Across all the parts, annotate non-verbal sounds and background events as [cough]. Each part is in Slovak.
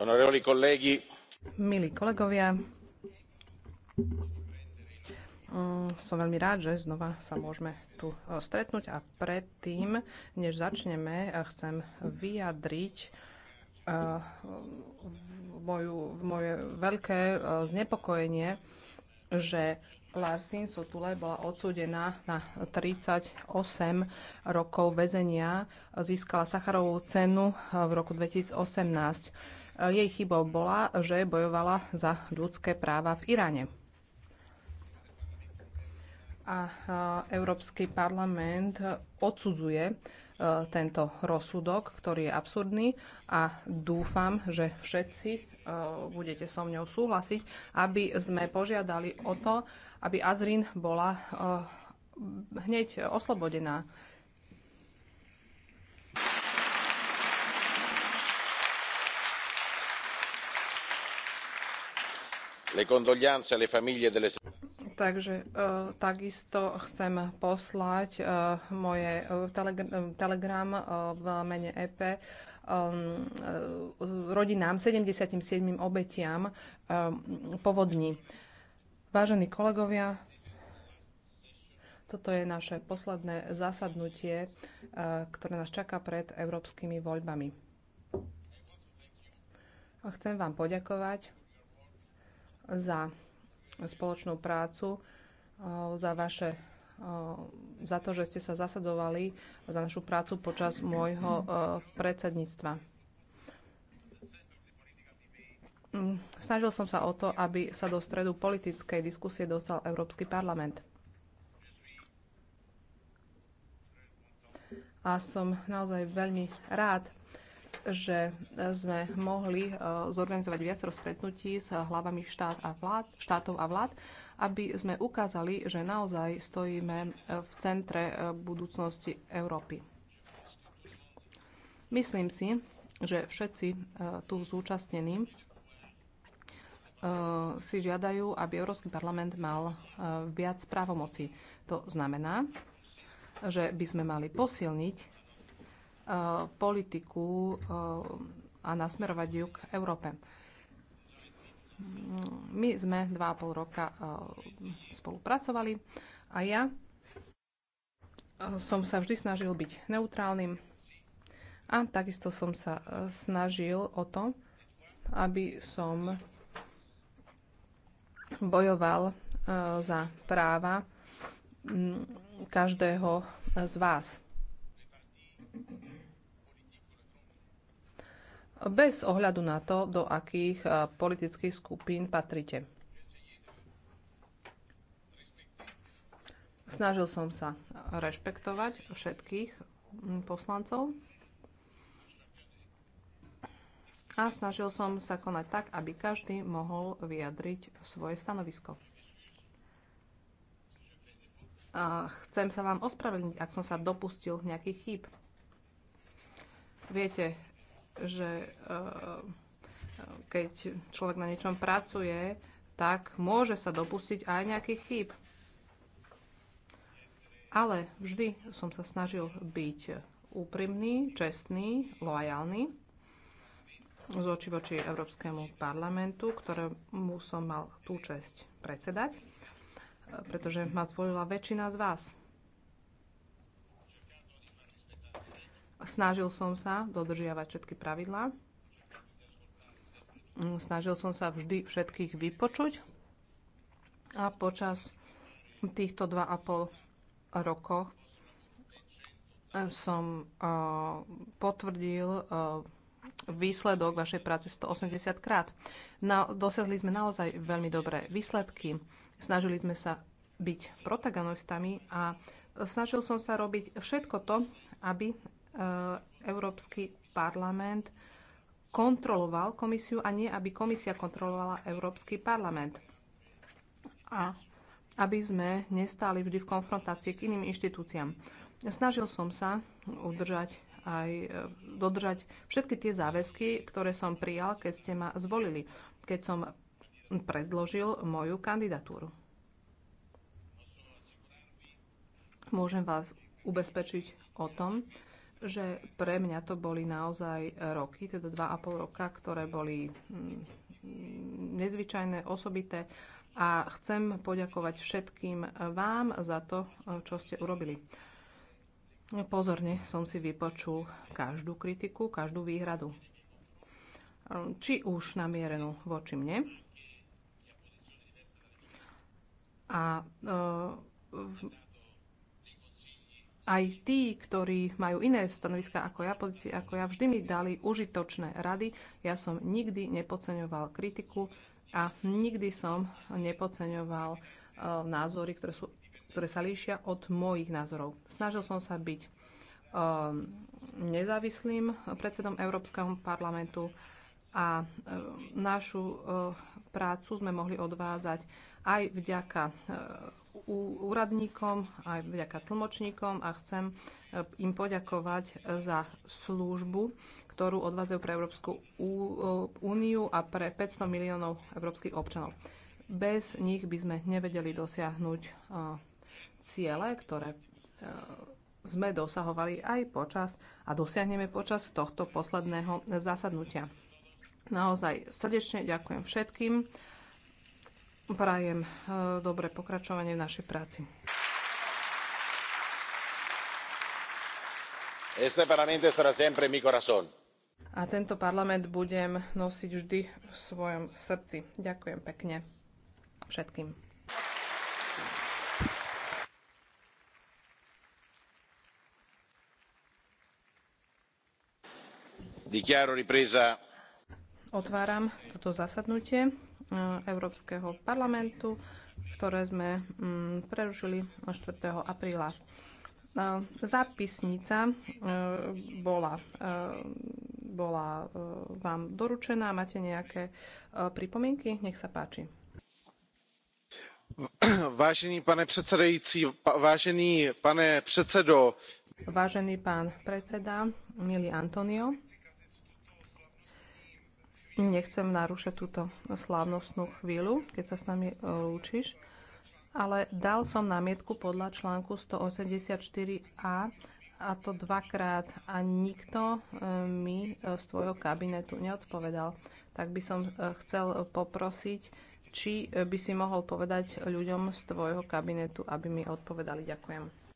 Milí kolegovia, mm, som veľmi rád, že znova sa môžeme tu e, stretnúť a predtým, než začneme, e, chcem vyjadriť e, moju, moje veľké znepokojenie, že Larsin Sotule bola odsúdená na 38 rokov väzenia, získala Sacharovú cenu v roku 2018 E, jej chybou bola, že bojovala za ľudské práva v Iráne. A e, Európsky parlament odsudzuje e, tento rozsudok, ktorý je absurdný a dúfam, že všetci budete so mňou súhlasiť, aby sme požiadali o to, aby Azrin bola hneď oslobodená. Takže eh, takisto chcem poslať eh, moje eh, telegram v mene EP rodinám 77 obetiam povodní. Vážení kolegovia, toto je naše posledné zasadnutie, ktoré nás čaká pred európskymi voľbami. A chcem vám poďakovať za spoločnú prácu, uh, za vaše uh, za to, že ste sa zasadovali za našu prácu počas môjho uh, predsedníctva. Mm, snažil som sa o to, aby sa do stredu politickej diskusie dostal Európsky parlament. A som naozaj veľmi rád, že e, sme mohli e, zorganizovať viacero stretnutí s hlavami štát a vlád, štátov a vlád, aby sme ukázali, že naozaj stojíme e, v centre budúcnosti Európy. Myslím si, že všetci tu zúčastnení si žiadajú, aby Európsky parlament mal viac právomocí. To znamená, že by sme mali posilniť Eh, politiku eh, a nasmerovať ju k Európe. My sme dva a pol roka eh, spolupracovali a ja som sa vždy snažil byť neutrálnym a takisto som sa snažil o to, aby som bojoval za práva mm, každého z vás bez ohľadu na to, do akých eh, politických skupín patrite. Snažil som sa rešpektovať všetkých hm, poslancov a snažil som sa konať tak, aby každý mohol vyjadriť svoje stanovisko. A chcem sa vám ospravedlniť, ak som sa dopustil nejakých chýb. Viete, že e, e, keď človek na niečom pracuje, tak môže sa dopustiť aj nejakých chýb. Ale vždy som sa snažil byť úprimný, čestný, loajálny z oči voči Európskemu parlamentu, ktorému som mal tú česť predsedať, pretože ma zvolila väčšina z vás. Snažil som sa dodržiavať všetky pravidlá. Mm, snažil som sa vždy všetkých vypočuť. A počas týchto 2,5 rokov eh, som eh, potvrdil eh, výsledok vašej práce 180 krát. Na, dosiahli sme naozaj veľmi dobré výsledky. Snažili sme sa byť protagonistami a snažil som sa robiť všetko to, aby E, Európsky parlament kontroloval komisiu a nie, aby komisia kontrolovala Európsky parlament. A aby sme nestáli vždy v konfrontácii k iným inštitúciám. Snažil som sa udržať aj e, dodržať všetky tie záväzky, ktoré som prijal, keď ste ma zvolili, keď som predložil moju kandidatúru. Môžem vás ubezpečiť o tom, že pre mňa to boli naozaj roky, teda dva a pol roka, ktoré boli mm, nezvyčajné, osobité a chcem poďakovať všetkým vám za to, čo ste urobili. Pozorne som si vypočul každú kritiku, každú výhradu. Či už namierenú voči mne. A e, aj tí, ktorí majú iné stanoviská ako ja, pozície ako ja, vždy mi dali užitočné rady. Ja som nikdy nepodceňoval kritiku a nikdy som nepodceňoval uh, názory, ktoré, sú, ktoré sa líšia od mojich názorov. Snažil som sa byť um, nezávislým predsedom Európskeho parlamentu a um, našu uh, prácu sme mohli odvázať aj vďaka uh, úradníkom, aj vďaka tlmočníkom a chcem e, im poďakovať e, za službu, ktorú odvádzajú pre Európsku e, úniu a pre 500 miliónov európskych občanov. Bez nich by sme nevedeli dosiahnuť ciele, ktoré sme dosahovali aj počas a dosiahneme počas tohto posledného zasadnutia. Naozaj srdečne ďakujem všetkým Prajem e, dobre pokračovanie v našej práci. Este parlament sarà sempre mi corazón. A tento parlament budem nosiť vždy v svojom srdci. Ďakujem pekne všetkým. Otváram toto zasadnutie. Európskeho parlamentu, ktoré sme mm, prerušili 4. apríla. Zápisnica e, bola, e, bola e, vám doručená. Máte nejaké pripomienky? Nech sa páči. Vážený pane predsedajúci, vážený pane predsedo. Vážený pán predseda, milý Antonio. Nechcem narušať túto slávnostnú chvíľu, keď sa s nami e, lúčiš, ale dal som námietku podľa článku 184a a to dvakrát a nikto e, mi e, z tvojho kabinetu neodpovedal. Tak by som chcel poprosiť, či by si mohol povedať ľuďom z tvojho kabinetu, aby mi odpovedali. Ďakujem.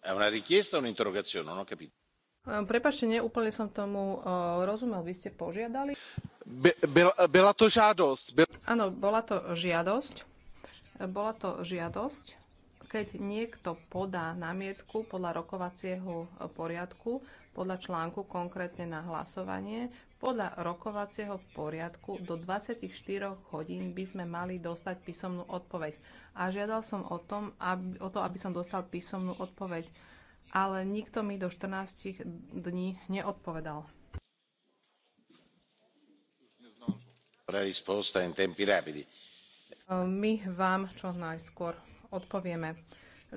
è una richiesta o un'interrogazione? Non ho capito. Eh, neúplne som tomu eh, rozumel. Vy ste požiadali? bola to žiadosť. Áno, bola to žiadosť. Eh, bola to žiadosť. Keď niekto podá námietku podľa rokovacieho poriadku, podľa článku konkrétne na hlasovanie, podľa rokovacieho poriadku do 24 hodín by sme mali dostať písomnú odpoveď. A žiadal som o, to, aby som dostal písomnú odpoveď, ale nikto mi do 14 dní neodpovedal. My vám čo najskôr odpovieme.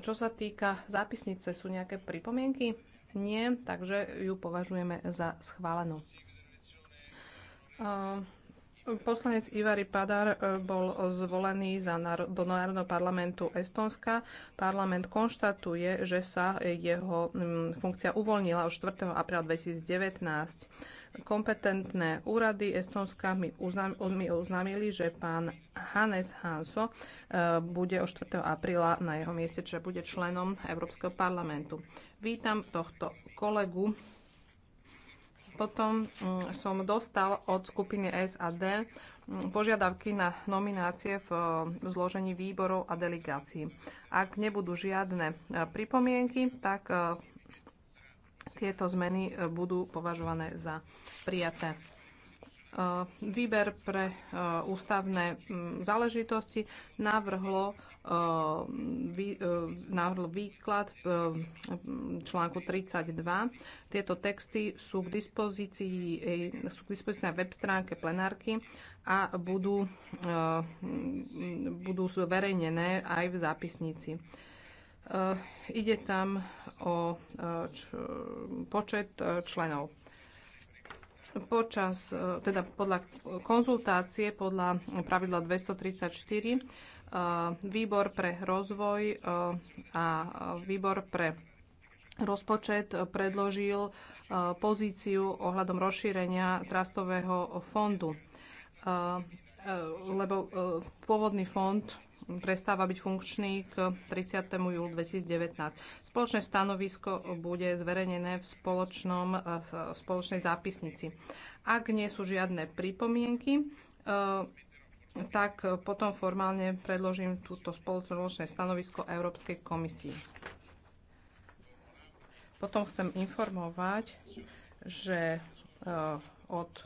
Čo sa týka zápisnice, sú nejaké pripomienky? Nie, takže ju považujeme za schválenú. Ehm, poslanec Ivari Padar e, bol zvolený za do Národného parlamentu Estónska. Parlament konštatuje, že sa jeho funkcia uvoľnila už 4. apríla 2019. Kompetentné úrady Estónska mi, uznam, mi uznamili, že pán Hannes Hanso e, bude od 4. apríla na jeho mieste, čiže bude členom Európskeho parlamentu. Vítam tohto kolegu potom mm, som dostal od skupiny SAD mm, požiadavky na nominácie v zložení výborov a delegácií. Ak nebudú žiadne e, pripomienky, tak e, tieto zmeny e, budú považované za prijaté. Výber pre ústavné mm, záležitosti navrhlo Ehm, ehm, návrhlo výklad výklad ehm, článku 32. Tieto texty sú k dispozícii, e, sú k dispozícii na web stránke plenárky a budú, budú zverejnené aj v zápisnici. Ide tam o e, č, počet e, členov počas, teda podľa konzultácie, podľa pravidla 234, Eh, výbor pre rozvoj eh, a výbor pre rozpočet predložil eh, pozíciu ohľadom rozšírenia trastového fondu, lebo pôvodný fond prestáva byť funkčný k 30. júlu 2019. Spoločné stanovisko bude zverejnené v, spoločnom, v spoločnej zápisnici. Ak nie sú žiadne pripomienky, tak e, potom formálne predložím túto spoločné stanovisko Európskej komisii. Potom chcem informovať, že e, od e,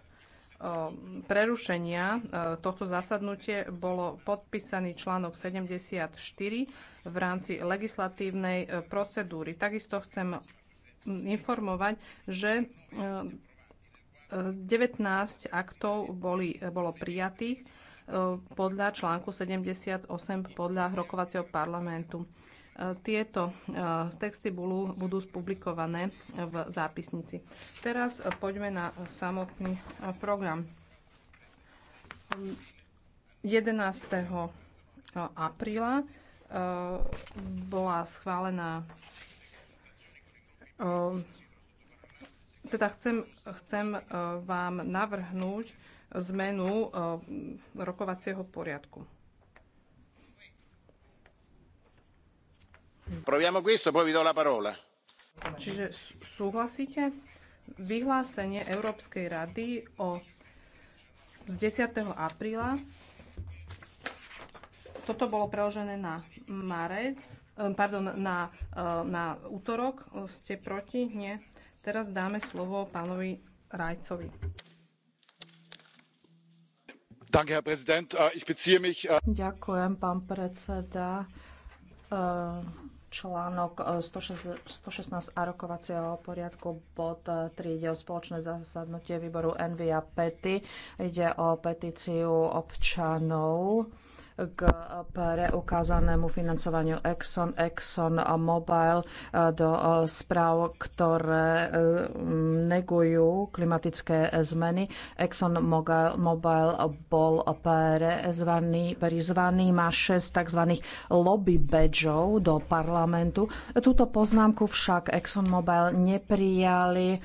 prerušenia tohto zasadnutie bolo podpísaný článok 74 v rámci legislatívnej procedúry. Takisto chcem informovať, že 19 aktov boli, bolo prijatých podľa článku 78 podľa rokovacieho parlamentu. Tieto e, texty budú, budú spublikované v zápisnici. Teraz poďme na samotný e, program. 11. E, apríla bola schválená teda chcem, chcem vám navrhnúť, zmenu eh, rokovacieho poriadku. Proviamo questo, poi vi do la parola. Čiže súhlasíte? Vyhlásenie Európskej rady o z 10. apríla. Toto bolo preložené na marec, eh, pardon, na, eh, na útorok. Ste proti? Nie. Teraz dáme slovo pánovi Rajcovi. Äh, äh, Ďakujem, pán predseda. Äh, článok 116 a rokovacieho poriadku bod 3 ide o spoločné zasadnutie výboru Envy a Pety. Ide o petíciu občanov k eh, preukázanému financovaniu Exxon, Exxon eh, Mobile eh, do správ, ktoré negujú klimatické zmeny. Exxon Mobile bol prezvaný, prizvaný, má šest tzv. lobby badgeov do parlamentu. Túto poznámku však Exxon Mobile neprijali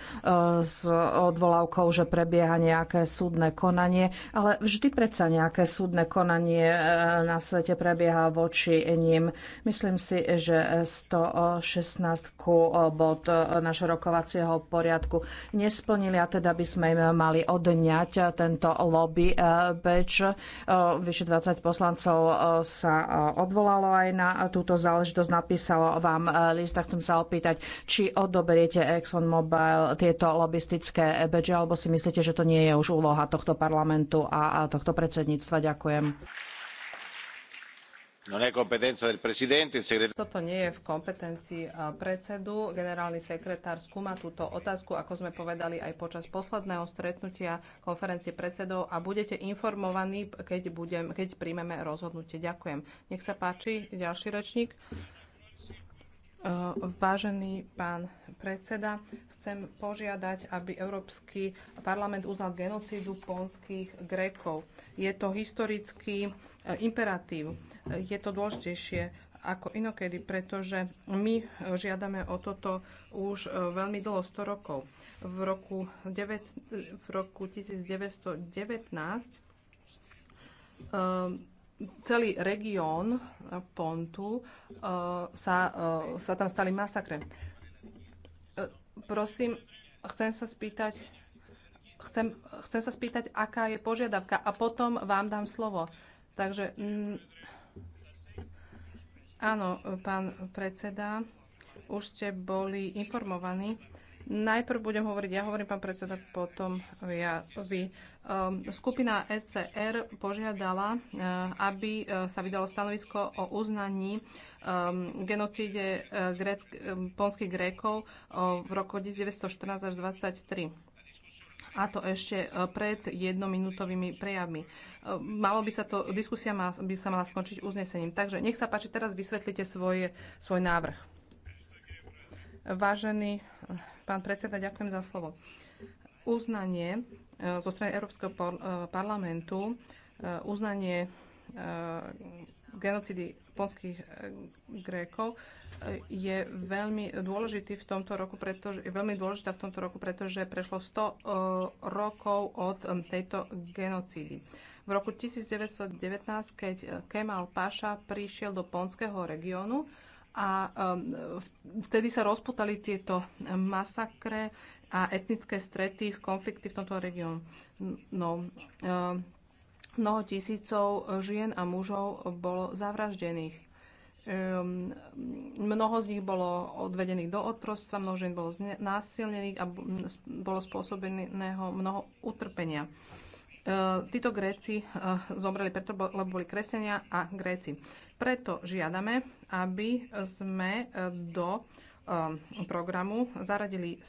s odvolávkou, že prebieha nejaké súdne konanie, ale vždy predsa nejaké súdne konanie na svete prebieha voči ním. Myslím si, že 116 bod našho rokovacieho poriadku nesplnili a teda by sme im mali odňať tento lobby eh, beč. Eh, vyše 20 poslancov eh, sa odvolalo aj na túto záležitosť. Napísalo vám list a chcem sa opýtať, či odoberiete ExxonMobil tieto lobistické beče, alebo si myslíte, že to nie je už úloha tohto parlamentu a tohto predsedníctva. Ďakujem. Toto nie je v kompetencii eh, predsedu. Generálny sekretár skúma túto otázku, ako sme povedali aj počas posledného stretnutia konferencie predsedov a budete informovaní, keď, budem, keď príjmeme rozhodnutie. Ďakujem. Nech sa páči, ďalší rečník. Eh, vážený pán predseda, chcem požiadať, aby Európsky parlament uznal genocídu ponských Grékov. Je to historický imperatív. Je to dôležitejšie ako inokedy, pretože my žiadame o toto už e, veľmi dlho, 100 rokov. V roku, 9, v roku 1919 e, celý región Pontu e, sa, sa tam stali masakre. Prosím, chcem sa spýtať, chcem, chcem sa spýtať, aká je požiadavka a potom vám dám slovo. Takže mm, áno, pán predseda, už ste boli informovaní. Najprv budem hovoriť, ja hovorím pán predseda, potom ja, vy. Ehm, skupina ECR požiadala, eh, aby eh, sa vydalo stanovisko o uznaní ehm, genocíde eh, ponských grékov v roku 1914 až 1923 a to ešte e, pred jednominútovými prejavmi. E, malo by sa to, diskusia by sa mala skončiť uznesením. Takže nech sa páči, teraz vysvetlite svoj návrh. Vážený e, pán predseda, ďakujem za slovo. Uznanie zo strany Európskeho parlamentu uznanie E, genocidy ponských e, Grékov e, je veľmi dôležitý v tomto roku, pretože, je veľmi dôležitá v tomto roku, pretože prešlo 100 rokov od tejto genocídy. V roku 1919, keď Kemal Paša prišiel do ponského regiónu a vtedy sa rozputali tieto masakre a etnické strety v konflikty v tomto regiónu. No, mnoho tisícov eh, žien a mužov bolo zavraždených. Ehm, mnoho z nich bolo odvedených do odprostva, mnoho žien bolo znásilnených a mm, bolo spôsobeného mnoho utrpenia. Ehm, títo Gréci eh, zomreli preto, lebo boli kresenia a Gréci. Preto žiadame, aby sme eh, do ehm, programu zaradili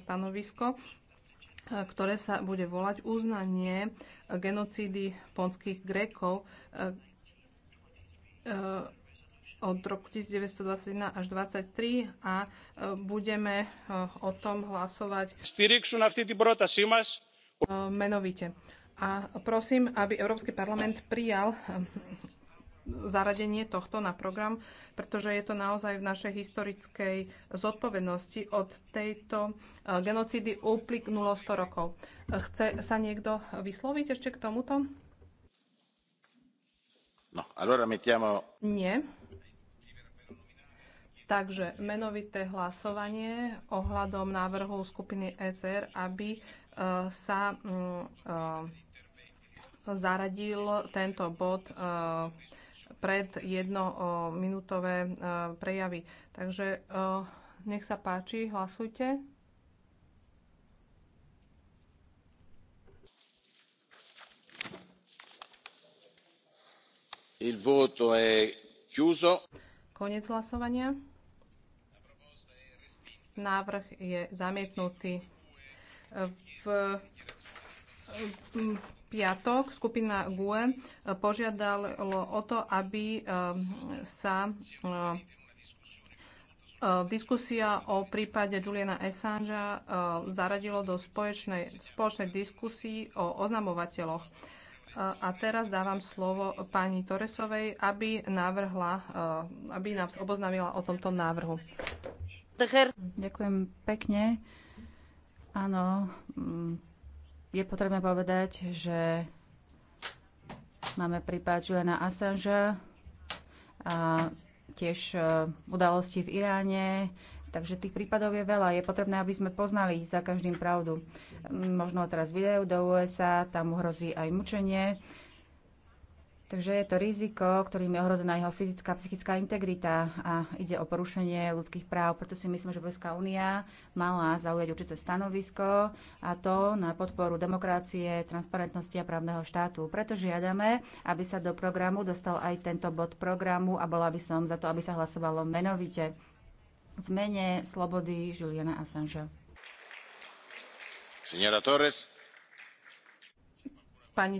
stanovisko ktoré sa bude volať uznanie genocídy ponských Grékov eh, eh, od roku 1921 až 1923 a eh, budeme o tom hlasovať menovite. A prosím, aby Európsky parlament prijal zaradenie tohto na program, pretože je to naozaj v našej historickej zodpovednosti. Od tejto e, genocídy uplynulo 100 rokov. Chce sa niekto vysloviť ešte k tomuto? No, allora mettiamo... Nie. Takže menovité hlasovanie ohľadom návrhu skupiny ECR, aby uh, sa uh, zaradil tento bod uh, pred jednominútové e, prejavy. Takže e, nech sa páči, hlasujte. Il voto è chiuso. Konec hlasovania. Návrh je zamietnutý. E, v piatok skupina GUE e, požiadalo o to, aby e, sa e, Diskusia o prípade Juliana Assangea zaradilo do spoločnej, spoločnej diskusii o oznamovateľoch. A teraz dávam slovo pani Toresovej, aby, navrhla, aby nás oboznámila o tomto návrhu. Ďakujem pekne. Áno, je potrebné povedať, že máme prípad Juliana Assange a tiež e, udalosti v Iráne, Takže tých prípadov je veľa. Je potrebné, aby sme poznali za každým pravdu. Možno teraz videu do USA, tam hrozí aj mučenie. Takže je to riziko, ktorým je ohrozená jeho fyzická a psychická integrita a ide o porušenie ľudských práv. Preto si myslím, že Európska únia mala zaujať určité stanovisko a to na podporu demokracie, transparentnosti a právneho štátu. Preto žiadame, aby sa do programu dostal aj tento bod programu a bola by som za to, aby sa hlasovalo menovite. V mene slobody Juliana Assange. Signora Torres. Pani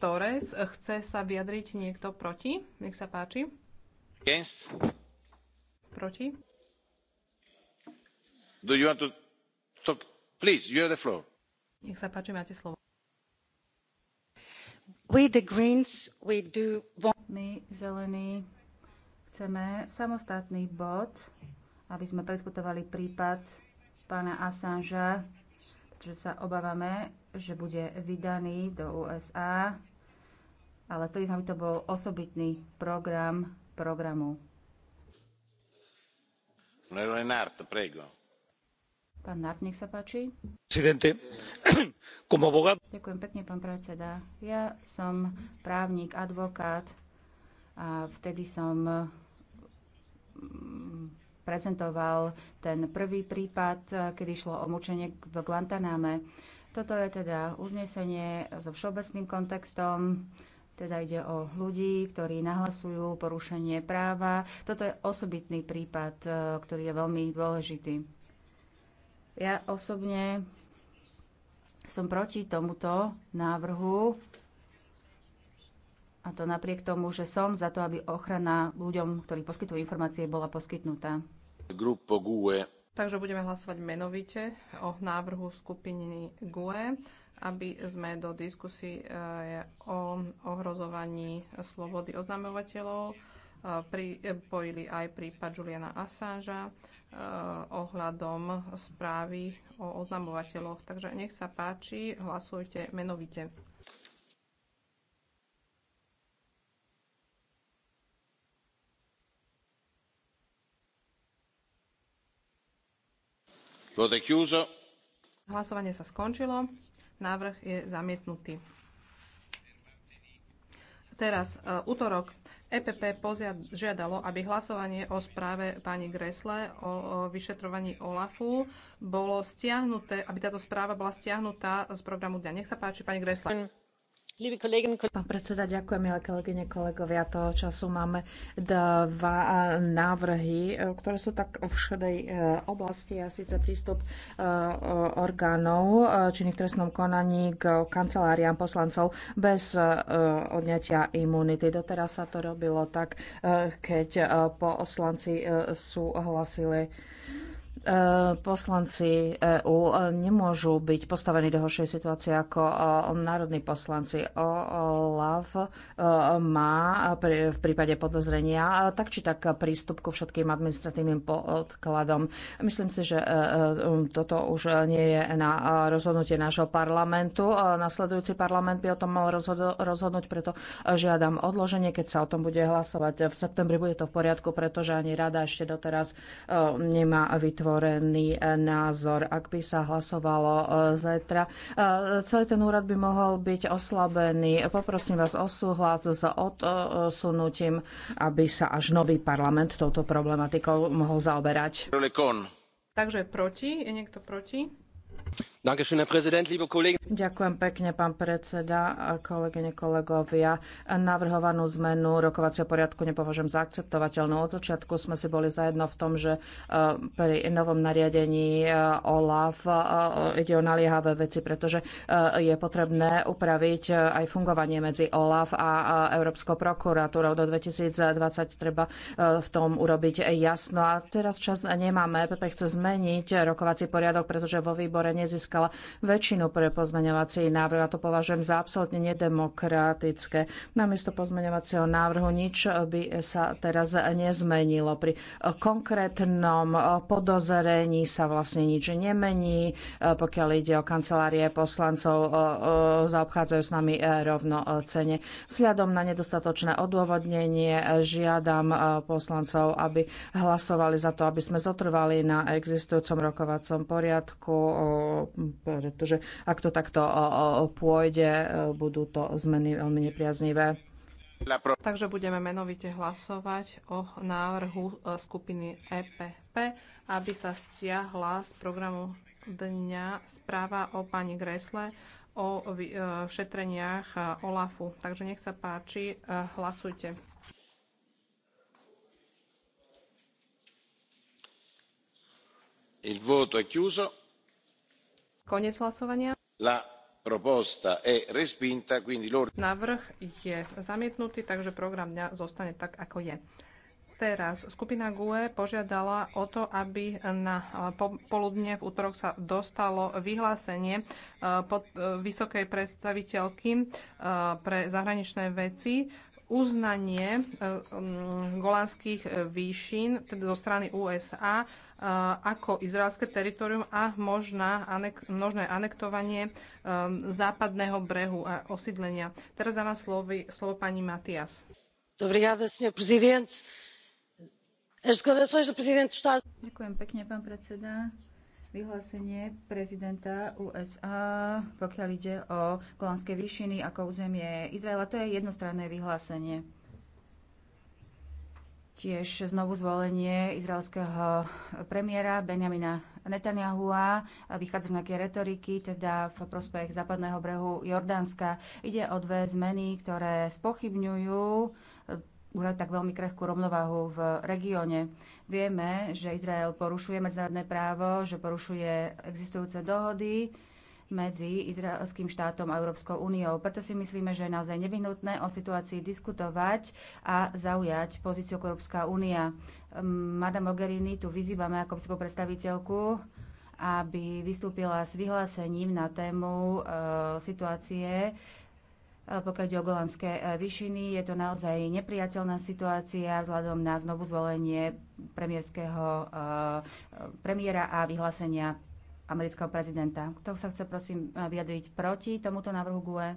Torres. Chce sa vyjadriť niekto proti? Nech sa páči. Against. Proti. Do you want to talk? Please, you have the floor. Nech sa páči, máte slovo. We the Greens, we do want... My, zelení, chceme samostatný bod, aby sme predkutovali prípad pána Assangea, že sa obávame, že bude vydaný do USA ale chceli sme, aby to bol osobitný program programu. Nart, prego. Pán Nart, nech sa páči. [clears throat] Ďakujem pekne, pán predseda. Ja som právnik, advokát a vtedy som mm, prezentoval ten prvý prípad, kedy šlo o mučenie v Guantaname. Toto je teda uznesenie so všeobecným kontextom, teda ide o ľudí, ktorí nahlasujú porušenie práva. Toto je osobitný prípad, e, ktorý je veľmi dôležitý. Ja osobne som proti tomuto návrhu a to napriek tomu, že som za to, aby ochrana ľuďom, ktorí poskytujú informácie, bola poskytnutá. Takže budeme hlasovať menovite o návrhu skupiny GUE aby sme do diskusí eh, o ohrozovaní slobody oznamovateľov eh, pripojili eh, aj prípad Juliana Assangea ohľadom správy o oznamovateľoch. Takže nech sa páči, hlasujte menovite. Hlasovanie sa skončilo. Návrh je zamietnutý. Teraz, e, útorok, EPP požiadalo, aby hlasovanie o správe pani Gresle o, vyšetrovaní OLAFu bolo stiahnuté, aby táto správa bola stiahnutá z programu dňa. Nech sa páči, pani Gresle. Pán predseda, ďakujem, milé kolegyne, kolegovia. Toho času máme dva návrhy, eh, ktoré sú tak v všedej eh, oblasti a síce prístup eh, orgánov činných v trestnom konaní k kanceláriám poslancov bez odňatia imunity. Doteraz sa to robilo tak, keď poslanci súhlasili E, poslanci EÚ e, nemôžu byť postavení do horšej situácie ako e, národní poslanci. OLAV má v prípade podozrenia tak či tak prístup ku všetkým administratívnym podkladom. Myslím si, že um, toto už nie je na rozhodnutie nášho parlamentu. Nasledujúci parlament by o tom mal rozhodnúť, preto žiadam odloženie, keď sa o tom bude hlasovať v septembri. Bude to v poriadku, pretože ani rada ešte doteraz nemá vytvorené otvorený e, názor. Ak by sa hlasovalo e, zajtra, e, celý ten úrad by mohol byť oslabený. Poprosím vás o súhlas s odsunutím, aby sa až nový parlament touto problematikou mohol zaoberať. Takže proti? Je niekto proti? Ďakujem pekne, pán predseda, kolegyne, kolegovia. Navrhovanú zmenu rokovacieho poriadku nepovažujem za akceptovateľnú. Od začiatku sme si boli zajedno v tom, že eh, pri novom nariadení eh, OLAF eh, ide o naliehavé veci, pretože je potrebné upraviť aj fungovanie medzi OLAF a Európskou prokuratúrou. Do 2020 treba v tom urobiť jasno. A teraz čas nemáme. PP chce zmeniť rokovací poriadok, pretože vo výbore nezískajú získala väčšinu pre pozmeňovací návrh a to považujem za absolútne nedemokratické. Namiesto pozmeňovacieho návrhu nič by sa teraz nezmenilo. Pri konkrétnom podozrení sa vlastne nič nemení. Pokiaľ ide o kancelárie poslancov, zaobchádzajú s nami rovno cene. Vzhľadom na nedostatočné odôvodnenie žiadam e, poslancov, aby hlasovali za to, aby sme zotrvali na existujúcom rokovacom poriadku pretože ak to takto pôjde, e, budú to zmeny veľmi nepriaznivé. Takže budeme menovite hlasovať o návrhu e, skupiny EPP, aby sa stiahla z programu dňa správa o pani Gresle o e, šetreniach OLAFu. Takže nech sa páči, hlasujte. Il voto è chiuso. Koniec hlasovania. La proposta è respinta, quindi Návrh je zamietnutý, takže program dňa zostane tak, ako je. Teraz skupina GUE požiadala o to, aby na eh, popoludne v útorok sa dostalo vyhlásenie eh, pod eh, vysokej predstaviteľky pre zahraničné veci uznanie e, golanských e, výšin teda zo strany USA e, ako izraelské teritorium a možná, anek, možné anektovanie západného brehu a osídlenia. Teraz dávam slovo, slovo pani Matias. Ďakujem pekne, pán predseda vyhlásenie prezidenta USA, pokiaľ ide o Golánske výšiny ako územie Izraela. To je jednostranné vyhlásenie. Tiež znovu zvolenie izraelského premiéra Benjamina Netanyahua vychádza nejaké retoriky, teda v prospech západného brehu Jordánska. Ide o dve zmeny, ktoré spochybňujú udať tak veľmi krehkú rovnováhu v regióne. Vieme, že Izrael porušuje medzinárodné právo, že porušuje existujúce dohody medzi izraelským štátom a Európskou úniou. Preto si myslíme, že je naozaj nevyhnutné o situácii diskutovať a zaujať pozíciu Európska únia. Madame Mogherini tu vyzývame ako vysokú predstaviteľku aby vystúpila s vyhlásením na tému e, situácie pokiaľ ide o Golanské e, vyšiny, je to naozaj nepriateľná situácia vzhľadom na znovu zvolenie premiérskeho e, premiéra a vyhlásenia amerického prezidenta. Kto sa chce, prosím, e, vyjadriť proti tomuto návrhu GUE?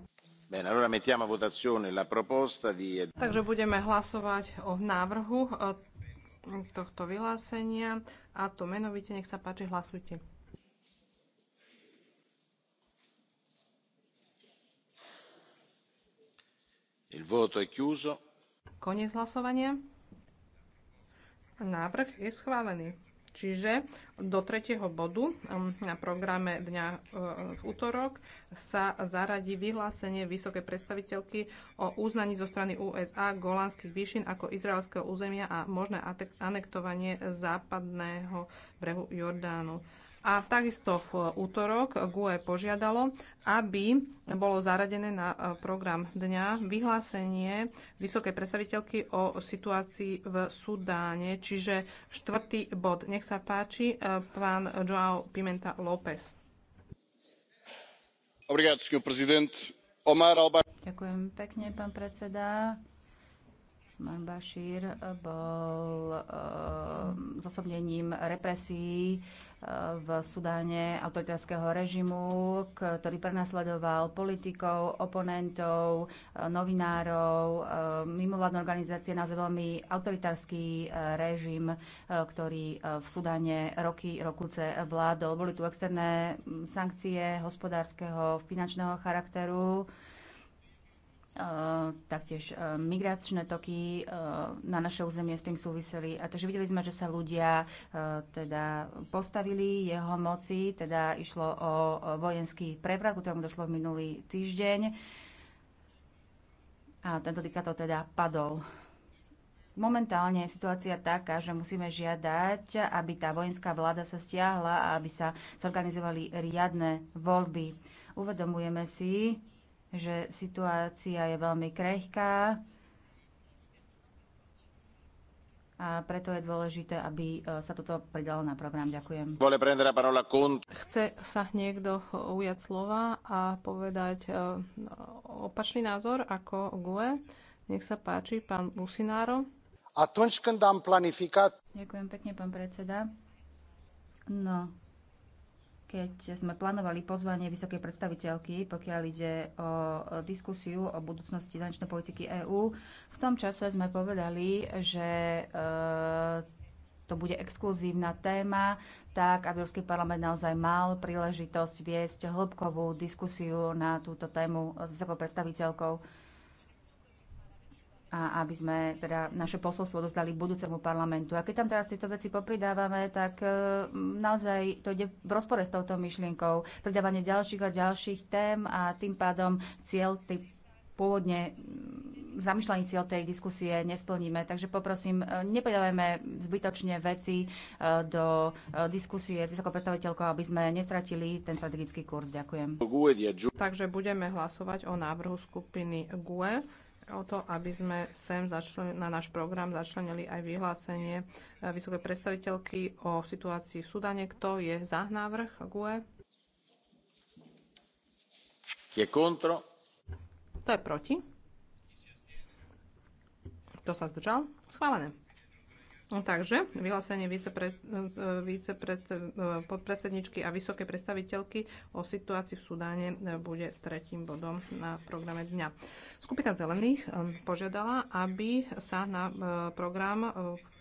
Takže budeme hlasovať o návrhu tohto vyhlásenia a to menovite, nech sa páči, hlasujte. Il voto è chiuso. Koniec hlasovania. Návrh je schválený. Čiže do tretieho bodu um, na programe dňa uh, v útorok sa zaradí vyhlásenie vysokej predstaviteľky o uznaní zo strany USA golánskych výšin ako izraelského územia a možné anektovanie západného brehu Jordánu. A takisto v útorok GUE požiadalo, aby bolo zaradené na e, program dňa vyhlásenie vysokej predstaviteľky o situácii v Sudáne, čiže štvrtý bod. Nech sa páči, e, pán Joao Pimenta López. Ďakujem pekne, pán predseda. Pán Bashir bol uh, ehm, zosobnením represí ehm, v Sudáne autoritárskeho režimu, ktorý prenasledoval politikov, oponentov, ehm, novinárov, mimovládne organizácie, naozaj veľmi autoritársky režim, ktorý v Sudáne roky, rokuce vládol. Boli tu externé sankcie hospodárskeho, finančného charakteru taktiež migračné toky na naše územie s tým súviseli. A takže videli sme, že sa ľudia teda postavili jeho moci, teda išlo o vojenský prevrat, ktorému došlo v minulý týždeň. A tento diktátor teda padol. Momentálne je situácia taká, že musíme žiadať, aby tá vojenská vláda sa stiahla a aby sa zorganizovali riadne voľby. Uvedomujeme si, že situácia je veľmi krehká a preto je dôležité, aby e, sa toto pridalo na program. Ďakujem. Chce sa niekto ujať slova a povedať e, opačný názor ako GUE? Nech sa páči, pán Busináro. Atunci când am planificat... Ďakujem pekne, pán predseda. No, keď sme plánovali pozvanie vysokej predstaviteľky, pokiaľ ide o diskusiu o budúcnosti zahraničnej politiky EÚ, v tom čase sme povedali, že e, to bude exkluzívna téma, tak aby Európsky parlament naozaj mal príležitosť viesť hĺbkovú diskusiu na túto tému s vysokou predstaviteľkou a aby sme teda naše posolstvo dostali budúcemu parlamentu. A keď tam teraz tieto veci popridávame, tak e, naozaj to ide v rozpore s touto myšlienkou. Pridávanie ďalších a ďalších tém a tým pádom cieľ tej pôvodne mm, zamýšľaný cieľ tej diskusie nesplníme. Takže poprosím, e, nepredávajme zbytočne veci e, do diskusie s vysokou predstaviteľkou, aby sme nestratili ten strategický kurz. Ďakujem. Takže budeme hlasovať o návrhu skupiny GUE o to, aby sme sem začlen- na náš program začlenili aj vyhlásenie e, vysokej predstaviteľky o situácii v Sudane. Kto je za návrh GUE? Je kontro. To je proti. Kto sa zdržal? Schválené. No takže vyhlásenie vicepred, eh, eh, podpredsedničky a vysokej predstaviteľky o situácii v Sudáne eh, bude tretím bodom na programe dňa. Skupina zelených požiadala, aby sa na program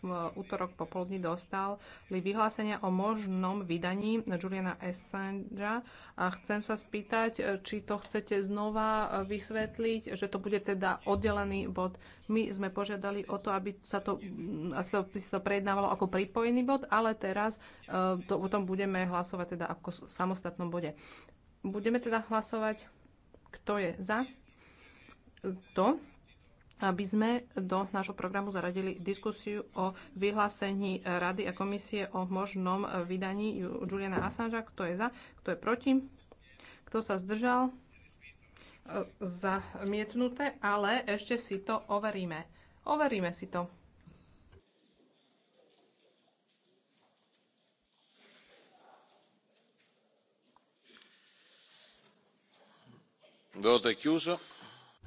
v útorok popoludní dostali vyhlásenia o možnom vydaní Juliana Assangea a chcem sa spýtať, či to chcete znova vysvetliť, že to bude teda oddelený bod. My sme požiadali o to, aby sa to, aby sa to prejednávalo ako pripojený bod, ale teraz e, to, o tom budeme hlasovať teda ako samostatnom bode. Budeme teda hlasovať, kto je za to, aby sme do nášho programu zaradili diskusiu o vyhlásení Rady a komisie o možnom vydaní Juliana Assangea. Kto je za, kto je proti, kto sa zdržal, zamietnuté, ale ešte si to overíme. Overíme si to.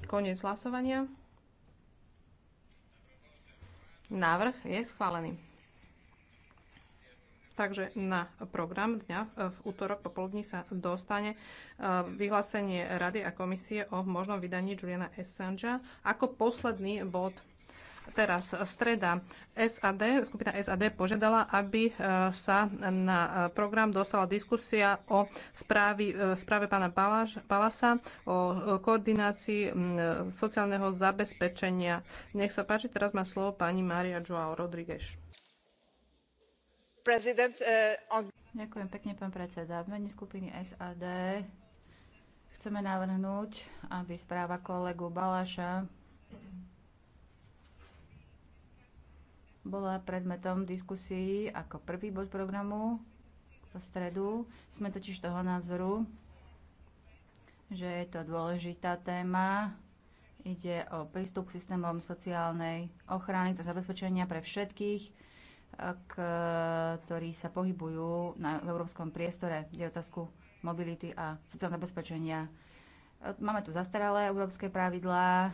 Koniec hlasovania. Návrh je schválený. Takže na program dňa v útorok popoludní sa dostane e, vyhlásenie Rady a komisie o možnom vydaní Juliana Assangea ako posledný bod Teraz streda SAD, skupina SAD požiadala, aby e, sa na e, program dostala diskusia o správy, e, správe pána Palasa Balasa o koordinácii sociálneho zabezpečenia. Nech sa páči, teraz má slovo pani Maria Joao Rodriguez. Uh, on... Ďakujem pekne, pán predseda. V mene skupiny SAD chceme navrhnúť, aby správa kolegu Balaša bola predmetom diskusí ako prvý bod programu v stredu. Sme totiž toho názoru, že je to dôležitá téma. Ide o prístup k systémom sociálnej ochrany a zabezpečenia pre všetkých, eh, ktorí sa pohybujú na, v európskom priestore. Ide otázku mobility a sociálne zabezpečenia. Máme tu zastaralé európske pravidlá,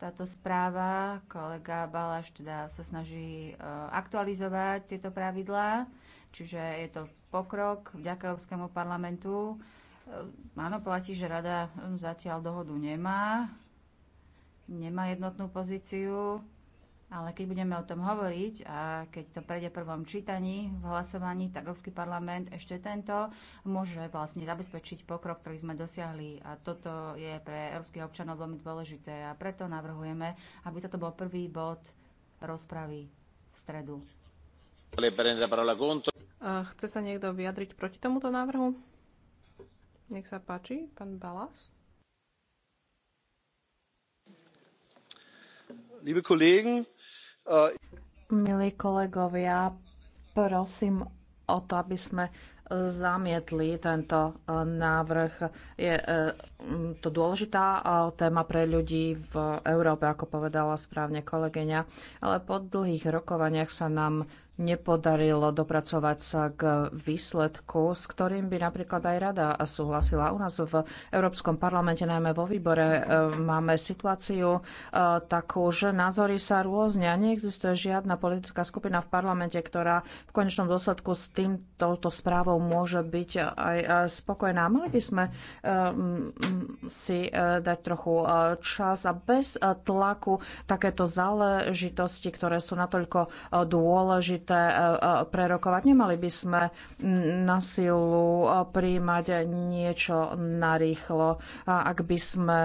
táto správa. Kolega Balaš teda sa snaží e, aktualizovať tieto pravidlá, čiže je to pokrok vďaka Európskemu parlamentu. E, áno, platí, že rada hm, zatiaľ dohodu nemá, nemá jednotnú pozíciu. Ale keď budeme o tom hovoriť a keď to prejde v prvom čítaní, v hlasovaní, tak Európsky parlament ešte tento môže vlastne zabezpečiť pokrok, ktorý sme dosiahli. A toto je pre európskych občanov veľmi dôležité. A preto navrhujeme, aby toto bol prvý bod rozpravy v stredu. Chce sa niekto vyjadriť proti tomuto návrhu? Nech sa páči, pán Balas. Äh, Milí kolegovia, prosím o to, aby sme zamietli tento e, návrh. Je e, to dôležitá e, téma pre ľudí v Európe, ako povedala správne kolegyňa, ale po dlhých rokovaniach sa nám nepodarilo dopracovať sa k výsledku, s ktorým by napríklad aj rada súhlasila. U nás v Európskom parlamente, najmä vo výbore, e, máme situáciu e, takú, že názory sa rôznia. Neexistuje žiadna politická skupina v parlamente, ktorá v konečnom dôsledku s týmto správou môže byť aj e, spokojná. Mali by sme si dať trochu čas a bez tlaku takéto záležitosti, ktoré sú natoľko dôležité, dôležité e, e, prerokovať. Nemali by sme na silu e, príjmať niečo narýchlo. A ak by sme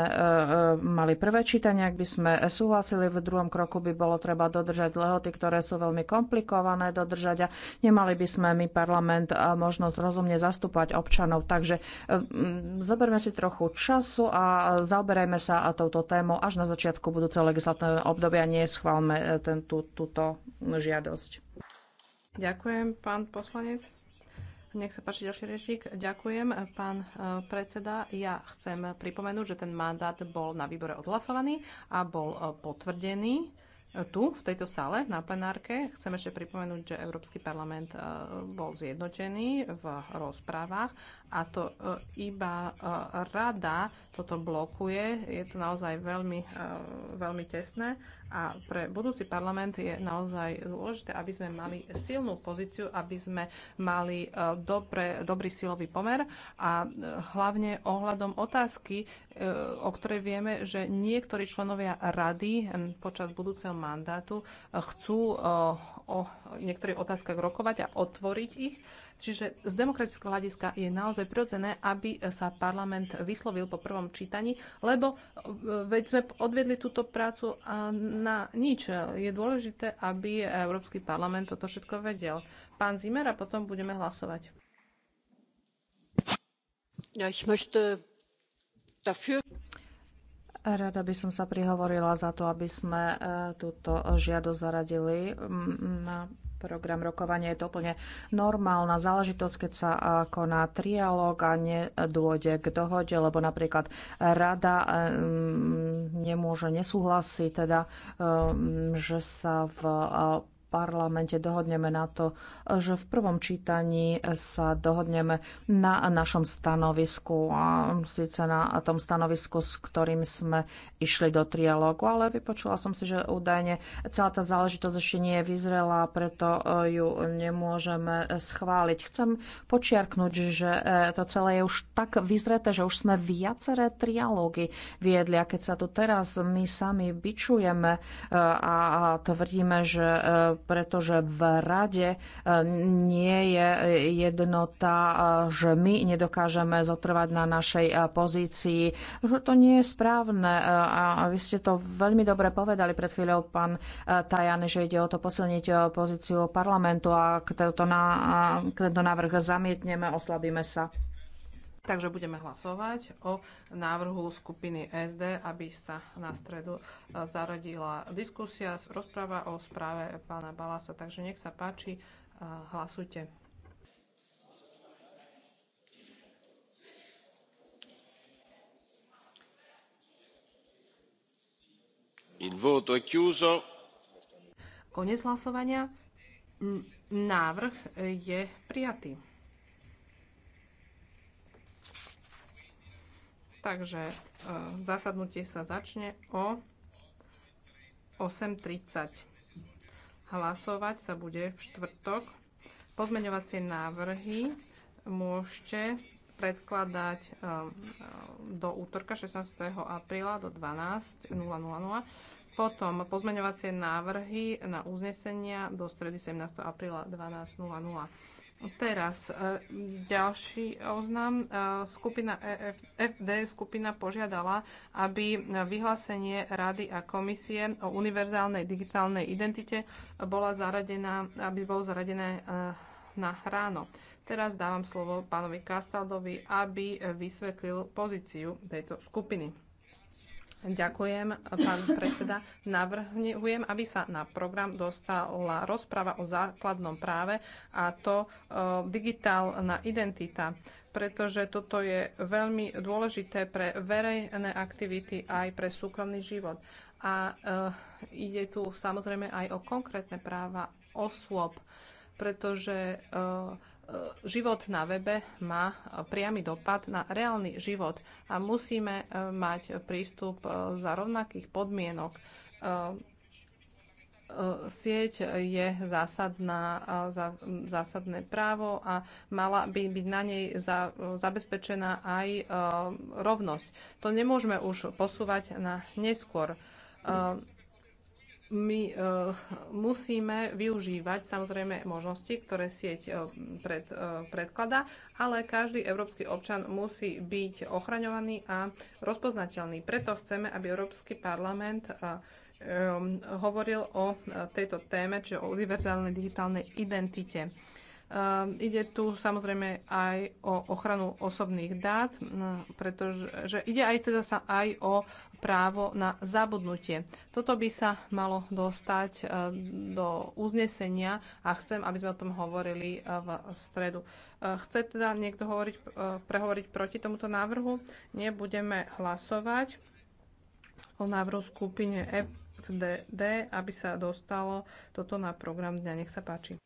mali prvé čítanie, ak by sme súhlasili v druhom kroku, by bolo treba dodržať lehoty, ktoré sú veľmi komplikované dodržať a nemali by sme my parlament možnosť rozumne zastúpať občanov. Takže zoberme si trochu času a zaoberajme sa touto témou až na začiatku budúceho legislatívneho obdobia. Nie schválme ten, tú, túto žiadosť. Ďakujem, pán poslanec. Nech sa páči ďalší rečník. Ďakujem, pán e, predseda. Ja chcem pripomenúť, že ten mandát bol na výbore odhlasovaný a bol e, potvrdený e, tu, v tejto sále, na plenárke. Chcem ešte pripomenúť, že Európsky parlament bol zjednotený v rozprávach a to iba rada toto blokuje. Je to naozaj veľmi, veľmi tesné a pre budúci parlament je naozaj dôležité, aby sme mali silnú pozíciu, aby sme mali e, dobre, dobrý silový pomer a e, hlavne ohľadom otázky, e, o ktorej vieme, že niektorí členovia rady počas budúceho mandátu chcú o niektorých otázkach rokovať a otvoriť ich. Čiže z demokratického hľadiska je naozaj prirodzené, aby sa parlament vyslovil po prvom čítaní, lebo e, veď sme odvedli túto prácu na nič. Je dôležité, aby Európsky parlament toto všetko vedel. Pán Zimmer a potom budeme hlasovať. Ja, ich möchte dafür... Rada by som sa prihovorila za to, aby sme e, túto žiadosť zaradili na program rokovania je to úplne normálna záležitosť, keď sa e, koná trialóg a nedôjde k dohode, lebo napríklad rada e, nemôže nesúhlasiť, teda, že sa v parlamente dohodneme na to, že v prvom čítaní sa dohodneme na našom stanovisku, a síce na tom stanovisku, s ktorým sme išli do trialógu, ale vypočula som si, že údajne celá tá záležitosť ešte nie je vyzrela, preto eh, ju nemôžeme schváliť. Chcem počiarknúť, že eh, to celé je už tak vyzreté, že už sme viaceré trialógy viedli a keď sa tu teraz my sami bičujeme eh, a tvrdíme, že pretože v rade e, nie je jednota, e, že my nedokážeme zotrvať na našej e, pozícii, že to nie je správne. A vy ste to veľmi dobre povedali pred chvíľou, pán Tajan, že ide o to posilniť pozíciu parlamentu a ak tento návrh zamietneme, oslabíme sa. Takže budeme hlasovať o návrhu skupiny SD, aby sa na stredu e, zaradila diskusia, rozpráva o správe pána Balasa. Takže nech sa páči, e, hlasujte. Il voto è chiuso. Konec hlasovania. Návrh je prijatý. Takže e, zasadnutie sa začne o 8.30. Hlasovať sa bude v štvrtok. Pozmeňovacie návrhy môžete predkladať e, e, do útorka 16. apríla do 12.00. Potom pozmeňovacie návrhy na uznesenia do stredy 17. apríla 12.00. Teraz e, ďalší oznam. E, skupina e FD skupina požiadala, aby vyhlásenie Rady a komisie o univerzálnej digitálnej identite bola zaradená, aby bolo zaradené na ráno. Teraz dávam slovo pánovi Kastaldovi, aby vysvetlil pozíciu tejto skupiny. Ďakujem, pán predseda. Navrhujem, aby sa na program dostala rozpráva o základnom práve a to e, digitálna identita, pretože toto je veľmi dôležité pre verejné aktivity aj pre súkromný život. A e, ide tu samozrejme aj o konkrétne práva osôb, pretože e, E, život na webe má priamy dopad na reálny život a musíme e, mať prístup e, za rovnakých podmienok. Sieť je zásadná, zásadné právo a mala by byť na nej zabezpečená aj rovnosť. To nemôžeme už posúvať na neskôr my eh, musíme využívať samozrejme možnosti, ktoré sieť eh, pred, eh, predkladá, ale každý európsky občan musí byť ochraňovaný a rozpoznateľný. Preto chceme, aby Európsky parlament hovoril o tejto téme, čiže o univerzálnej digitálnej identite. Ehm, ide tu samozrejme aj o ochranu osobných dát, pretože ide aj teda sa aj o právo na zabudnutie. Toto by sa malo dostať e, do uznesenia a chcem, aby sme o tom hovorili e, v stredu. E, chce teda niekto hovoriť, prehovoriť proti tomuto návrhu? Nebudeme hlasovať o návrhu skupine FDD, aby sa dostalo toto na program dňa. Nech sa páči.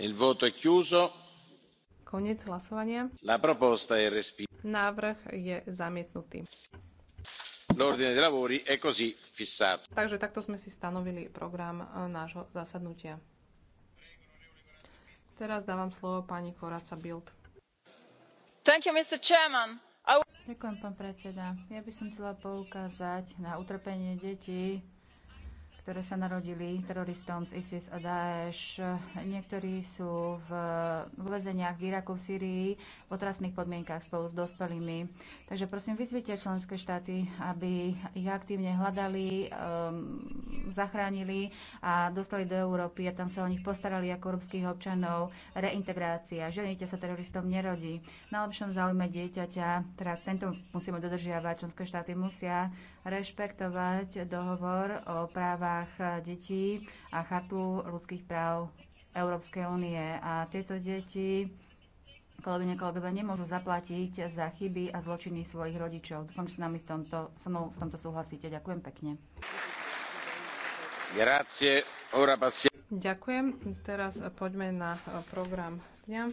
il voto è chiuso koniec hlasovania la proposta è respinta návrh je zamietnutý l'ordine dei lavori è così fissato takže takto sme si stanovili program eh, nášho zasadnutia teraz dávam slovo pani Koraca Bild you, Ďakujem, pán predseda. Ja by som chcela poukázať na utrpenie detí ktoré sa narodili teroristom z ISIS a Daesh. Niektorí sú v väzeniach v Iraku, v Syrii v otrasných podmienkach spolu s dospelými. Takže prosím, vyzvite členské štáty, aby ich aktívne hľadali, um, zachránili a dostali do Európy a tam sa o nich postarali ako európskych občanov. Reintegrácia. Ženite sa teroristom nerodí. Na lepšom záujme dieťaťa, teda tento musíme dodržiavať, členské štáty musia rešpektovať dohovor o právach detí a chartu ľudských práv Európskej únie. A tieto deti kolegyne, kolegovia, nemôžu zaplatiť za chyby a zločiny svojich rodičov. Dúfam, že s nami v tomto, so mnou v tomto súhlasíte. Ďakujem pekne. Ďakujem. Teraz poďme na program dňa.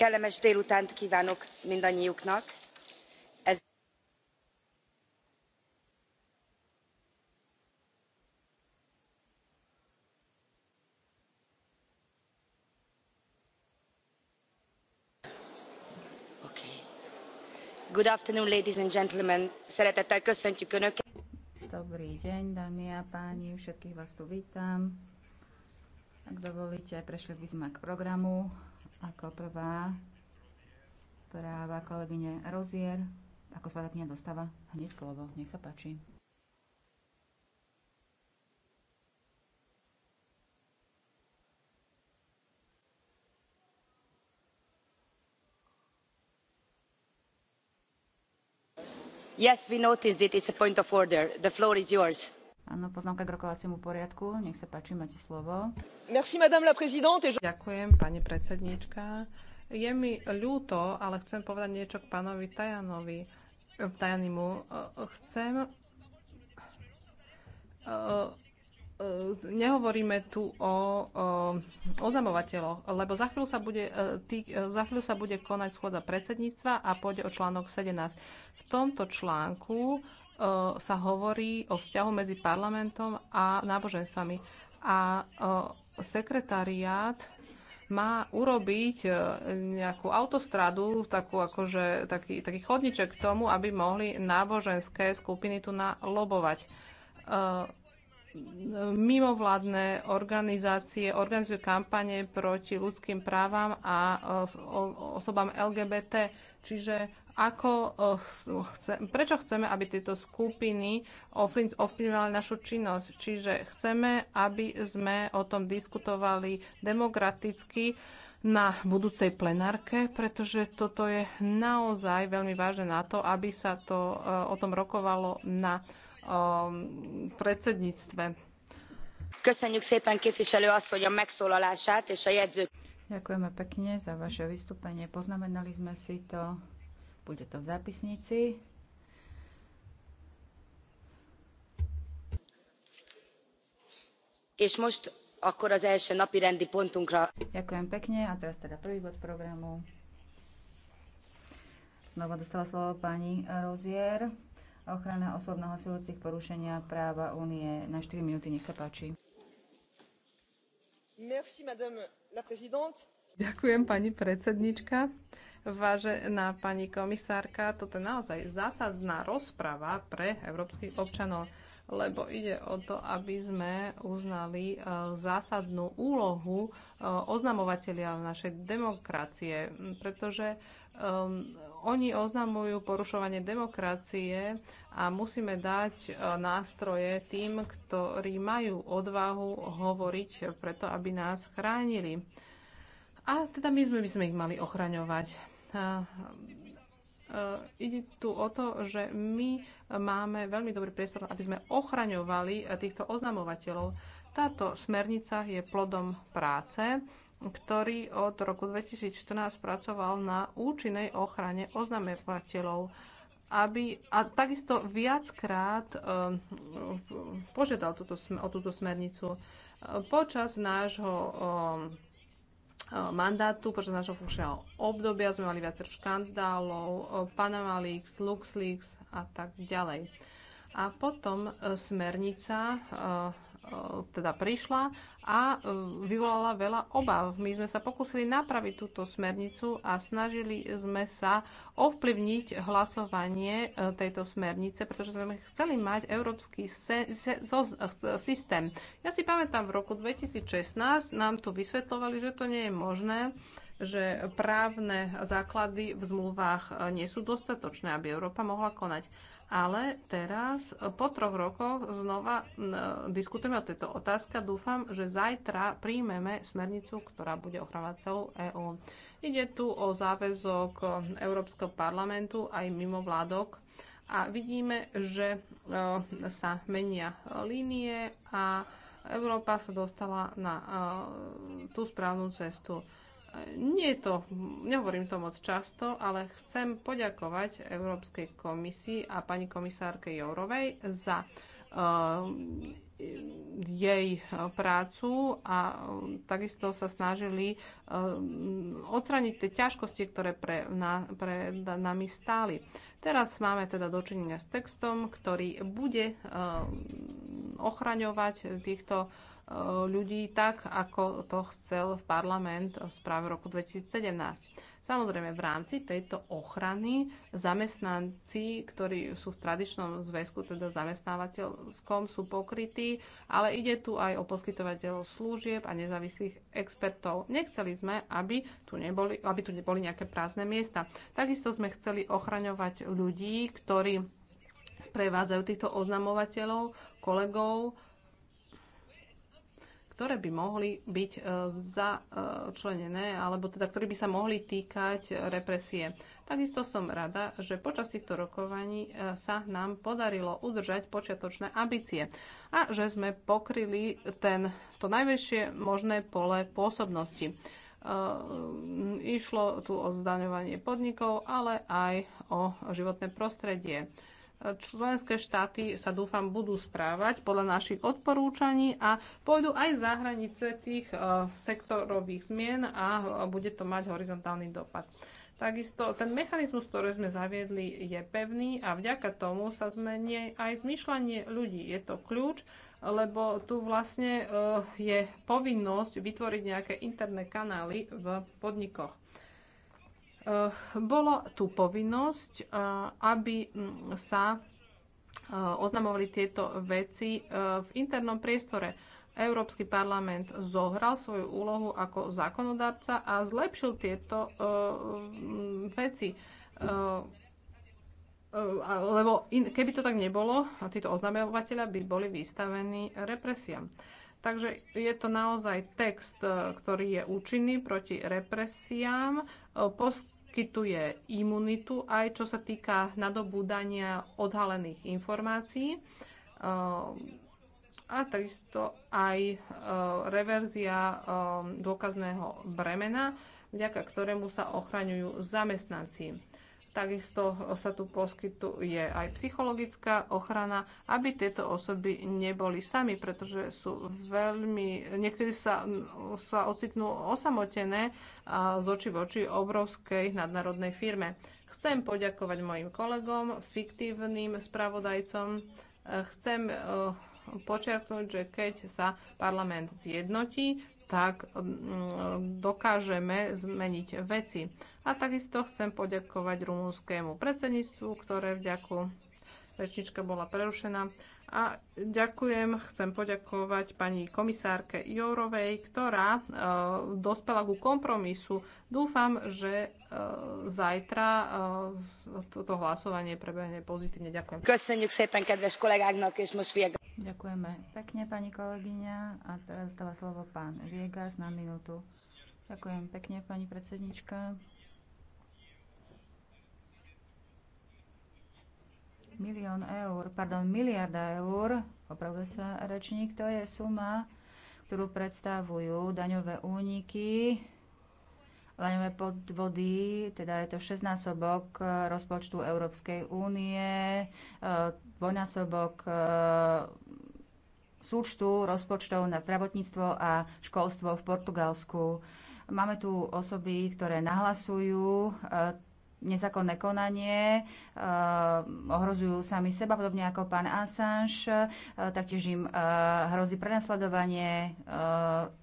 kellemes délutánt kvánok mindannyiuknak. Good afternoon, ladies and gentlemen. Szeretettel köszöntjük Önöket. Dobrý deň, dámy a páni, všetkých vás tu vítam. Ak dovolíte, prešli by sme k programu. Ako prvá správa kolegyne Rozier. Ako spravodajkynia dostáva hneď slovo. Nech sa páči. Yes, we noticed it. It's a point of order. The floor is yours. Áno, poznámka k rokovaciemu poriadku. Nech sa páči, máte slovo. Merci, madame la présidente. Ďakujem, pani predsedníčka. Je mi ľúto, ale chcem povedať niečo k pánovi Tajanovi. Eh, Tajanimu. Eh, chcem... Eh, nehovoríme tu o oznamovateľoch, lebo za chvíľu, sa bude, tý, za chvíľu sa bude konať schôdza predsedníctva a pôjde o článok 17. V tomto článku sa hovorí o vzťahu medzi parlamentom a náboženstvami. A sekretariát má urobiť e, nejakú autostradu, takú akože, taký, taký chodniček k tomu, aby mohli náboženské skupiny tu nalobovať. E, mimovládne organizácie organizujú kampane proti ľudským právam a e, osobám LGBT Čiže ako eh, chce, prečo chceme, aby tieto skupiny ovplyvňovali našu činnosť? Čiže chceme, aby sme o tom diskutovali demokraticky na budúcej plenárke, pretože toto je naozaj veľmi vážne na to, aby sa to, eh, o tom rokovalo na um, predsedníctve. Köszönjük szépen képviselő asszony a megszólalását és a jegyzőt. Ďakujeme pekne za vaše vystúpenie. Poznamenali sme si to. Bude to v zápisnici. És most akkor az első napi rendi pontunkra. Ďakujem pekne a teraz teda prvý bod programu. Znova dostala slovo pani Rozier. Ochrana osôb hlasujúcich porušenia práva únie na 4 minúty. Nech sa páči. Merci, madame Ďakujem, pani predsednička. Vážená pani komisárka, toto je naozaj zásadná rozprava pre európskych občanov lebo ide o to, aby sme uznali e, zásadnú úlohu e, oznamovateľia v našej demokracie, pretože e, oni oznamujú porušovanie demokracie a musíme dať nástroje tým, ktorí majú odvahu hovoriť preto, aby nás chránili. A teda my sme by sme ich mali ochraňovať. E, ide tu o to, že my máme veľmi dobrý priestor, aby sme ochraňovali týchto oznamovateľov. Táto smernica je plodom práce, ktorý od roku 2014 pracoval na účinnej ochrane oznamovateľov aby, a takisto viackrát uh, požiadal túto, o túto smernicu. E, počas nášho uh, Eh, mandátu, počas našho funkčného obdobia sme mali viacero škandálov, eh, Panama Leaks, LuxLeaks a tak ďalej. A potom eh, smernica E, teda prišla a e, vyvolala veľa obav. My sme sa pokúsili napraviť túto smernicu a snažili sme sa ovplyvniť hlasovanie e, tejto smernice, pretože sme chceli mať európsky systém. Ja si pamätám, v roku 2016 nám tu vysvetlovali, že to nie je možné, že právne základy v zmluvách nie sú dostatočné, aby Európa mohla konať. Ale teraz po troch rokoch znova e, diskutujeme o tejto otázke. Dúfam, že zajtra príjmeme smernicu, ktorá bude ochrávať celú EÚ. Ide tu o záväzok Európskeho parlamentu aj mimo vládok a vidíme, že e, sa menia línie a Európa sa dostala na e, tú správnu cestu nie je to, nehovorím to moc často, ale chcem poďakovať Európskej komisii a pani komisárke Jourovej za uh, jej prácu a eh, takisto sa snažili uh, odstrániť tie ťažkosti, ktoré pre, na, pre nami stáli. Teraz máme teda dočinenia s textom, ktorý bude uh, ochraňovať týchto Eh, ľudí tak, ako to chcel v parlament v správe roku 2017. Samozrejme, v rámci tejto ochrany zamestnanci, ktorí sú v tradičnom zväzku, teda zamestnávateľskom, sú pokrytí, ale ide tu aj o poskytovateľov služieb a nezávislých expertov. Nechceli sme, aby tu, neboli, aby tu neboli nejaké prázdne miesta. Takisto sme chceli ochraňovať ľudí, ktorí sprevádzajú týchto oznamovateľov, kolegov, ktoré by mohli byť e, začlenené, alebo teda ktoré by sa mohli týkať represie. Takisto som rada, že počas týchto rokovaní e, sa nám podarilo udržať počiatočné ambície a že sme pokryli ten, to najväčšie možné pole pôsobnosti. E, išlo tu o zdaňovanie podnikov, ale aj o životné prostredie členské štáty sa dúfam budú správať podľa našich odporúčaní a pôjdu aj za hranice tých e, sektorových zmien a e, bude to mať horizontálny dopad. Takisto ten mechanizmus, ktorý sme zaviedli, je pevný a vďaka tomu sa zmení aj zmýšľanie ľudí. Je to kľúč, lebo tu vlastne e, je povinnosť vytvoriť nejaké interné kanály v podnikoch. Eh, bola tu povinnosť, eh, aby mm, sa eh, oznamovali tieto veci v internom priestore. Európsky parlament zohral svoju úlohu ako zákonodárca a zlepšil tieto mm, veci. Lebo keby to tak nebolo, títo oznamovateľa by boli vystavení represiám. Takže je to naozaj text, e, ktorý je účinný proti represiám, e, poskytuje imunitu aj čo sa týka nadobúdania odhalených informácií e, a takisto aj reverzia dôkazného bremena, vďaka ktorému sa ochraňujú zamestnanci. Takisto sa tu poskytuje aj psychologická ochrana, aby tieto osoby neboli sami, pretože sú veľmi, niekedy sa, sa ocitnú osamotené z oči v oči obrovskej nadnárodnej firme. Chcem poďakovať mojim kolegom, fiktívnym spravodajcom. Chcem e, počiarknúť, že keď sa parlament zjednotí, tak mm, dokážeme zmeniť veci. A takisto chcem poďakovať rumúnskému predsedníctvu, ktoré vďaku rečnička bola prerušená. A ďakujem, chcem poďakovať pani komisárke Jourovej, ktorá e, dospela ku kompromisu. Dúfam, že E, zajtra toto e, hlasovanie prebehne pozitívne. Ďakujem. Ďakujeme pekne, pani kolegyňa. A teraz dáva slovo pán Viegas na minútu. Ďakujem pekne, pani predsednička. Milión eur, pardon, miliarda eur, opravdu sa rečník, to je suma, ktorú predstavujú daňové úniky Laňové podvody, teda je to 6 násobok eh, rozpočtu Európskej únie, eh, dvojnásobok eh, súčtu rozpočtov na zdravotníctvo a školstvo v Portugalsku. Máme tu osoby, ktoré nahlasujú nezákonné konanie, eh, ohrozujú sami seba, podobne ako pán Assange, eh, taktiež im eh, hrozí prenasledovanie,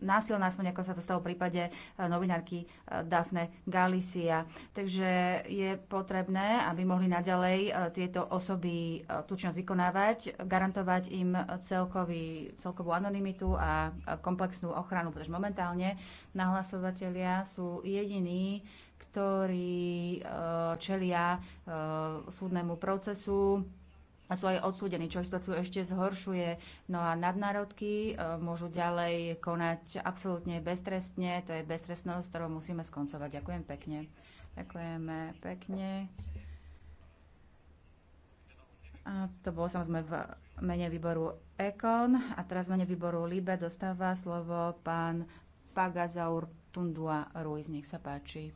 násilná aspoň ako sa to stalo v prípade novinárky Daphne Galicia. Takže je potrebné, aby mohli naďalej tieto osoby tú činnosť vykonávať, garantovať im celkový, celkovú anonymitu a komplexnú ochranu, pretože momentálne nahlasovateľia sú jediní, ktorí e, čelia e, súdnemu procesu a sú aj odsúdení, čo situáciu ešte zhoršuje. No a nadnárodky e, môžu ďalej konať absolútne beztrestne. To je beztrestnosť, ktorou musíme skoncovať. Ďakujem pekne. Ďakujeme pekne. A to bolo samozrejme v mene výboru Ekon. A teraz v mene výboru Libe dostáva slovo pán Pagazaur Tundua Ruiz. Nech sa páči.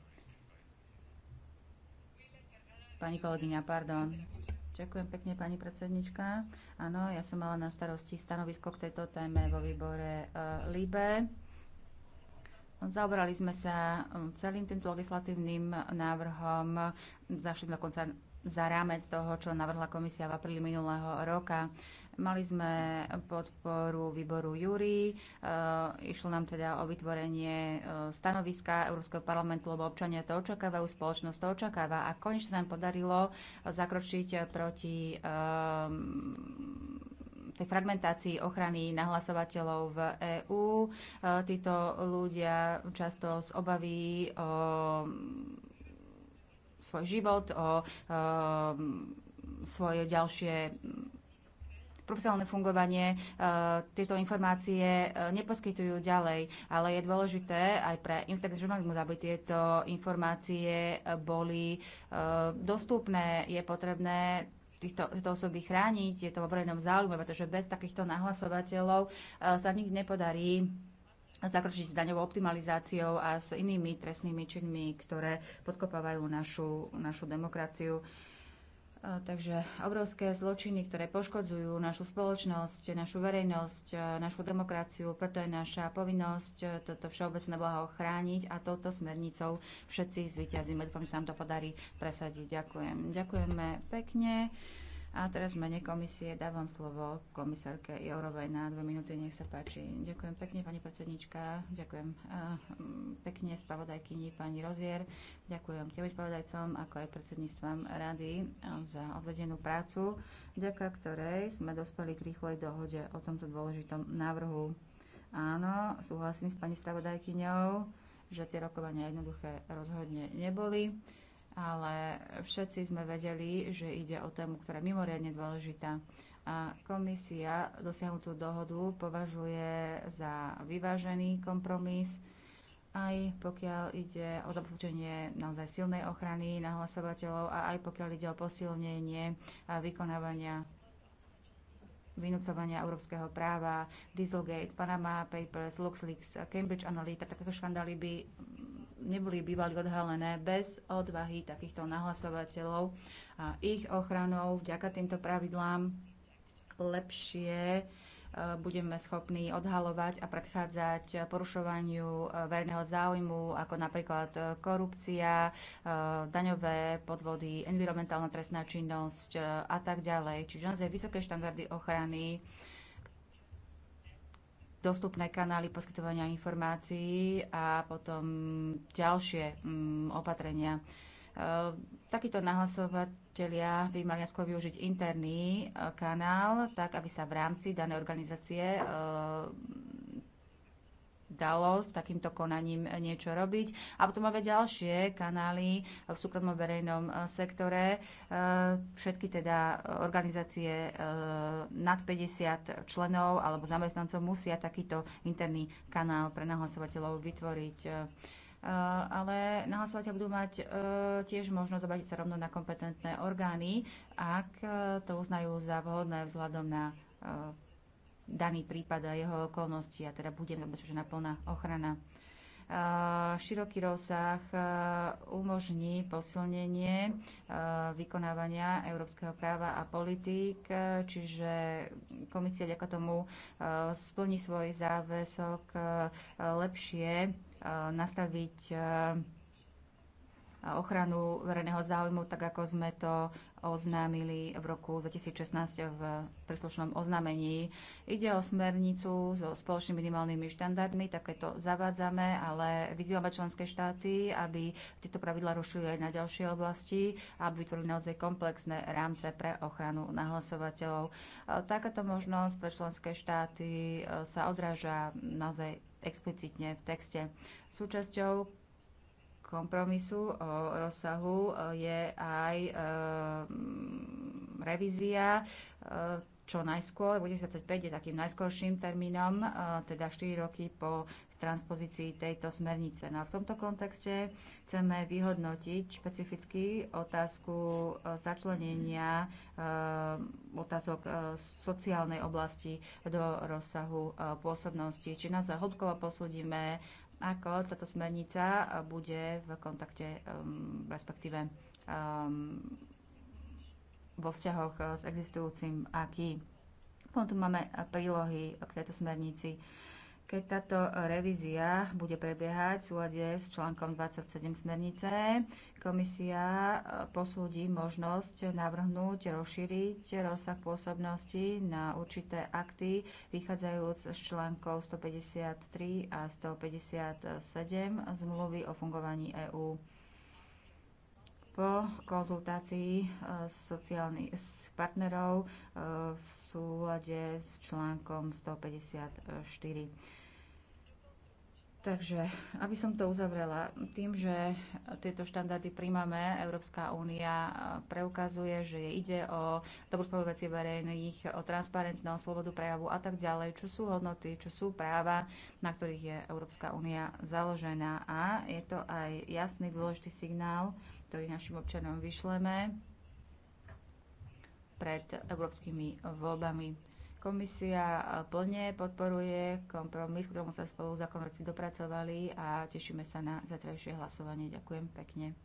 Pani kolegyňa, pardon. Ďakujem pekne, pani predsednička. Áno, ja som mala na starosti stanovisko k tejto téme vo výbore uh, e, LIBE. Zaobrali sme sa celým týmto legislatívnym návrhom, zašli dokonca za rámec toho, čo navrhla komisia v apríli minulého roka. Mali sme podporu výboru Júri, eh, išlo nám teda o vytvorenie eh, stanoviska Európskeho parlamentu, lebo občania to očakávajú, spoločnosť to očakáva a konečne sa nám podarilo eh, zakročiť proti ehm, tej fragmentácii ochrany nahlasovateľov v EÚ. Títo ľudia často z obavy o mm, svoj život, o, o ehm, svoje ďalšie mm, profesionálne fungovanie e, tieto informácie e, neposkytujú ďalej, ale je dôležité aj pre Instagram žurnalizmus, aby tieto informácie e, boli dostupné. Je potrebné týchto, týchto osoby chrániť, je to vo verejnom záujme, pretože bez takýchto nahlasovateľov sa nikdy nepodarí zakročiť s daňovou optimalizáciou a s inými trestnými činmi, ktoré podkopávajú našu, našu demokraciu. Uh, Takže obrovské zločiny, ktoré poškodzujú našu spoločnosť, našu verejnosť, našu demokraciu, preto je naša povinnosť toto všeobecné blaho chrániť a touto smernicou všetci zvyťazíme. Dúfam, že sa nám to podarí presadiť. Ďakujem. Ďakujeme pekne. A teraz v mene komisie dávam slovo komisárke Jourovej na dve minúty. Nech sa páči. Ďakujem pekne, pani predsednička. Ďakujem eh, pekne spravodajkyni pani Rozier. Ďakujem tebe spravodajcom, ako aj predsedníctvom rady eh, za odvedenú prácu, vďaka ktorej sme dospeli k rýchlej dohode o tomto dôležitom návrhu. Áno, súhlasím s pani spravodajkyňou, že tie rokovania jednoduché rozhodne neboli ale všetci sme vedeli, že ide o tému, ktorá je mimoriadne dôležitá. A komisia dosiahnutú dohodu považuje za vyvážený kompromis, aj pokiaľ ide o zabezpečenie naozaj silnej ochrany nahlasovateľov a aj pokiaľ ide o posilnenie a vykonávania vynúcovania európskeho práva, Dieselgate, Panama Papers, LuxLeaks, Cambridge Analytica, takéto škandály by neboli bývali odhalené bez odvahy takýchto nahlasovateľov a ich ochranou vďaka týmto pravidlám lepšie e, budeme schopní odhalovať a predchádzať porušovaniu e, verejného záujmu, ako napríklad e, korupcia, daňové podvody, environmentálna trestná činnosť a tak ďalej. Čiže naozaj vysoké štandardy ochrany dostupné kanály poskytovania informácií a potom ďalšie mm, opatrenia. E, takíto nahlasovatelia by mali skôr využiť interný e, kanál, tak aby sa v rámci danej organizácie e, dalo s takýmto konaním niečo robiť. A potom máme ďalšie kanály v súkromnom verejnom e, sektore, e, všetky teda e, organizácie nad 50 členov alebo zamestnancov musia takýto interný kanál pre nahlasovateľov vytvoriť ale nahlasovateľ budú mať tiež možnosť obrátiť sa rovno na kompetentné orgány, ak to uznajú za vhodné vzhľadom na daný prípad a jeho okolnosti a teda bude zabezpečená plná ochrana. Široký rozsah umožní posilnenie vykonávania európskeho práva a politík, čiže komisia vďaka tomu splní svoj záväzok lepšie nastaviť ochranu verejného záujmu, tak ako sme to oznámili v roku 2016 v príslušnom oznámení. Ide o smernicu so spoločnými minimálnymi štandardmi, takéto zavádzame, ale vyzývame členské štáty, aby tieto pravidla rušili aj na ďalšie oblasti a aby vytvorili naozaj komplexné rámce pre ochranu nahlasovateľov. Takáto možnosť pre členské štáty e, sa odráža naozaj explicitne v texte. Súčasťou kompromisu o rozsahu e, je aj e, mm, revízia e, čo najskôr, bude 25 je takým najskorším termínom, e, teda 4 roky po transpozícii tejto smernice. No a v tomto kontexte chceme vyhodnotiť špecificky otázku začlenenia otázok sociálnej oblasti do rozsahu pôsobnosti. Či nás hĺbkovo posúdime ako táto smernica eh, bude v kontakte, um, respektíve um, vo vzťahoch eh, s existujúcim aký. Potom tu máme eh, prílohy k tejto smernici keď táto e, revízia bude prebiehať v súlade s článkom 27 smernice, komisia e, posúdi možnosť navrhnúť, rozšíriť rozsah pôsobnosti na určité akty, vychádzajúc z článkov 153 a 157 zmluvy o fungovaní EÚ. Po konzultácii e, sociálnych s partnerov v súlade s článkom 154. Takže, aby som to uzavrela, tým, že tieto štandardy príjmame, Európska únia preukazuje, že ide o dobrú veci verejných, o transparentnosť, slobodu prejavu a tak ďalej, čo sú hodnoty, čo sú práva, na ktorých je Európska únia založená. A je to aj jasný dôležitý signál, ktorý našim občanom vyšleme pred európskymi voľbami Komisia e, plne podporuje kompromis, ktorému sa spolu zákonoci dopracovali a tešíme sa na zajtrajšie hlasovanie. Ďakujem pekne.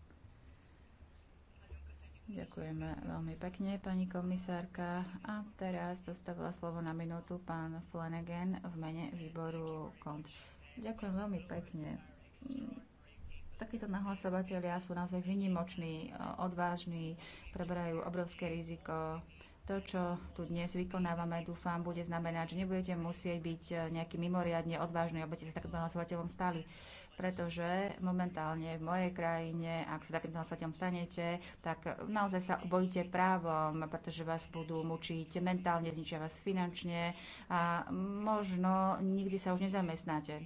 Ďakujeme veľmi pekne, pani komisárka. A teraz dostáva slovo na minútu pán Flanagan v mene výboru KONT. Ďakujem veľmi pekne. Takíto nahlasovateľia sú naozaj vynimoční, e, odvážni, preberajú obrovské riziko, to, čo tu dnes vykonávame, dúfam, bude znamenať, že nebudete musieť byť e, nejaký mimoriadne odvážny, aby ste sa takým hlasovateľom stali. Pretože momentálne v mojej krajine, ak sa takým hlasovateľom stanete, tak naozaj sa bojíte právom, pretože vás budú mučiť mentálne, zničia vás finančne a možno nikdy sa už nezamestnáte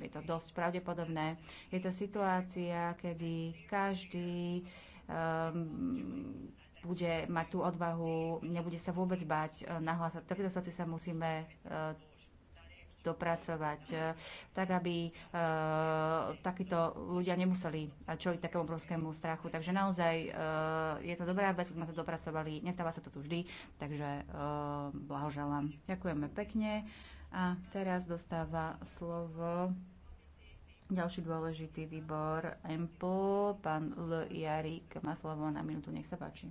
je to dosť pravdepodobné. Je to situácia, kedy každý um, bude mať tú odvahu, nebude sa vôbec báť e, nahlásať. Takéto situácii sa musíme e, dopracovať, e, tak aby takíto ľudia nemuseli čoliť takému obrovskému strachu. Takže naozaj je to dobrá vec, sme sa dopracovali, nestáva sa to tu vždy, takže blahoželám. Ďakujeme pekne a teraz dostáva slovo ďalší dôležitý výbor EMPO, pán L. Jarik má slovo na minútu, nech sa páči.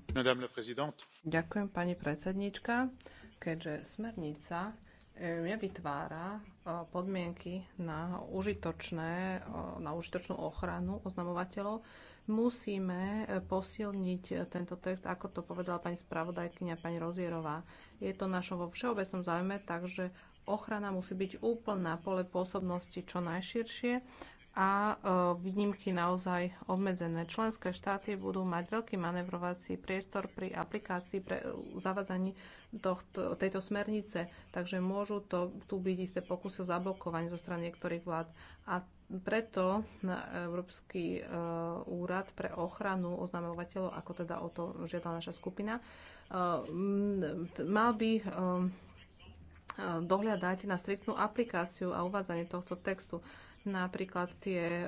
Ďakujem, pani predsednička. Keďže smernica nevytvára podmienky na, užitočné, na užitočnú ochranu oznamovateľov, musíme e, posilniť e, tento text, ako to povedala pani spravodajkynia, pani Rozierová. Je to našom vo všeobecnom záujme, takže ochrana musí byť úplná pole pôsobnosti čo najširšie a e, výnimky naozaj obmedzené. Členské štáty budú mať veľký manevrovací priestor pri aplikácii, pre e, zavadzaní tohto, tejto smernice, takže môžu to, tu byť isté pokusy o zablokovanie zo strany niektorých vlád. A preto na Európsky e, úrad pre ochranu oznamovateľov, ako teda o to žiada naša skupina, mal by dohľadať na striktnú aplikáciu a uvádzanie tohto textu. Napríklad tie e,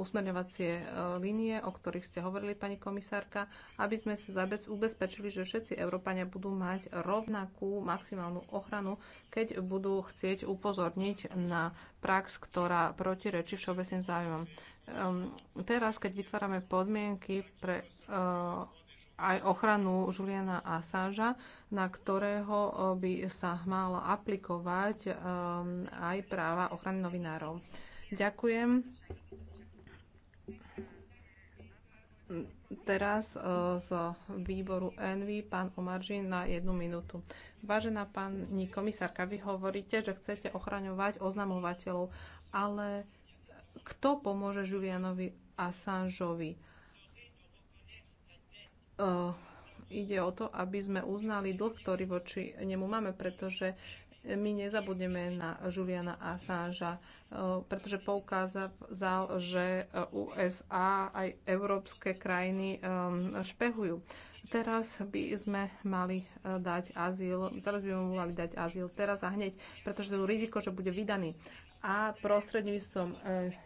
usmerňovacie e, línie, o ktorých ste hovorili, pani komisárka, aby sme sa ubezpečili, že všetci Európania budú mať rovnakú maximálnu ochranu, keď budú chcieť upozorniť na prax, ktorá protirečí všeobecným záujmom. Ehm, teraz, keď vytvárame podmienky pre e, aj ochranu Juliana Assangea, na ktorého eh, by sa mala aplikovať eh, aj práva ochrany novinárov. Ďakujem. Teraz eh, z výboru ENVY pán Omaržin na jednu minútu. Vážená pani komisárka, vy hovoríte, že chcete ochraňovať oznamovateľov, ale kto pomôže Julianovi Assangeovi? ide o to, aby sme uznali dlh, ktorý voči nemu máme, pretože my nezabudneme na Juliana Assangea, pretože poukázal, že USA aj európske krajiny um, špehujú. Teraz by sme mali uh, dať azyl, teraz by mu mali dať azyl, teraz a hneď, pretože to riziko, že bude vydaný. A prostredníctvom uh,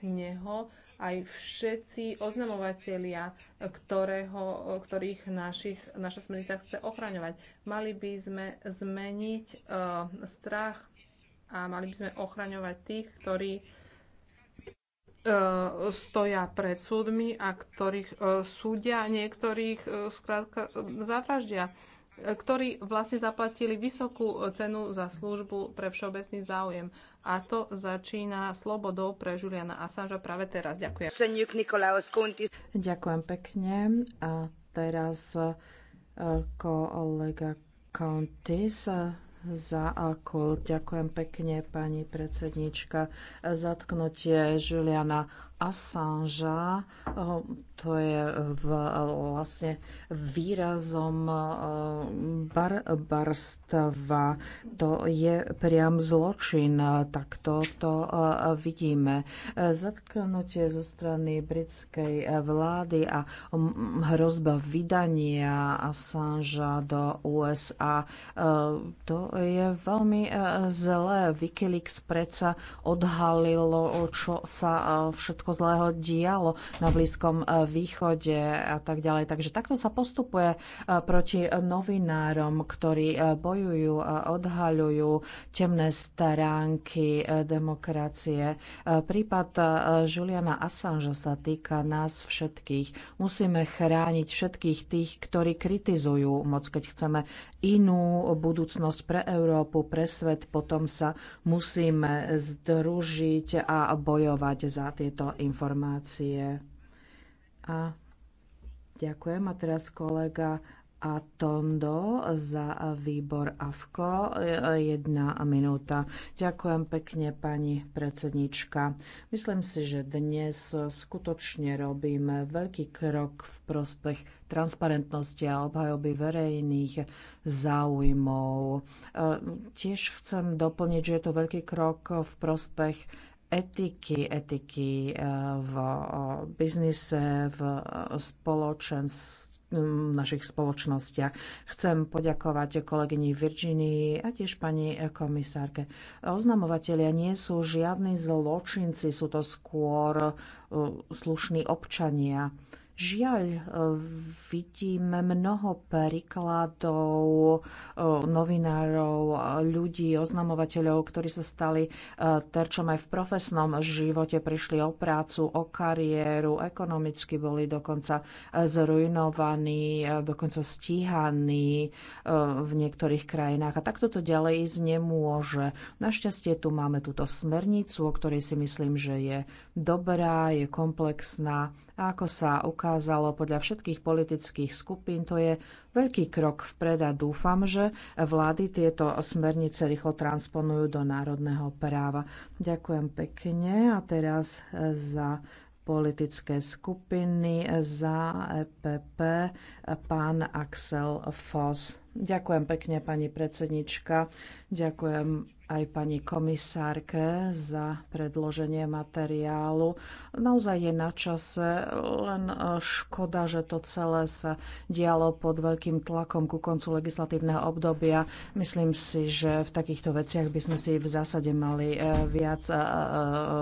neho aj všetci oznamovatelia, ktorého, ktorých našich, naša smernica chce ochraňovať. Mali by sme zmeniť uh, strach a mali by sme ochraňovať tých, ktorí uh, stoja pred súdmi a ktorých uh, súdia, niektorých uh, skrátka Uh, ktorí vlastne zaplatili vysokú cenu za službu pre všeobecný záujem. A to začína slobodou pre Juliana Assange práve teraz. Ďakujem. Ďakujem pekne. A teraz e, kolega Kontis. E, za akult. Ďakujem pekne, pani predsednička. E, zatknutie Juliana Assange, eh, to je eh, eh, vlastne výrazom barbarstva. To je priam zločin, tak to vidíme. Zatknutie zo strany britskej vlády a mm, mm, hrozba vydania Assange do USA, to je veľmi zlé. Wikileaks predsa odhalilo, čo sa všetko všetko zlého dialo na Blízkom e, východe a tak ďalej. Takže takto sa postupuje e, proti novinárom, ktorí e, bojujú a odhaľujú temné stránky demokracie. Prípad Juliana Assange sa týka nás všetkých. Musíme chrániť všetkých tých, ktorí kritizujú moc, keď chceme inú budúcnosť pre Európu, pre svet, potom sa musíme združiť a bojovať za tieto informácie. A ďakujem. A teraz kolega a Tondo za výbor AVKO. Jedna minúta. Ďakujem pekne, pani predsednička. Myslím si, že dnes skutočne robíme veľký krok v prospech transparentnosti a obhajoby verejných záujmov. Tiež chcem doplniť, že je to veľký krok v prospech etiky, etiky eh, v eh, biznise, v eh, spoločenstve v našich spoločnostiach. Chcem poďakovať kolegyni Virginii a tiež pani komisárke. Oznamovatelia nie sú žiadni zločinci, sú to skôr slušní občania. Žiaľ, e, vidíme mnoho príkladov e, novinárov, e, ľudí, oznamovateľov, ktorí sa stali terčom aj v profesnom živote, prišli o prácu, o kariéru, ekonomicky boli dokonca zrujnovaní, dokonca stíhaní v niektorých krajinách. A takto to ďalej ísť nemôže. Našťastie tu máme túto smernicu, o ktorej si myslím, že je dobrá, je komplexná a ako sa ukázalo podľa všetkých politických skupín, to je veľký krok vpred a dúfam, že vlády tieto smernice rýchlo transponujú do národného práva. Ďakujem pekne a teraz za politické skupiny za EPP pán Axel Foss. Ďakujem pekne, pani predsednička. Ďakujem aj pani komisárke za predloženie materiálu. Naozaj je na čase, len e, škoda, že to celé sa dialo pod veľkým tlakom ku koncu legislatívneho obdobia. Myslím si, že v takýchto veciach by sme si v zásade mali e, viac e,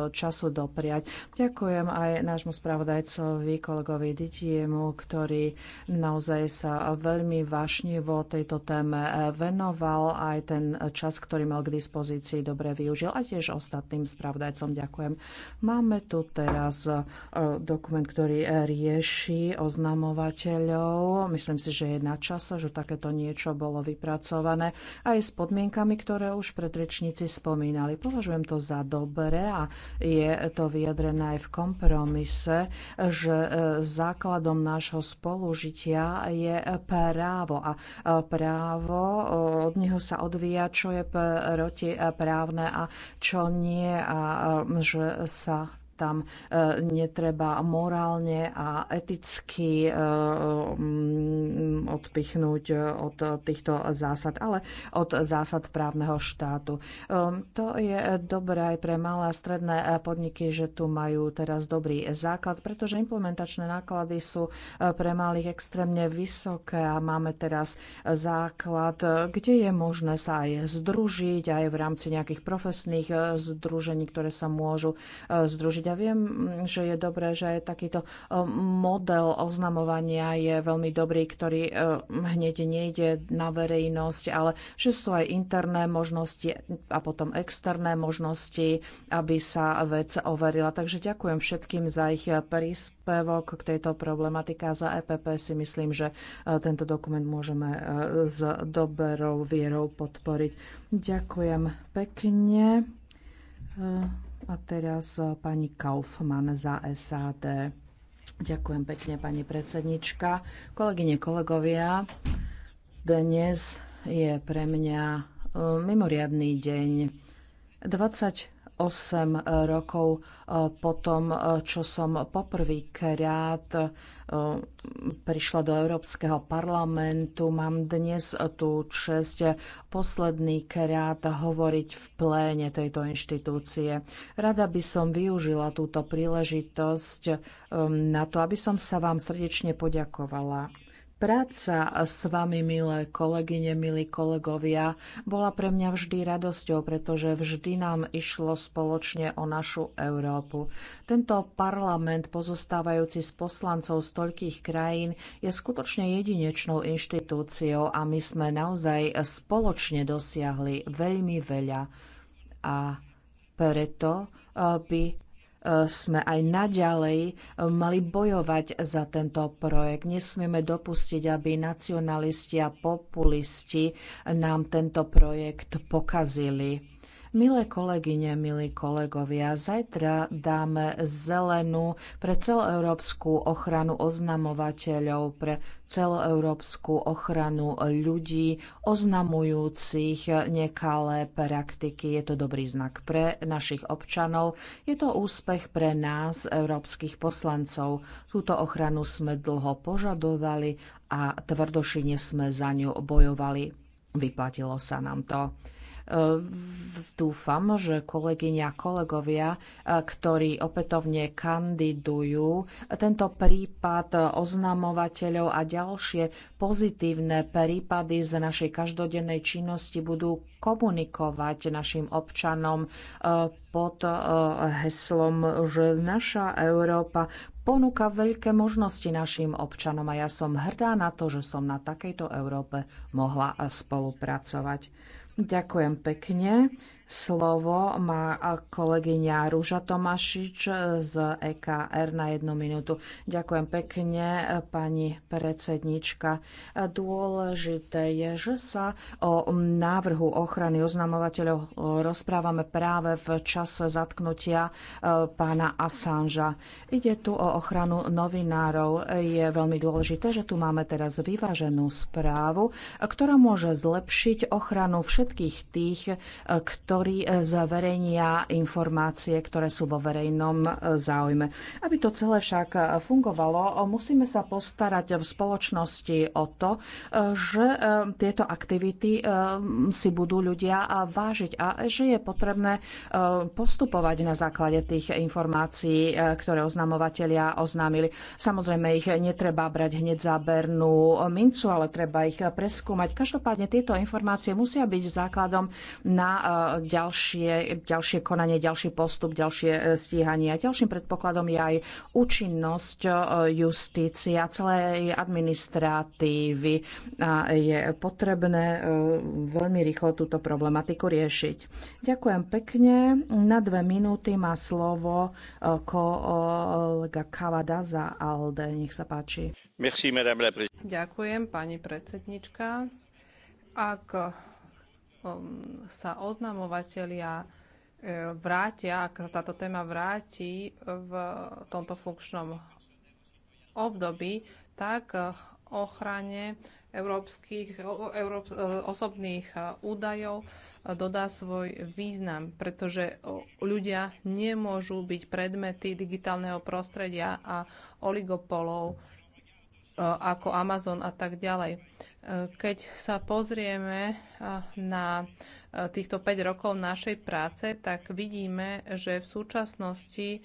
času dopriať. Ďakujem aj nášmu spravodajcovi, kolegovi ditiemu, ktorý naozaj sa veľmi vášnivo tejto téme venoval aj ten čas, ktorý mal k dispozícii dispozícii dobre využil a tiež ostatným spravdajcom ďakujem. Máme tu teraz e, dokument, ktorý e, rieši oznamovateľov. Myslím si, že je na čase, že takéto niečo bolo vypracované aj s podmienkami, ktoré už predrečníci spomínali. Považujem to za dobré a je to vyjadrené aj v kompromise, že e, základom nášho spolužitia je právo a právo, od neho sa odvíja, čo je proti právne a čo nie a že sa tam e, netreba morálne a eticky e, mm, odpichnúť e, od týchto zásad, ale od zásad právneho štátu. To je dobré aj pre malé a stredné podniky, že tu majú teraz dobrý základ, pretože implementačné náklady sú pre malých extrémne vysoké a máme teraz základ, kde je možné sa aj združiť, aj v rámci nejakých profesných združení, ktoré sa môžu združiť ja viem, mm, že je dobré, že takýto e, model oznamovania je veľmi dobrý, ktorý e, hneď nejde na verejnosť, ale že sú aj interné možnosti a potom externé možnosti, aby sa vec overila. Takže ďakujem všetkým za ich príspevok k tejto problematike. Za EPP si myslím, že e, tento dokument môžeme s dobrou vierou podporiť. Ďakujem pekne. A teraz eh, pani Kaufmann za SAD. Ďakujem pekne, pani predsednička. Kolegyne, kolegovia, dnes je pre mňa eh, mimoriadný deň. 20 rokov e, po tom, e, čo som poprvýkrát e, prišla do Európskeho parlamentu. Mám dnes tú čest posledný krát hovoriť v pléne tejto inštitúcie. Rada by som využila túto príležitosť na to, aby som sa vám srdečne poďakovala Práca s vami, milé kolegyne, milí kolegovia, bola pre mňa vždy radosťou, pretože vždy nám išlo spoločne o našu Európu. Tento parlament, pozostávajúci z poslancov z toľkých krajín, je skutočne jedinečnou inštitúciou a my sme naozaj spoločne dosiahli veľmi veľa. A preto eh, by sme aj naďalej e, mali bojovať za tento projekt. Nesmieme dopustiť, aby nacionalisti a populisti nám tento projekt pokazili Milé kolegyne, milí kolegovia, zajtra dáme zelenú pre celoeurópsku ochranu oznamovateľov, pre celoeurópsku ochranu ľudí oznamujúcich nekalé praktiky. Je to dobrý znak pre našich občanov, je to úspech pre nás, európskych poslancov. Túto ochranu sme dlho požadovali a tvrdošine sme za ňu bojovali. Vyplatilo sa nám to. Dúfam, že kolegyňa a kolegovia, e, ktorí opätovne kandidujú, tento prípad oznamovateľov a ďalšie pozitívne prípady z našej každodennej činnosti budú komunikovať našim občanom e, pod e, heslom, že naša Európa ponúka veľké možnosti našim občanom a ja som hrdá na to, že som na takejto Európe mohla spolupracovať. Ďakujem pekne. Slovo má kolegyňa Rúža Tomašič z EKR na jednu minútu. Ďakujem pekne, pani predsednička. Dôležité je, že sa o návrhu ochrany oznamovateľov rozprávame práve v čase zatknutia e, pána Assangea. Ide tu o ochranu novinárov. Je veľmi dôležité, že tu máme teraz vyváženú správu, ktorá môže zlepšiť ochranu všetkých tých, e, ktorí ktorí e, zverejnia informácie, ktoré sú vo verejnom e, záujme. Aby to celé však e, fungovalo, musíme sa postarať v spoločnosti o to, že tieto aktivity si budú ľudia vážiť a že je potrebné postupovať na základe tých informácií, ktoré oznamovatelia oznámili. Samozrejme, ich netreba brať hneď za bernú mincu, ale treba ich preskúmať. Každopádne tieto informácie musia byť základom na ďalšie, ďalšie konanie, ďalší postup, ďalšie e, stíhanie. Ďalším predpokladom je aj účinnosť e, justícia, celej administratívy. A je potrebné e, veľmi rýchlo túto problematiku riešiť. Ďakujem pekne. Na dve minúty má slovo kolega Kavada za ALDE. Nech sa páči. Merci, Ďakujem, pani predsednička. Ak Um, sa oznamovateľia e, vrátia, ak sa táto téma vráti v tomto funkčnom období, tak e, ochrane európskych, európ, e, osobných údajov dodá svoj význam, pretože ľudia nemôžu byť predmety digitálneho prostredia a oligopolov ako Amazon a tak ďalej. E, keď sa pozrieme na e, týchto 5 rokov našej práce, tak vidíme, že v súčasnosti e,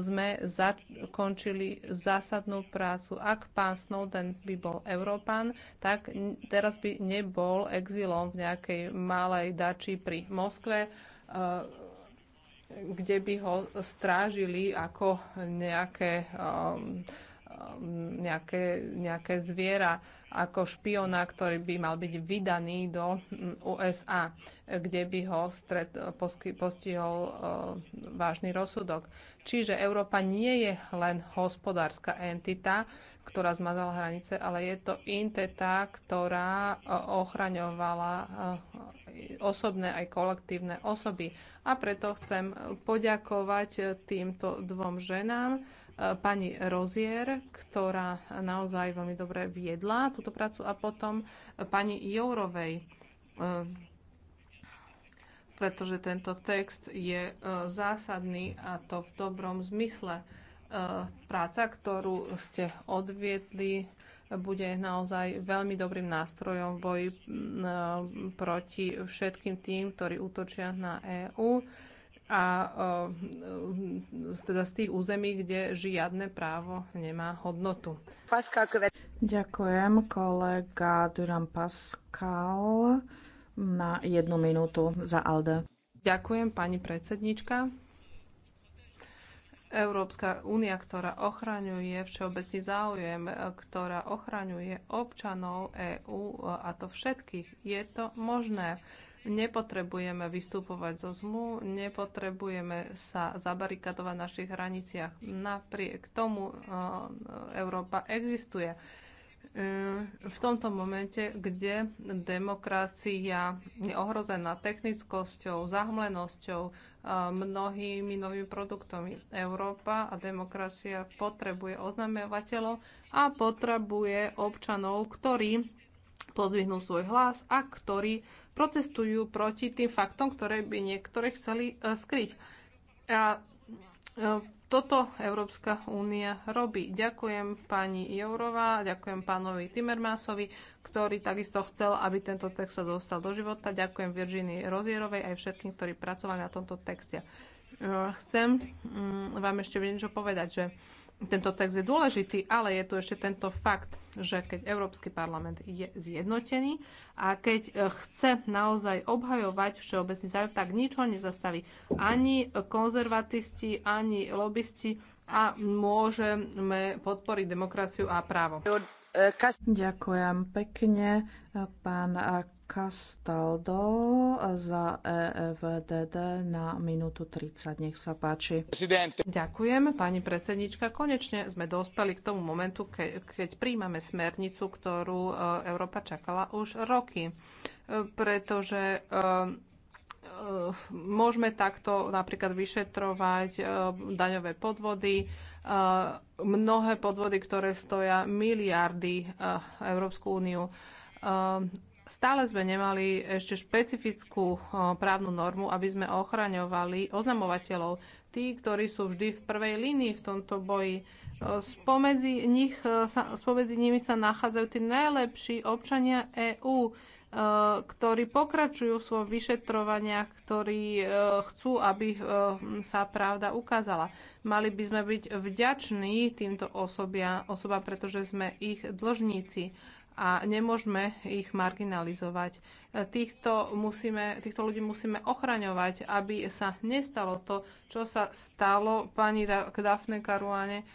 sme zakončili zásadnú prácu. Ak pán Snowden by bol Európan, tak teraz by nebol exilom v nejakej malej dači pri Moskve, kde by ho strážili ako nejaké um, Um, nejaké, nejaké zviera ako špiona, ktorý by mal byť vydaný do USA, um, kde by ho stret, posky, postihol uh, vážny rozsudok. Čiže Európa nie je len hospodárska entita, ktorá zmazala hranice, ale je to entita, ktorá uh, ochraňovala uh, osobné aj kolektívne osoby. A preto chcem poďakovať uh, týmto dvom ženám, E, pani Rozier, ktorá naozaj veľmi dobre viedla túto prácu a potom pani Jourovej, e, pretože tento text je e, zásadný a to v dobrom zmysle. Práca, ktorú ste odviedli, bude naozaj veľmi dobrým nástrojom v boji proti všetkým tým, ktorí útočia na EÚ a e, teda z tých území, kde žiadne právo nemá hodnotu. Ďakujem, kolega Duran Pascal na jednu minútu za ALDE. Ďakujem, pani predsednička. Európska únia, ktorá ochraňuje všeobecný záujem, ktorá ochraňuje občanov EÚ a to všetkých, je to možné. Nepotrebujeme vystupovať zo zmu, nepotrebujeme sa zabarikadovať v našich hraniciach. Napriek tomu e, Európa existuje. E, v tomto momente, kde demokracia je ohrozená technickosťou, zahmlenosťou, e, mnohými novými produktami. Európa a demokracia potrebuje oznamovateľov a potrebuje občanov, ktorí pozvihnú svoj hlas a ktorí protestujú proti tým faktom, ktoré by niektoré chceli e, skryť. A e, toto Európska únia robí. Ďakujem pani Jourová, ďakujem pánovi Timmermansovi, ktorý takisto chcel, aby tento text sa dostal do života. Ďakujem Virginii Rozierovej aj všetkým, ktorí pracovali na tomto texte. E, chcem mm, vám ešte niečo povedať, že tento text je dôležitý, ale je tu ešte tento fakt, že keď Európsky parlament je zjednotený a keď e, chce naozaj obhajovať všeobecný záujem, tak nič ho nezastaví. Ani konzervatisti, ani lobbysti a môžeme podporiť demokraciu a právo. Ďakujem pekne, pán Castaldo za EFDD na minútu 30. Nech sa páči. Ďakujem, pani predsednička. Konečne sme dospeli k tomu momentu, ke, keď príjmame smernicu, ktorú e, Európa čakala už roky. E, pretože e, môžeme takto napríklad vyšetrovať daňové podvody, mnohé podvody, ktoré stoja miliardy Európsku úniu stále sme nemali ešte špecifickú eh, právnu normu, aby sme ochraňovali oznamovateľov, tí, ktorí sú vždy v prvej línii v tomto boji. Eh, spomedzi, nich, eh, spomedzi nimi sa nachádzajú tí najlepší občania EÚ, ktorí pokračujú v svojom vyšetrovaniach, ktorí chcú, aby sa pravda ukázala. Mali by sme byť vďační týmto osobia, osobám, pretože sme ich dlžníci a nemôžeme ich marginalizovať. Týchto, musíme, týchto ľudí musíme ochraňovať, aby sa nestalo to, čo sa stalo pani Dafne Karuane eh,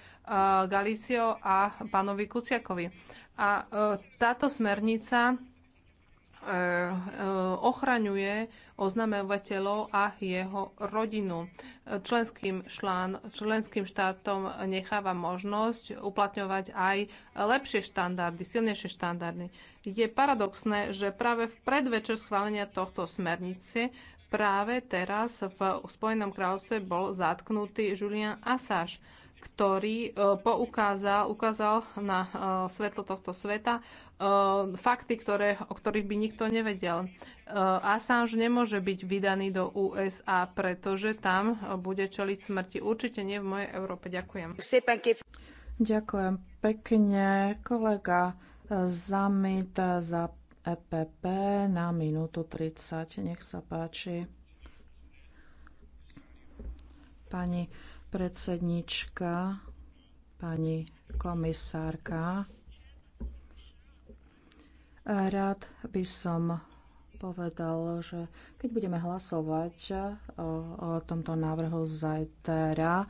Galicio a pánovi Kuciakovi. A eh, táto smernica E, e, ochraňuje oznamovateľov a jeho rodinu. Členským, šlán, členským štátom necháva možnosť uplatňovať aj lepšie štandardy, silnejšie štandardy. Je paradoxné, že práve v predvečer schválenia tohto smernice práve teraz v Spojenom kráľovstve bol zatknutý Julian Assange ktorý e, poukázal ukázal na e, svetlo tohto sveta e, fakty, ktoré, o ktorých by nikto nevedel. Assange nemôže byť vydaný do USA, pretože tam bude čeliť smrti. Určite nie v mojej Európe. Ďakujem. Ďakujem pekne, kolega Zamit za EPP na minútu 30. Nech sa páči. Pani predsednička, pani komisárka. Rád by som povedal, že keď budeme hlasovať o, eh, o tomto návrhu zajtra, eh,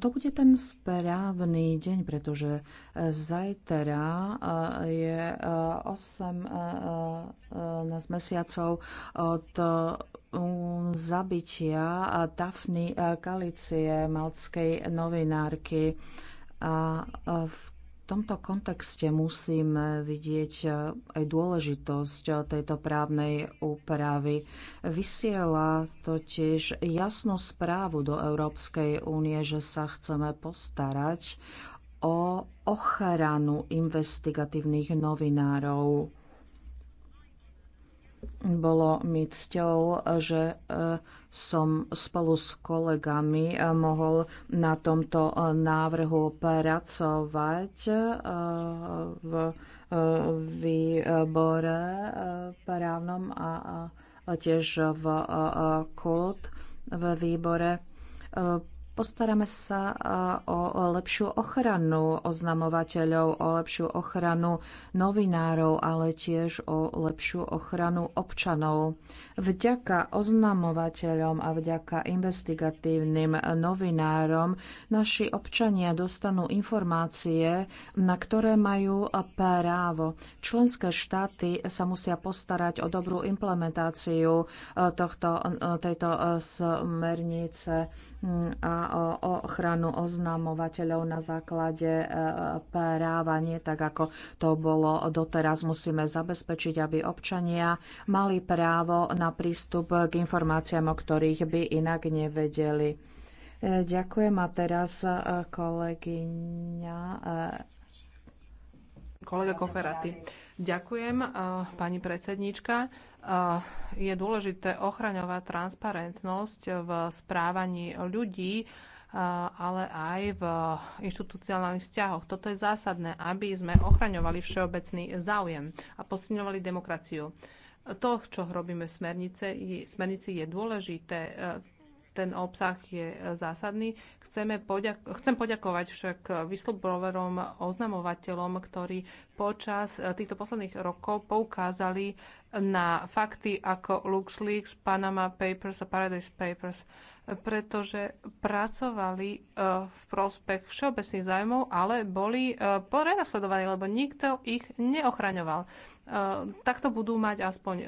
to bude ten správny deň, pretože eh, zajtra je 8 mesiacov od zabitia Dafny Kalicie, malckej novinárky. A v tomto kontexte musíme vidieť eh, aj dôležitosť eh, tejto právnej úpravy. Vysiela totiž jasnú správu do Európskej únie, že sa chceme postarať o ochranu investigatívnych novinárov bolo mi cťou, že e, som spolu s kolegami e, mohol na tomto e, návrhu pracovať v výbore právnom a tiež v kult v výbore Postaráme sa eh, o lepšiu ochranu oznamovateľov, o lepšiu ochranu novinárov, ale tiež o lepšiu ochranu občanov. Vďaka oznamovateľom a vďaka investigatívnym novinárom naši občania dostanú informácie, na ktoré majú právo. Členské štáty sa musia postarať o dobrú implementáciu eh, tohto, eh, tejto smernice mm, a o ochranu oznamovateľov na základe e, práva, nie tak ako to bolo doteraz. Musíme zabezpečiť, aby občania mali právo na prístup k informáciám, o ktorých by inak nevedeli. E, ďakujem a teraz e, kolegyňa. Kolega Koferaty. Ďakujem, pani predsedníčka je dôležité ochraňovať transparentnosť v správaní ľudí, ale aj v inštitucionálnych vzťahoch. Toto je zásadné, aby sme ochraňovali všeobecný záujem a posilňovali demokraciu. To, čo robíme v smernice, smernici, je dôležité ten obsah je e, zásadný. Chceme poďak- chcem poďakovať však whistleblowerom, oznamovateľom, ktorí počas e, týchto posledných rokov poukázali na fakty ako LuxLeaks, Panama Papers a Paradise Papers, pretože pracovali e, v prospech všeobecných zájmov, ale boli prenasledovaní, lebo nikto ich neochraňoval. Ehm, takto budú mať aspoň e,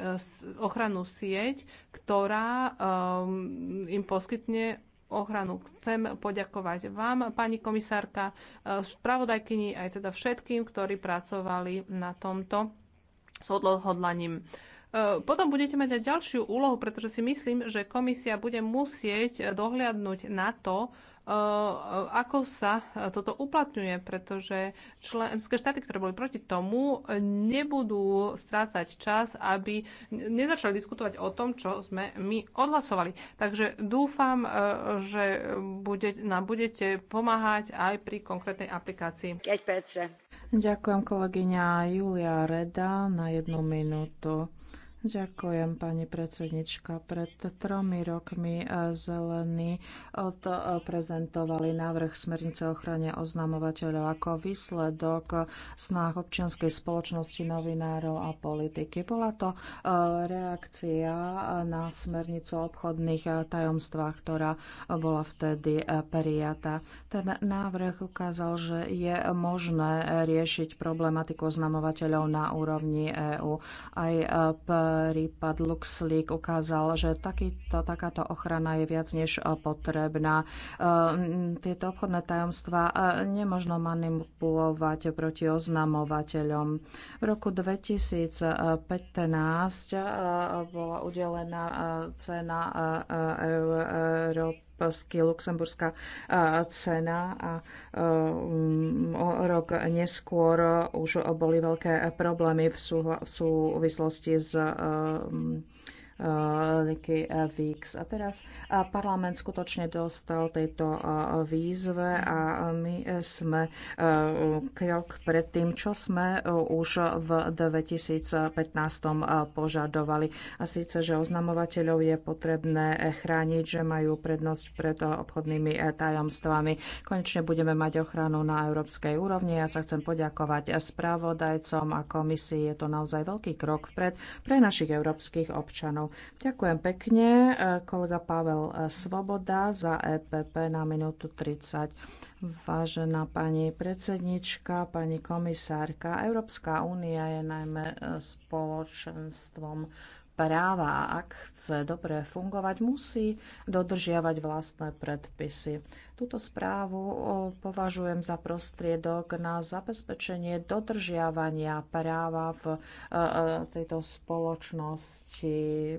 ochrannú sieť, ktorá ehm, im poskytne ochranu. Chcem poďakovať vám, pani komisárka, e, spravodajkyni, aj teda všetkým, ktorí pracovali na tomto s odhodlaním. E, potom budete mať aj ďalšiu úlohu, pretože si myslím, že komisia bude musieť dohliadnúť na to, ako sa toto uplatňuje, pretože členské štáty, ktoré boli proti tomu, nebudú strácať čas, aby nezačali diskutovať o tom, čo sme my odhlasovali. Takže dúfam, e, že bude, nám budete pomáhať aj pri konkrétnej aplikácii. Ďakujem kolegyňa Julia Reda na jednu minútu. Ďakujem, pani predsednička. Pred tromi rokmi eh, zelení eh, eh, prezentovali návrh smernice ochrane oznamovateľov ako výsledok snah občianskej spoločnosti novinárov a politiky. Bola to reakcia na smernicu obchodných tajomstvách, ktorá bola vtedy prijatá. Ten návrh ukázal, že je možné riešiť problematiku oznamovateľov na úrovni EÚ aj pre prípad LuxLeak ukázal, že takýto, takáto ochrana je viac než e, potrebná. E, tieto obchodné tajomstvá e, nemožno manipulovať proti oznamovateľom. V roku 2015 bola udelená cena Európy Nobelsky, Luxemburská e, cena a e, o rok neskôr už boli veľké problémy v súvislosti s e, Liky eh, eh, Víks. A teraz eh, parlament skutočne dostal tejto výzve a my sme krok pred tým, čo sme už v 2015 požadovali. A síce, že oznamovateľov je potrebné chrániť, že majú prednosť pred obchodnými tajomstvami. Konečne budeme mať ochranu na európskej úrovni. Ja sa chcem poďakovať spravodajcom a komisii. Je to naozaj veľký krok vpred pre našich európskych občanov. Ďakujem pekne, e, kolega Pavel e, Svoboda za EPP na minútu 30. Vážená pani predsednička, pani komisárka, Európska únia je najmä e, spoločenstvom práva, a ak chce dobre fungovať, musí dodržiavať vlastné predpisy. Túto správu považujem za prostriedok na zabezpečenie dodržiavania práva v e, e, tejto spoločnosti. E,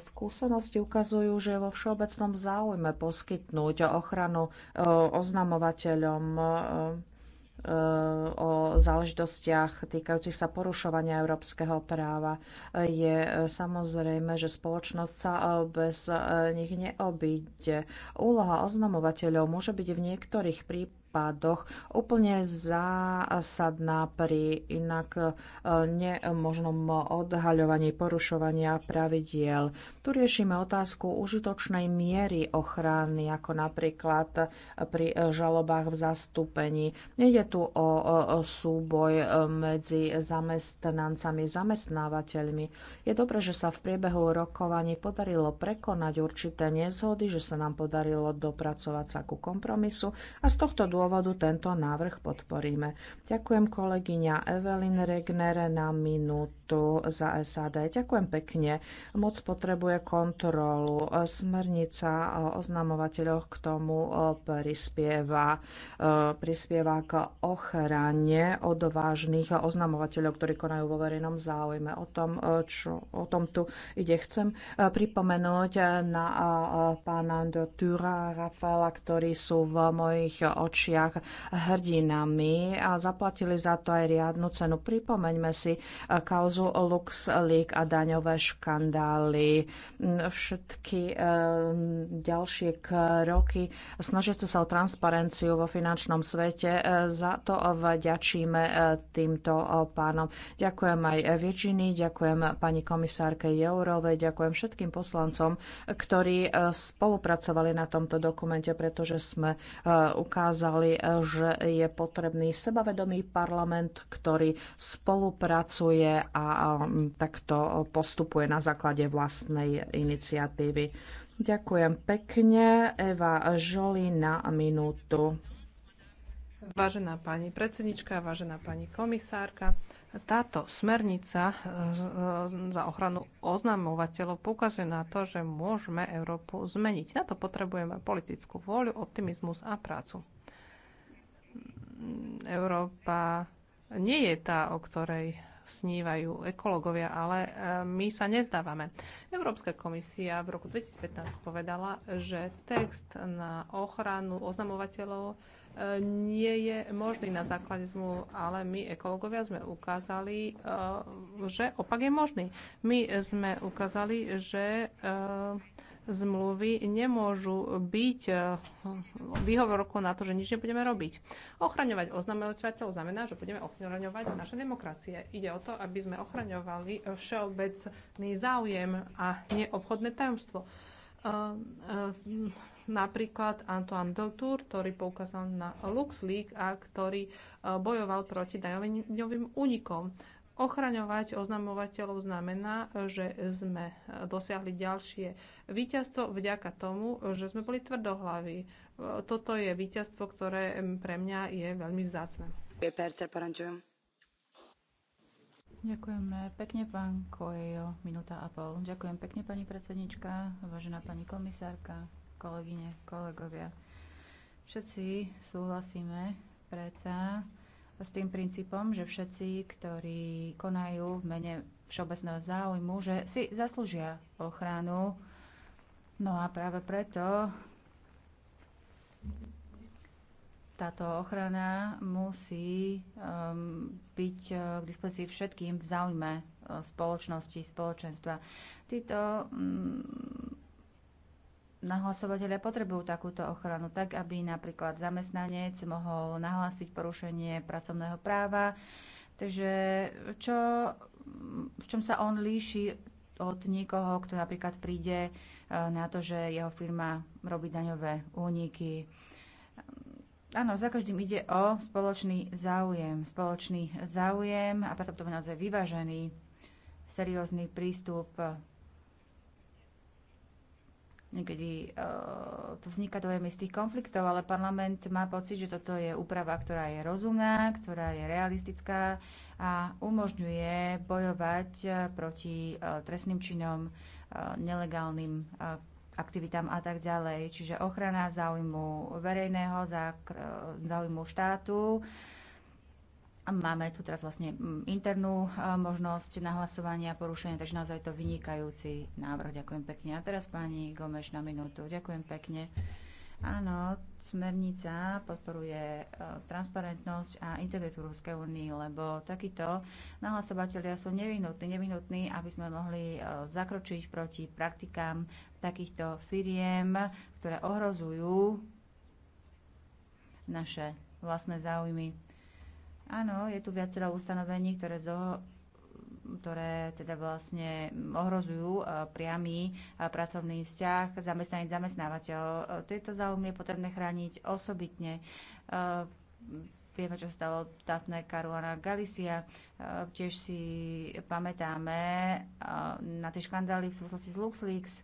skúsenosti ukazujú, že je vo všeobecnom záujme poskytnúť ochranu oznamovateľom o záležitostiach týkajúcich sa porušovania európskeho práva. Je e, samozrejme, že spoločnosť sa e, bez e, nich neobíde. Úloha oznamovateľov môže byť v niektorých prípadoch prípadoch úplne zásadná pri inak e, nemožnom odhaľovaní porušovania pravidiel. Tu riešime otázku užitočnej miery ochrany, ako napríklad pri e, žalobách v zastúpení. nejde tu o súboj e, medzi zamestnancami, zamestnávateľmi. Je dobré, že sa v priebehu rokovaní podarilo prekonať určité nezhody, že sa nám podarilo dopracovať sa ku kompromisu a z tohto dôvodu dôvodu tento návrh podporíme. Ďakujem kolegyňa Evelyn Regnere na minútu za SAD. Ďakujem pekne. Moc potrebuje kontrolu. Smernica o k tomu e, prispieva, e, prispieva k ochrane odvážnych oznamovateľov, ktorí konajú vo verejnom záujme. O tom, e, čo, o tom tu ide. Chcem pripomenúť na pána a Rafaela, ktorí sú v mojich očiach očiach hrdinami a zaplatili za to aj riadnu cenu. Pripomeňme si e, kauzu League a daňové škandály. Mm, všetky e, ďalšie kroky snažiace sa o transparenciu vo finančnom svete. E, za to vďačíme týmto pánom. Ďakujem aj Virginii, ďakujem pani komisárke Jourovej, ďakujem všetkým poslancom, ktorí spolupracovali na tomto dokumente, pretože sme ukázali, navrhli, eh, že je potrebný sebavedomý parlament, ktorý spolupracuje a mm, takto postupuje na základe vlastnej iniciatívy. Ďakujem pekne. Eva Žoli na minútu. Vážená pani predsednička, vážená pani komisárka, táto smernica eh, eh, za ochranu oznamovateľov poukazuje na to, že môžeme Európu zmeniť. Na to potrebujeme politickú vôľu, optimizmus a prácu. Európa nie je tá, o ktorej snívajú ekologovia, ale e, my sa nezdávame. Európska komisia v roku 2015 povedala, že text na ochranu oznamovateľov e, nie je možný na základe zmluv, ale my ekologovia, sme ukázali, e, že opak je možný. My sme ukázali, že zmluvy nemôžu byť eh, výhovorkou na to, že nič nebudeme robiť. Ochraňovať oznamovateľov znamená, že budeme ochraňovať naše demokracie. Ide o to, aby sme ochraňovali eh, všeobecný záujem a neobchodné tajomstvo. Eh, napríklad Antoine Deltour, ktorý poukázal na LuxLeak a ktorý bojoval proti dajovňovým únikom. Ochraňovať oznamovateľov znamená, že sme dosiahli ďalšie víťazstvo vďaka tomu, že sme boli tvrdohlaví. Toto je víťazstvo, ktoré pre mňa je veľmi vzácne. Ďakujeme pekne, pán Kojo, minúta a pol. Ďakujem pekne, pani predsednička, vážená pani komisárka, kolegyne, kolegovia. Všetci súhlasíme preca s tým princípom, že všetci, ktorí konajú v mene všeobecného záujmu, že si zaslúžia ochranu. No a práve preto táto ochrana musí um, byť uh, k dispozícii všetkým v záujme uh, spoločnosti, spoločenstva. Títo um, nahlasovateľia potrebujú takúto ochranu, tak aby napríklad zamestnanec mohol nahlásiť porušenie pracovného práva. Takže čo, v čom sa on líši od niekoho, kto napríklad príde e, na to, že jeho firma robí daňové úniky. Áno, za každým ide o spoločný záujem. Spoločný záujem a preto to naozaj vyvážený, seriózny prístup Niekedy uh, tu vzniká dojem istých konfliktov, ale parlament má pocit, že toto je úprava, ktorá je rozumná, ktorá je realistická a umožňuje bojovať eh, proti uh, trestným činom, uh, nelegálnym uh, aktivitám a tak ďalej. Čiže ochrana záujmu verejného, záujmu štátu, uh, Máme tu teraz vlastne mm, internú e, možnosť nahlasovania porušenia, takže naozaj to vynikajúci návrh. Ďakujem pekne. A teraz pani Gomeš na minútu. Ďakujem pekne. Áno, smernica podporuje e, transparentnosť a integritu Ruskej únii, lebo takíto nahlasovateľia sú nevinutní, nevinutní, aby sme mohli e, zakročiť proti praktikám takýchto firiem, ktoré ohrozujú naše vlastné záujmy. Áno, je tu viacero ustanovení, ktoré zo ktoré teda vlastne ohrozujú e, priamy e, pracovný vzťah zamestnanec zamestnávateľ. E, tieto záujmy je potrebné chrániť osobitne. Vieme, čo stalo Daphne Karuana Galicia. Tiež si pamätáme na tie škandály v súvislosti s LuxLeaks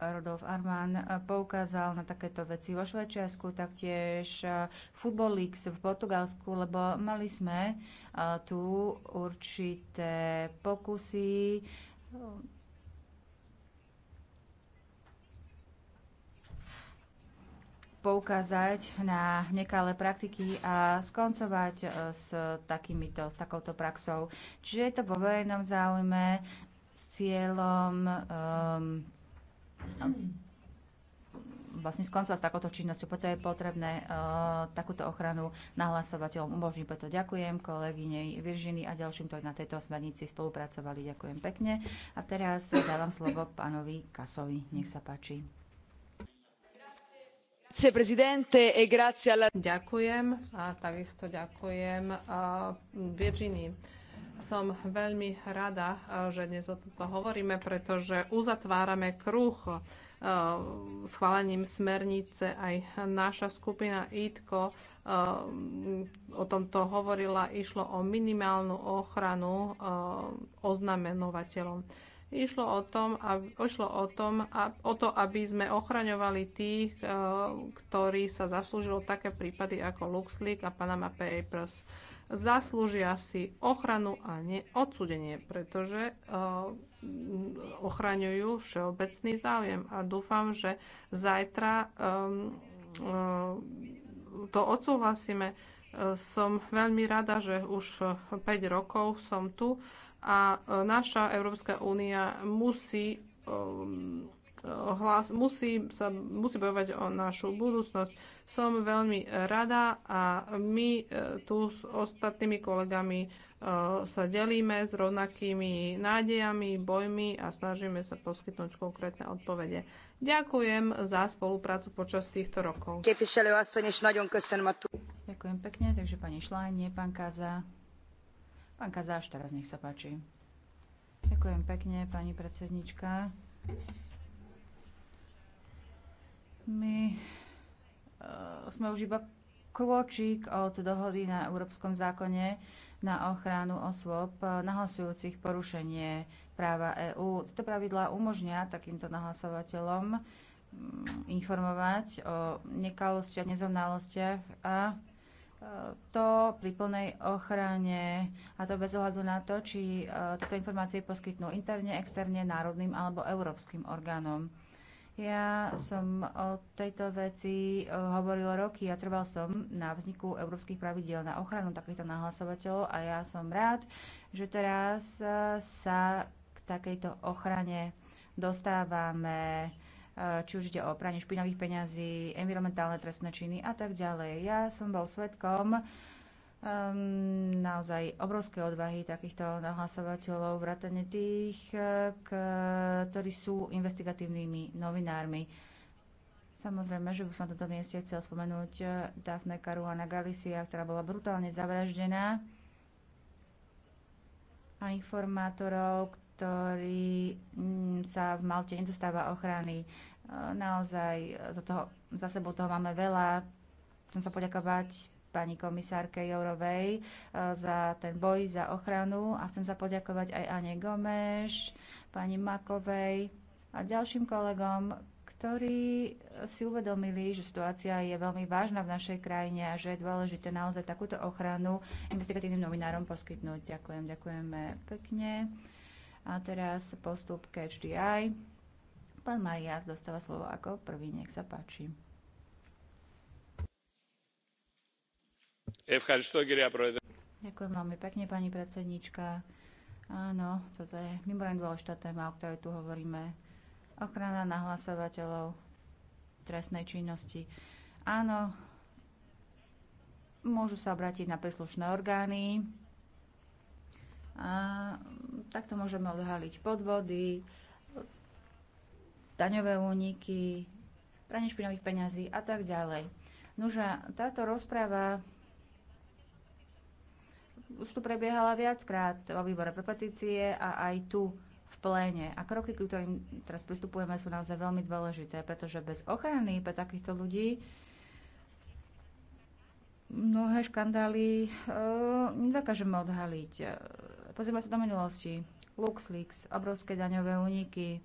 Rodolf Arman poukázal na takéto veci vo Švajčiarsku, taktiež e, Football Leaks v Portugalsku, lebo mali sme e, tu určité pokusy e, poukázať na nekalé praktiky a skoncovať s, takýmito, s takouto praxou. Čiže je to vo verejnom záujme s cieľom um, vlastne skoncovať s takouto činnosťou. Preto je potrebné uh, takúto ochranu nahlasovateľom umožniť. Preto ďakujem kolegyne Viržiny a ďalším, ktorí na tejto smernici spolupracovali. Ďakujem pekne. A teraz dávam slovo pánovi Kasovi. Nech sa páči. E ďakujem a takisto ďakujem uh, eh, Virginii som veľmi rada, eh, že dnes o tomto hovoríme, pretože uzatvárame kruh eh, schválením smernice. Aj naša skupina ITKO eh, o tomto hovorila. Išlo o minimálnu ochranu oznamenovateľom. Išlo o, tom, aby, išlo o, tom, a, o to, aby sme ochraňovali tých, ktorí sa zaslúžilo také prípady ako LuxLeak a Panama Papers zaslúžia si ochranu a odsudenie, pretože uh, ochraňujú všeobecný záujem. A dúfam, že zajtra um, uh, to odsúhlasíme. Eh, som veľmi rada, že už 5 rokov som tu a naša Európska únia musí um, hlas, musí, sa, musí bojovať o našu budúcnosť. Som veľmi rada a my e, tu s ostatnými kolegami e, sa delíme s rovnakými nádejami, bojmi a snažíme sa poskytnúť konkrétne odpovede. Ďakujem za spoluprácu počas týchto rokov. Ďakujem pekne, takže pani Šlajne, pán Kaza. Pán Kaza, až teraz nech sa páči. Ďakujem pekne, pani predsednička. My eh, sme už iba krôčik od dohody na Európskom zákone na ochranu osôb eh, nahlasujúcich porušenie práva EÚ. Tieto pravidlá umožňa takýmto nahlasovateľom mm, informovať o nekalostiach, nezrovnalostiach a eh, to pri plnej ochrane a to bez ohľadu na to, či tieto informácie poskytnú interne, externe, národným alebo európskym orgánom. Ja som o tejto veci hovorila roky a ja trval som na vzniku európskych pravidiel na ochranu takýchto nahlasovateľov a ja som rád, že teraz e, sa k takejto ochrane dostávame e, či už ide o pranie špinavých peňazí, environmentálne trestné činy a tak ďalej. Ja som bol svetkom um, naozaj obrovské odvahy takýchto nahlasovateľov, vrátane tých, e, ktorí sú investigatívnymi novinármi. Samozrejme, že by som na tomto mieste chcel spomenúť e, Daphne Caruana Galicia, ktorá bola brutálne zavraždená a informátorov, ktorý mm, sa v Malte nedostáva ochrany. E, naozaj za, toho, za sebou toho máme veľa. Chcem sa poďakovať pani komisárke Jourovej eh, za ten boj, za ochranu a chcem sa poďakovať aj Ane Gomeš, pani Makovej a ďalším kolegom, ktorí si uvedomili, že situácia je veľmi vážna v našej krajine a že je dôležité naozaj takúto ochranu investigatívnym novinárom poskytnúť. Ďakujem, ďakujeme pekne. A teraz postup KHDI. Pán Marias dostáva slovo ako prvý, nech sa páči. Ďakujem veľmi pekne, pani predsednička. Áno, toto je mimoriadne dôležitá téma, o ktorej tu hovoríme. Ochrana nahlasovateľov trestnej činnosti. Áno, môžu sa obrátiť na príslušné orgány a takto môžeme odhaliť podvody, daňové úniky, pranie špinavých peňazí a tak ďalej. Nože, táto rozpráva už tu prebiehala viackrát vo výbore pre petície a aj tu v pléne. A kroky, k ktorým teraz pristupujeme, sú naozaj veľmi dôležité, pretože bez ochrany pre takýchto ľudí mnohé škandály e, nedokážeme odhaliť. Pozrieme sa do minulosti. LuxLeaks, obrovské daňové úniky,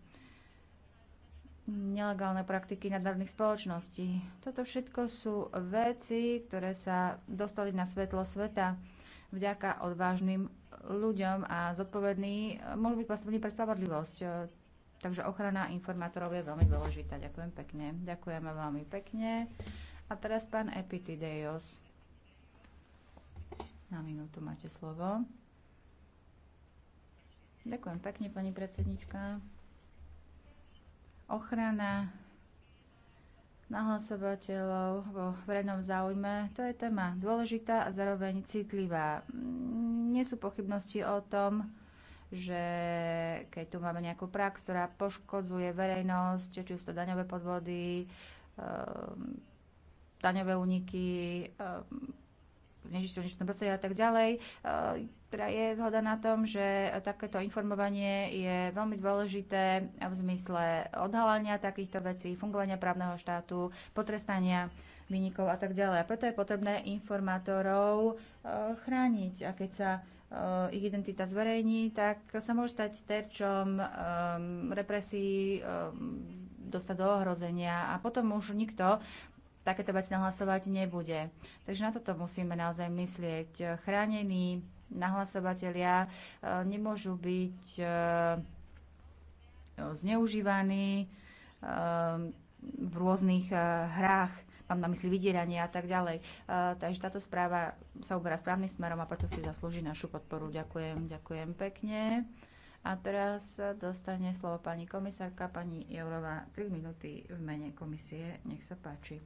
nelegálne praktiky nadnárodných spoločností. Toto všetko sú veci, ktoré sa dostali na svetlo sveta vďaka odvážnym ľuďom a zodpovední môžu byť postavení pre spravodlivosť. E, takže ochrana informátorov je veľmi dôležitá. Ďakujem pekne. Ďakujeme veľmi pekne. A teraz pán Epitideios. Na minútu máte slovo. Ďakujem pekne, pani predsednička. Ochrana nahlasovateľov vo verejnom záujme. To je téma dôležitá a zároveň citlivá. Nie sú pochybnosti o tom, že keď tu máme nejakú prax, ktorá poškodzuje verejnosť, či sú to daňové podvody, ehm, daňové úniky, ehm, znečistovanie a tak ďalej, ehm, ktorá je zhoda na tom, že takéto informovanie je veľmi dôležité v zmysle odhalania takýchto vecí, fungovania právneho štátu, potrestania vynikov a tak ďalej. A preto je potrebné informátorov eh, chrániť. A keď sa eh, ich identita zverejní, tak sa môže stať terčom eh, represí, dostať do ohrozenia a potom už nikto takéto veci nahlasovať nebude. Takže na toto musíme naozaj myslieť. Chránený Nahlasovateľia e, nemôžu byť e, zneužívaní e, v rôznych hrách, mám na mysli vydieranie a tak ďalej. Takže táto správa sa uberá správnym smerom a preto si zaslúži našu podporu. Ďakujem, ďakujem pekne. A teraz dostane slovo pani komisárka, pani Jourová, 3 minúty v mene komisie. Nech sa páči.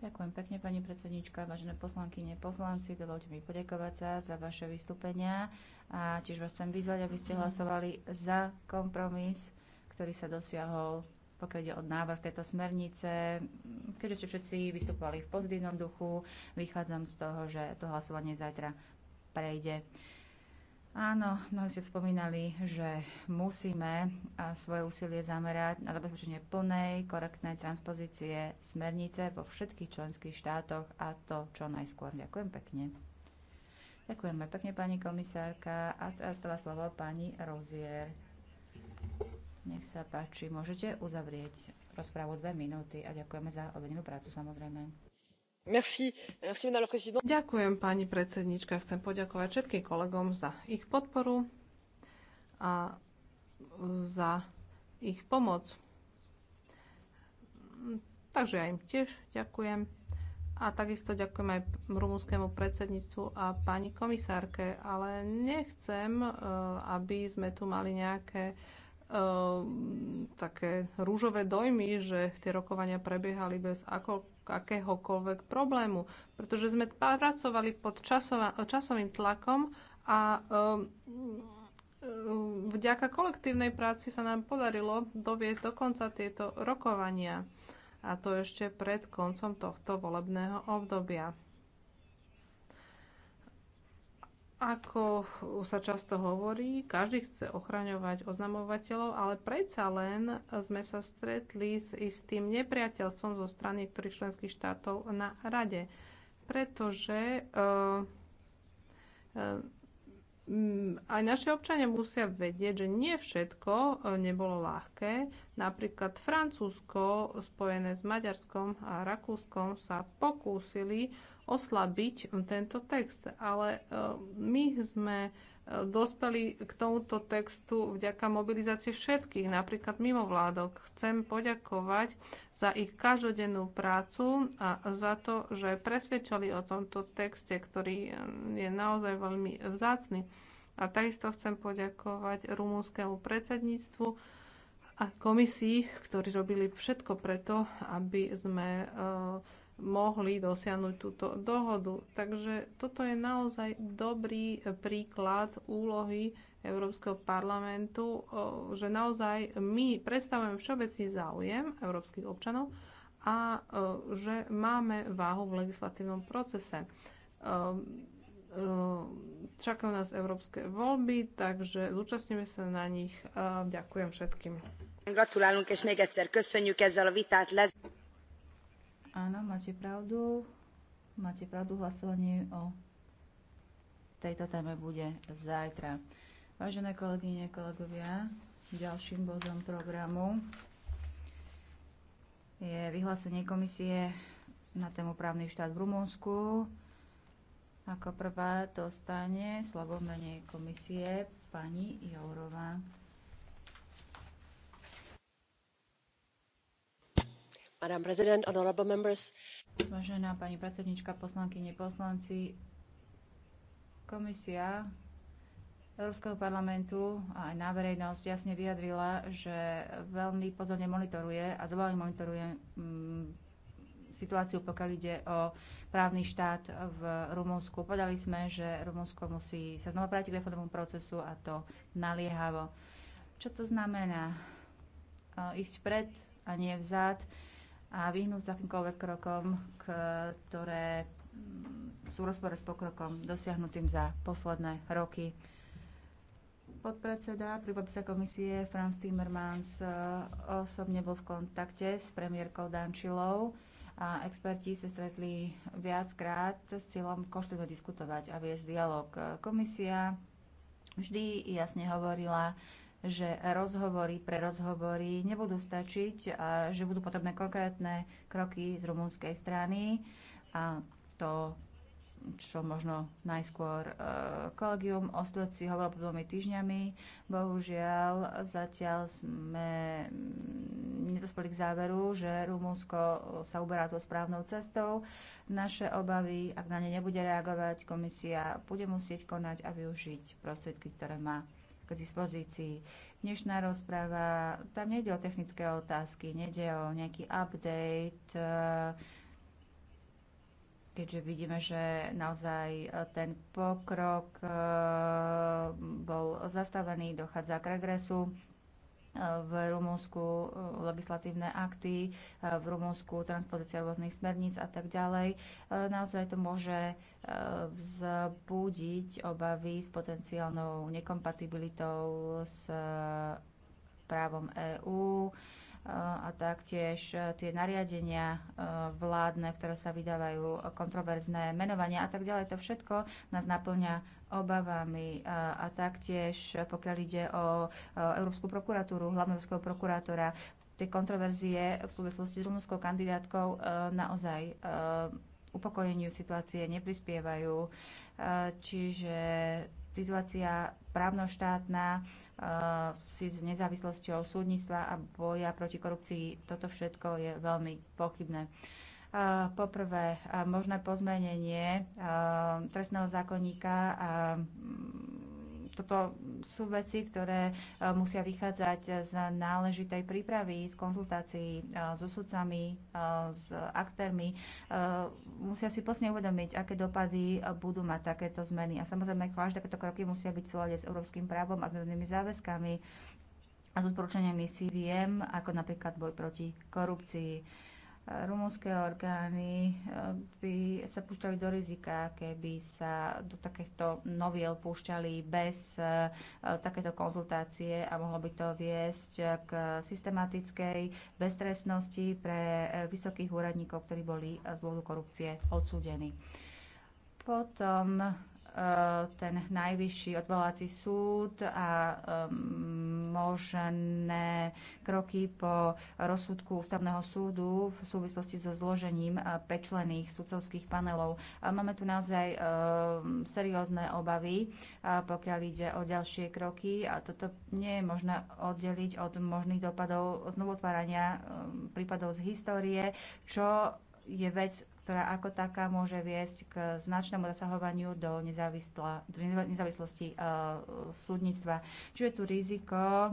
Ďakujem pekne, pani predsednička, vážené poslankyne, poslanci. Dovolte mi poďakovať sa za vaše vystúpenia a tiež vás chcem vyzvať, aby ste hlasovali za kompromis, ktorý sa dosiahol pokiaľ ide o návrh tejto smernice. Keďže ste všetci vystupovali v pozitívnom duchu, vychádzam z toho, že to hlasovanie zajtra prejde. Áno, mnohí ste spomínali, že musíme svoje úsilie zamerať na zabezpečenie plnej, korektnej transpozície smernice vo všetkých členských štátoch a to čo najskôr. Ďakujem pekne. Ďakujeme pekne, pani komisárka. A teraz dáva slovo pani Rozier. Nech sa páči, môžete uzavrieť rozprávu dve minúty a ďakujeme za odvedenú prácu samozrejme. Ďakujem, pani predsednička. Chcem poďakovať všetkým kolegom za ich podporu a za ich pomoc. Takže ja im tiež ďakujem. A takisto ďakujem aj rumúnskému predsedníctvu a pani komisárke, ale nechcem, e, aby sme tu mali nejaké e, také rúžové dojmy, že tie rokovania prebiehali bez ako akéhokoľvek problému, pretože sme pracovali pod časova, časovým tlakom a um, um, vďaka kolektívnej práci sa nám podarilo doviesť do konca tieto rokovania. A to ešte pred koncom tohto volebného obdobia. Ako sa často hovorí, každý chce ochraňovať oznamovateľov, ale predsa len sme sa stretli s istým nepriateľstvom zo strany niektorých členských štátov na rade, pretože uh, uh, aj naši občania musia vedieť, že nie všetko eh, nebolo ľahké. Napríklad Francúzsko spojené s Maďarskom a Rakúskom sa pokúsili oslabiť tento text. Ale e, my sme e, dospeli k tomuto textu vďaka mobilizácii všetkých, napríklad mimovládok. Chcem poďakovať za ich každodennú prácu a za to, že presvedčali o tomto texte, ktorý e, je naozaj veľmi vzácny. A takisto chcem poďakovať rumúnskému predsedníctvu a komisii, ktorí robili všetko preto, aby sme uh, mohli dosiahnuť túto dohodu. Takže toto je naozaj dobrý príklad úlohy Európskeho parlamentu, že naozaj my predstavujeme všeobecný záujem európskych občanov a že máme váhu v legislatívnom procese. Čakajú nás európske voľby, takže zúčastníme sa na nich. Ďakujem všetkým. Gratulálunk, és még egyszer köszönjük ezzel a vitát. Lez- Áno, máte pravdu. Máte pravdu, hlasovanie o tejto téme bude zajtra. Vážené kolegyne, kolegovia, ďalším bodom programu je vyhlásenie komisie na tému právny štát v Rumunsku. Ako prvá dostane slovo menej komisie pani Jourová. Vážená pani predsedníčka poslankyne, poslanci, komisia Európskeho parlamentu a aj na verejnosť jasne vyjadrila, že veľmi pozorne monitoruje a zvolenie monitoruje mm, situáciu, pokiaľ ide o právny štát v Rumunsku. Povedali sme, že Rumunsko musí sa znova vrátiť k reformnému procesu a to naliehavo. Čo to znamená? E, ísť pred a nie vzad a vyhnúť sa akýmkoľvek krokom, ktoré mm, sú v rozpore s pokrokom dosiahnutým za posledné roky. Podpredseda prípadca komisie Franz Timmermans e, osobne bol v kontakte s premiérkou Dančilou a experti sa stretli viackrát s cieľom koštlivo diskutovať a viesť dialog. Komisia vždy jasne hovorila, že rozhovory pre rozhovory nebudú stačiť a že budú potrebné konkrétne kroky z rumunskej strany a to čo možno najskôr e, kolegium o si hovorilo pred dvomi týždňami. Bohužiaľ, zatiaľ sme mm, nedospeli k záveru, že Rumúnsko sa uberá tou správnou cestou. Naše obavy, ak na ne nebude reagovať, komisia bude musieť konať a využiť prostriedky, ktoré má k dispozícii. Dnešná rozpráva, tam nejde o technické otázky, nejde o nejaký update, eh, keďže vidíme, že naozaj eh, ten pokrok eh, bol zastavený, dochádza k regresu v Rumunsku eh, legislatívne akty, eh, v Rumunsku transpozícia rôznych smerníc a tak ďalej. Eh, naozaj to môže vzbudiť obavy s potenciálnou nekompatibilitou s právom EÚ a taktiež tie nariadenia vládne, ktoré sa vydávajú, kontroverzné menovania a tak ďalej. To všetko nás naplňa obavami a, a taktiež, pokiaľ ide o, o Európsku prokuratúru, hlavného európskeho prokurátora, tie kontroverzie v súvislosti s rumunskou kandidátkou e, naozaj e, upokojeniu situácie neprispievajú. E, čiže situácia právnoštátna e, si s nezávislosťou súdnictva a boja proti korupcii, toto všetko je veľmi pochybné. Eh, poprvé, eh, možné pozmenenie eh, trestného zákonníka a mm, toto sú veci, ktoré musia vychádzať z náležitej prípravy, z konzultácií so sudcami, s aktérmi. Musia si posne uvedomiť, aké dopady budú mať takéto zmeny. A samozrejme, každé takéto kroky musia byť v súlade s európskym právom a s záväzkami a s odporúčaniami CVM, ako napríklad boj proti korupcii rumúnske orgány eh, by sa púšťali do rizika, keby sa do takýchto noviel púšťali bez eh, takéto konzultácie a mohlo by to viesť eh, k systematickej beztrestnosti pre vysokých úradníkov, ktorí boli z dôvodu korupcie odsúdení. Potom E, ten najvyšší odvolací súd a e, možné kroky po rozsudku ústavného súdu v súvislosti so zložením e, pečlených sudcovských panelov. Máme tu naozaj seriózne obavy, pokiaľ ide o ďalšie kroky a toto nie je možné oddeliť od možných dopadov znovotvárania prípadov z histórie, čo je vec ktorá ako taká môže viesť k značnému zasahovaniu do nezávislosti e, súdnictva. Čiže je tu riziko e,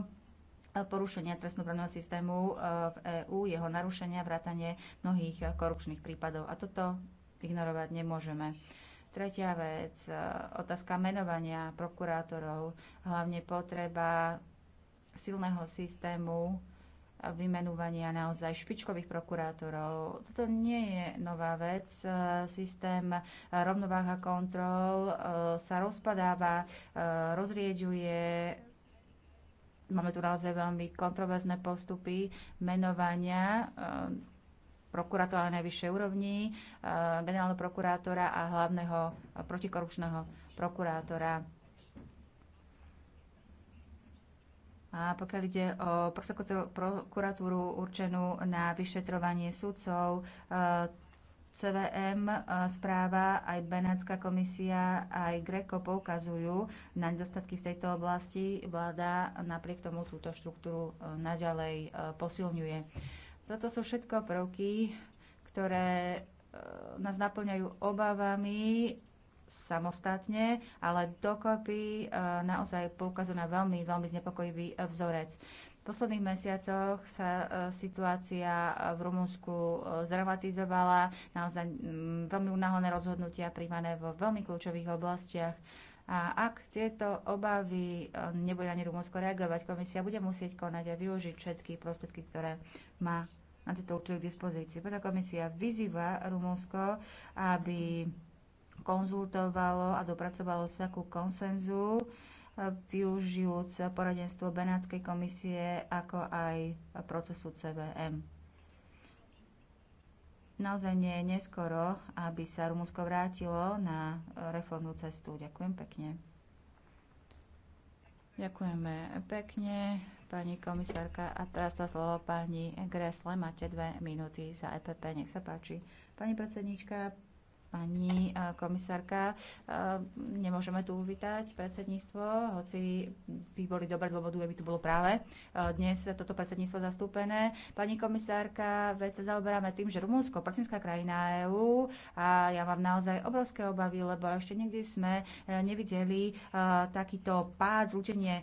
porušenia trestnoprávneho systému e, v EÚ, jeho narušenia, vrátanie mnohých korupčných prípadov. A toto ignorovať nemôžeme. Tretia vec, otázka menovania prokurátorov, hlavne potreba silného systému vymenovania naozaj špičkových prokurátorov. Toto nie je nová vec. E, systém e, rovnováha kontrol e, sa rozpadáva, rozrieďuje. Máme tu naozaj veľmi kontroverzné postupy menovania prokurátora na najvyššej úrovni, generálneho prokurátora a hlavného protikorupčného prokurátora A pokiaľ ide o prokuratúru určenú na vyšetrovanie sudcov, eh, CVM eh, správa, aj Benátska komisia, aj GRECO poukazujú na nedostatky v tejto oblasti. Vláda napriek tomu túto štruktúru eh, naďalej posilňuje. Toto sú všetko prvky, ktoré nás naplňajú obavami samostatne, ale dokopy e, naozaj poukazujú na veľmi, veľmi znepokojivý vzorec. V posledných mesiacoch sa e, situácia v Rumunsku e, zdramatizovala, naozaj veľmi unáhlené rozhodnutia príjmané vo veľmi kľúčových oblastiach. A ak tieto obavy nebude ani Rumunsko reagovať, komisia bude musieť konať a využiť všetky prostriedky, ktoré má na tieto účely k dispozícii. Preto komisia vyzýva Rumunsko, aby konzultovalo a dopracovalo sa ku konsenzu, e, využijúc poradenstvo Benátskej komisie ako aj procesu CVM. Naozaj nie je neskoro, aby sa Rumunsko vrátilo na reformnú cestu. Ďakujem pekne. Ďakujeme pekne, pani komisárka. A teraz to slovo pani Gresle. Máte dve minúty za EPP. Nech sa páči. Pani predsednička, pani eh, komisárka, eh, nemôžeme tu uvítať predsedníctvo, hoci by boli dobré dôvody, aby tu bolo práve eh, dnes toto predsedníctvo zastúpené. Pani komisárka, veď sa zaoberáme tým, že Rumúnsko, partnerská krajina EÚ a ja mám naozaj obrovské obavy, lebo ešte nikdy sme nevideli takýto pád, zlúčenie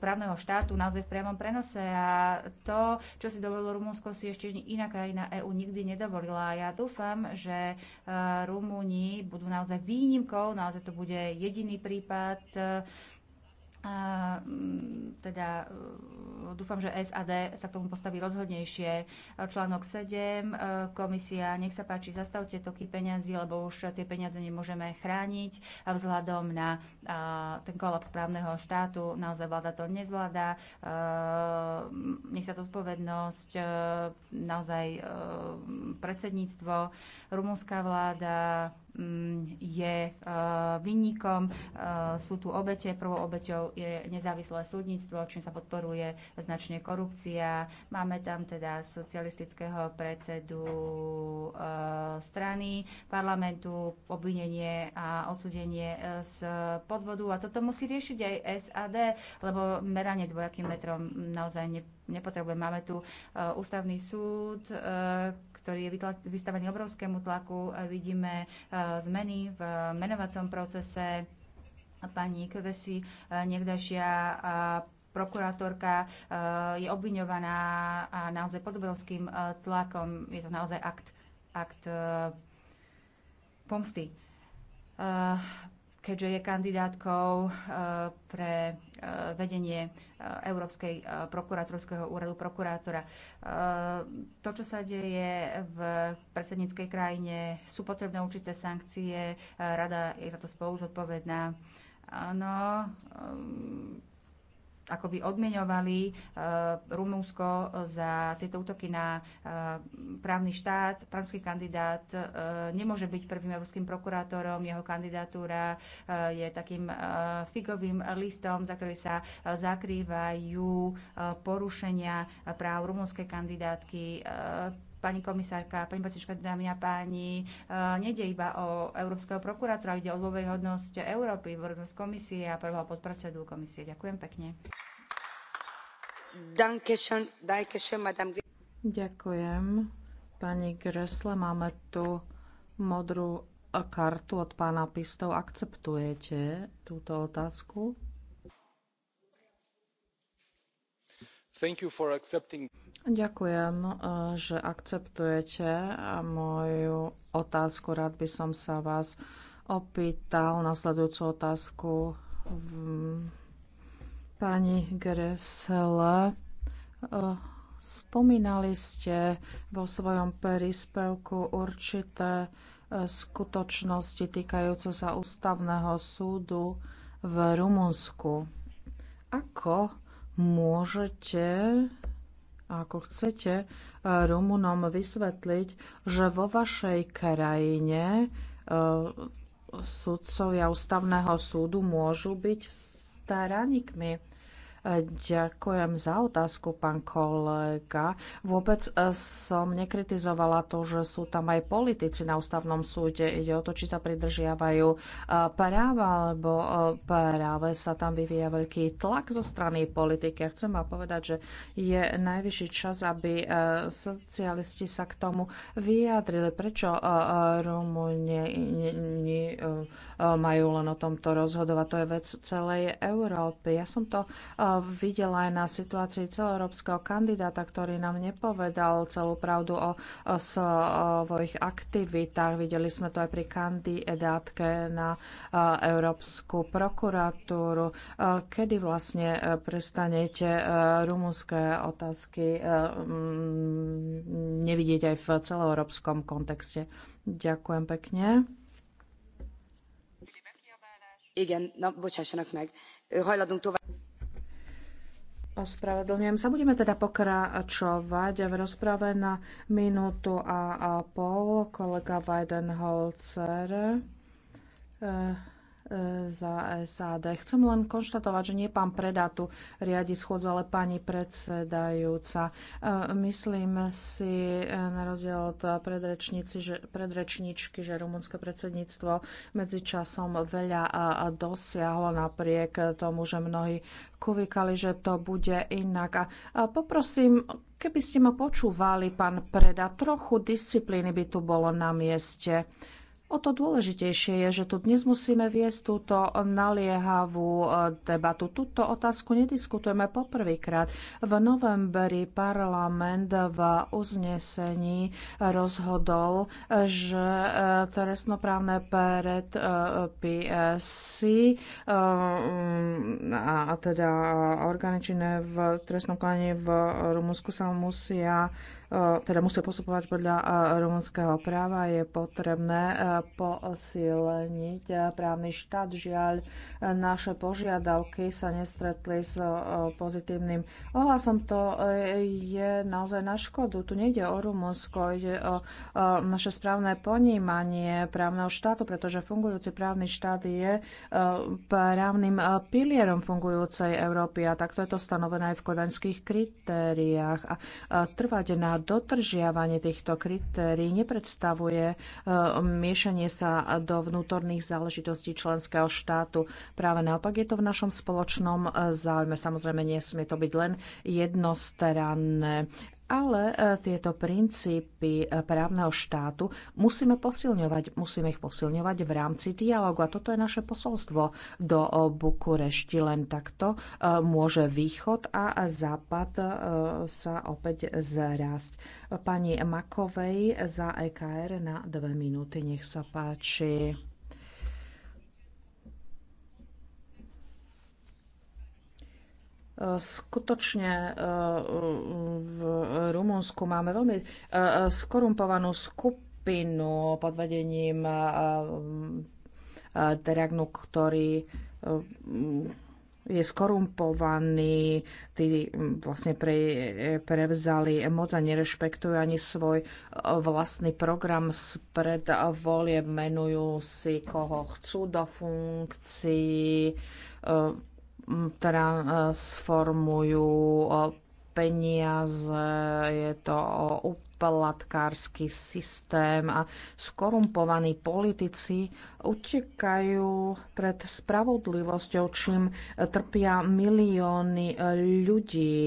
právneho štátu naozaj v priamom prenose a to, čo si dovolilo Rumúnsko, si ešte iná krajina EÚ nikdy nedovolila. Ja dúfam, že Rumúni budú naozaj výnimkou, naozaj to bude jediný prípad, Mm, teda e, dúfam, že SAD sa k tomu postaví rozhodnejšie. E, článok 7, e, komisia, nech sa páči, zastavte toky peňazí, lebo už tie peniaze nemôžeme chrániť vzhľadom na ten kolaps právneho štátu. Naozaj vláda to nezvláda. nech sa to odpovednosť naozaj predsedníctvo, rumúnska vláda, Mm, je eh, vynikom. Eh, sú tu obete. Prvou obeťou je nezávislé súdnictvo, čím sa podporuje značne korupcia. Máme tam teda socialistického predsedu eh, strany parlamentu, obvinenie a odsudenie z podvodu. A toto musí riešiť aj SAD, lebo meranie dvojakým metrom naozaj nepotrebuje. Máme tu ústavný súd, ktorý je vystavený obrovskému tlaku. E, vidíme e, zmeny v e, menovacom procese. Pani Kvesi, niekdajšia prokurátorka je obviňovaná a naozaj pod obrovským tlakom. Je to naozaj akt, akt pomsty keďže je kandidátkou eh, pre eh, vedenie eh, Európskej prokurátorského úradu prokurátora. To, čo sa deje v predsedníckej krajine, sú potrebné určité sankcie. Rada je za to spolu zodpovedná. Áno, ehm, ako by uh, eh, Rumúnsko eh, za tieto útoky na eh, právny štát. Franský kandidát nemôže byť prvým európskym prokurátorom, jeho kandidatúra je takým figovým listom, za ktorý sa zakrývajú porušenia práv rumúnskej kandidátky Pani komisárka, pani Bacička, dámy a páni, eh, nejde iba o Európskeho prokurátora, ide o dôveryhodnosť Európy, dôveryhodnosť komisie a prvého podpredsedu komisie. Ďakujem pekne. Ďakujem. Pani Gresle, máme tu modrú kartu od pána Pistov. Akceptujete túto otázku? Thank you for accepting. Ďakujem, eh, že akceptujete moju otázku. Rád by som sa vás opýtal nasledujúcu otázku. Mm, pani Gresela. Eh, spomínali ste vo svojom príspevku určité eh, skutočnosti týkajúce sa ústavného súdu v Rumunsku. Ako môžete ako chcete Rumunom vysvetliť, že vo vašej krajine sudcovia ústavného súdu môžu byť staranikmi. Ďakujem za otázku, pán kolega. Vôbec eh, som nekritizovala to, že sú tam aj politici na ústavnom súde. Ide o to, či sa pridržiavajú eh, práva, alebo eh, práve sa tam vyvíja veľký tlak zo strany politiky. Ja chcem vám povedať, že je najvyšší čas, aby socialisti sa k tomu vyjadrili. Prečo Rumúni majú len o tomto rozhodovať? To je vec celej Európy. Ja som to videla aj na situácii celoeurópskeho kandidáta, ktorý nám nepovedal celú pravdu o, svojich aktivitách. Videli sme to aj pri kandidátke na e, Európsku prokuratúru. E, kedy vlastne e, prestanete rumunské otázky nevidieť aj v celoeurópskom kontexte? Ďakujem pekne. Igen, na bocsássanak meg. Hajladunk tovább. Ospravedlňujem sa. Budeme teda pokračovať v rozprave na minútu a, a pol. Kolega Weidenholzer Uh za SAD. Chcem len konštatovať, že nie pán Preda tu riadi schôdzu, ale pani predsedajúca. E, myslím si, e, na rozdiel od predrečníci, že, predrečničky, že rumunské predsedníctvo medzičasom veľa e, dosiahlo napriek tomu, že mnohí kuvikali, že to bude inak. A poprosím, keby ste ma počúvali, pán Preda, trochu disciplíny by tu bolo na mieste. O to dôležitejšie je, že tu dnes musíme viesť túto naliehavú eh, debatu. Túto otázku nediskutujeme poprvýkrát. V novembri parlament v uznesení rozhodol, že eh, trestnoprávne predpisy eh, a teda organičné v trestnom konaní v Rumunsku sa musia E, teda musia postupovať podľa e, rumunského práva. Je potrebné e, posilniť právny štát. Žiaľ, naše požiadavky sa nestretli s pozitívnym ohlasom. To je naozaj na škodu. Tu nejde o Rumunsko, ide o naše správne ponímanie právneho štátu, pretože fungujúci právny štát je právnym pilierom fungujúcej Európy a takto je to stanovené aj v kodaňských kritériách. A trvať na dodržiavanie týchto kritérií nepredstavuje e, miešanie sa do vnútorných záležitostí členského štátu. Práve naopak je to v našom spoločnom e, záujme. Samozrejme, nesmie to byť len jednostranné ale e, tieto princípy e, právneho štátu musíme posilňovať. Musíme ich posilňovať v rámci dialogu. A toto je naše posolstvo do e, Bukurešti. Len takto môže východ a západ sa opäť zrásť. Pani Makovej za EKR na dve minúty. Nech sa páči. Skutočne e, v Rumunsku máme veľmi e, skorumpovanú skupinu pod vedením Dragnu, e, ktorý je skorumpovaný, tí vlastne pre, prevzali moc a nerešpektujú ani svoj vlastný program spred volie, menujú si koho chcú do funkcií transformujú teda, e, e, peniaze, je to uplatkársky e, systém a skorumpovaní politici utekajú pred spravodlivosťou, čím trpia milióny ľudí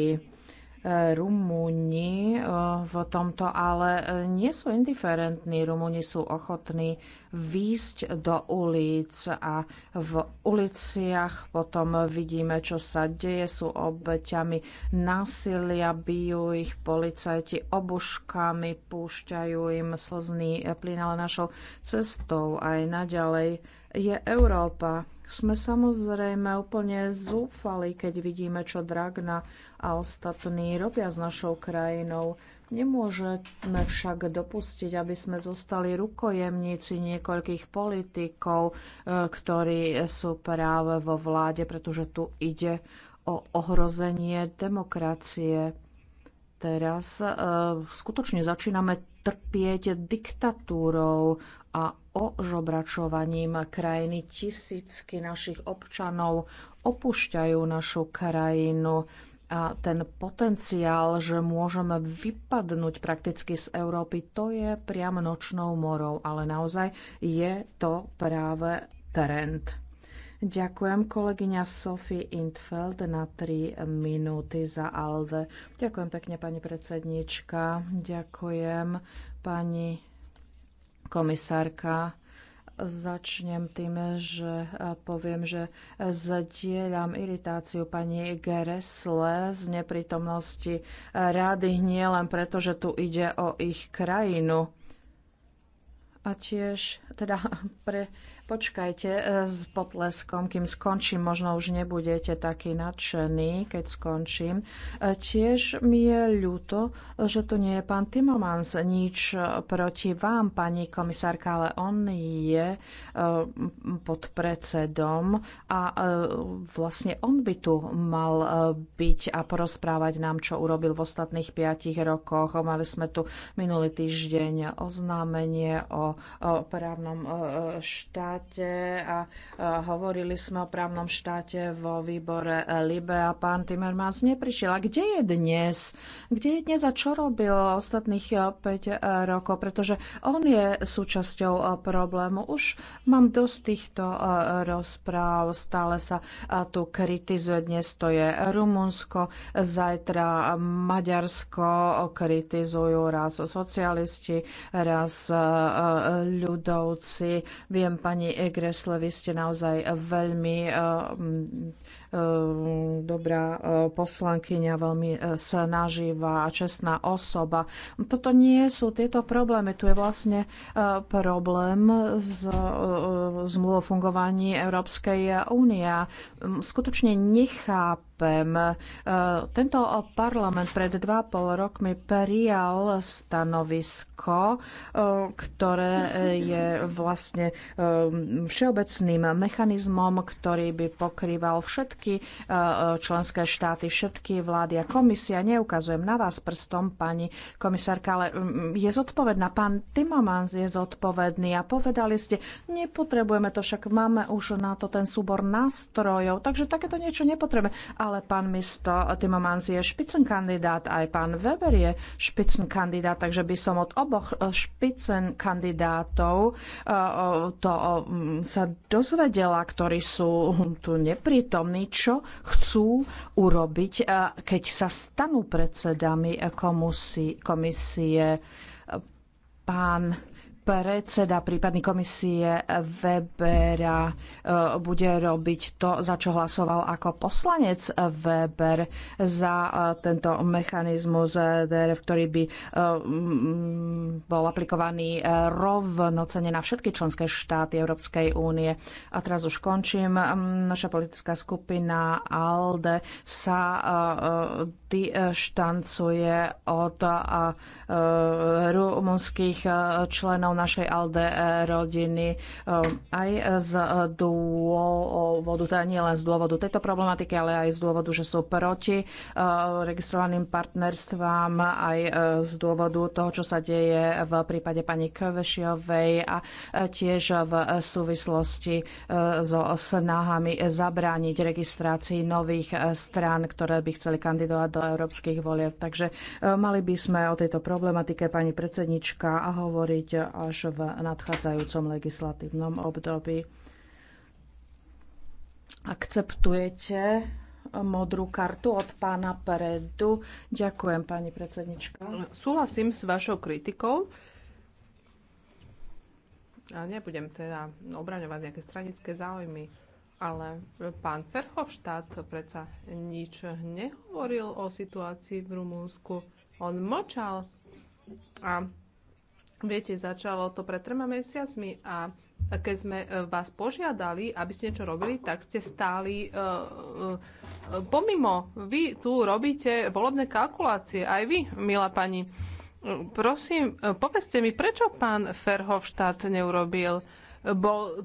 Rumúni eh, v tomto ale eh, nie sú indiferentní. Rumúni sú ochotní výjsť do ulic a v uliciach potom vidíme, čo sa deje. Sú obeťami násilia, bijú ich policajti obuškami, púšťajú im slzný plyn, ale našou cestou aj naďalej je Európa. Sme samozrejme úplne zúfali, keď vidíme, čo Dragna a ostatní robia s našou krajinou. Nemôžeme však dopustiť, aby sme zostali rukojemníci niekoľkých politikov, e, ktorí sú práve vo vláde, pretože tu ide o ohrozenie demokracie. Teraz e, skutočne začíname trpieť diktatúrou a ožobračovaním krajiny. Tisícky našich občanov opúšťajú našu krajinu. A ten potenciál, že môžeme vypadnúť prakticky z Európy, to je priam nočnou morou, ale naozaj je to práve trend. Ďakujem kolegyňa Sophie Intfeld na 3 minúty za ALDE. Ďakujem pekne pani predsednička, ďakujem pani komisárka začnem tým, že eh, poviem, že zdieľam iritáciu pani Geresle z neprítomnosti eh, nie len preto, že tu ide o ich krajinu. A tiež teda pre Počkajte e, s potleskom, kým skončím, možno už nebudete taký nadšený, keď skončím. E, tiež mi je ľúto, že tu nie je pán Timomans. Nič proti vám, pani komisárka, ale on je e, podpredsedom a vlastne on by tu mal byť a porozprávať nám, čo urobil v ostatných piatich rokoch. Mali sme tu minulý týždeň oznámenie o právnom štáte štáte a hovorili sme o právnom štáte vo výbore Libe a pán Timmermans neprišiel. A kde je dnes? Kde je dnes a čo robil ostatných 5 e, e, rokov? Pretože on je súčasťou e, problému. Už mám dosť týchto rozpráv. Stále sa tu kritizuje. Dnes to je Rumunsko, zajtra Maďarsko kritizujú raz socialisti, raz ľudovci. Viem, pani Pani Egresle, vy ste naozaj veľmi eh, mm, eh, dobrá eh, poslankyňa, veľmi snaživá a čestná osoba. Toto nie sú tieto problémy. Tu je vlastne problém s zmluvou fungovaní Európskej únie. Hm, skutočne nechápem, chápem. E, tento parlament pred 2,5 rokmi prijal stanovisko, e, ktoré je vlastne e, všeobecným mechanizmom, ktorý by pokrýval všetky členské štáty, všetky vlády a komisia. Neukazujem na vás prstom, pani komisárka, ale je zodpovedná. Pán Timomans je zodpovedný a povedali ste, nepotrebujeme to, však máme už na to ten súbor nástrojov, takže takéto niečo nepotrebujeme. A ale pán Misto Timomans je špicen kandidát, aj pán Weber je špicen kandidát, takže by som od oboch eh, špicen kandidátov eh, to mm, sa dozvedela, ktorí sú tu neprítomní, čo chcú urobiť, eh, keď sa stanú predsedami komisie. Pán predseda prípadnej komisie Webera e, bude robiť to, za čo hlasoval ako poslanec Weber za e, tento mechanizmus e ktorý by bol aplikovaný rovnocene na všetky členské štáty Európskej únie. A teraz už končím. Naša politická skupina ALDE sa dištancuje od rumunských členov našej Lde eh, rodiny eh, aj z dôvodu, teda nie len z dôvodu tejto problematiky, ale aj z dôvodu, že sú proti eh, registrovaným partnerstvám, aj z dôvodu toho, čo sa deje v prípade pani Kvešiovej a tiež v súvislosti so snahami zabrániť registrácii nových strán, ktoré by chceli kandidovať do európskych volieb. Takže mali by sme o tejto problematike, pani predsednička, hovoriť až v nadchádzajúcom legislatívnom období. Akceptujete modrú kartu od pána Predu. Ďakujem, pani predsednička. Súhlasím s vašou kritikou. A nebudem teda obraňovať nejaké stranické záujmy, ale pán Ferhovštát predsa nič nehovoril o situácii v Rumúnsku. On mlčal a Viete, začalo to pred troma mesiacmi a keď sme e, vás požiadali, aby ste niečo robili, tak ste stáli uh, uh, pomimo. Vy tu robíte volebné kalkulácie, aj vy, milá pani. Prosím, povedzte mi, prečo pán Ferhovštát neurobil?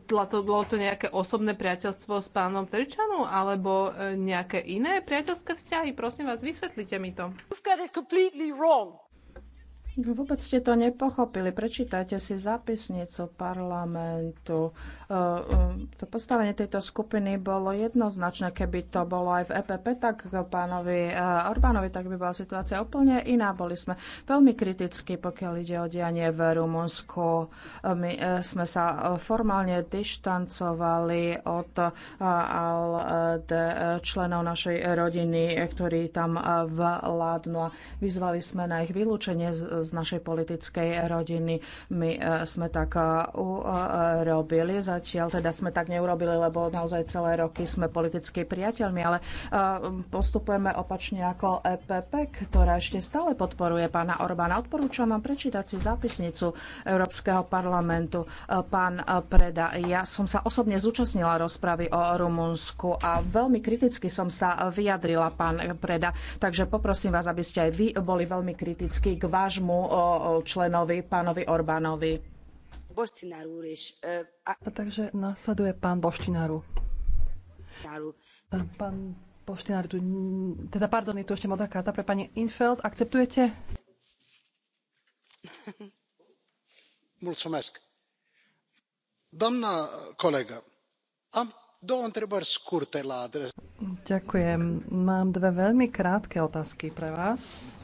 to, bolo to nejaké osobné priateľstvo s pánom Tričanu alebo nejaké iné priateľské vzťahy? Prosím vás, vysvetlite mi to. You've got it completely wrong. Vôbec ste to nepochopili. Prečítajte si zápisnicu parlamentu. E, e, to postavenie tejto skupiny bolo jednoznačné. Keby to bolo aj v EPP, tak pánovi e, Orbánovi, tak by bola situácia úplne iná. Boli sme veľmi kritickí, pokiaľ ide o dianie v Rumunsku. My sme sa formálne dištancovali od členov našej rodiny, ktorí tam vládnu. Vyzvali sme na ich vylúčenie z z našej politickej rodiny. My e, sme tak e, urobili, e, zatiaľ teda sme tak neurobili, lebo naozaj celé roky sme politicky priateľmi, ale postupujeme opačne ako EPP, ktorá ešte stále podporuje pána Orbána. Odporúčam vám prečítať si zápisnicu Európskeho parlamentu. Pán Preda, ja som sa osobne zúčastnila rozpravy o Rumunsku a veľmi kriticky som sa vyjadrila, pán Preda. Takže poprosím vás, aby ste aj vy boli veľmi kritickí k vášmu novému členovi, pánovi Orbánovi. E, a takže nasleduje pán Boštinaru. E, pán Boštinaru, tu, teda pardon, je tu ešte modrá karta pre pani Infeld. Akceptujete? Mulțumesc. Doamna colegă, am două întrebări scurte la adresa. Ďakujem. Mám dve veľmi krátke otázky pre vás.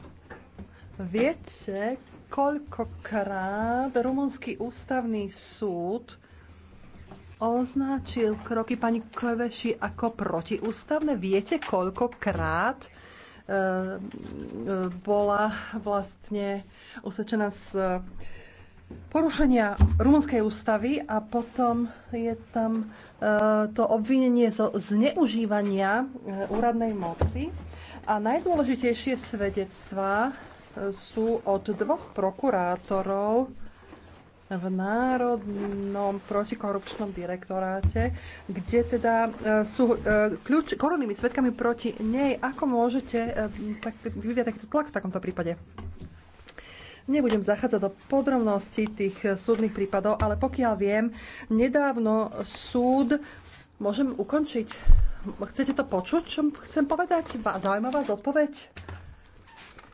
Viete, koľkokrát Rumunský ústavný súd označil kroky pani Kveši ako protiústavné. Viete, koľkokrát e, e, bola vlastne usvedčená z porušenia rumunskej ústavy a potom je tam e, to obvinenie zo zneužívania e, úradnej moci. A najdôležitejšie svedectvá sú od dvoch prokurátorov v Národnom protikorupčnom direktoráte, kde teda e, sú e, kľúč, korunnými svetkami proti nej. Ako môžete e, tak, vyvíjať takýto tlak v takomto prípade? Nebudem zachádzať do podrobností tých súdnych prípadov, ale pokiaľ viem, nedávno súd... Môžem ukončiť? Chcete to počuť, čo chcem povedať? Zaujímavá zodpoveď?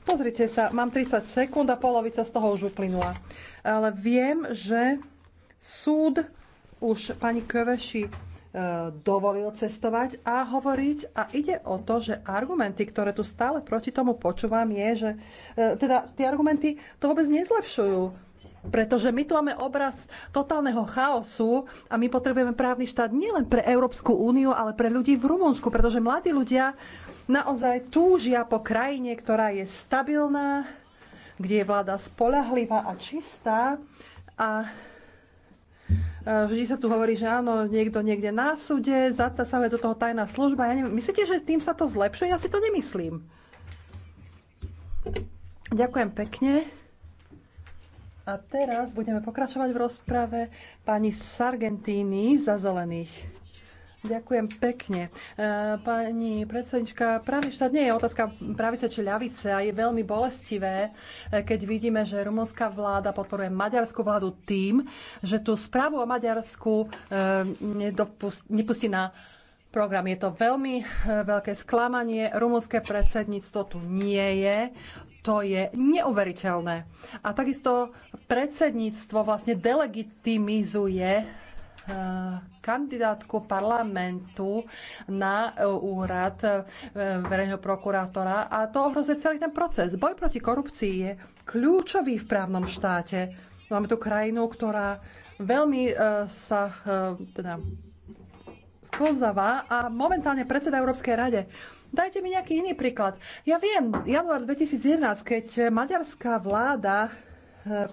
Pozrite sa, mám 30 sekúnd a polovica z toho už uplynula. Ale viem, že súd už pani Köveši e, dovolil cestovať a hovoriť a ide o to, že argumenty, ktoré tu stále proti tomu počúvam, je, že e, teda tie argumenty to vôbec nezlepšujú. Pretože my tu máme obraz totálneho chaosu a my potrebujeme právny štát nielen pre Európsku úniu, ale pre ľudí v Rumunsku, pretože mladí ľudia naozaj túžia po krajine, ktorá je stabilná, kde je vláda spolahlivá a čistá. A e, vždy sa tu hovorí, že áno, niekto niekde na súde, zatasahuje do toho tajná služba. Ja neviem, myslíte, že tým sa to zlepšuje? Ja si to nemyslím. Ďakujem pekne. A teraz budeme pokračovať v rozprave pani Sargentini za zelených. Ďakujem pekne. E, pani predsednička, právny štát nie je otázka pravice či ľavice a je veľmi bolestivé, e, keď vidíme, že rumunská vláda podporuje maďarskú vládu tým, že tú správu o Maďarsku e, nepustí na program. Je to veľmi veľké sklamanie. Rumunské predsedníctvo tu nie je. To je neuveriteľné. A takisto predsedníctvo vlastne delegitimizuje kandidátku parlamentu na e, úrad e, verejného prokurátora a to ohrozuje celý ten proces. Boj proti korupcii je kľúčový v právnom štáte. Máme tu krajinu, ktorá veľmi e, sa teda sklzavá a momentálne predseda Európskej rade. Dajte mi nejaký iný príklad. Ja viem, január 2011, keď maďarská vláda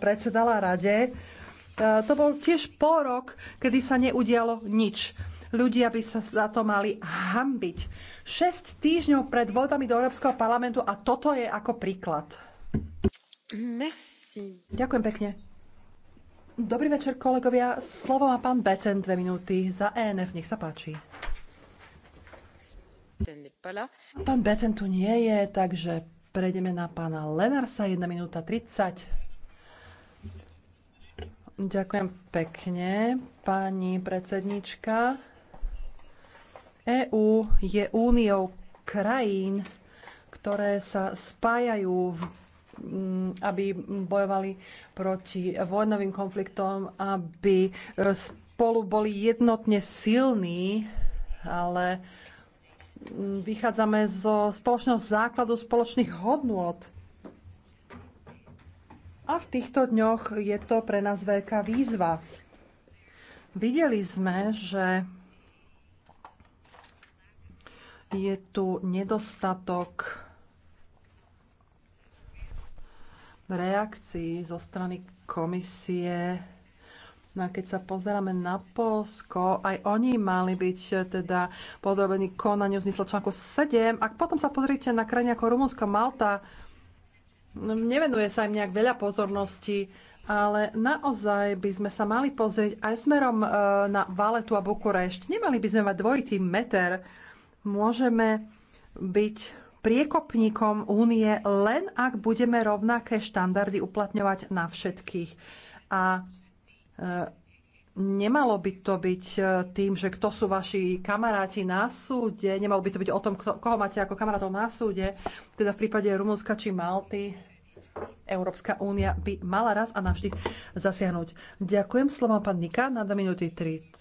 predsedala rade, E, to bol tiež pol rok, kedy sa neudialo nič. Ľudia by sa za to mali hambiť. 6 týždňov pred voľbami do Európskeho parlamentu a toto je ako príklad. Merci. Ďakujem pekne. Dobrý večer, kolegovia. Slovo má pán Beten, dve minúty. Za ENF, nech sa páči. Pán Beten tu nie je, takže prejdeme na pána Lenarsa, 1 minúta 30. Ďakujem pekne, pani predsednička. EÚ je úniou krajín, ktoré sa spájajú, mm, aby bojovali proti vojnovým konfliktom, aby e, spolu boli jednotne silní, ale mm, vychádzame zo spoločného základu spoločných hodnôt a v týchto dňoch je to pre nás veľká výzva. Videli sme, že je tu nedostatok reakcií zo strany komisie. No a keď sa pozeráme na Polsko, aj oni mali byť eh, teda podobení konaniu v zmysle článku 7. Ak potom sa pozrite na krajiny ako Rumunsko, Malta, nevenuje sa im nejak veľa pozornosti, ale naozaj by sme sa mali pozrieť aj smerom e, na Valetu a Bukurešť. Nemali by sme mať dvojitý meter. Môžeme byť priekopníkom únie len ak budeme rovnaké štandardy uplatňovať na všetkých. A e, Nemalo by to byť e, tým, že kto sú vaši kamaráti na súde, nemalo by to byť o tom, kto, koho máte ako kamarátov na súde. Teda v prípade Rumunska či Malty Európska únia by mala raz a navždy zasiahnuť. Ďakujem slova pán Nika na 2 minúty 30.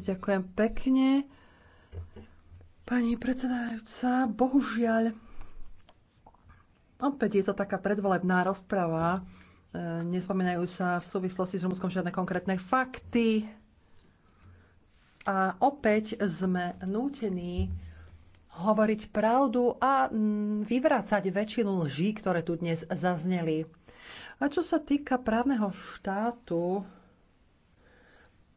Ďakujem pekne. Pani predsedajúca, bohužiaľ, opäť je to taká predvolebná rozprava E, nespomínajú sa v súvislosti s Rumúnskom žiadne konkrétne fakty. A opäť sme nútení hovoriť pravdu a vyvrácať väčšinu lží, ktoré tu dnes zazneli. A čo sa týka právneho štátu,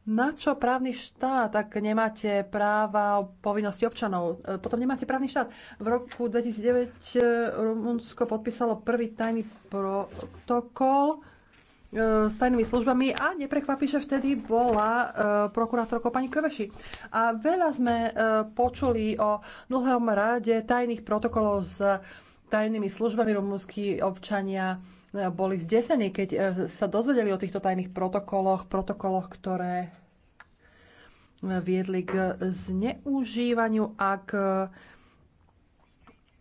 na čo právny štát, ak nemáte práva o povinnosti občanov? E, potom nemáte právny štát. V roku 2009 e, Rumunsko podpísalo prvý tajný protokol e, s tajnými službami a neprekvapí, že vtedy bola prokurátorkou pani Köveši. A veľa sme počuli o dlhom rade tajných protokolov s tajnými službami rumúnsky občania boli zdesení, keď eh, sa dozvedeli o týchto tajných protokoloch, protokoloch, ktoré eh, viedli k zneužívaniu a k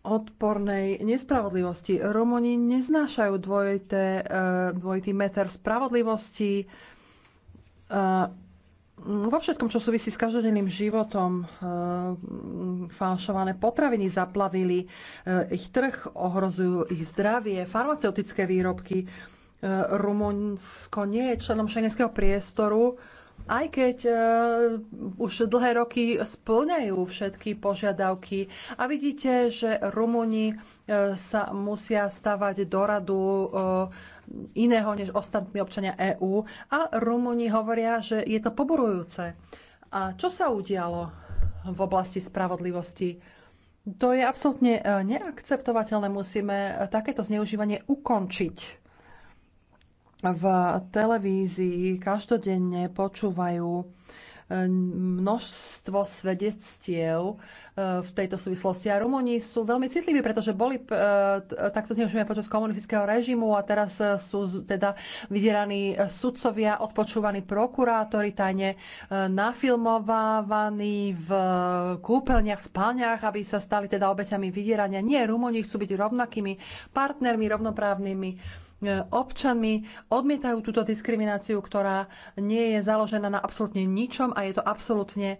odpornej nespravodlivosti. Romoni neznášajú dvojité, eh, dvojitý meter spravodlivosti Mm, vo všetkom, čo súvisí s každodenným životom, e, falšované potraviny zaplavili e, ich trh, ohrozujú ich zdravie, farmaceutické výrobky. E, Rumunsko nie je členom šengenského priestoru, aj keď už dlhé roky splňajú všetky požiadavky. A vidíte, že Rumúni sa musia stavať do radu iného než ostatní občania EÚ a Rumúni hovoria, že je to poborujúce. A čo sa udialo v oblasti spravodlivosti? To je absolútne e, neakceptovateľné. Musíme e, takéto zneužívanie ukončiť. V televízii každodenne počúvajú e, množstvo svedectiev Eh, v tejto súvislosti. A Rumúni sú veľmi citliví, pretože boli eh, eh, takto zneužívania počas komunistického režimu a teraz sú teda vydieraní sudcovia, odpočúvaní prokurátori, tajne nafilmovávaní v kúpeľniach, spáňach, aby sa stali teda obeťami vydierania. Nie, Rumúni chcú byť rovnakými partnermi, rovnoprávnymi občanmi odmietajú túto diskrimináciu, ktorá nie je založená na absolútne ničom a je to absolútne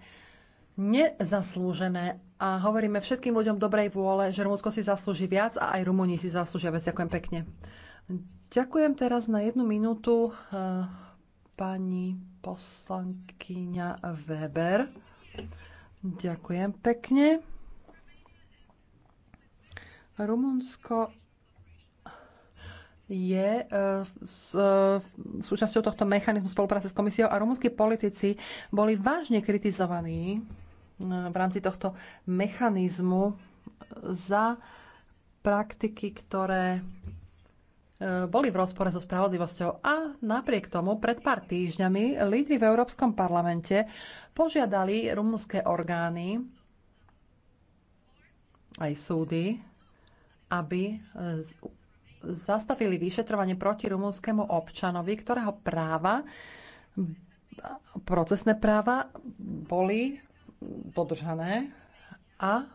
nezaslúžené a hovoríme všetkým ľuďom dobrej vôle, že Rumunsko si zaslúži viac a aj Rumúni si zaslúžia viac. Ďakujem pekne. Ďakujem teraz na jednu minútu uh, pani poslankyňa Weber. Ďakujem pekne. Rumunsko je eh, s, eh, súčasťou tohto mechanizmu spolupráce s komisiou a rumúnsky politici boli vážne kritizovaní v rámci tohto mechanizmu za praktiky, ktoré e, boli v rozpore so spravodlivosťou. A napriek tomu pred pár týždňami lídry v Európskom parlamente požiadali rumúnske orgány aj súdy, aby zastavili vyšetrovanie proti rumúnskemu občanovi, ktorého práva, procesné práva boli dodržané a e,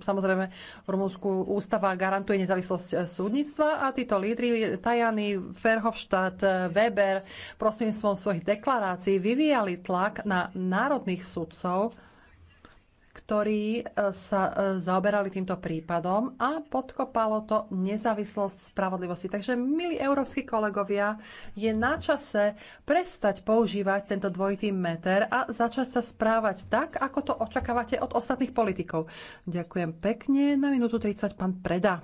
samozrejme v Rumúnsku ústava garantuje nezávislosť e, súdnictva a títo lídry Tajany, Verhofstadt, e, Weber prosím svojich deklarácií vyvíjali tlak na národných sudcov, ktorí e, sa e, zaoberali týmto prípadom a podkopalo to nezávislosť spravodlivosti. Takže, milí európsky kolegovia, je na čase prestať používať tento dvojitý meter a začať sa správať tak, ako to očakávate od ostatných politikov. Ďakujem pekne. Na minútu 30 pán Preda.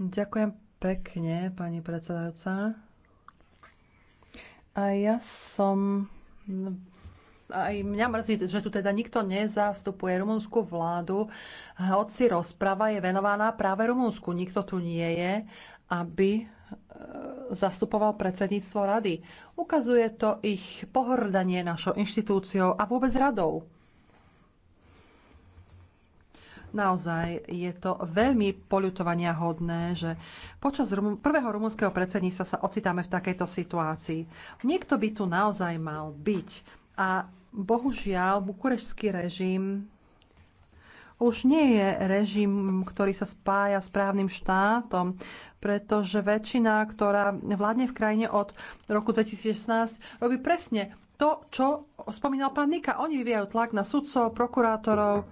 Ďakujem pekne, pani predsedajúca. A ja som... Aj mňa mrzí, že tu teda nikto nezastupuje rumúnsku vládu, hoci rozprava je venovaná práve Rumunsku. Nikto tu nie je, aby e, zastupoval predsedníctvo rady. Ukazuje to ich pohrdanie našou inštitúciou a vôbec radou. Naozaj je to veľmi poľutovania hodné, že počas rum- prvého rumunského predsedníctva sa ocitáme v takejto situácii. Niekto by tu naozaj mal byť. A bohužiaľ, bukurešský režim už nie je režim, ktorý sa spája s právnym štátom, pretože väčšina, ktorá vládne v krajine od roku 2016, robí presne to, čo spomínal pán Nika. Oni vyvíjajú tlak na sudcov, prokurátorov,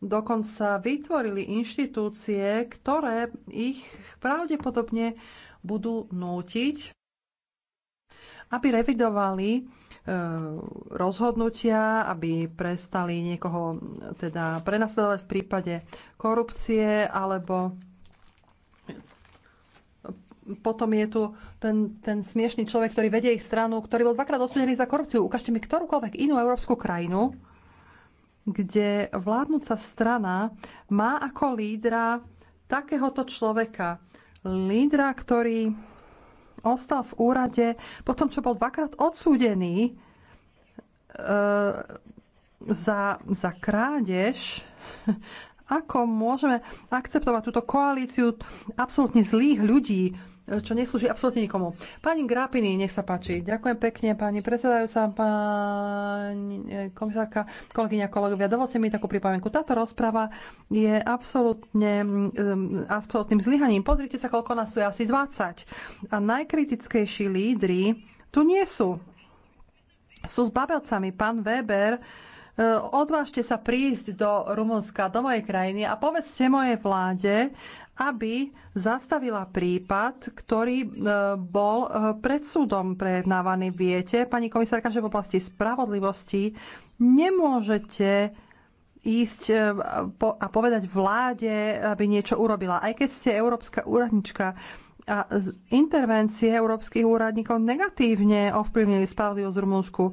dokonca vytvorili inštitúcie, ktoré ich pravdepodobne budú nútiť, aby revidovali e, rozhodnutia, aby prestali niekoho teda prenasledovať v prípade korupcie alebo potom je tu ten, ten smiešný človek, ktorý vedie ich stranu, ktorý bol dvakrát odsudený za korupciu. Ukážte mi ktorúkoľvek inú európsku krajinu, kde vládnúca strana má ako lídra takéhoto človeka. Lídra, ktorý ostal v úrade po tom, čo bol dvakrát odsúdený e, za, za krádež. Ako môžeme akceptovať túto koalíciu absolútne zlých ľudí, čo neslúži absolútne nikomu. Pani Grápiny, nech sa páči. Ďakujem pekne, pani predsedajúca, pani eh, komisárka, kolegyňa, kolegovia. Dovolte mi takú pripomienku. Táto rozprava je absolútne, mm, absolútnym zlyhaním. Pozrite sa, koľko nás sú asi 20. A najkritickejší lídry tu nie sú. Sú s babelcami. Pán Weber, eh, odvážte sa prísť do Rumunska, do mojej krajiny a povedzte mojej vláde, aby zastavila prípad, ktorý e, bol e, pred súdom prejednávaný. Viete, pani komisárka, že v oblasti spravodlivosti nemôžete ísť e, a povedať vláde, aby niečo urobila. Aj keď ste európska úradnička, a intervencie európskych úradníkov negatívne ovplyvnili spravodlivosť v Rumunsku.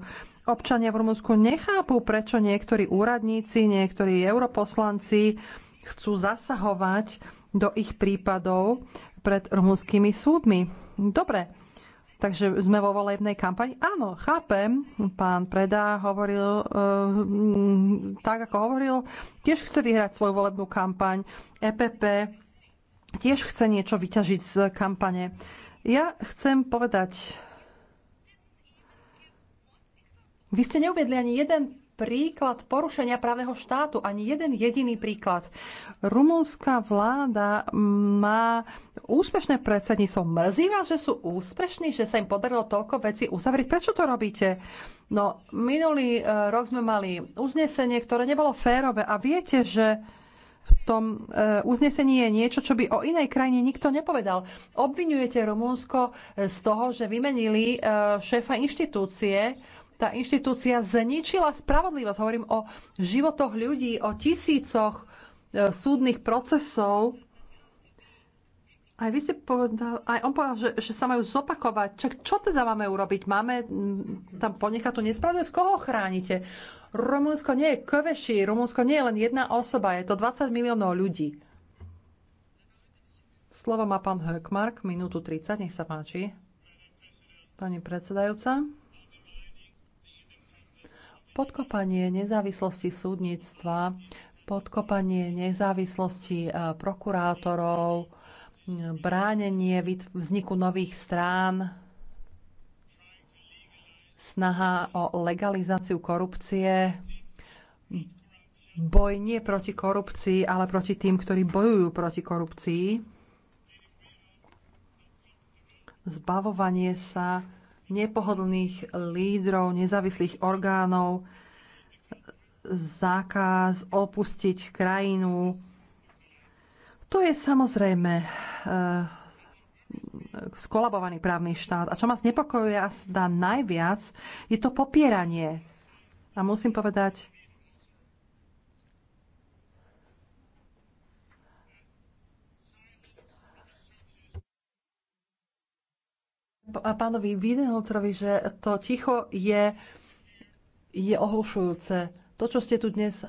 Občania v Rumunsku nechápu, prečo niektorí úradníci, niektorí europoslanci chcú zasahovať do ich prípadov pred rumunskými súdmi. Dobre, takže sme vo volebnej kampani. Áno, chápem, pán Preda hovoril e, tak, ako hovoril, tiež chce vyhrať svoju volebnú kampaň. EPP tiež chce niečo vyťažiť z kampane. Ja chcem povedať, vy ste neuviedli ani jeden príklad porušenia právneho štátu, ani jeden jediný príklad. Rumunská vláda má úspešné predsedníctvo. Mrzí vás, že sú úspešní, že sa im podarilo toľko vecí uzavrieť. Prečo to robíte? No, minulý eh, rok sme mali uznesenie, ktoré nebolo férové a viete, že v tom eh, uznesení je niečo, čo by o inej krajine nikto nepovedal. Obvinujete Rumúnsko eh, z toho, že vymenili šéfa inštitúcie, tá inštitúcia zničila spravodlivosť. Hovorím o životoch ľudí, o tisícoch e, súdnych procesov. Aj vy ste povedal, aj on povedal, že, že sa majú zopakovať. Čak čo teda máme urobiť? Máme tam ponechať tú nespravodlivosť? Koho chránite? Rumunsko nie je kveši, Rumunsko nie je len jedna osoba, je to 20 miliónov ľudí. Slovo má pán Hökmark, minútu 30, nech sa páči. Pani predsedajúca. Podkopanie nezávislosti súdnictva, podkopanie nezávislosti e, prokurátorov, bránenie vzniku nových strán, snaha o legalizáciu korupcie, boj nie proti korupcii, ale proti tým, ktorí bojujú proti korupcii, zbavovanie sa nepohodlných lídrov, nezávislých orgánov, zákaz opustiť krajinu. To je samozrejme e, skolabovaný právny štát. A čo ma znepokojuje a zdá najviac, je to popieranie. A musím povedať, pánovi Wiedenholtrovi, že to ticho je, je ohlušujúce. To, čo ste tu dnes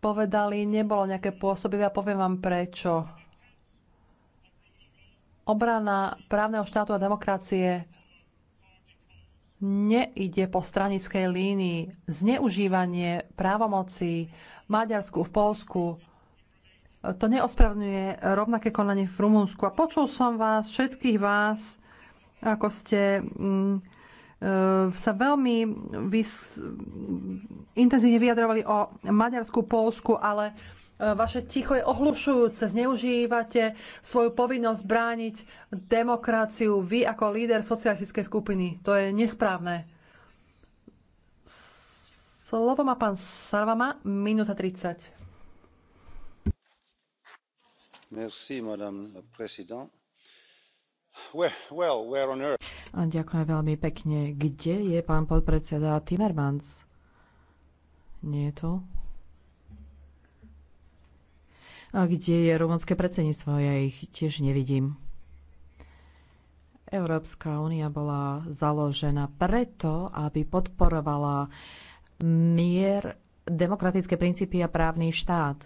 povedali, nebolo nejaké pôsobivé a poviem vám prečo. Obrana právneho štátu a demokracie neide po stranickej línii. Zneužívanie právomocí v Maďarsku, v Polsku, to neospravňuje rovnaké konanie v Rumunsku. A počul som vás, všetkých vás, ako ste mm, e, sa veľmi vys- intenzívne vyjadrovali o Maďarsku, Polsku, ale e, vaše ticho je ohlušujúce, zneužívate svoju povinnosť brániť demokraciu vy ako líder socialistickej skupiny. To je nesprávne. Slovo má pán Sarvama, minúta 30. Merci, madame la présidente well, where on earth? Ďakujem veľmi pekne. Kde je pán podpredseda Timmermans? Nie je to? A kde je rumunské predsedníctvo? Ja ich tiež nevidím. Európska únia bola založená preto, aby podporovala mier, demokratické princípy a právny štát.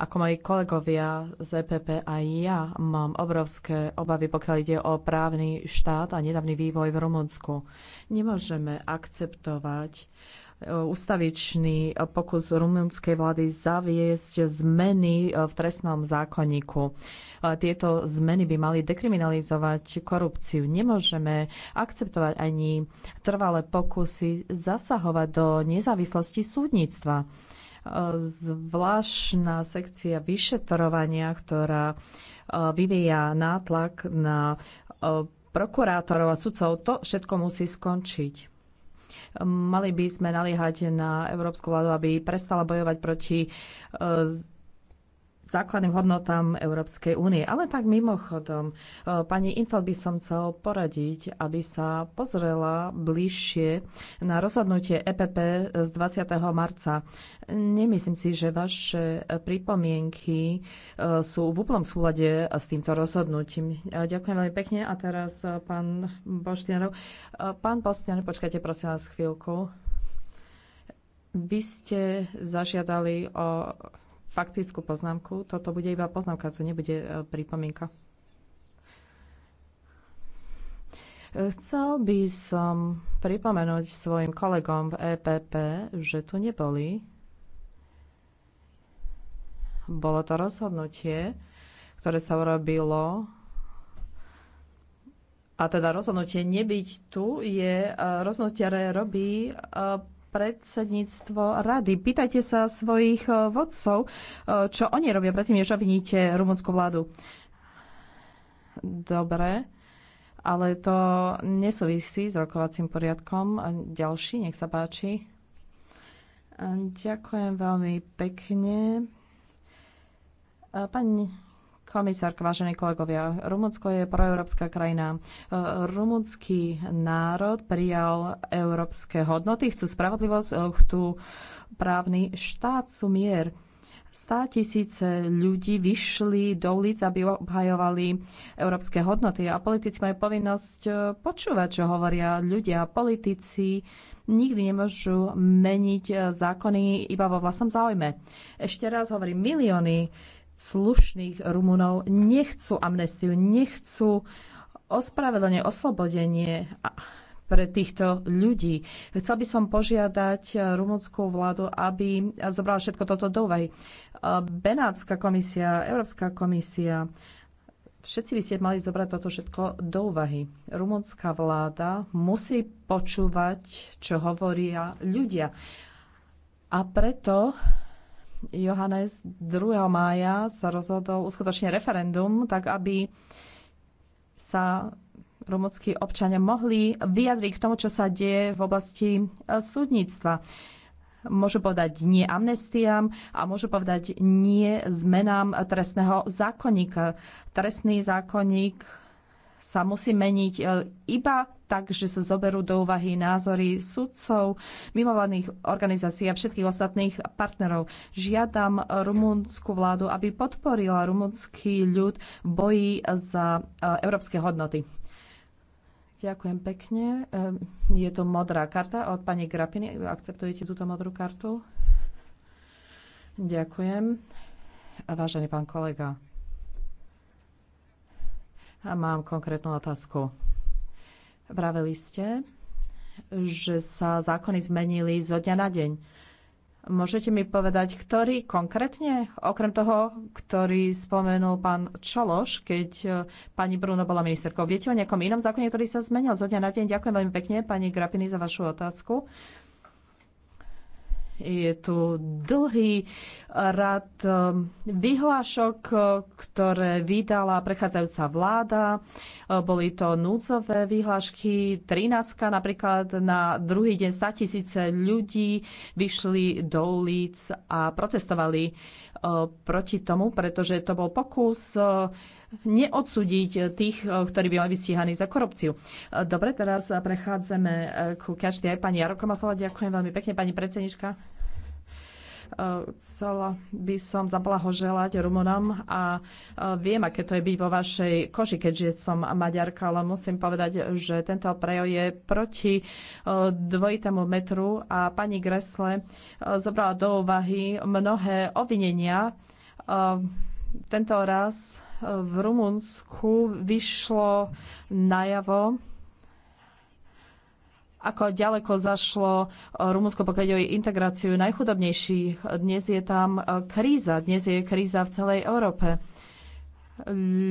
Ako moji kolegovia z EPP aj ja mám obrovské obavy, pokiaľ ide o právny štát a nedávny vývoj v Rumunsku. Nemôžeme akceptovať e, ustavičný pokus rumunskej vlády zaviesť zmeny e, v trestnom zákonníku. E, tieto zmeny by mali dekriminalizovať korupciu. Nemôžeme akceptovať ani trvalé pokusy zasahovať do nezávislosti súdnictva zvláštna sekcia vyšetrovania, ktorá e, vyvíja nátlak na e, prokurátorov a sudcov. To všetko musí skončiť. Mali by sme naliehať na Európsku vládu, aby prestala bojovať proti e, základným hodnotám Európskej únie. Ale tak mimochodom, e, pani Infel by som chcel poradiť, aby sa pozrela bližšie na rozhodnutie EPP z 20. marca. Nemyslím si, že vaše pripomienky e, sú v úplnom súlade s týmto rozhodnutím. E, ďakujem veľmi pekne. A teraz pán Boštianov. Pán Boštianov, počkajte prosím vás chvíľku. Vy ste zažiadali o faktickú poznámku. Toto bude iba poznámka, to nebude e, pripomienka. Chcel by som pripomenúť svojim kolegom v EPP, že tu neboli. Bolo to rozhodnutie, ktoré sa urobilo a teda rozhodnutie nebyť tu je e, rozhodnutie, ktoré robí e, predsedníctvo rady. Pýtajte sa svojich eh, vodcov, eh, čo oni robia predtým, než obviníte rumunskú vládu. Dobre, ale to nesúvisí s rokovacím poriadkom. Ďalší, nech sa páči. Ďakujem veľmi pekne. Pani komisárka, vážení kolegovia, Rumunsko je proeurópska krajina. E, rumunský národ prijal európske hodnoty, chcú spravodlivosť, e, chcú právny štát, sú mier. 100 tisíce ľudí vyšli do ulic, aby obhajovali európske hodnoty a politici majú povinnosť e, počúvať, čo hovoria ľudia. Politici nikdy nemôžu meniť zákony iba vo vlastnom záujme. Ešte raz hovorím, milióny slušných Rumunov nechcú amnestiu, nechcú ospravedlenie, oslobodenie pre týchto ľudí. Chcel by som požiadať rumunskú vládu, aby zobrala všetko toto do úvahy. Benátska komisia, Európska komisia, všetci by ste mali zobrať toto všetko do úvahy. Rumunská vláda musí počúvať, čo hovoria ľudia. A preto Johannes 2. mája sa rozhodol uskutočne referendum, tak aby sa rumúnsky občania mohli vyjadriť k tomu, čo sa deje v oblasti e, súdnictva. Môžu povedať nie amnestiám a môžu povedať nie zmenám trestného zákonníka. Trestný zákonník sa musí meniť e, iba tak, že sa zoberú do úvahy názory sudcov, mimovladných organizácií a všetkých ostatných partnerov. Žiadam rumúnsku vládu, aby podporila rumúnsky ľud v boji za e, európske hodnoty. Ďakujem pekne. E, je to modrá karta od pani Grapiny. Akceptujete túto modrú kartu? Ďakujem. Vážený pán kolega, a mám konkrétnu otázku. Vraveli ste, že sa zákony zmenili zo dňa na deň. Môžete mi povedať, ktorý konkrétne? Okrem toho, ktorý spomenul pán Čološ, keď e, pani Bruno bola ministerkou. Viete o nejakom inom zákone, ktorý sa zmenil zo dňa na deň? Ďakujem veľmi pekne, pani Grapini, za vašu otázku. Je tu dlhý rad eh, vyhlášok, eh, ktoré vydala prechádzajúca vláda. Eh, boli to núdzové vyhlášky, 13 napríklad na druhý deň 100 tisíce ľudí vyšli do ulic a protestovali proti tomu, pretože to bol pokus neodsúdiť tých, eh, ktorí by mali byť stíhaní za korupciu. Eh, dobre, teraz prechádzame eh, ku Kačty aj pani Jaroko Maslova. Ďakujem veľmi pekne, pani predsednička. Chcela by som zablahoželať Rumunom a viem, aké to je byť vo vašej koži, keďže som Maďarka, ale musím povedať, že tento prejo je proti dvojitému metru a pani Gresle zobrala do úvahy mnohé obvinenia. Tento raz v Rumunsku vyšlo najavo, ako ďaleko zašlo Rumunsko, pokiaľ ide o integráciu najchudobnejších. Dnes je tam kríza, dnes je kríza v celej Európe.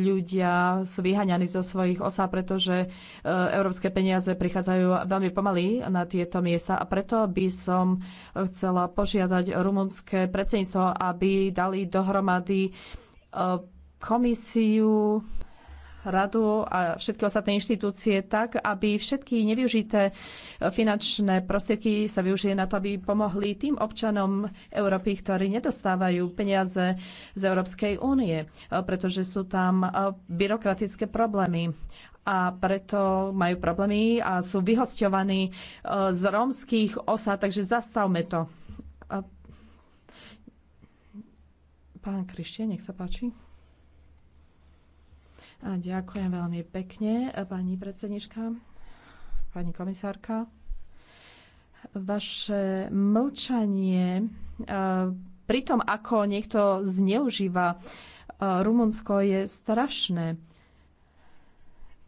Ľudia sú vyhaňaní zo svojich osá, pretože e, európske peniaze prichádzajú veľmi pomaly na tieto miesta a preto by som chcela požiadať rumunské predsedníctvo, aby dali dohromady e, komisiu, radu a všetky ostatné inštitúcie tak, aby všetky nevyužité finančné prostriedky sa využili na to, aby pomohli tým občanom Európy, ktorí nedostávajú peniaze z Európskej únie, pretože sú tam eh, byrokratické problémy a preto majú problémy a sú vyhosťovaní eh, z rómskych osad, takže zastavme to. Pán Krištie, nech sa páči. A ďakujem veľmi pekne, pani predsednička, pani komisárka. Vaše mlčanie e, pri tom, ako niekto zneužíva e, Rumunsko, je strašné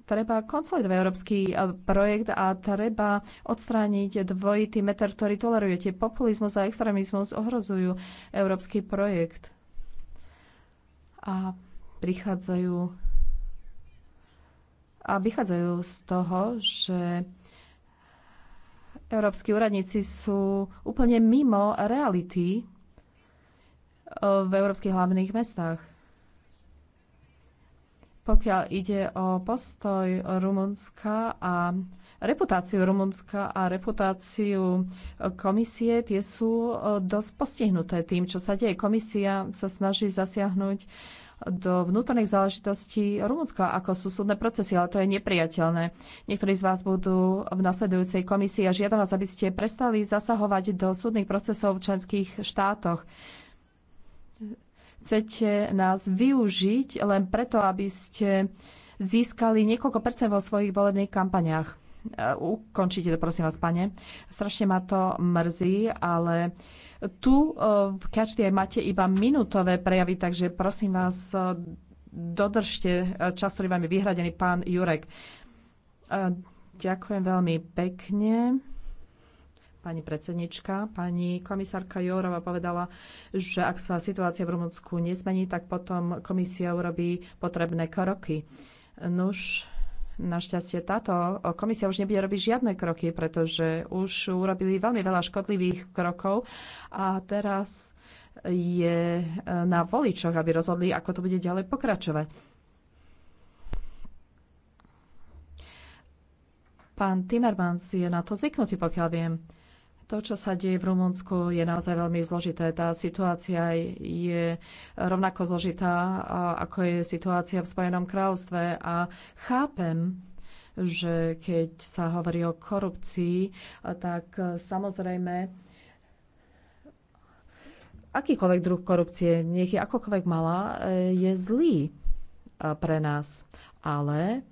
treba konsolidovať európsky e, projekt a treba odstrániť dvojitý meter, ktorý tolerujete. Populizmus a extrémizmus ohrozujú európsky projekt a prichádzajú a vychádzajú z toho, že európsky úradníci sú úplne mimo reality e, v európskych hlavných mestách. Pokiaľ ide o postoj Rumunska a reputáciu Rumunska a reputáciu komisie, tie sú e, dosť postihnuté tým, čo sa deje. Komisia sa snaží zasiahnuť do vnútorných záležitostí Rumunska, ako sú súdne procesy, ale to je nepriateľné. Niektorí z vás budú v nasledujúcej komisii a žiadam vás, aby ste prestali zasahovať do súdnych procesov v členských štátoch. Chcete nás využiť len preto, aby ste získali niekoľko percent vo svojich volebných kampaniach. Eh, Ukončite to, prosím vás, pane. Strašne ma to mrzí, ale tu eh, v Catch máte iba minútové prejavy, takže prosím vás, eh, dodržte čas, ktorý vám je vyhradený, pán Jurek. Ďakujem veľmi pekne. Pani predsednička, pani komisárka Jourova povedala, že ak sa situácia v Rumunsku nezmení, tak potom komisia urobí potrebné kroky. Nuž, Našťastie táto komisia už nebude robiť žiadne kroky, pretože už urobili veľmi veľa škodlivých krokov a teraz je e, na voličoch, aby rozhodli, ako to bude ďalej pokračovať. Pán Timmermans je na to zvyknutý, pokiaľ viem. To, čo sa deje v Rumunsku, je naozaj veľmi zložité. Tá situácia je rovnako zložitá, ako je situácia v Spojenom kráľovstve. A chápem, že keď sa hovorí o korupcii, tak samozrejme akýkoľvek druh korupcie, nech je akokoľvek malá, e, je zlý e, pre nás. Ale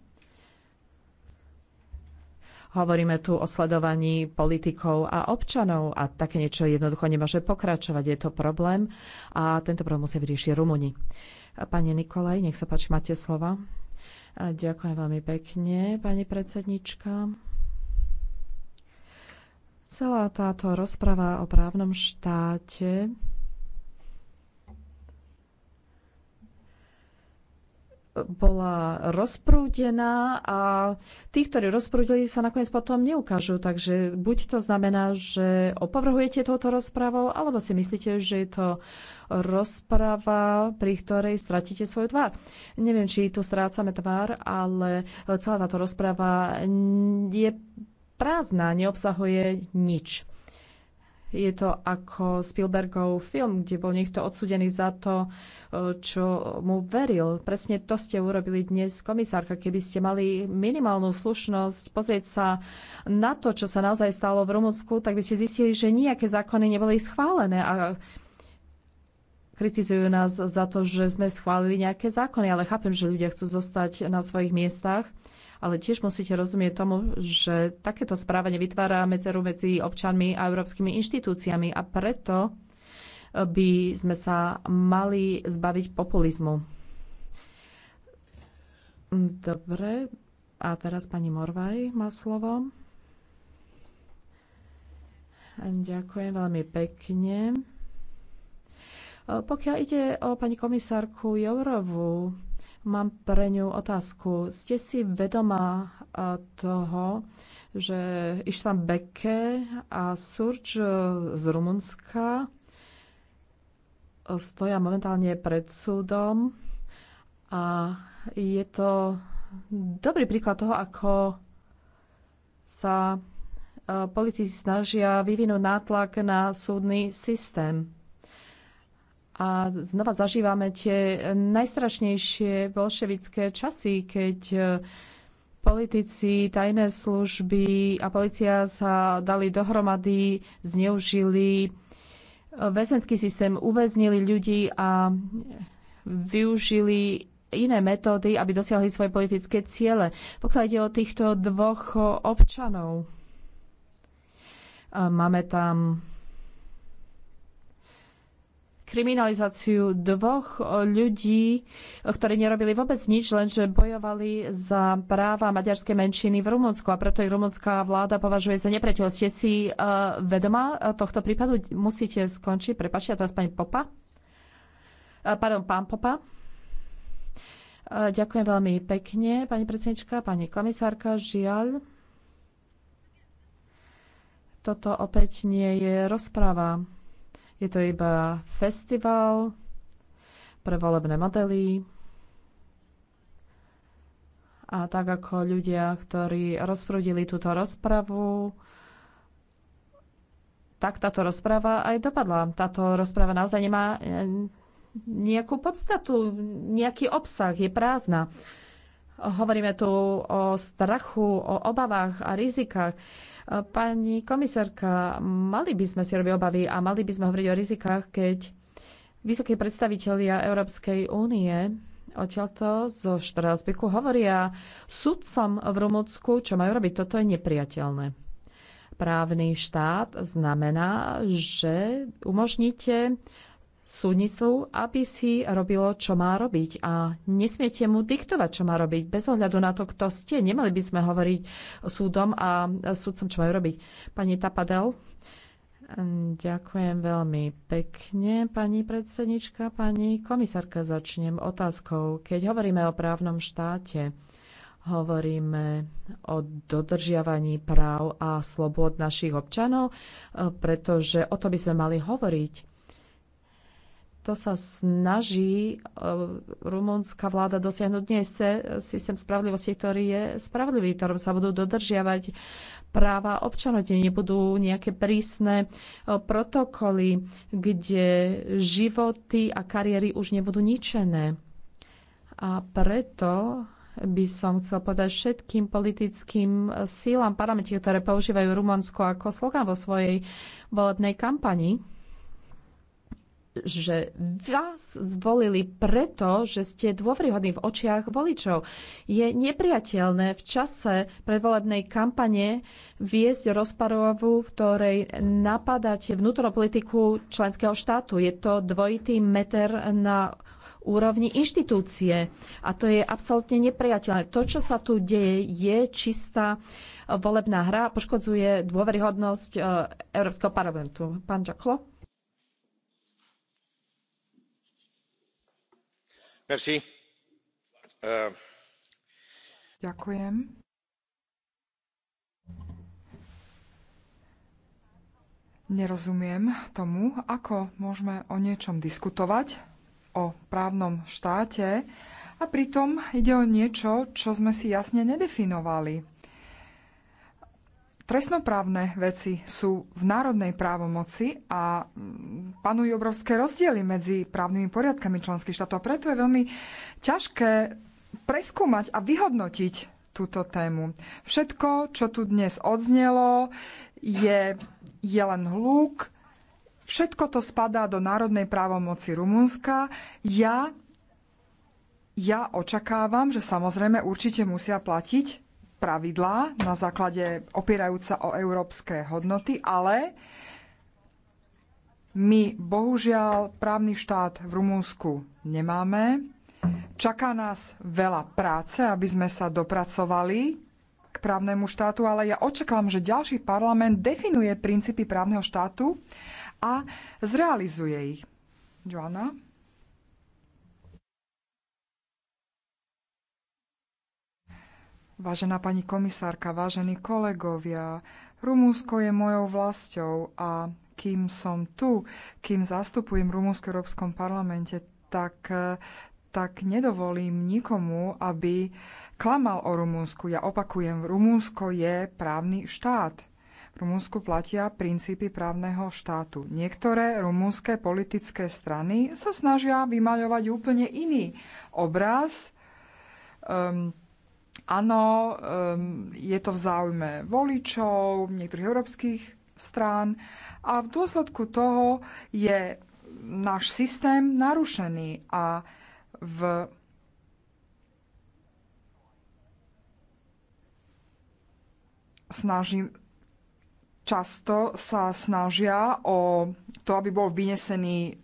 Hovoríme tu o sledovaní politikov a občanov a také niečo jednoducho nemôže pokračovať. Je to problém a tento problém musia vyriešiť Rumúni. Pani Nikolaj, nech sa páči, máte slova. A ďakujem veľmi pekne, pani predsednička. Celá táto rozprava o právnom štáte bola rozprúdená a tí, ktorí rozprúdili, sa nakoniec potom neukážu. Takže buď to znamená, že opovrhujete touto rozprávou, alebo si myslíte, že je to rozpráva, pri ktorej stratíte svoju tvár. Neviem, či tu strácame tvár, ale celá táto rozpráva je prázdna, neobsahuje nič. Je to ako Spielbergov film, kde bol niekto odsudený za to, e, čo mu veril. Presne to ste urobili dnes, komisárka, keby ste mali minimálnu slušnosť pozrieť sa na to, čo sa naozaj stalo v Rumunsku, tak by ste zistili, že nejaké zákony neboli schválené. A kritizujú nás za to, že sme schválili nejaké zákony, ale chápem, že ľudia chcú zostať na svojich miestach ale tiež musíte rozumieť tomu, že takéto správanie vytvára medzeru medzi občanmi a európskymi inštitúciami a preto eh, by sme sa mali zbaviť populizmu. Dobre, a teraz pani Morvaj má slovo. Ďakujem veľmi pekne. Eh, pokiaľ ide o pani komisárku Jourovu, Mám pre ňu otázku. Ste si vedomá toho, že Ištvan Beke a Surč e, z Rumunska e, stoja momentálne pred súdom a je to dobrý príklad toho, ako sa e, politici snažia vyvinúť nátlak na súdny systém a znova zažívame tie najstrašnejšie bolševické časy, keď e, politici, tajné služby a policia sa dali dohromady, zneužili e, väzenský systém, uväznili ľudí a využili iné metódy, aby dosiahli svoje politické ciele. Pokiaľ ide o týchto dvoch občanov, e, máme tam kriminalizáciu dvoch ľudí, ktorí nerobili vôbec nič, lenže bojovali za práva maďarskej menšiny v Rumunsku a preto ich rumunská vláda považuje za nepriateľ. Ste si uh, eh, vedoma tohto prípadu? Musíte skončiť. Prepačte, a teraz pani Popa. Uh, pardon, pán Popa. Eh, ďakujem veľmi pekne, pani predsednička, pani komisárka. Žiaľ, toto opäť nie je rozpráva je to iba festival pre volebné modely. A tak ako ľudia, ktorí rozprudili túto rozpravu, tak táto rozpráva aj dopadla. Táto rozpráva naozaj nemá eh, nejakú podstatu, nejaký obsah, je prázdna. Hovoríme tu o strachu, o obavách a rizikách. Pani komisárka, mali by sme si robiť obavy a mali by sme hovoriť o rizikách, keď vysokí predstavitelia Európskej únie odtiaľto zo Štrásbyku hovoria sudcom v Rumunsku, čo majú robiť. Toto je nepriateľné. Právny štát znamená, že umožníte súdnictvu, aby si robilo, čo má robiť. A nesmiete mu diktovať, čo má robiť, bez ohľadu na to, kto ste. Nemali by sme hovoriť súdom a súdcom, čo majú robiť. Pani Tapadel, mm, ďakujem veľmi pekne, pani predsednička. Pani komisárka, začnem otázkou. Keď hovoríme o právnom štáte, hovoríme o dodržiavaní práv a slobod našich občanov, pretože o to by sme mali hovoriť to sa snaží e, rumúnska vláda dosiahnuť dnes systém spravodlivosti, ktorý je spravodlivý, ktorom sa budú dodržiavať práva občanov, kde nebudú nejaké prísne e, protokoly, kde životy a kariéry už nebudú ničené. A preto by som chcel povedať všetkým politickým sílam parametri, ktoré používajú Rumunsko ako slogan vo svojej volebnej kampanii, že vás zvolili preto, že ste dôveryhodní v očiach voličov. Je nepriateľné v čase predvolebnej kampane viesť rozparovu, v ktorej napadáte vnútornú politiku členského štátu. Je to dvojitý meter na úrovni inštitúcie. A to je absolútne nepriateľné. To, čo sa tu deje, je čistá volebná hra a poškodzuje dôveryhodnosť eh, Európskeho parlamentu. Pán Čaklo. Uh, Ďakujem. Nerozumiem tomu, ako môžeme o niečom diskutovať, o právnom štáte, a pritom ide o niečo, čo sme si jasne nedefinovali. Trestnoprávne veci sú v národnej právomoci a mm, panujú obrovské rozdiely medzi právnymi poriadkami členských štátov. A preto je veľmi ťažké preskúmať a vyhodnotiť túto tému. Všetko, čo tu dnes odznelo, je, je len hľúk, Všetko to spadá do národnej právomoci Rumunska. Ja, ja očakávam, že samozrejme určite musia platiť pravidlá na základe opierajúca o európske hodnoty, ale my bohužiaľ právny štát v Rumúnsku nemáme. Čaká nás veľa práce, aby sme sa dopracovali k právnemu štátu, ale ja očakávam, že ďalší parlament definuje princípy právneho štátu a zrealizuje ich. Joana? Vážená pani komisárka, vážení kolegovia, Rumúnsko je mojou vlastou a kým som tu, kým zastupujem Rumúnsko v Európskom parlamente, tak, tak nedovolím nikomu, aby klamal o Rumúnsku. Ja opakujem, Rumúnsko je právny štát. V Rumúnsku platia princípy právneho štátu. Niektoré rumúnske politické strany sa snažia vymaľovať úplne iný obraz um, Áno, je to v záujme voličov, niektorých európskych strán a v dôsledku toho je náš systém narušený a v snažím, často sa snažia o to, aby bol vynesený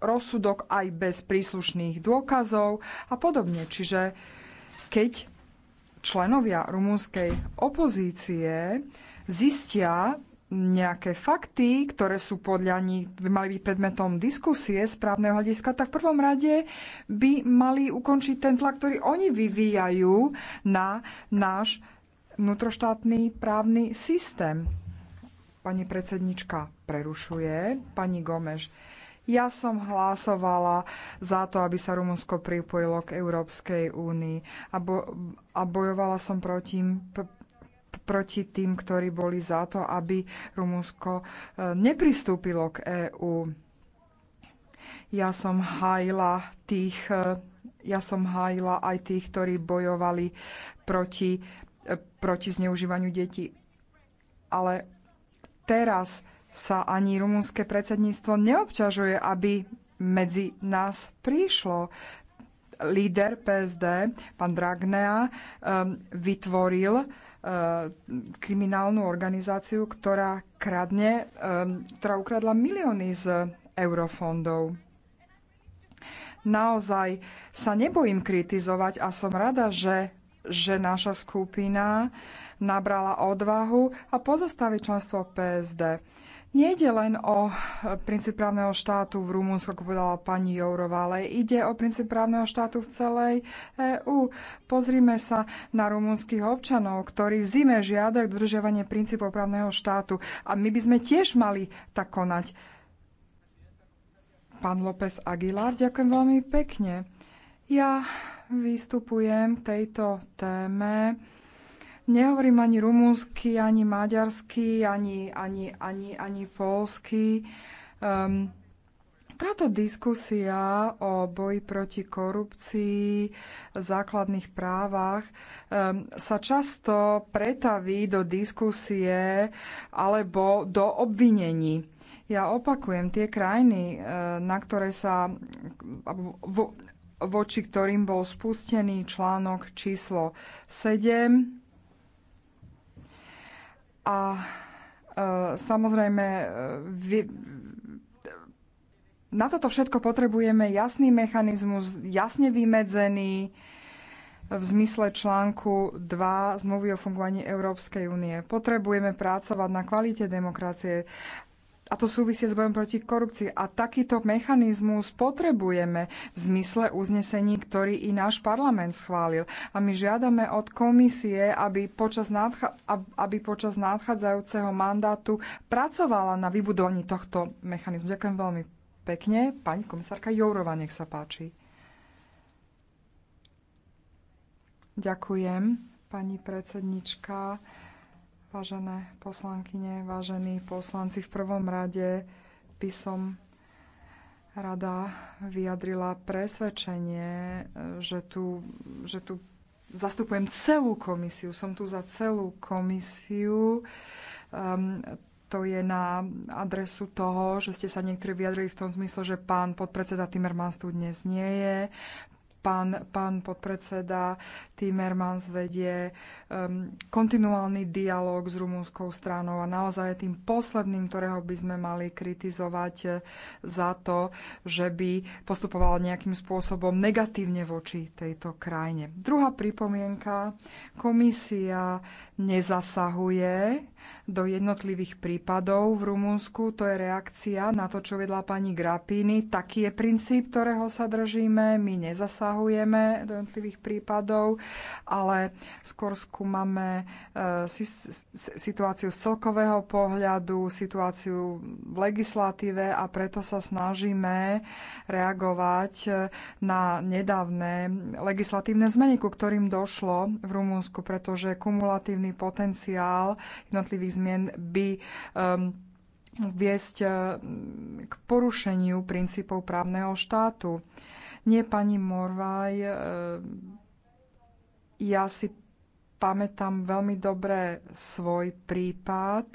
rozsudok aj bez príslušných dôkazov a podobne. Čiže keď členovia rumúnskej opozície zistia nejaké fakty, ktoré sú podľa nich, by mali byť predmetom diskusie správneho hľadiska, tak v prvom rade by mali ukončiť ten tlak, ktorý oni vyvíjajú na náš vnútroštátny právny systém. Pani predsednička prerušuje. Pani Gomeš, ja som hlasovala za to, aby sa Rumunsko pripojilo k Európskej únii a, bo, a bojovala som proti, proti tým, ktorí boli za to, aby Rumunsko e, nepristúpilo k EÚ. Ja som hájila tých, e, ja som hájila aj tých, ktorí bojovali proti, e, proti zneužívaniu detí. Ale teraz sa ani rumúnske predsedníctvo neobťažuje, aby medzi nás prišlo. Líder PSD, pán Dragnea, um, vytvoril uh, kriminálnu organizáciu, ktorá kradne, um, ktorá ukradla milióny z eurofondov. Naozaj sa nebojím kritizovať a som rada, že že naša skupina nabrala odvahu a pozastaviť členstvo PSD. Nejde len o princíp právneho štátu v Rumunsku, ako povedala pani Jourová, ale ide o princíp právneho štátu v celej EÚ. Pozrime sa na rumunských občanov, ktorí v zime žiadajú dodržiavanie princípov právneho štátu. A my by sme tiež mali tak konať. Pán López Aguilar, ďakujem veľmi pekne. Ja vystupujem k tejto téme Nehovorím ani rumúnsky, ani maďarsky, ani, ani, ani, ani polsky. Um, táto diskusia o boji proti korupcii, základných právach um, sa často pretaví do diskusie alebo do obvinení. Ja opakujem, tie krajiny, e, na ktoré sa, vo, voči ktorým bol spustený článok číslo 7, a e, samozrejme, e, vy, na toto všetko potrebujeme jasný mechanizmus, jasne vymedzený v zmysle článku 2 zmluvy o fungovaní Európskej únie. Potrebujeme pracovať na kvalite demokracie, a to súvisí s bojom proti korupcii. A takýto mechanizmus potrebujeme v zmysle uznesení, ktorý i náš parlament schválil. A my žiadame od komisie, aby počas, nadcha- aby počas nadchádzajúceho mandátu pracovala na vybudovaní tohto mechanizmu. Ďakujem veľmi pekne. Pani komisárka Jourova, nech sa páči. Ďakujem, pani predsednička. Vážené poslankyne, vážení poslanci, v prvom rade by som rada vyjadrila presvedčenie, že tu, že tu zastupujem celú komisiu. Som tu za celú komisiu. Um, to je na adresu toho, že ste sa niektorí vyjadrili v tom zmysle, že pán podpredseda Timmermans tu dnes nie je. Pán, pán podpredseda Timmermans vedie um, kontinuálny dialog s rumúnskou stranou a naozaj tým posledným, ktorého by sme mali kritizovať eh, za to, že by postupoval nejakým spôsobom negatívne voči tejto krajine. Druhá pripomienka. Komisia nezasahuje do jednotlivých prípadov v Rumunsku. To je reakcia na to, čo vedla pani Grapini. Taký je princíp, ktorého sa držíme. My nezasahujeme do jednotlivých prípadov, ale skôr skôr máme e, situáciu z celkového pohľadu, situáciu v legislatíve a preto sa snažíme reagovať e, na nedávne legislatívne zmeny, ku ktorým došlo v Rumúnsku, pretože kumulatívny potenciál jednotlivých zmien by um, viesť e, k porušeniu princípov právneho štátu. Nie, pani Morvaj, ja si pamätám veľmi dobre svoj prípad.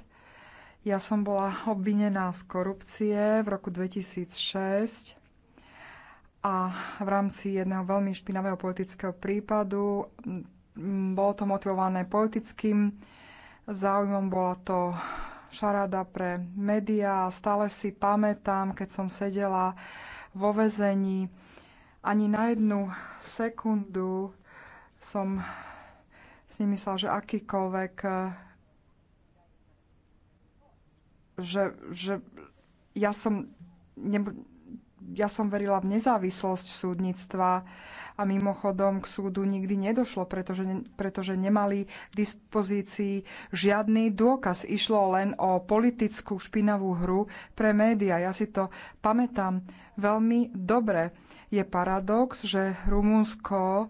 Ja som bola obvinená z korupcie v roku 2006 a v rámci jedného veľmi špinavého politického prípadu bolo to motivované politickým záujmom, bola to šarada pre médiá. Stále si pamätám, keď som sedela vo vezení, ani na jednu sekundu som si myslel, že akýkoľvek eh, že, že ja som ne, ja som verila v nezávislosť súdnictva a mimochodom k súdu nikdy nedošlo, pretože, pretože nemali k dispozícii žiadny dôkaz. Išlo len o politickú špinavú hru pre médiá. Ja si to pamätám veľmi dobre. Je paradox, že Rumunsko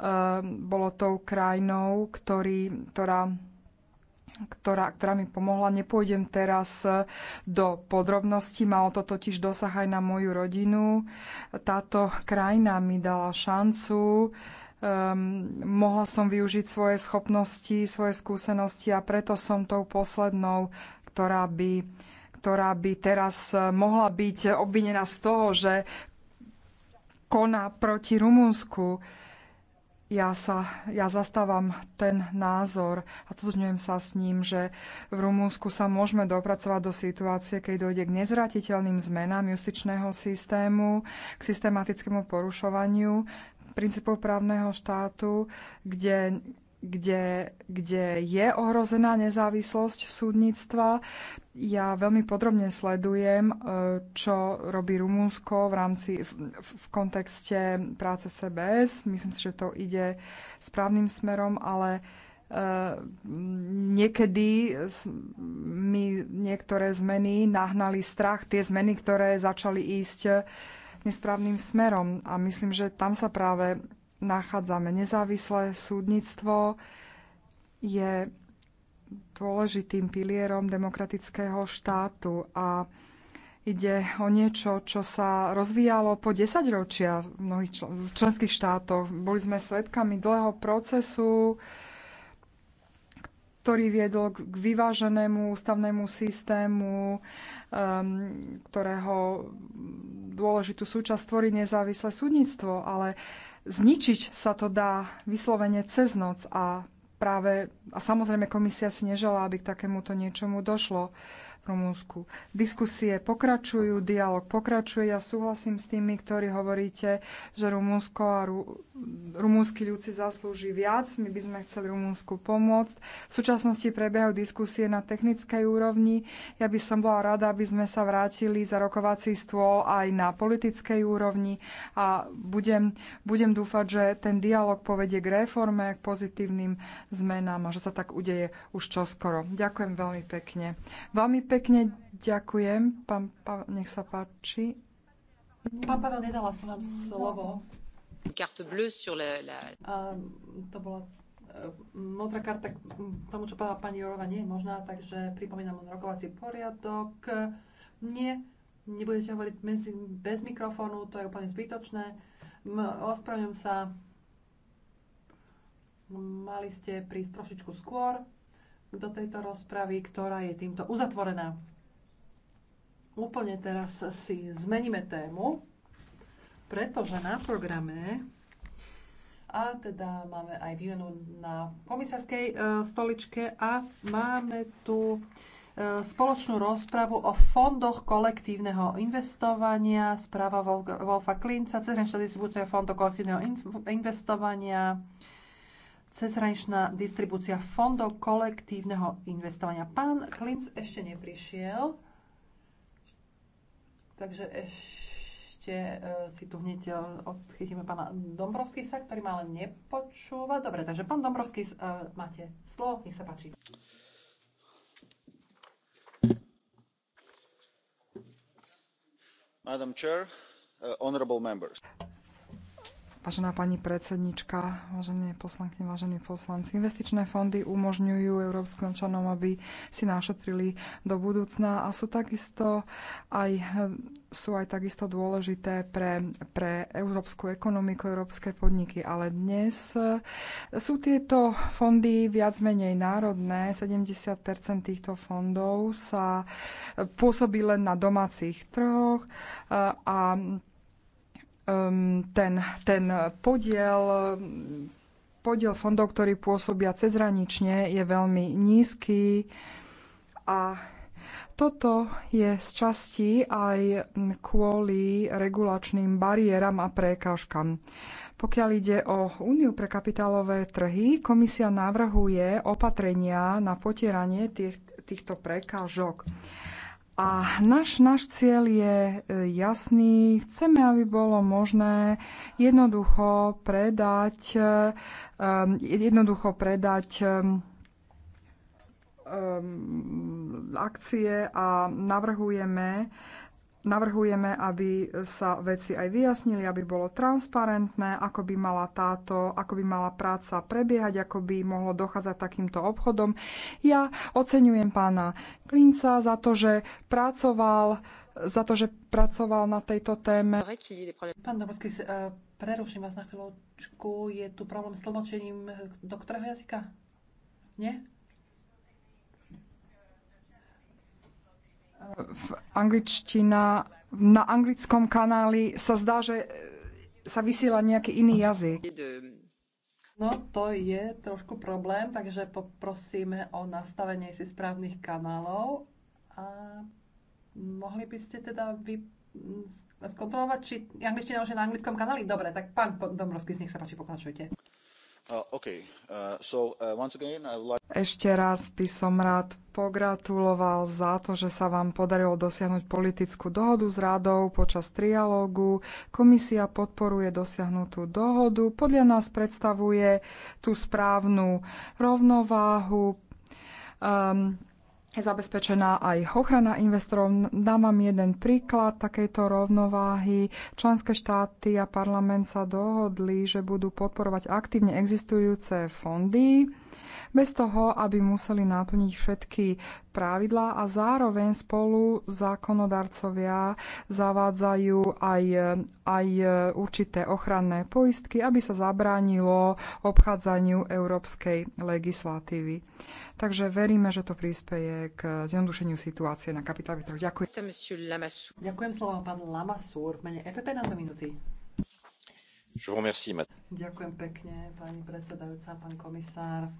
Ehm, bolo tou krajinou, ktorý, ktorá ktorá, ktorá mi pomohla. Nepôjdem teraz e, do podrobností, malo to totiž dosah aj na moju rodinu. Táto krajina mi dala šancu, um, mohla som využiť svoje schopnosti, svoje skúsenosti a preto som tou poslednou, ktorá by, ktorá by teraz e, mohla byť obvinená z toho, že koná proti Rumunsku ja, sa, ja zastávam ten názor a totožňujem sa s ním, že v Rumúnsku sa môžeme dopracovať do situácie, keď dojde k nezratiteľným zmenám justičného systému, k systematickému porušovaniu princípov právneho štátu, kde kde, kde je ohrozená nezávislosť súdnictva. Ja veľmi podrobne sledujem, e, čo robí Rumunsko v rámci v, v kontexte práce CBS. Myslím si, že to ide správnym smerom, ale e, niekedy mi niektoré zmeny nahnali strach, tie zmeny, ktoré začali ísť nesprávnym smerom. A myslím, že tam sa práve nachádzame nezávislé súdnictvo, je dôležitým pilierom demokratického štátu a ide o niečo, čo sa rozvíjalo po 10 ročia v mnohých v členských štátoch. Boli sme svedkami dlhého procesu, ktorý viedol k vyváženému ústavnému systému, ehm, ktorého dôležitú súčasť tvorí nezávislé súdnictvo. Ale Zničiť sa to dá vyslovene cez noc a práve, a samozrejme komisia si nežala, aby k takémuto niečomu došlo v Rumúnsku. Diskusie pokračujú, dialog pokračuje. Ja súhlasím s tými, ktorí hovoríte, že Rumúnsko a rumúnsky ľud si zaslúži viac, my by sme chceli Rumúnsku pomôcť. V súčasnosti prebiehajú diskusie na technickej úrovni. Ja by som bola rada, aby sme sa vrátili za rokovací stôl aj na politickej úrovni a budem, budem dúfať, že ten dialog povedie k reforme, k pozitívnym zmenám a že sa tak udeje už čoskoro. Ďakujem veľmi pekne. Veľmi pekne ďakujem. Pán, pán nech sa páči. Pán Pavel, nedala som vám slovo. A to bola e, modrá karta k tomu, čo povedala pani Jorova, nie je možná, takže pripomínam len rokovací poriadok. Nie, nebudete hovoriť bez, bez mikrofónu, to je úplne zbytočné. Ospravedlňujem sa, mali ste prísť trošičku skôr do tejto rozpravy, ktorá je týmto uzatvorená. Úplne teraz si zmeníme tému pretože na programe a teda máme aj výmenu na komisárskej e, stoličke a máme tu e, spoločnú rozpravu o fondoch kolektívneho investovania, správa Wolfa Klinca, cezhraničná distribúcia fondov kolektívneho in, investovania, cezhraničná distribúcia fondov kolektívneho investovania. Pán Klinc ešte neprišiel, takže ešte ešte e, si tu hneď e, odchytíme pána Dombrovský sa, ktorý ma ale nepočúva. Dobre, takže pán Dombrovskis, e, máte slovo, nech sa páči. Madam Chair, uh, honorable members. Vážená pani predsednička, vážené poslanky, vážení poslanci, investičné fondy umožňujú európskym občanom, aby si našetrili do budúcna a sú takisto aj, sú aj takisto dôležité pre, pre európsku ekonomiku, európske podniky. Ale dnes eh, sú tieto fondy viac menej národné. 70 týchto fondov sa eh, pôsobí len na domácich trhoch eh, a Ehm, ten, ten podiel podiel fondov, ktorí pôsobia cezhranične, je veľmi nízky a toto je z časti aj kvôli regulačným bariéram a prekážkam. Pokiaľ ide o Úniu pre kapitálové trhy, komisia navrhuje opatrenia na potieranie tých, týchto prekážok. A náš, náš cieľ je e, jasný. Chceme, aby bolo možné jednoducho predať, e, um, jednoducho predať e, um, um, akcie a navrhujeme Navrhujeme, aby sa veci aj vyjasnili, aby bolo transparentné, ako by mala táto, ako by mala práca prebiehať, ako by mohlo dochádzať takýmto obchodom. Ja oceňujem pána Klinca za to, že pracoval za to, že pracoval na tejto téme. Pán Dobrovský, e, preruším vás na chvíľočku. Je tu problém s tlmočením do ktorého jazyka? Nie? v angličtina, na anglickom kanáli sa zdá, že sa vysiela nejaký iný jazyk. No to je trošku problém, takže poprosíme o nastavenie si správnych kanálov a mohli by ste teda vy skontrolovať, či angličtina už je na anglickom kanáli? Dobre, tak pán Domrovský, nich sa páči, pokračujte. Uh, uh, uh, Ešte raz by som rád pogratuloval za to, že sa vám podarilo dosiahnuť politickú dohodu s radou počas trialógu. Komisia podporuje dosiahnutú dohodu. Podľa nás predstavuje tú správnu rovnováhu. Um, je zabezpečená aj ochrana investorov. Dám vám jeden príklad takejto rovnováhy. Členské štáty a parlament sa dohodli, že budú podporovať aktívne existujúce fondy bez toho, aby museli naplniť všetky pravidlá a zároveň spolu zákonodarcovia zavádzajú aj, aj určité ochranné poistky, aby sa zabránilo obchádzaniu európskej legislatívy. Takže veríme, že to prispieje k zjednodušeniu situácie na kapitálových trhoch. Ďakujem. Ďakujem slovo pán Lamasúr. Mene EPP na dve minúty. Ďakujem pekne, pani predsedajúca, pán komisár.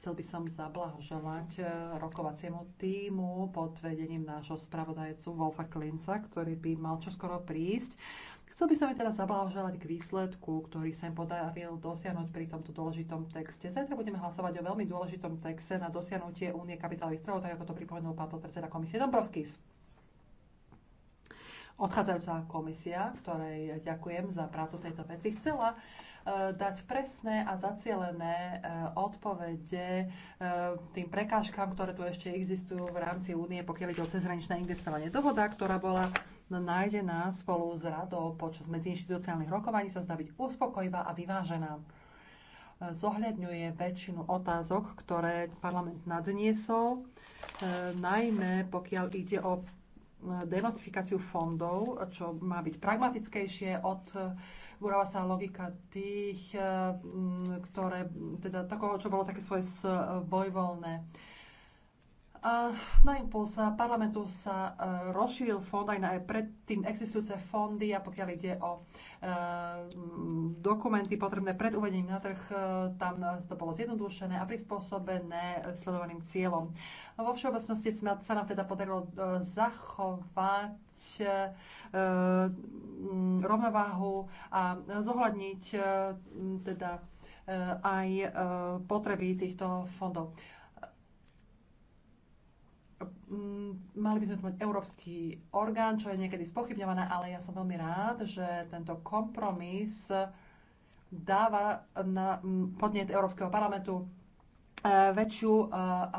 Chcel by som zablahoželať e, rokovaciemu týmu pod vedením nášho spravodajcu Wolfa Klinca, ktorý by mal čoskoro prísť. Chcel by som aj teraz zablahoželať k výsledku, ktorý sa im podaril dosiahnuť pri tomto dôležitom texte. Zajtra budeme hlasovať o veľmi dôležitom texte na dosiahnutie únie kapitálových trhov, tak ako to pripomenul pán podpredseda komisie Dombrovskis. Odchádzajúca komisia, ktorej ďakujem za prácu tejto veci, chcela E, dať presné a zacielené e, odpovede e, tým prekážkam, ktoré tu ešte existujú v rámci únie, pokiaľ ide o cezhraničné investovanie. Dohoda, ktorá bola nájdená spolu s radou počas medziinstitucionálnych rokovaní, sa zdá byť uspokojivá a vyvážená zohľadňuje väčšinu otázok, ktoré parlament nadniesol, najmä pokiaľ ide o denotifikáciu fondov, čo má byť pragmatickejšie od Burala sa logika tých, eh, ktoré, teda takoho, čo bolo také svoje eh, bojvoľné. Na impulsa parlamentu sa e, rozšíril fond aj na aj predtým existujúce fondy a pokiaľ ide o e, dokumenty potrebné pred uvedením na trh, e, tam to bolo zjednodušené a prispôsobené sledovaným cieľom. Vo všeobecnosti sa nám teda podarilo zachovať rovnováhu a zohľadniť teda aj potreby týchto fondov. Mm, mali by sme tu mať európsky orgán, čo je niekedy spochybňované, ale ja som veľmi rád, že tento kompromis dáva na mm, podnet Európskeho parlamentu e, väčšiu e,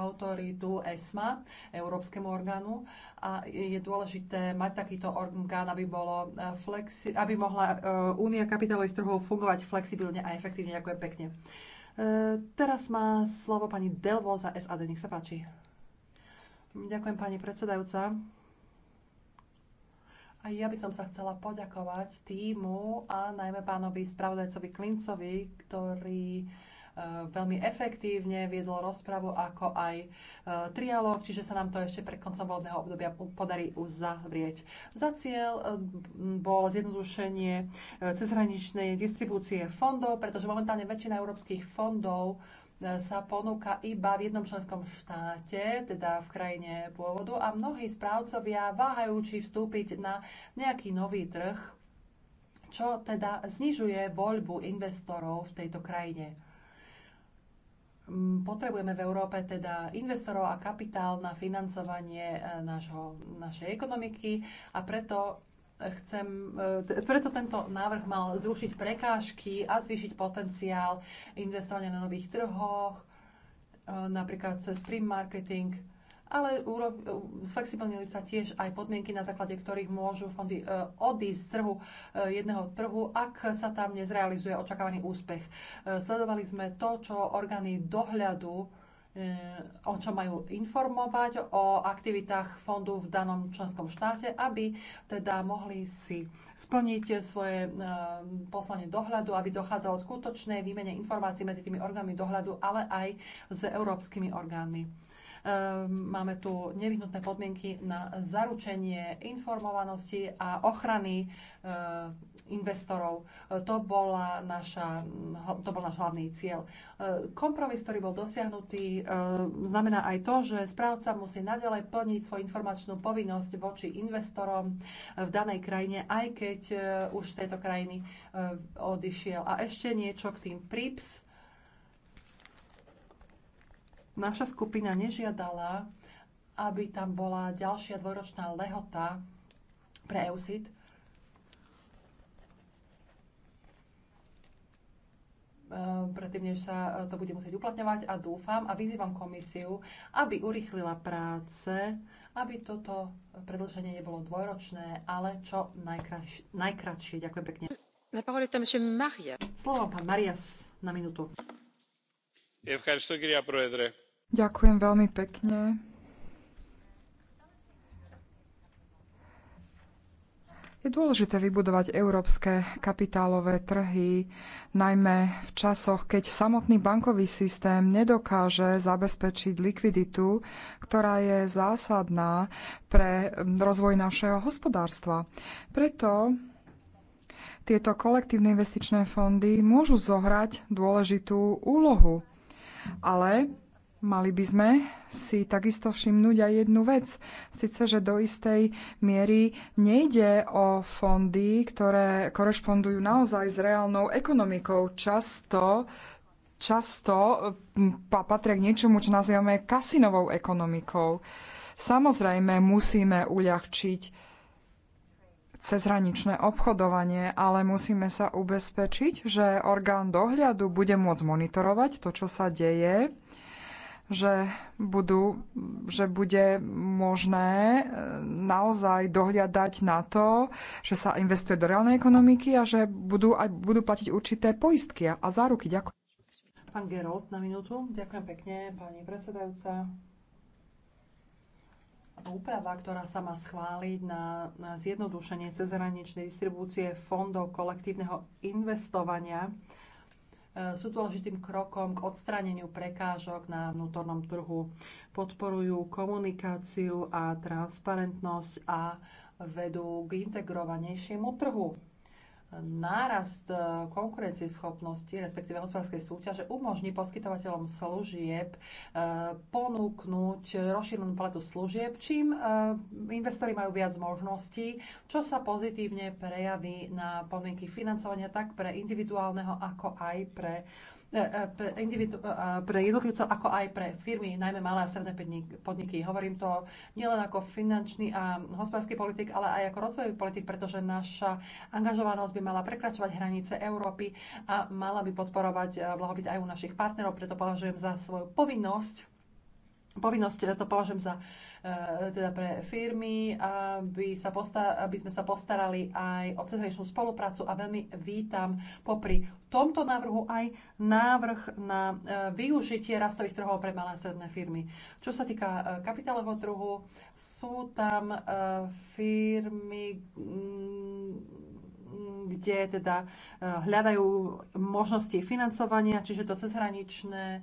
autoritu ESMA, Európskemu orgánu. A je dôležité mať takýto orgán, aby, bolo e, flexi- aby mohla Únia kapitálových trhov fungovať flexibilne a efektívne. Ďakujem pekne. Teraz má slovo pani Delvo za SAD. Nech sa páči. Ďakujem pani predsedajúca. A ja by som sa chcela poďakovať týmu a najmä pánovi spravodajcovi Klincovi, ktorý e, veľmi efektívne viedol rozpravu, ako aj trialog, e, trialóg, čiže sa nám to ešte pred koncom voľbného obdobia podarí uzavrieť. Za cieľ e, bol bolo zjednodušenie cezhraničnej distribúcie fondov, pretože momentálne väčšina európskych fondov sa ponúka iba v jednom členskom štáte, teda v krajine pôvodu a mnohí správcovia váhajú, či vstúpiť na nejaký nový trh, čo teda znižuje voľbu investorov v tejto krajine. Mm, potrebujeme v Európe teda investorov a kapitál na financovanie e, našho, našej ekonomiky a preto chcem, e, preto tento návrh mal zrušiť prekážky a zvýšiť potenciál investovania na nových trhoch, e, napríklad cez prim marketing, ale sflexibilnili e, sa tiež aj podmienky, na základe ktorých môžu fondy odísť z trhu jedného trhu, ak sa tam nezrealizuje očakávaný úspech. Sledovali sme to, čo orgány dohľadu o čo majú informovať o aktivitách fondu v danom členskom štáte, aby teda mohli si splniť svoje e, poslanie dohľadu, aby dochádzalo skutočnej výmene informácií medzi tými orgánmi dohľadu, ale aj s európskymi orgánmi. Ehm, máme tu nevyhnutné podmienky na zaručenie informovanosti a ochrany ehm, investorov. E, to, bola naša, hm, to bol náš hlavný cieľ. E, kompromis, ktorý bol dosiahnutý, ehm, znamená aj to, že správca musí naďalej plniť svoju informačnú povinnosť voči investorom e, v danej krajine, aj keď už z tejto krajiny odišiel. A ešte niečo k tým PRIPS Naša skupina nežiadala, aby tam bola ďalšia dvoročná lehota pre EUSID. Ehm, predtým, než sa to bude musieť uplatňovať a dúfam a vyzývam komisiu, aby urychlila práce, aby toto predlženie nebolo dvojročné, ale čo najkrač- Ďakujem pekne. La parole est à monsieur Marias. Slovo pán Marias na minútu. Ďakujem veľmi pekne. Je dôležité vybudovať európske kapitálové trhy, najmä v časoch, keď samotný bankový systém nedokáže zabezpečiť likviditu, ktorá je zásadná pre rozvoj našeho hospodárstva. Preto tieto kolektívne investičné fondy môžu zohrať dôležitú úlohu. Ale Mali by sme si takisto všimnúť aj jednu vec. Sice, že do istej miery nejde o fondy, ktoré korešpondujú naozaj s reálnou ekonomikou. Často často patria k niečomu, čo nazývame kasinovou ekonomikou. Samozrejme, musíme uľahčiť cezhraničné obchodovanie, ale musíme sa ubezpečiť, že orgán dohľadu bude môcť monitorovať to, čo sa deje že, budú, že bude možné e, naozaj dohľadať na to, že sa investuje do reálnej ekonomiky a že budú, aj, budú platiť určité poistky a záruky. Ďakujem. Pán Gerold na minútu. Ďakujem pekne, pani predsedajúca. Úprava, ktorá sa má schváliť na, na zjednodušenie cezhraničnej distribúcie fondov kolektívneho investovania, E, sú dôležitým krokom k odstráneniu prekážok na vnútornom trhu. Podporujú komunikáciu a transparentnosť a vedú k integrovanejšiemu trhu nárast e, konkurencieschopnosti, respektíve hospodárskej súťaže, umožní poskytovateľom služieb e, ponúknuť rozšírenú paletu služieb, čím e, investori majú viac možností, čo sa pozitívne prejaví na podmienky financovania tak pre individuálneho, ako aj pre E, e, pre, individu, e, pre jednotlivcov, ako aj pre firmy, najmä malé a stredné podniky. Hovorím to nielen ako finančný a hospodársky politik, ale aj ako rozvojový politik, pretože naša angažovanosť by mala prekračovať hranice Európy a mala by podporovať blahobyt aj u našich partnerov. Preto považujem za svoju povinnosť, povinnosť to považujem za Eh, teda pre firmy, aby, sa posta- aby sme sa postarali aj o cezhraničnú spoluprácu a veľmi vítam popri tomto návrhu aj návrh na eh, využitie rastových trhov pre malé a stredné firmy. Čo sa týka eh, kapitálového trhu, sú tam firmy, mm, kde teda hľadajú možnosti financovania, čiže to cezhraničné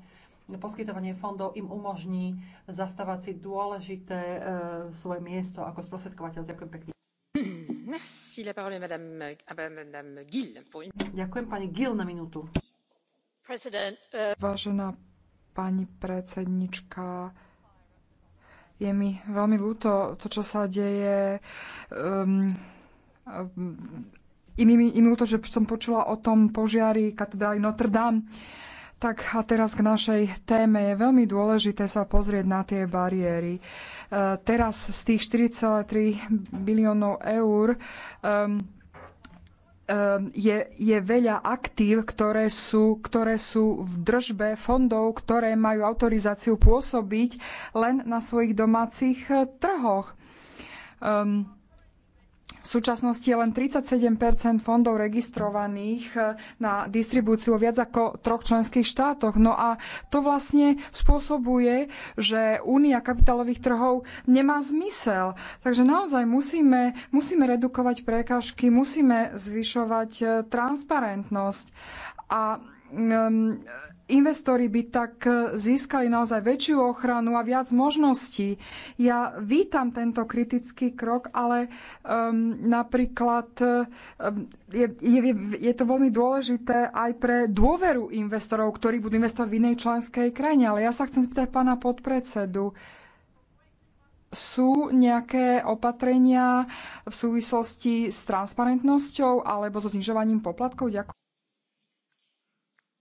poskytovanie fondov im umožní zastavať si dôležité e, svoje miesto ako sprostredkovateľ. Ďakujem pekne. [clears throat] Merci, la parole madame, ah, madame Gill. Pour... Ďakujem pani Gill na minútu. President, uh... Vážená pani predsednička, je mi veľmi ľúto to, čo sa deje. Um, um, im, im, im ľúto, že som počula o tom požiari katedrály Notre Dame. Tak a teraz k našej téme. Je veľmi dôležité sa pozrieť na tie bariéry. E, teraz z tých 4,3 biliónov eur um, je, je veľa aktív, ktoré sú, ktoré sú v držbe fondov, ktoré majú autorizáciu pôsobiť len na svojich domácich trhoch. Um, v súčasnosti je len 37 fondov registrovaných eh, na distribúciu viac ako troch členských štátoch. No a to vlastne spôsobuje, že únia kapitálových trhov nemá zmysel. Takže naozaj musíme, musíme redukovať prekážky, musíme zvyšovať eh, transparentnosť. A um, investori by tak e, získali naozaj väčšiu ochranu a viac možností. Ja vítam tento kritický krok, ale um, napríklad um, je, je, je to veľmi dôležité aj pre dôveru investorov, ktorí budú investovať v inej členskej krajine. Ale ja sa chcem spýtať pána podpredsedu sú nejaké opatrenia v súvislosti s transparentnosťou alebo so znižovaním poplatkov? Ďakujem.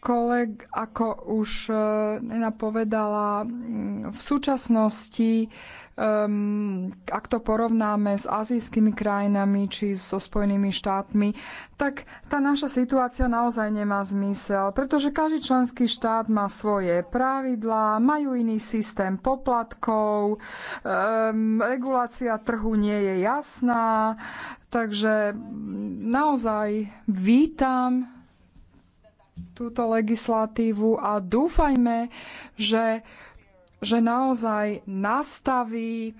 koleg, ako už e, Nena povedala, v súčasnosti, ak to porovnáme s azijskými krajinami či so Spojenými štátmi, tak tá naša situácia naozaj nemá zmysel, pretože každý členský štát má svoje pravidlá, majú iný systém poplatkov, regulácia trhu nie je jasná, takže naozaj vítam túto legislatívu a dúfajme, že, že naozaj nastaví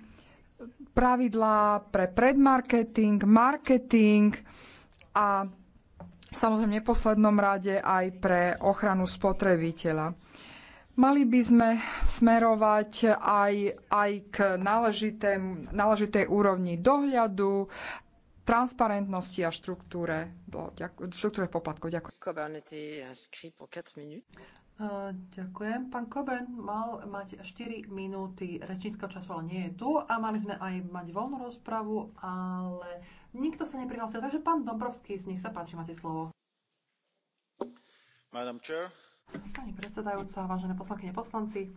pravidlá pre predmarketing, marketing a samozrejme v neposlednom rade aj pre ochranu spotrebiteľa. Mali by sme smerovať aj, aj k náležitej úrovni dohľadu, transparentnosti a štruktúre, do, ďak, štruktúre poplatkov. Ďakujem. Eh, eh, ďakujem. Pán Koben mal mať 4 minúty rečníckého času, ale nie je tu. A mali sme aj mať voľnú rozpravu, ale nikto sa neprihlásil. Takže pán Dombrovský, z nich sa páči, máte slovo. Madam Chair. Pani predsedajúca, vážené poslankyne, poslanci,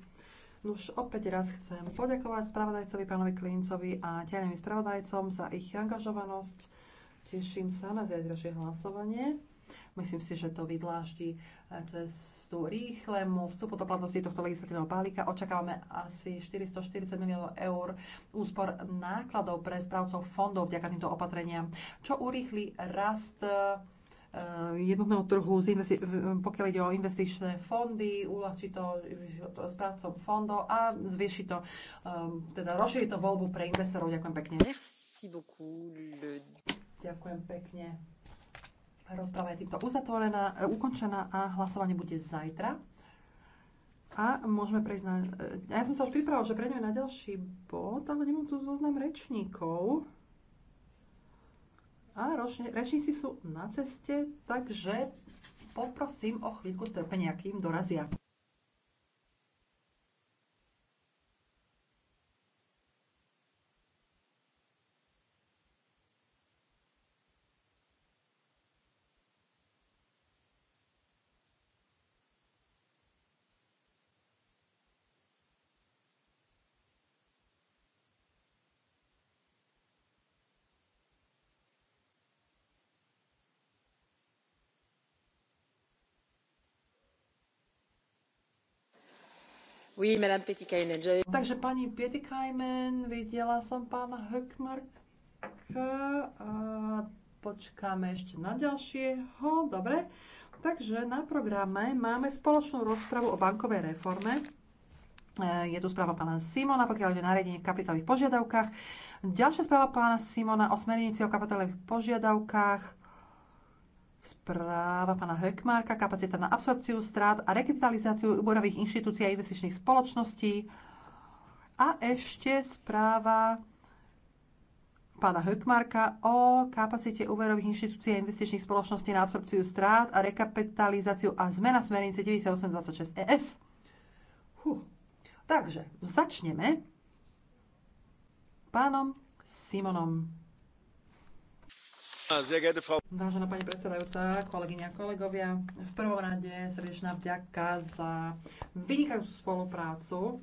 už opäť raz chcem poďakovať spravodajcovi pánovi Klincovi a tajným spravodajcom za ich angažovanosť. Teším sa na zajtrajšie hlasovanie. Myslím si, že to vydláždi eh, cestu rýchlemu vstupu do platnosti tohto legislatívneho balíka. Očakávame asi 440 miliónov eur úspor nákladov pre správcov fondov vďaka týmto opatreniam, čo urýchli rast eh, Eh, jednotného trhu, pokiaľ ide o investičné fondy, uľahčí to správcom fondov a zvieši to, eh, teda rozšíri to voľbu pre investorov. Ďakujem pekne. Merci beaucoup. Le... Ďakujem pekne. Rozpráva je týmto uzatvorená, eh, ukončená a hlasovanie bude zajtra. A môžeme prejsť na... ja som sa už pripravila, že prejdeme na ďalší bod, ale nemám tu zoznam rečníkov. A rečníci sú na ceste, takže poprosím o chvíľku strpenia, kým dorazia. Oui, madame Petikainen. Takže pani Petikainen, videla som pána Hökmarka a počkáme ešte na ďalšieho. Dobre. Takže na programe máme spoločnú rozpravu o bankovej reforme. E, je tu správa pána Simona, pokiaľ ide nariadenie v kapitálových požiadavkách. Ďalšia správa pána Simona o smernici o kapitálových požiadavkách správa pána Hökmarka, kapacita na absorpciu strát a rekapitalizáciu úborových inštitúcií a investičných spoločností. A ešte správa pána Hökmarka o kapacite úverových inštitúcií a investičných spoločností na absorpciu strát a rekapitalizáciu a zmena smernice 9826 ES. Huh. Takže začneme pánom Simonom Vážená pani predsedajúca, kolegyňa a kolegovia, v prvom rade srdečná vďaka za vynikajúcu spoluprácu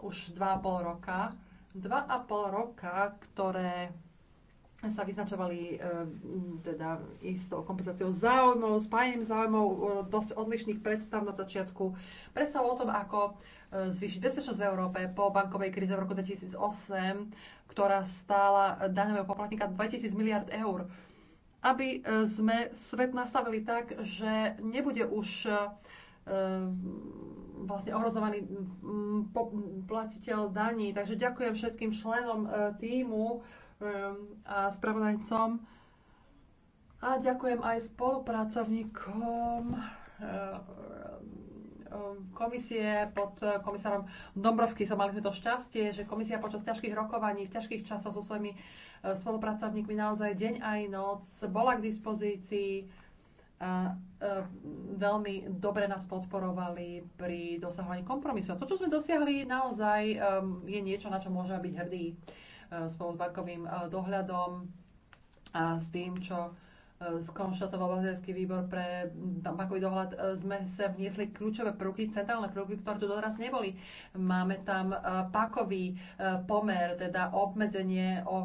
už 2,5 roka. 2,5 roka, ktoré sa vyznačovali e, teda istou kompenzáciou záujmov, spájením záujmov e, dosť odlišných predstav na začiatku. Predstav o tom, ako e, zvýšiť bezpečnosť v Európe po bankovej kríze v roku 2008, ktorá stála daňového poplatníka 2000 miliard eur aby e, sme svet nastavili tak, že nebude už e, vlastne ohrozovaný platiteľ daní. Takže ďakujem všetkým členom e, týmu a spravodajcom a ďakujem aj spolupracovníkom Eh, komisie pod eh, komisárom Dombrovským mali sme to šťastie, že komisia počas ťažkých rokovaní, v ťažkých časoch so svojimi eh, spolupracovníkmi naozaj deň aj noc bola k dispozícii a veľmi dobre nás podporovali pri dosahovaní kompromisu. A to, čo sme dosiahli, naozaj je niečo, na čo môžeme byť hrdí spolu s bankovým dohľadom a s tým, čo E, skonštatoval Bazilský výbor pre bankový dohľad, e, sme sa vniesli kľúčové prvky, centrálne prvky, ktoré tu doteraz neboli. Máme tam e, pakový pomer, teda obmedzenie o, o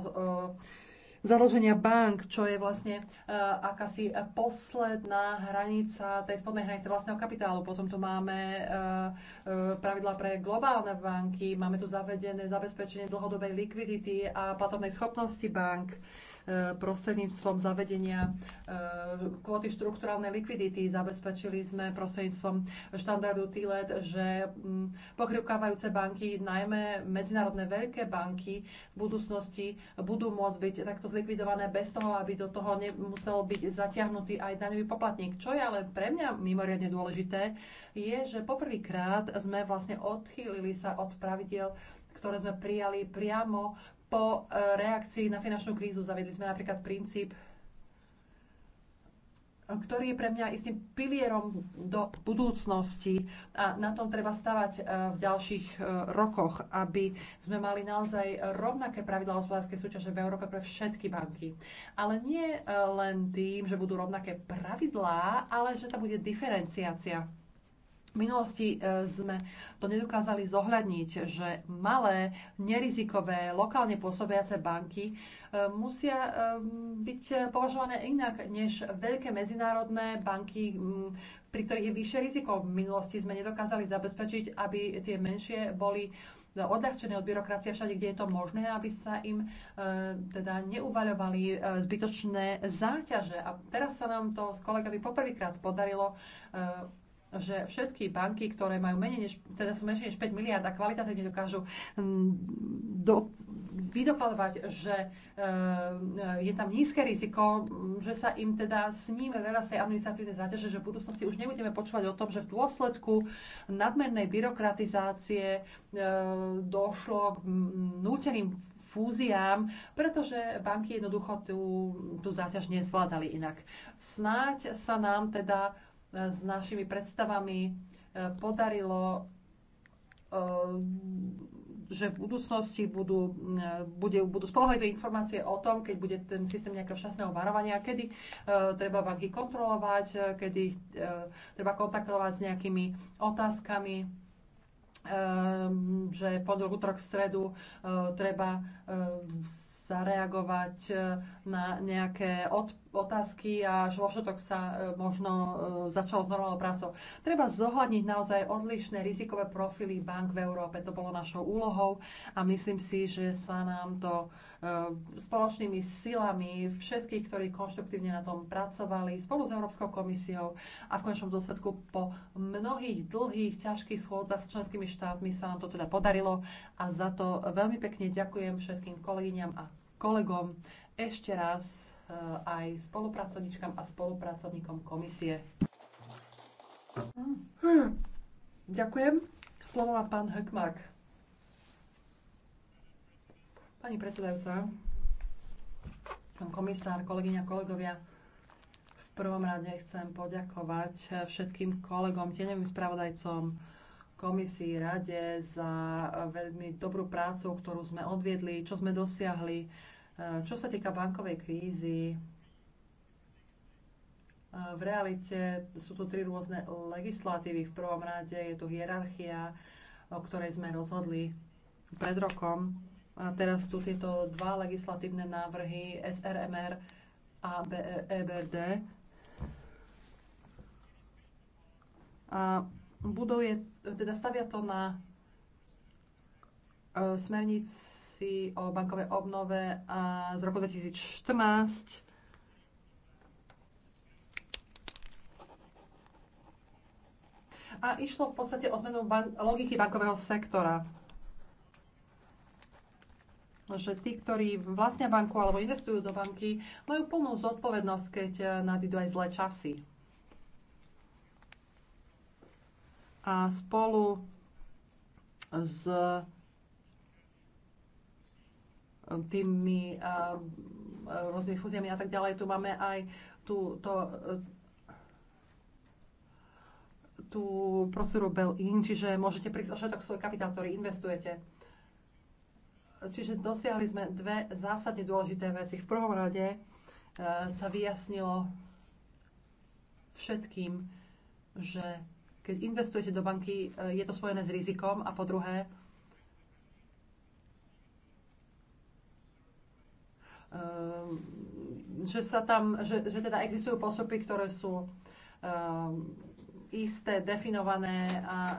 založenia bank, čo je vlastne uh, akási posledná hranica tej spodnej hranice vlastného kapitálu. Potom tu máme uh, uh, pravidla pre globálne banky, máme tu zavedené zabezpečenie dlhodobej likvidity a platobnej schopnosti bank. Uh, E, prostredníctvom zavedenia e, kvóty štruktúralnej likvidity. Zabezpečili sme prostredníctvom štandardu TILET, e že pokrivkávajúce banky, najmä medzinárodné veľké banky v budúcnosti budú môcť byť takto zlikvidované bez toho, aby do toho nemusel byť zatiahnutý aj daňový poplatník. Čo je ale pre mňa mimoriadne dôležité, je, že poprvýkrát sme vlastne odchýlili sa od pravidiel ktoré sme prijali priamo po e, reakcii na finančnú krízu zaviedli sme napríklad princíp, ktorý je pre mňa istým pilierom do budúcnosti a na tom treba stavať e, v ďalších e, rokoch, aby sme mali naozaj rovnaké pravidlá hospodárskej súťaže v Európe pre všetky banky. Ale nie len tým, že budú rovnaké pravidlá, ale že to bude diferenciácia v minulosti e, sme to nedokázali zohľadniť, že malé, nerizikové, lokálne pôsobiace banky e, musia e, byť považované inak než veľké medzinárodné banky, pri ktorých je vyššie riziko. V minulosti sme nedokázali zabezpečiť, aby tie menšie boli odľahčené od byrokracie všade, kde je to možné, aby sa im e, teda neuvaľovali e, zbytočné záťaže. A teraz sa nám to s kolegami poprvýkrát podarilo e, že všetky banky, ktoré majú menej než, teda sú menšie než 5 miliard a kvalitatívne dokážu mm, do, vydokladovať, že e, je tam nízke riziko, mm, že sa im teda sníme veľa z tej administratívnej záťaže, že v budúcnosti už nebudeme počúvať o tom, že v dôsledku nadmernej byrokratizácie e, došlo k mm, núteným fúziám, pretože banky jednoducho tú, tú záťaž nezvládali inak. Snáď sa nám teda s našimi predstavami e, podarilo, e, že v budúcnosti budú, e, bude, budú spolahlivé informácie o tom, keď bude ten systém nejakého včasného varovania, kedy treba banky kontrolovať, kedy treba kontaktovať s nejakými otázkami že pondelok, útorok, stredu treba zareagovať na nejaké odp- otázky a až vo štvrtok sa e, možno e, začalo s normálnou prácou. Treba zohľadniť naozaj odlišné rizikové profily bank v Európe. To bolo našou úlohou a myslím si, že sa nám to e, spoločnými silami všetkých, ktorí konštruktívne na tom pracovali spolu s Európskou komisiou a v končnom dôsledku po mnohých dlhých, ťažkých schôdzach s členskými štátmi sa nám to teda podarilo a za to veľmi pekne ďakujem všetkým kolegyňam a kolegom. Ešte raz Eh, aj spolupracovníčkam a spolupracovníkom komisie. Hm. Ďakujem. Slovo má pán Hökmark. Pani predsedajúca, pán komisár, kolegyňa, kolegovia, v prvom rade chcem poďakovať všetkým kolegom, tieňovým spravodajcom, komisii, rade za veľmi dobrú prácu, ktorú sme odviedli, čo sme dosiahli Eh, čo sa týka bankovej krízy, eh, v realite sú tu tri rôzne legislatívy. V prvom rade je tu hierarchia, o ktorej sme rozhodli pred rokom. A teraz tu tieto dva legislatívne návrhy SRMR a EBRD. A buduje, teda stavia to na eh, smernic si o bankovej obnove z roku 2014. A išlo v podstate o zmenu bank- logiky bankového sektora. Že tí, ktorí vlastnia banku alebo investujú do banky, majú plnú zodpovednosť, keď eh, nadídu aj zlé časy. A spolu s tými rôznymi fúziami a tak ďalej. Tu máme aj tú, to, tú procedúru Bell-in, čiže môžete prísť o všetok svoj kapitál, ktorý investujete. Čiže dosiahli sme dve zásadne dôležité veci. V prvom rade e, sa vyjasnilo všetkým, že keď investujete do banky, e, je to spojené s rizikom a po druhé, Ehm, že, sa tam, že, že teda existujú postupy, ktoré sú ehm, isté, definované a e,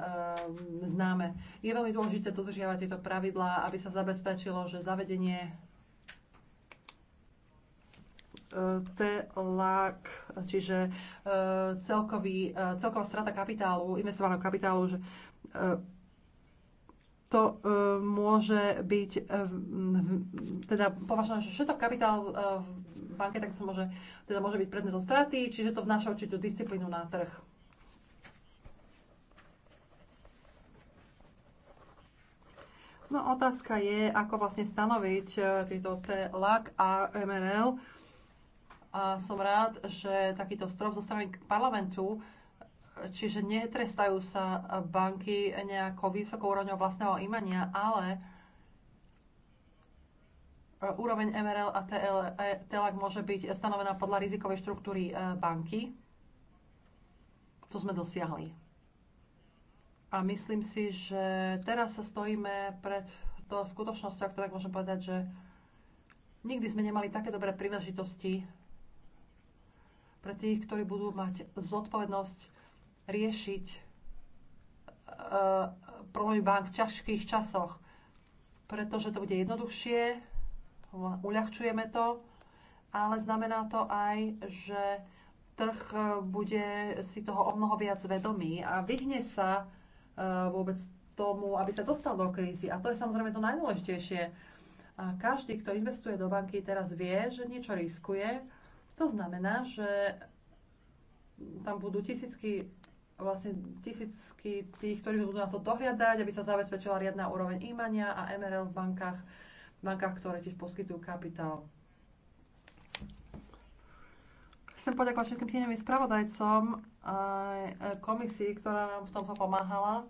známe. Je veľmi dôležité dodržiavať tieto pravidlá, aby sa zabezpečilo, že zavedenie TLAC, čiže celkový, celková strata kapitálu, investovaného kapitálu, že to e, môže byť e, teda považované, že všetok kapitál e, v banke tak to môže, teda môže byť predmetom straty, čiže to vnáša určitú disciplínu na trh. No otázka je, ako vlastne stanoviť tieto TLAC a MNL. A som rád, že takýto strop zo strany parlamentu Čiže netrestajú sa banky nejakou vysokou úrovňou vlastného imania, ale e, úroveň MRL a TLAC e, môže byť stanovená podľa rizikovej štruktúry e, banky. To sme dosiahli. A myslím si, že teraz sa stojíme pred to skutočnosťou, ak to tak môžem povedať, že nikdy sme nemali také dobré príležitosti pre tých, ktorí budú mať zodpovednosť riešiť e, e, problémy bank v ťažkých časoch, pretože to bude jednoduchšie, uľahčujeme to, ale znamená to aj, že trh e, bude si toho o mnoho viac vedomý a vyhne sa vôbec tomu, aby sa dostal do krízy. A to je samozrejme to najdôležitejšie. A každý, kto investuje do banky, teraz vie, že niečo riskuje. To znamená, že tam budú tisícky vlastne tisícky tých, ktorí budú na to dohliadať, aby sa zabezpečila riadna úroveň imania a MRL v bankách, v bankách, ktoré tiež poskytujú kapitál. Chcem poďakovať všetkým tieňovým spravodajcom aj komisii, ktorá nám v tomto pomáhala.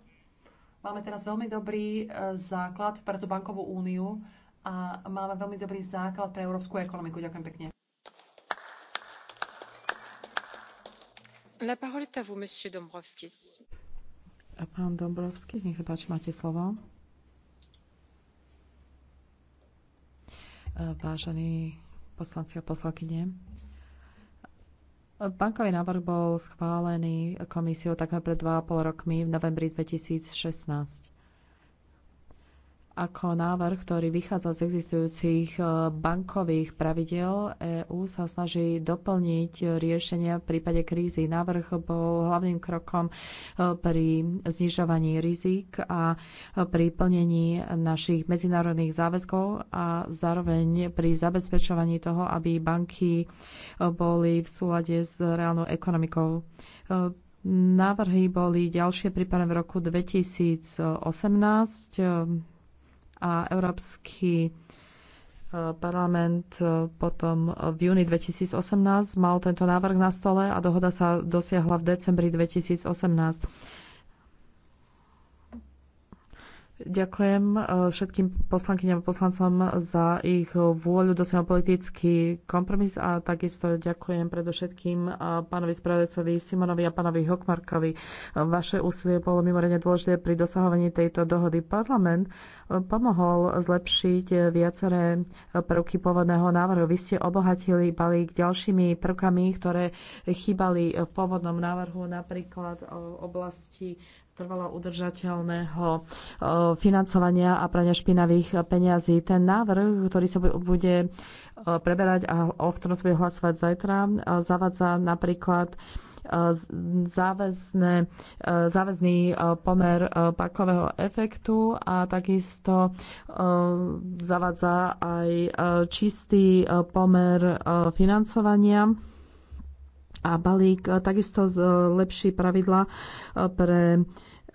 Máme teraz veľmi dobrý e, základ pre tú bankovú úniu a máme veľmi dobrý základ pre európsku ekonomiku. Ďakujem pekne. La parole est à vous, monsieur Dombrovskis. pán Dombrovský, nech páči, máte slovo. Vážení poslanci a poslankyne, Bankový návrh bol schválený komisiou takmer pred 2,5 rokmi v novembri 2016 ako návrh, ktorý vychádza z existujúcich e, bankových pravidel. EÚ sa snaží doplniť riešenia v prípade krízy. Návrh bol hlavným krokom e, pri znižovaní rizik a e, pri plnení našich medzinárodných záväzkov a zároveň pri zabezpečovaní toho, aby banky boli v súlade s reálnou ekonomikou. Návrhy boli ďalšie pripravené v roku 2018 a Európsky e, parlament e, potom v júni 2018 mal tento návrh na stole a dohoda sa dosiahla v decembri 2018. Ďakujem e, všetkým poslankyňam a poslancom za ich vôľu dosiahnuť politický kompromis a takisto ďakujem predovšetkým e, pánovi spravodajcovi Simonovi a pánovi Hokmarkovi. E, vaše úsilie bolo mimoriadne dôležité pri dosahovaní tejto dohody. Parlament pomohol zlepšiť viaceré prvky pôvodného návrhu. Vy ste obohatili balík ďalšími prvkami, ktoré chýbali v pôvodnom návrhu, napríklad v oblasti trvalo udržateľného eh, financovania a prania špinavých peňazí. Ten návrh, ktorý sa bude eh, preberať a o ktorom sa bude hlasovať zajtra, eh, zavádza napríklad záväzne, záväzný pomer pakového efektu a takisto zavádza aj čistý pomer financovania a balík e, takisto zlepší e, pravidla e, pre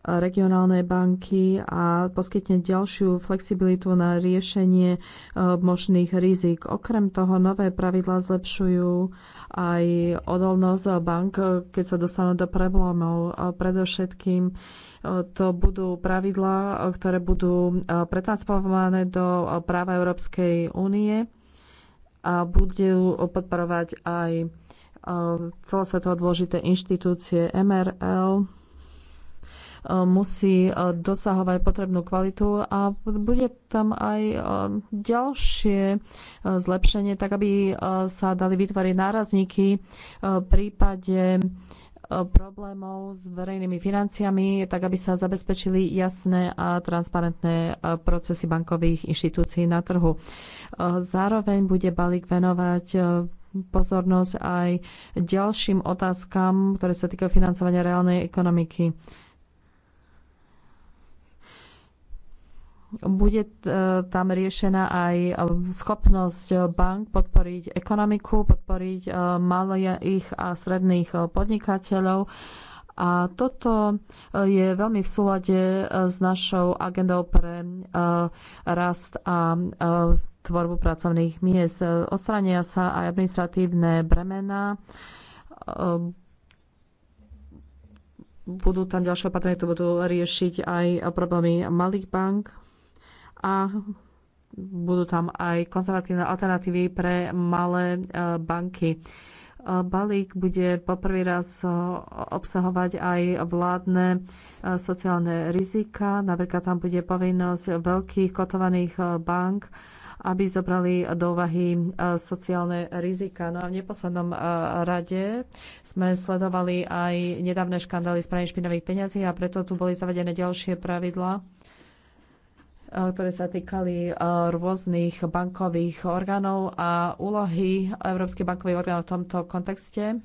regionálne banky a poskytne ďalšiu flexibilitu na riešenie možných rizik. Okrem toho nové pravidlá zlepšujú aj odolnosť bank, keď sa dostanú do problémov. Predovšetkým to budú pravidlá, ktoré budú pretransformované do práva Európskej únie a budú podporovať aj Eh, celosvetovo dôležité inštitúcie MRL eh, musí eh, dosahovať potrebnú kvalitu a bude tam aj ďalšie zlepšenie, tak aby sa dali vytvoriť nárazníky v prípade problémov s verejnými financiami, tak aby sa zabezpečili jasné a transparentné procesy bankových inštitúcií na trhu. Zároveň bude balík venovať pozornosť aj ďalším otázkam, ktoré sa týkajú financovania reálnej ekonomiky. Bude e, tam riešená aj schopnosť bank podporiť ekonomiku, podporiť e, malých a stredných podnikateľov. A toto e, je veľmi v súlade s našou agendou pre rast a tvorbu pracovných miest. E, odstrania sa aj administratívne bremena, e, budú tam ďalšie opatrenia, ktoré budú riešiť aj problémy malých bank a budú tam aj konzervatívne alternatívy pre malé e, banky. Balík bude poprvý raz obsahovať aj vládne sociálne rizika. Napríklad tam bude povinnosť veľkých kotovaných bank aby zobrali do úvahy e, sociálne rizika. No a v neposlednom e, rade sme sledovali aj nedávne škandály z praní špinavých peňazí a preto tu boli zavedené ďalšie pravidlá e, ktoré sa týkali rôznych bankových orgánov a úlohy Európskej bankových orgánov v tomto kontexte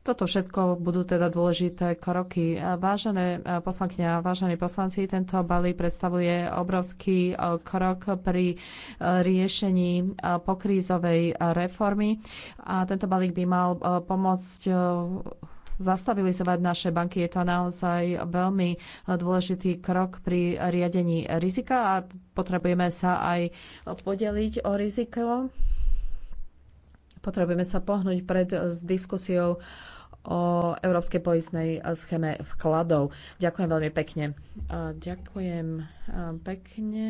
toto všetko budú teda dôležité kroky. Vážené poslankyňa, a vážení poslanci, tento balík predstavuje obrovský e, krok pri e, riešení e, pokrízovej reformy a tento balík by mal pomôcť zastabilizovať naše banky. Je to naozaj veľmi dôležitý krok pri riadení rizika a potrebujeme sa aj podeliť o riziko. Potrebujeme sa pohnúť pred s diskusiou o Európskej poistnej scheme vkladov. Ďakujem veľmi pekne. Ďakujem pekne.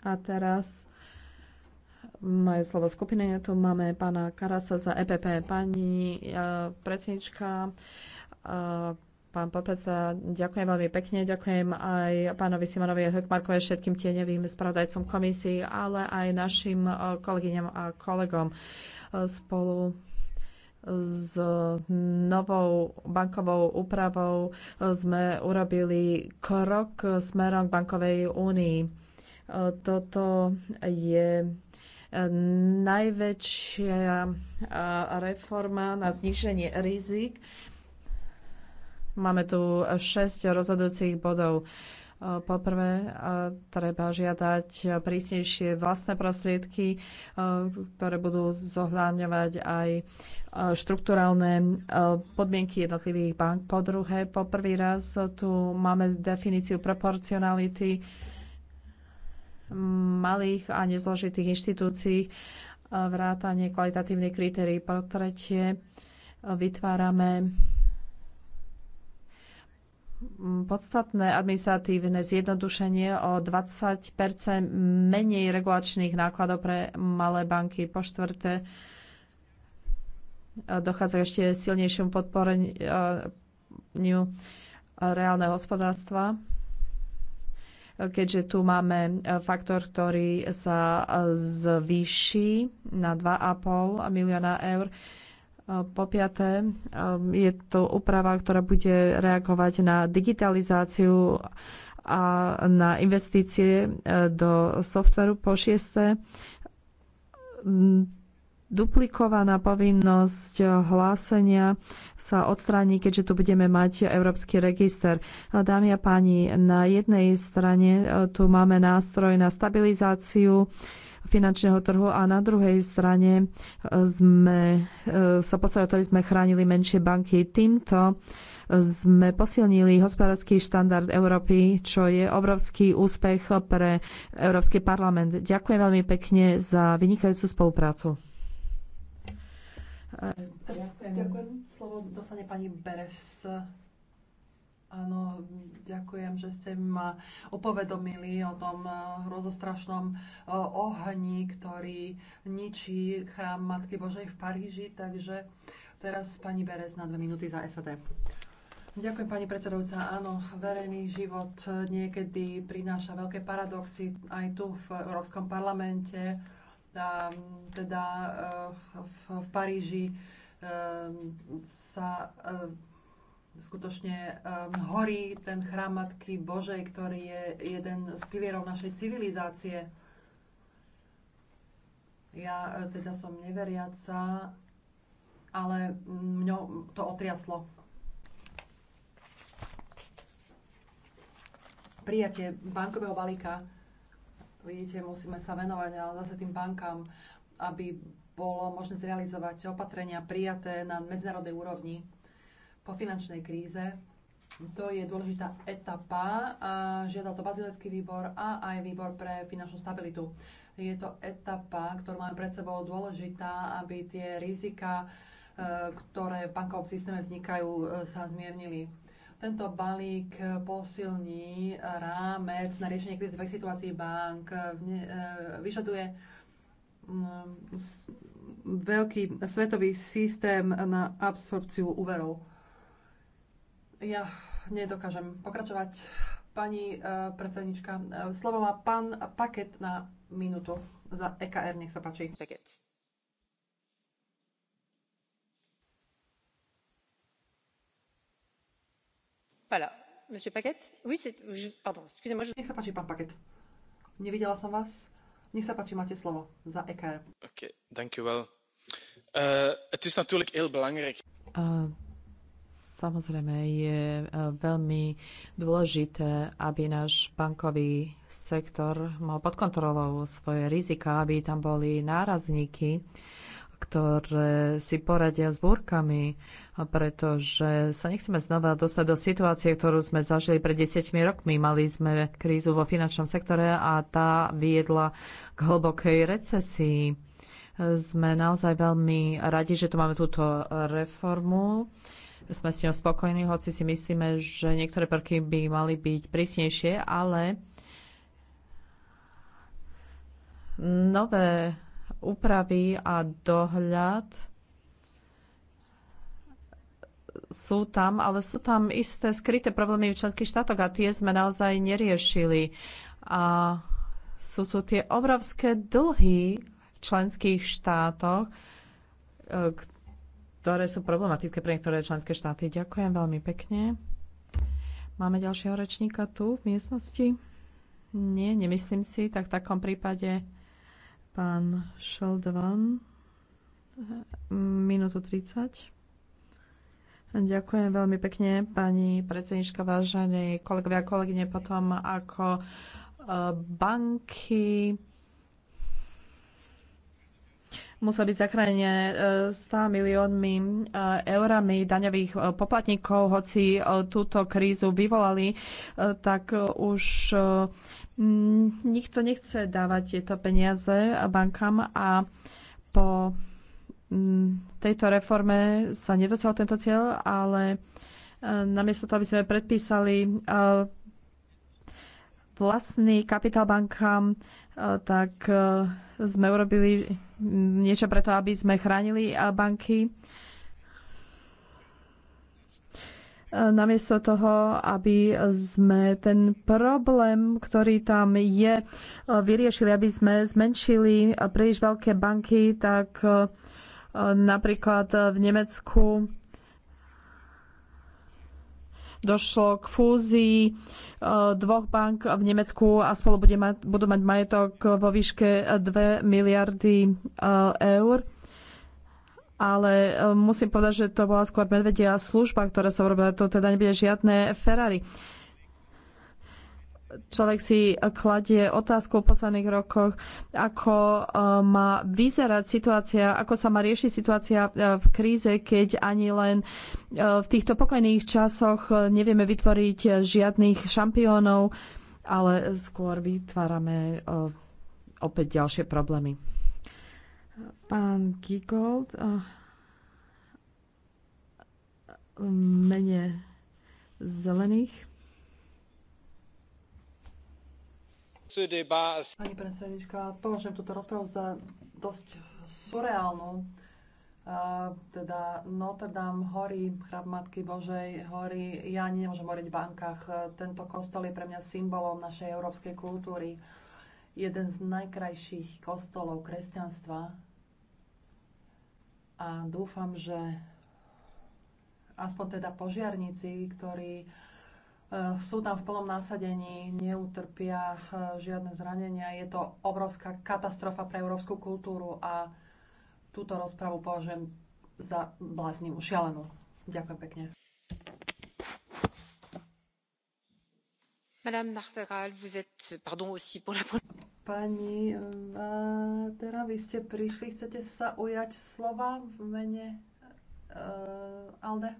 A teraz majú slovo skupiny. Tu máme pána Karasa za EPP. Pani predsednička, pán Popec, ďakujem veľmi pekne, ďakujem aj pánovi Simonovi Hökmarkovi, všetkým tieňovým spravodajcom komisii, ale aj našim kolegyňam a kolegom spolu s novou bankovou úpravou sme urobili krok smerom k bankovej únii. Toto je najväčšia reforma na zniženie rizik. Máme tu 6 rozhodujúcich bodov. Eh, poprvé, eh, treba žiadať prísnejšie vlastné prostriedky, eh, ktoré budú zohľadňovať aj štruktúralne podmienky jednotlivých bank. Po druhé, po prvý raz tu máme definíciu proporcionality malých a nezložitých inštitúcií, vrátanie kvalitatívnych kritérií. Po tretie, vytvárame podstatné administratívne zjednodušenie o 20 menej regulačných nákladov pre malé banky. Po štvrté, dochádza ešte silnejšiemu podporeniu reálneho hospodárstva, keďže tu máme faktor, ktorý sa zvýši na 2,5 milióna eur po piaté, um, je to úprava, ktorá bude reagovať na digitalizáciu a na investície uh, do softveru. Po šiesté, duplikovaná povinnosť hlásenia sa odstráni, keďže tu budeme mať Európsky register. Dámy a páni, na jednej strane uh, tu máme nástroj na stabilizáciu finančného trhu a na druhej strane e, sme e, sa postarali, aby sme chránili menšie banky. Týmto e, sme posilnili hospodársky štandard Európy, čo je obrovský úspech pre Európsky parlament. Ďakujem veľmi pekne za vynikajúcu spoluprácu. Ďakujem. Ďakujem. Slovo dostane pani Beres Áno, ďakujem, že ste ma opovedomili o tom eh, hrozostrašnom eh, ohni, ktorý ničí chrám Matky Božej v Paríži. Takže teraz pani Berez na dve minúty za SAD. Ďakujem, pani predsedovca. Áno, verejný život eh, niekedy prináša veľké paradoxy aj tu v Európskom parlamente, teda v, v Paríži sa skutočne um, horí ten chrám Matky Božej, ktorý je jeden z pilierov našej civilizácie. Ja e, teda som neveriaca, ale mňa to otriaslo. Prijatie bankového balíka, vidíte, musíme sa venovať ale zase tým bankám, aby bolo možné zrealizovať opatrenia prijaté na medzinárodnej úrovni po finančnej kríze. To je dôležitá etapa. Žiadal to Bazilecký výbor a aj výbor pre finančnú stabilitu. Je to etapa, ktorú máme pred sebou dôležitá, aby tie rizika, e, ktoré v bankovom systéme vznikajú, e, sa zmiernili. Tento balík posilní rámec na riešenie krizových situácií bank, e, vyžaduje mm, veľký svetový systém na absorpciu úverov. Ja nedokážem pokračovať. Pani uh, predsednička, uh, slovo má pán Paket na minútu za EKR, nech sa páči. Paket. Voilà. Monsieur Paket? Oui, c'est... Pardon, excusez-moi. Je... Nech sa páči, pán Paket. Nevidela som vás. Nech sa páči, máte slovo za EKR. OK, thank you well. Uh, eh, het is natuurlijk heel belangrijk. Uh, Samozrejme je e, veľmi dôležité, aby náš bankový sektor mal pod kontrolou svoje rizika, aby tam boli nárazníky, ktoré si poradia s búrkami, pretože sa nechceme znova dostať do situácie, ktorú sme zažili pred desiatimi rokmi. Mali sme krízu vo finančnom sektore a tá viedla k hlbokej recesii. Sme naozaj veľmi radi, že tu máme túto reformu sme s ňou spokojní, hoci si myslíme, že niektoré prvky by mali byť prísnejšie, ale nové úpravy a dohľad sú tam, ale sú tam isté skryté problémy v členských štátoch a tie sme naozaj neriešili. A sú tu tie obrovské dlhy v členských štátoch, e, ktoré sú problematické pre niektoré členské štáty. Ďakujem veľmi pekne. Máme ďalšieho rečníka tu v miestnosti? Nie, nemyslím si. Tak v takom prípade pán Šeldovan, minútu 30. Ďakujem veľmi pekne, pani predsednička, vážení kolegovia a kolegyne. Potom ako eh, banky musel byť zachránené 100 e, miliónmi e, eurami daňových e, poplatníkov, hoci túto krízu vyvolali, tak už nikto nechce dávať tieto peniaze bankám a po tejto reforme sa nedosiahol tento cieľ, ale namiesto toho, aby sme predpísali vlastný kapitál bankám, tak sme urobili niečo preto, aby sme chránili eh, banky. Eh, namiesto toho, aby sme ten problém, ktorý tam je, eh, vyriešili, aby sme zmenšili príliš veľké banky, tak napríklad v Nemecku došlo k fúzii e, dvoch bank v Nemecku a spolu bude mať, budú mať majetok vo výške 2 miliardy e, eur. Ale e, musím povedať, že to bola skôr medvedia služba, ktorá sa urobila. To teda nebude žiadne Ferrari človek si kladie otázku v posledných rokoch, ako e, má vyzerať situácia, ako sa má riešiť situácia e, v kríze, keď ani len e, v týchto pokojných časoch nevieme vytvoriť žiadnych šampiónov, ale skôr vytvárame opäť ďalšie problémy. Pán Gigold, mene zelených. Pani predsednička, považujem túto rozpravu za dosť surreálnu. Uh, teda Notre Dame horí, chrab Matky Božej horí, ja nemôžem horiť v bankách. Tento kostol je pre mňa symbolom našej európskej kultúry. Jeden z najkrajších kostolov kresťanstva. A dúfam, že aspoň teda požiarníci, ktorí Eh, sú tam v plnom násadení, neutrpia eh, žiadne zranenia. Je to obrovská katastrofa pre európsku kultúru a túto rozpravu považujem za bláznivú, šialenú. Ďakujem pekne. Madame Narteral, vous êtes, pardon, aussi pour la Pani Vátera, eh, vy ste prišli, chcete sa ujať slova v mene uh, Alde?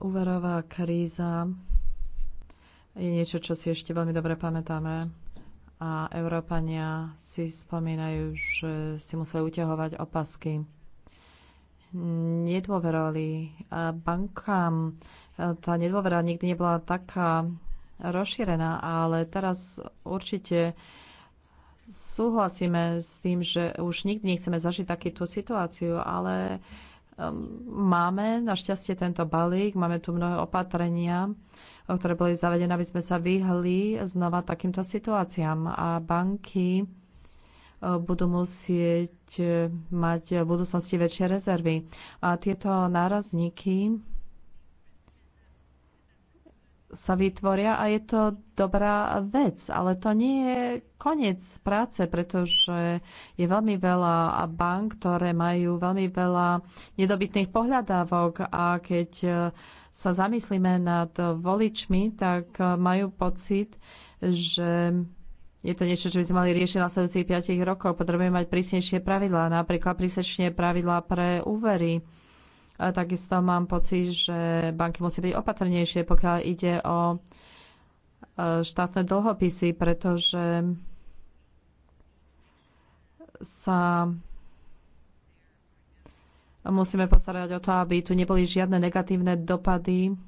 Úverová kríza je niečo, čo si ešte veľmi dobre pamätáme a Európania si spomínajú, že si museli uťahovať opasky. Nedôverovali bankám. Tá nedôvera nikdy nebola taká rozšírená, ale teraz určite súhlasíme s tým, že už nikdy nechceme zažiť takúto situáciu, ale Ehm, máme našťastie tento balík, máme tu mnohé opatrenia, eh, ktoré boli zavedené, aby sme sa vyhli znova takýmto situáciám. A banky eh, budú musieť eh, mať v budúcnosti väčšie rezervy. A tieto nárazníky sa vytvoria a je to dobrá vec, ale to nie je koniec práce, pretože je veľmi veľa bank, ktoré majú veľmi veľa nedobytných pohľadávok a keď e, sa zamyslíme nad voličmi, tak e, majú pocit, že je to niečo, čo by sme mali riešiť na sledujúcich 5 rokov. Potrebujeme mať prísnejšie pravidlá, napríklad prísnejšie pravidlá pre úvery Takisto mám pocit, že banky musí byť opatrnejšie, pokiaľ ide o e, štátne dlhopisy, pretože sa musíme postarať o to, aby tu neboli žiadne negatívne dopady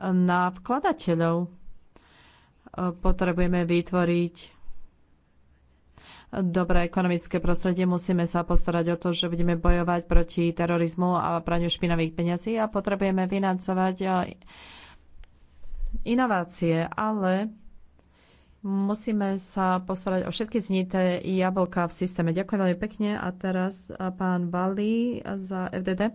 na vkladateľov. E, potrebujeme vytvoriť dobré ekonomické prostredie, musíme sa postarať o to, že budeme bojovať proti terorizmu a praniu špinavých peňazí a potrebujeme financovať eh, inovácie, ale musíme sa postarať o všetky znité jablka v systéme. Ďakujem veľmi pekne a teraz eh, pán Bali za FDD.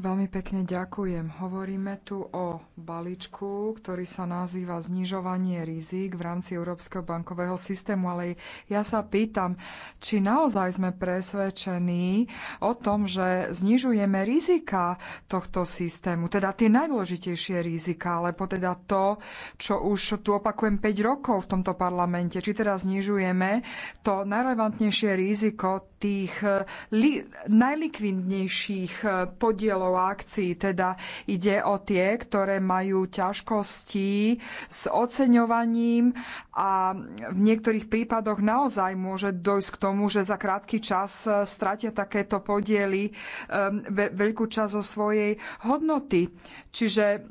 Veľmi pekne ďakujem. Hovoríme tu o balíčku, ktorý sa nazýva znižovanie rizik v rámci Európskeho bankového systému, ale ja sa pýtam, či naozaj sme presvedčení o tom, že znižujeme rizika tohto systému, teda tie najdôležitejšie rizika, alebo teda to, čo už tu opakujem 5 rokov v tomto parlamente, či teda znižujeme to najrelevantnejšie riziko tých eh, li- najlikvidnejších eh, podielov akcií, teda ide o tie, ktoré majú ťažkosti s oceňovaním a v niektorých prípadoch naozaj môže dojsť k tomu, že za krátky čas eh, stratia takéto podiely veľkú časť zo svojej hodnoty. Čiže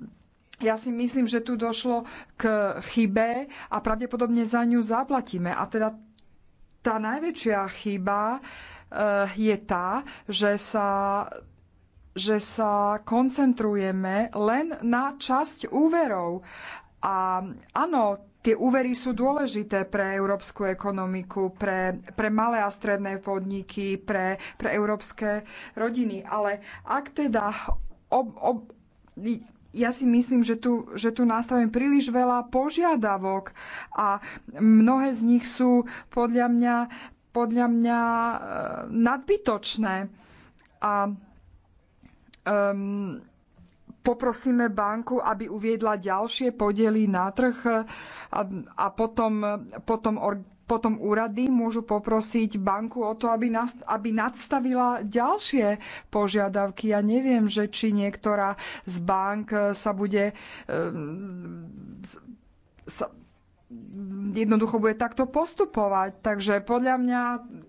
ja si myslím, že tu došlo k chybe a pravdepodobne za ňu zaplatíme. A teda tá najväčšia chyba eh, je tá, že sa že sa koncentrujeme len na časť úverov. A áno, tie úvery sú dôležité pre európsku ekonomiku, pre, pre malé a stredné podniky, pre, pre európske rodiny. Ale ak teda ob, ob, ja si myslím, že tu, že tu nastavím príliš veľa požiadavok a mnohé z nich sú podľa mňa, podľa mňa eh, nadbytočné. A um, poprosíme banku, aby uviedla ďalšie podiely na trh eh, a, a potom, potom or, potom úrady môžu poprosiť banku o to, aby, nas, aby nadstavila ďalšie požiadavky. Ja neviem, že či niektorá z bank sa bude ehm, sa, jednoducho bude takto postupovať. Takže podľa mňa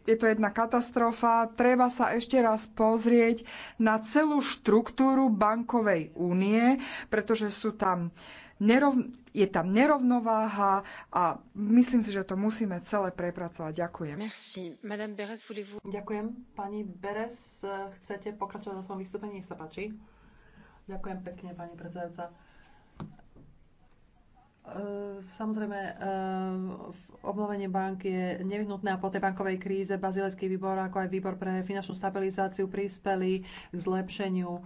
je to jedna katastrofa. Treba sa ešte raz pozrieť na celú štruktúru bankovej únie, pretože sú tam nerov, je tam nerovnováha a myslím si, že to musíme celé prepracovať. Ďakujem. Merci. Madame Beres, voulez-vous... Ďakujem. Pani Beres, chcete pokračovať na svojom vystúpení? Nech sa páči. Ďakujem pekne, pani predsedajúca. Ehm, samozrejme, ehm, obnovenie bank je nevyhnutné a po tej bankovej kríze Bazilejský výbor ako aj výbor pre finančnú stabilizáciu prispeli k zlepšeniu ehm,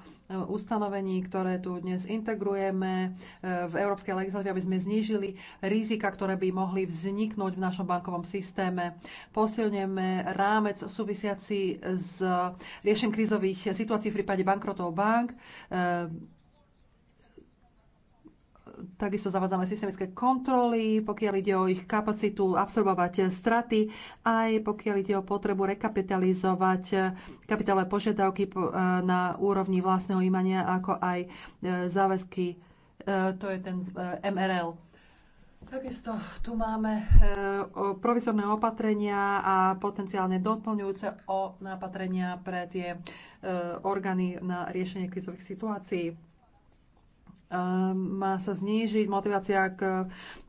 ustanovení, ktoré tu dnes integrujeme v európskej legislatíve, aby sme znížili rizika, ktoré by mohli vzniknúť v našom bankovom systéme. Posilňujeme rámec súvisiaci s riešením krízových situácií v prípade bankrotov bank Takisto zavádzame systemické kontroly, pokiaľ ide o ich kapacitu absorbovať straty, aj pokiaľ ide o potrebu rekapitalizovať eh, kapitálové požiadavky eh, na úrovni vlastného imania, ako aj eh, záväzky, to je ten MRL. Takisto tu máme provizorné opatrenia a potenciálne doplňujúce opatrenia pre tie orgány na riešenie krizových situácií. Ehm, má sa znížiť motivácia k eh,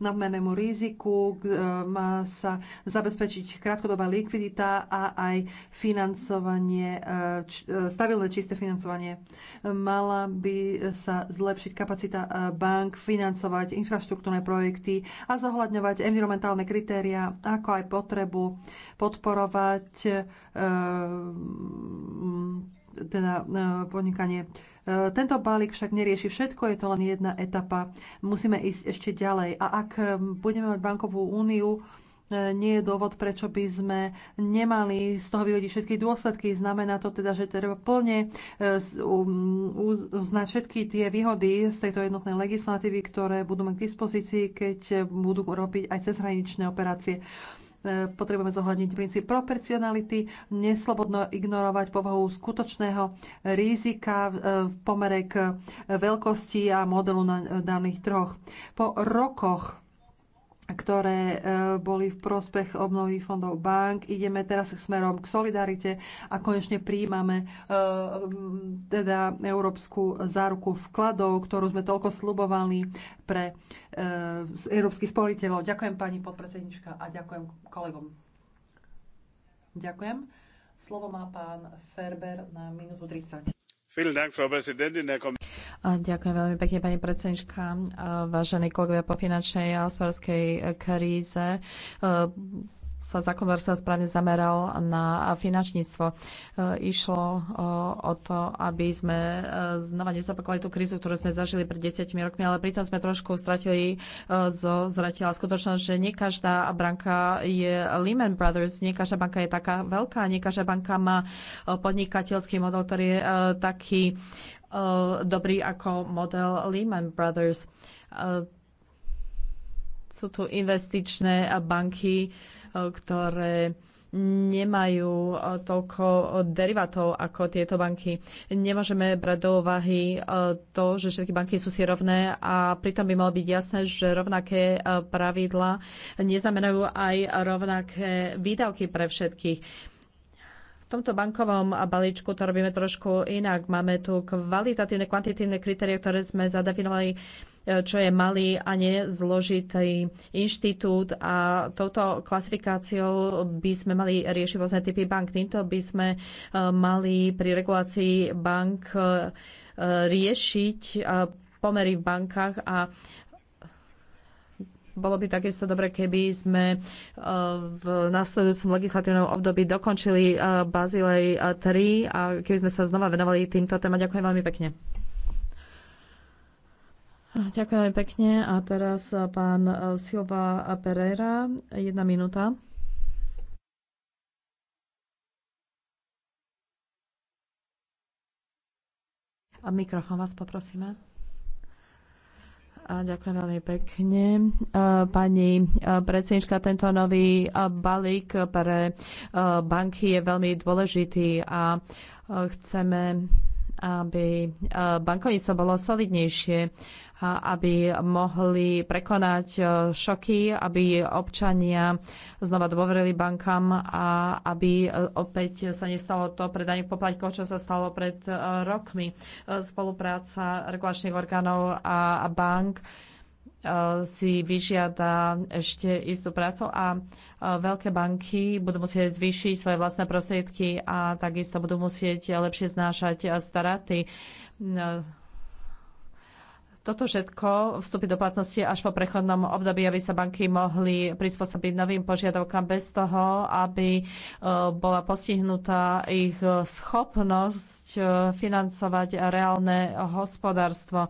nadmernému riziku, eh, má sa zabezpečiť krátkodobá likvidita a aj financovanie, eh, stabilné čisté financovanie. Mala by sa zlepšiť kapacita bank financovať infraštruktúrne projekty a zohľadňovať environmentálne kritéria, ako aj potrebu podporovať teda podnikanie Eh, tento balík však nerieši všetko, je to len jedna etapa. Musíme ísť ešte ďalej. A ak eh, budeme mať bankovú úniu, eh, nie je dôvod, prečo by sme nemali z toho vyvodiť všetky dôsledky. Znamená to teda, že treba plne um, uznať všetky tie výhody z tejto jednotnej legislatívy, ktoré budú mať k dispozícii, keď budú robiť aj cezhraničné operácie. E, potrebujeme zohľadniť princíp proporcionality, neslobodno ignorovať povahu skutočného rizika e, v pomere k veľkosti a modelu na daných trhoch. Po rokoch ktoré e, boli v prospech obnovy fondov bank. Ideme teraz smerom k solidarite a konečne príjmame e, teda európsku záruku vkladov, ktorú sme toľko slubovali pre e, európskych spoliteľov. Ďakujem pani podpredsednička a ďakujem kolegom. Ďakujem. Slovo má pán Ferber na minútu 30. Ďakujem veľmi pekne, pani predsednička. Vážení kolegovia, po finančnej a hospodárskej e, kríze e, sa sa správne zameral na finančníctvo. Išlo eh, o to, aby sme eh, znova nezopakovali tú krízu, ktorú sme zažili pred desiatimi rokmi, ale pritom sme trošku stratili eh, zo zratila skutočnosť, že nie každá banka je Lehman Brothers, nie každá banka je taká veľká, nie každá banka má podnikateľský model, ktorý je taký dobrý ako model Lehman Brothers. Sú tu investičné banky, ktoré nemajú eh, toľko eh, derivátov ako tieto banky. Nemôžeme brať do úvahy eh, to, že všetky banky sú si rovné a pritom by malo byť jasné, že rovnaké pravidla neznamenajú aj rovnaké výdavky pre všetkých. V tomto bankovom balíčku to robíme trošku inak. Máme tu kvalitatívne, kvantitívne kritéria, ktoré sme zadefinovali E, čo je malý a nezložitý inštitút a touto klasifikáciou by sme mali riešiť rôzne typy bank. Týmto by sme e, mali pri regulácii bank e, riešiť pomery v bankách a bolo by takisto dobre, keby sme v nasledujúcom legislatívnom období dokončili Bazilej 3 a keby sme sa znova venovali týmto téma. Ďakujem veľmi pekne. Ďakujem pekne. A teraz eh, pán eh, Silva Pereira, jedna minúta. A mikrofón vás poprosíme. A ďakujem veľmi pekne. Eh, pani predsednička, tento nový balík pre banky je veľmi dôležitý a chceme, aby bankovníctvo bolo solidnejšie aby mohli prekonať e, šoky, aby občania znova dôverili bankám a aby e, opäť sa nestalo to pre daných poplatkov, čo sa stalo pred e, rokmi. Spolupráca regulačných orgánov a bank si vyžiada ešte istú prácu a veľké banky budú musieť zvýšiť svoje vlastné prostriedky a takisto budú musieť lepšie znášať straty toto všetko vstúpi do platnosti až po prechodnom období, aby sa banky mohli prispôsobiť novým požiadavkám bez toho, aby e, bola postihnutá ich schopnosť e, financovať reálne hospodárstvo. E,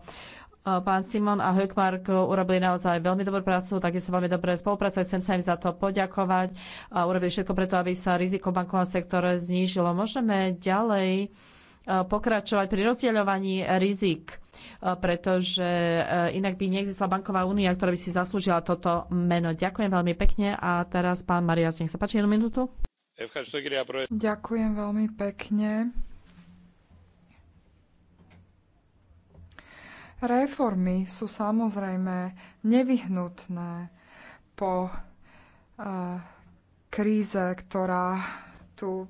pán Simon a Hökmark urobili naozaj veľmi dobrú prácu, takisto veľmi dobré spolupracovali. Chcem sa im za to poďakovať a urobili všetko preto, aby sa riziko v bankovom sektore znížilo. Môžeme ďalej Eh, pokračovať pri rozdeľovaní rizik, eh, pretože eh, inak by neexistovala banková únia, ktorá by si zaslúžila toto meno. Ďakujem veľmi pekne a teraz pán Marias, nech sa páči jednu minútu. Ďakujem veľmi pekne. Reformy sú samozrejme nevyhnutné po uh, kríze, ktorá tu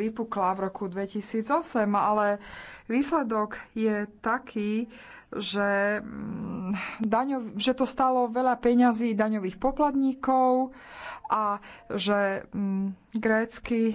vypukla v roku 2008, ale výsledok je taký, že, mm, daňov, že to stalo veľa peňazí daňových poplatníkov a že mm, grécky e,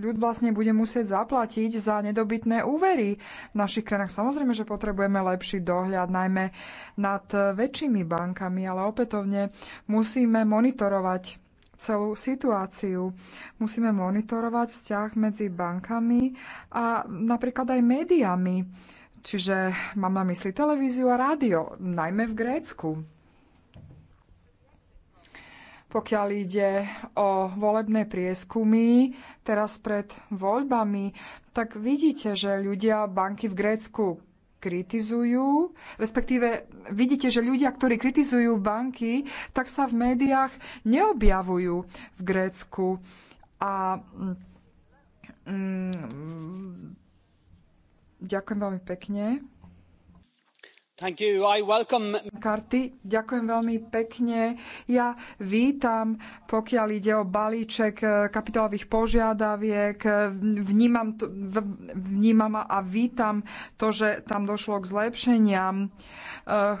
ľud vlastne bude musieť zaplatiť za nedobytné úvery v našich krajinách. Samozrejme, že potrebujeme lepší dohľad, najmä nad e, väčšími bankami, ale opätovne musíme monitorovať celú situáciu. Musíme monitorovať vzťah medzi bankami a napríklad aj médiami. Čiže mám na mysli televíziu a rádio, najmä v Grécku. Pokiaľ ide o volebné prieskumy teraz pred voľbami, tak vidíte, že ľudia banky v Grécku kritizujú, respektíve vidíte, že ľudia, ktorí kritizujú banky, tak sa v médiách neobjavujú v Grécku. A mm, mm ďakujem veľmi pekne ďakujem veľmi pekne. Ja vítam, pokiaľ ide o balíček eh, kapitálových požiadaviek, vnímam, vnímam a vítam to, že tam došlo k zlepšeniam. Eh,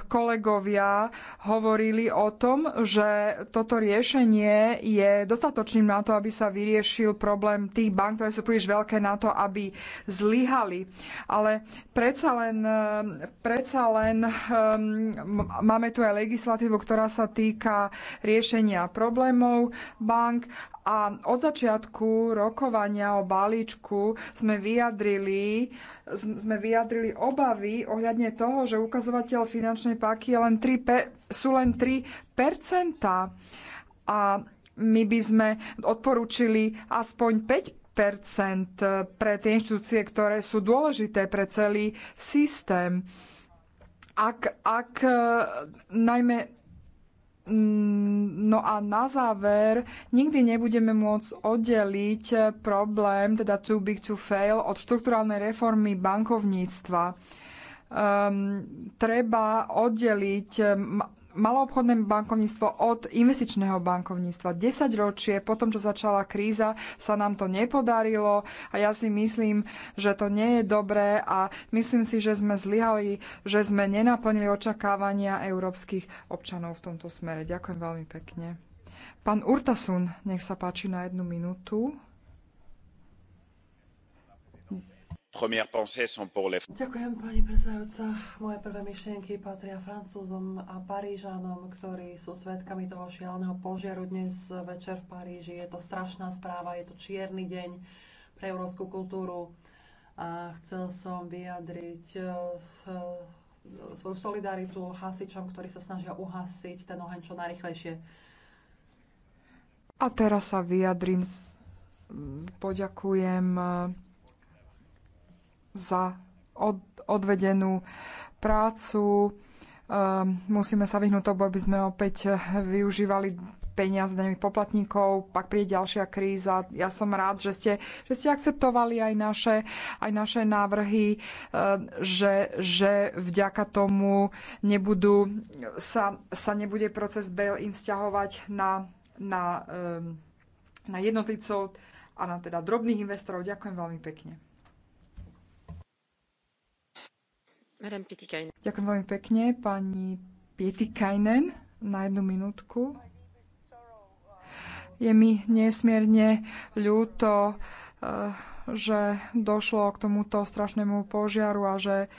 kolegovia hovorili o tom, že toto riešenie je dostatočným na to, aby sa vyriešil problém tých bank, ktoré sú príliš veľké na to, aby zlyhali. Ale predsa len, eh, predsa len len um, máme tu aj legislatívu, ktorá sa týka riešenia problémov bank a od začiatku rokovania o balíčku sme vyjadrili, sme vyjadrili obavy ohľadne toho, že ukazovateľ finančnej páky je len 3, sú len 3 a my by sme odporúčili aspoň 5 pre tie inštitúcie, ktoré sú dôležité pre celý systém. Ak, ak e, najmä mm, No a na záver, nikdy nebudeme môcť oddeliť e, problém, teda too big to fail, od štruktúralnej reformy bankovníctva. Um, treba oddeliť e, maloobchodné bankovníctvo od investičného bankovníctva. 10 ročie po tom, čo začala kríza, sa nám to nepodarilo a ja si myslím, že to nie je dobré a myslím si, že sme zlyhali, že sme nenaplnili očakávania európskych občanov v tomto smere. Ďakujem veľmi pekne. Pán Urtasun, nech sa páči na jednu minútu. Ďakujem, pani predsedajúca. Moje prvé myšlienky patria Francúzom a Parížanom, ktorí sú svetkami toho šialeného požiaru dnes večer v Paríži. Je to strašná správa, je to čierny deň pre európsku kultúru. A chcel som vyjadriť e, e, svoju solidaritu hasičom, ktorí sa snažia uhasiť ten oheň čo najrychlejšie. A teraz sa vyjadrím, poďakujem e, za od, odvedenú prácu. Um, musíme sa vyhnúť tomu, aby sme opäť využívali peniaze daňových poplatníkov, pak príde ďalšia kríza. Ja som rád, že ste, že ste akceptovali aj naše, aj naše návrhy, ehm, že, že vďaka tomu nebudú, sa, sa nebude proces bail-in stiahovať na, na, ehm, na jednotlivcov a na teda drobných investorov. Ďakujem veľmi pekne. Ďakujem veľmi pekne, pani Pietikainen, na jednu minútku. Je mi nesmierne ľúto, eh, že došlo k tomuto strašnému požiaru a že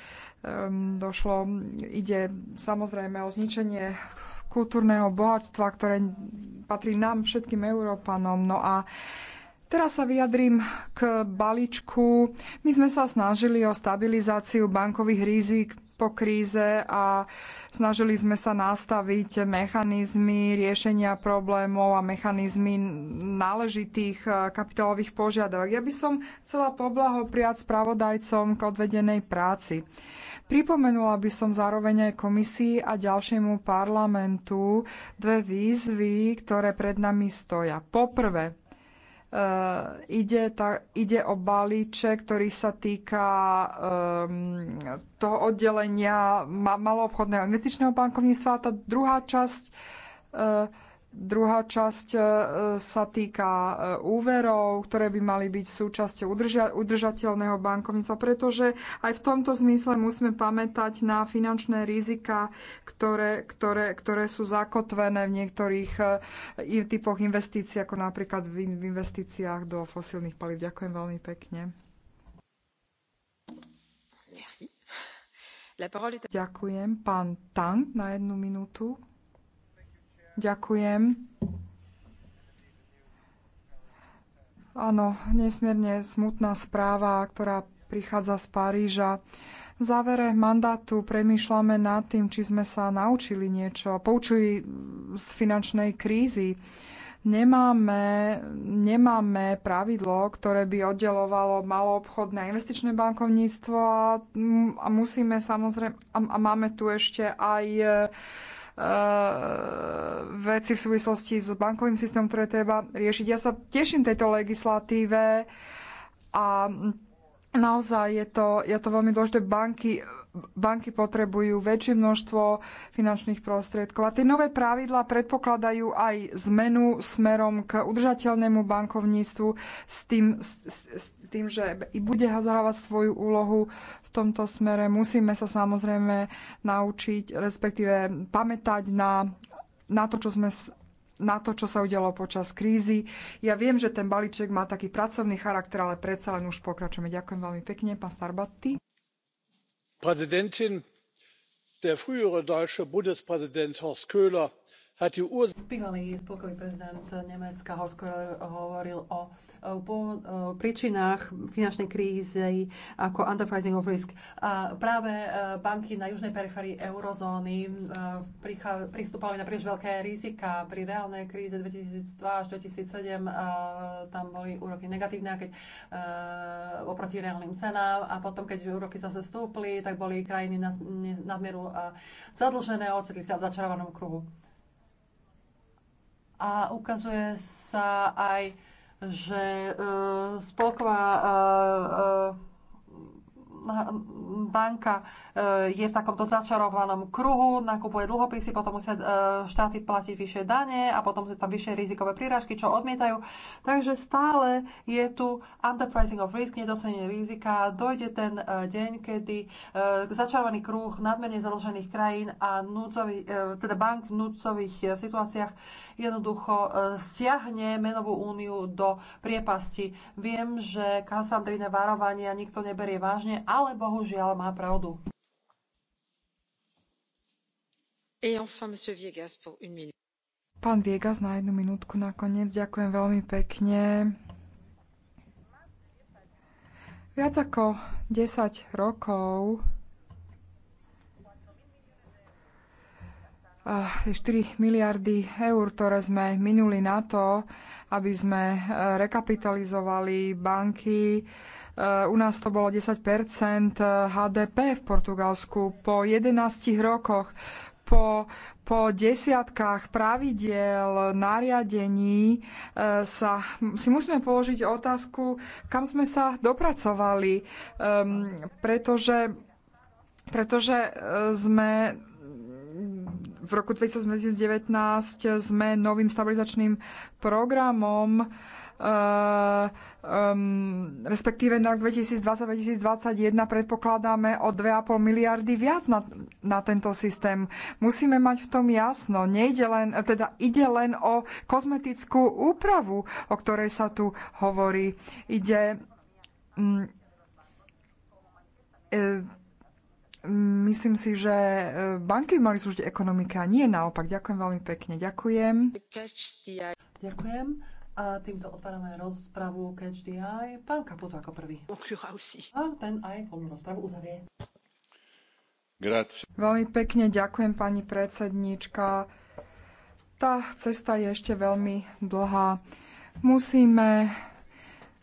došlo, ide samozrejme o zničenie kultúrneho bohatstva, ktoré patrí nám, všetkým Európanom. No a Teraz sa vyjadrím k balíčku. My sme sa snažili o stabilizáciu bankových rizik po kríze a snažili sme sa nastaviť mechanizmy riešenia problémov a mechanizmy náležitých eh, kapitálových požiadavok. Ja by som chcela poblahopriať spravodajcom k odvedenej práci. Pripomenula by som zároveň aj komisii a ďalšiemu parlamentu dve výzvy, ktoré pred nami stoja. Poprvé, Uh, ide, ta, ide o balíček, ktorý sa týka um, toho oddelenia ma, maloobchodného investičného bankovníctva. A tá druhá časť uh, Druhá časť e, sa týka e, úverov, ktoré by mali byť súčasťou udržia- udržateľného bankovníctva, pretože aj v tomto zmysle musíme pamätať na finančné rizika, ktoré, ktoré, ktoré sú zakotvené v niektorých e, typoch investícií, ako napríklad v investíciách do fosílnych palív. Ďakujem veľmi pekne. Ďakujem. Pán Tang na jednu minútu. Ďakujem. Áno, nesmierne smutná správa, ktorá prichádza z Paríža. V závere mandátu premýšľame nad tým, či sme sa naučili niečo. Poučili z finančnej krízy. Nemáme, nemáme pravidlo, ktoré by oddelovalo maloobchodné a investičné bankovníctvo a, mm, a musíme samozrejme, a, a máme tu ešte aj e, Eh, veci v súvislosti s bankovým systémom, ktoré treba riešiť. Ja sa teším tejto legislatíve a naozaj je to, je to veľmi dôležité. Banky banky potrebujú väčšie množstvo finančných prostriedkov. A tie nové pravidlá predpokladajú aj zmenu smerom k udržateľnému bankovníctvu s tým, s, s tým že i bude zahrávať svoju úlohu v tomto smere. Musíme sa samozrejme naučiť, respektíve pamätať na, na to, čo sme na to, čo sa udialo počas krízy. Ja viem, že ten balíček má taký pracovný charakter, ale predsa len už pokračujeme. Ďakujem veľmi pekne, pán Starbatty präsidentin! der frühere deutsche bundespräsident horst köhler Bývalý spolkový prezident Nemecka Hoskor hovoril o, príčinách finančnej krízy ako underpricing of risk. A práve e, banky na južnej periférii eurozóny e, pristúpali na príliš veľké rizika. Pri reálnej kríze 2002 až 2007 e, tam boli úroky negatívne keď, oproti reálnym cenám a potom, keď úroky zase stúpli, tak boli krajiny nadmieru zadlžené, ocitli sa v začarovanom kruhu a ukazuje sa aj, že e, spolková e, e, banka e, je v takomto začarovanom kruhu, nakupuje dlhopisy, potom musia e, štáty platiť vyššie dane a potom sú tam vyššie rizikové prírážky, čo odmietajú. Takže stále je tu underpricing of risk, nedosenie rizika. Dojde ten e, deň, kedy začarovaný kruh nadmerne založených krajín a núdzový, teda bank v núdzových situáciách jednoducho stiahne menovú úniu do priepasti. Viem, že kasandrine varovania nikto neberie vážne, ale bohužiaľ ale má pravdu. Pán Viegas na jednu minútku nakoniec. Ďakujem veľmi pekne. Viac ako 10 rokov 4 eh, miliardy eur, ktoré sme minuli na to, aby sme eh, rekapitalizovali banky, u nás to bolo 10 HDP v Portugalsku po 11 rokoch. Po, po desiatkách pravidiel, nariadení e, sa, si musíme položiť otázku, kam sme sa dopracovali, pretože, pretože e, sme v roku 2019 sme novým stabilizačným programom um, respektíve na rok 2020-2021 predpokladáme o 2,5 miliardy viac na, na tento systém. Musíme mať v tom jasno. Nejde len, teda ide len o kozmetickú úpravu, o ktorej sa tu hovorí. Ide... Um, myslím si, že e, banky mali slúžiť ekonomika, nie naopak. Ďakujem veľmi pekne. Ďakujem. Ďakujem. A týmto otvárame rozpravu Catch the Eye. Pán Kaputo ako prvý. A ten aj voľnú rozpravu uzavrie. Grazie. Veľmi pekne ďakujem pani predsednička. Tá cesta je ešte veľmi dlhá. Musíme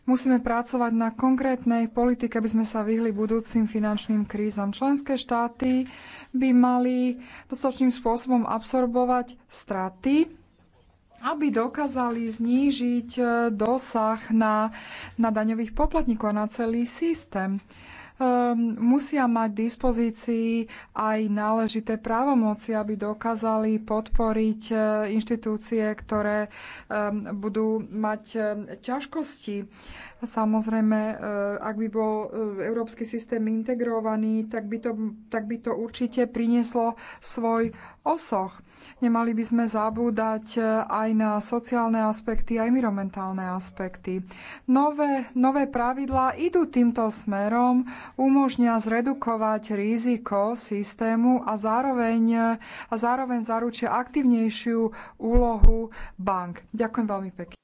Musíme pracovať na konkrétnej politike, aby sme sa vyhli budúcim finančným krízam. Členské štáty by mali dostatočným spôsobom absorbovať straty aby dokázali znížiť e, dosah na, na daňových poplatníkov a na celý systém. Um, musia mať dispozícii aj náležité právomoci, aby dokázali podporiť uh, inštitúcie, ktoré um, budú mať um, ťažkosti. Samozrejme, uh, ak by bol uh, európsky systém integrovaný, tak by, to, tak by to určite prinieslo svoj osoch Nemali by sme zabúdať e, aj na sociálne aspekty, aj environmentálne aspekty. Nové, nové pravidlá idú týmto smerom, umožnia zredukovať riziko systému a zároveň, e, a zároveň zaručia aktivnejšiu úlohu bank. Ďakujem veľmi pekne.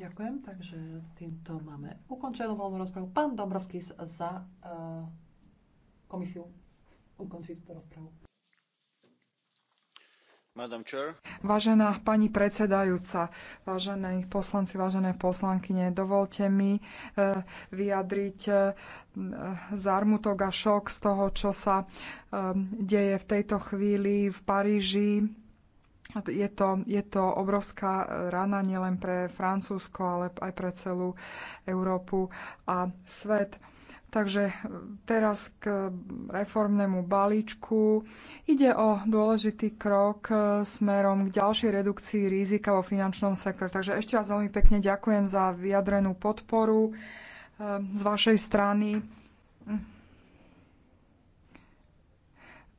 Ďakujem, takže týmto máme ukončenú voľnú rozprávu. Pán Dombrovský za uh, komisiu ukončiť túto rozpravu. Vážená pani predsedajúca, vážení poslanci, vážené poslankyne, dovolte mi eh, vyjadriť eh, zármutok a šok z toho, čo sa eh, deje v tejto chvíli v Paríži. Je to, je to obrovská rana nielen pre Francúzsko, ale aj pre celú Európu a svet Takže teraz k reformnému balíčku. Ide o dôležitý krok smerom k ďalšej redukcii rizika vo finančnom sektore. Takže ešte raz veľmi pekne ďakujem za vyjadrenú podporu eh, z vašej strany.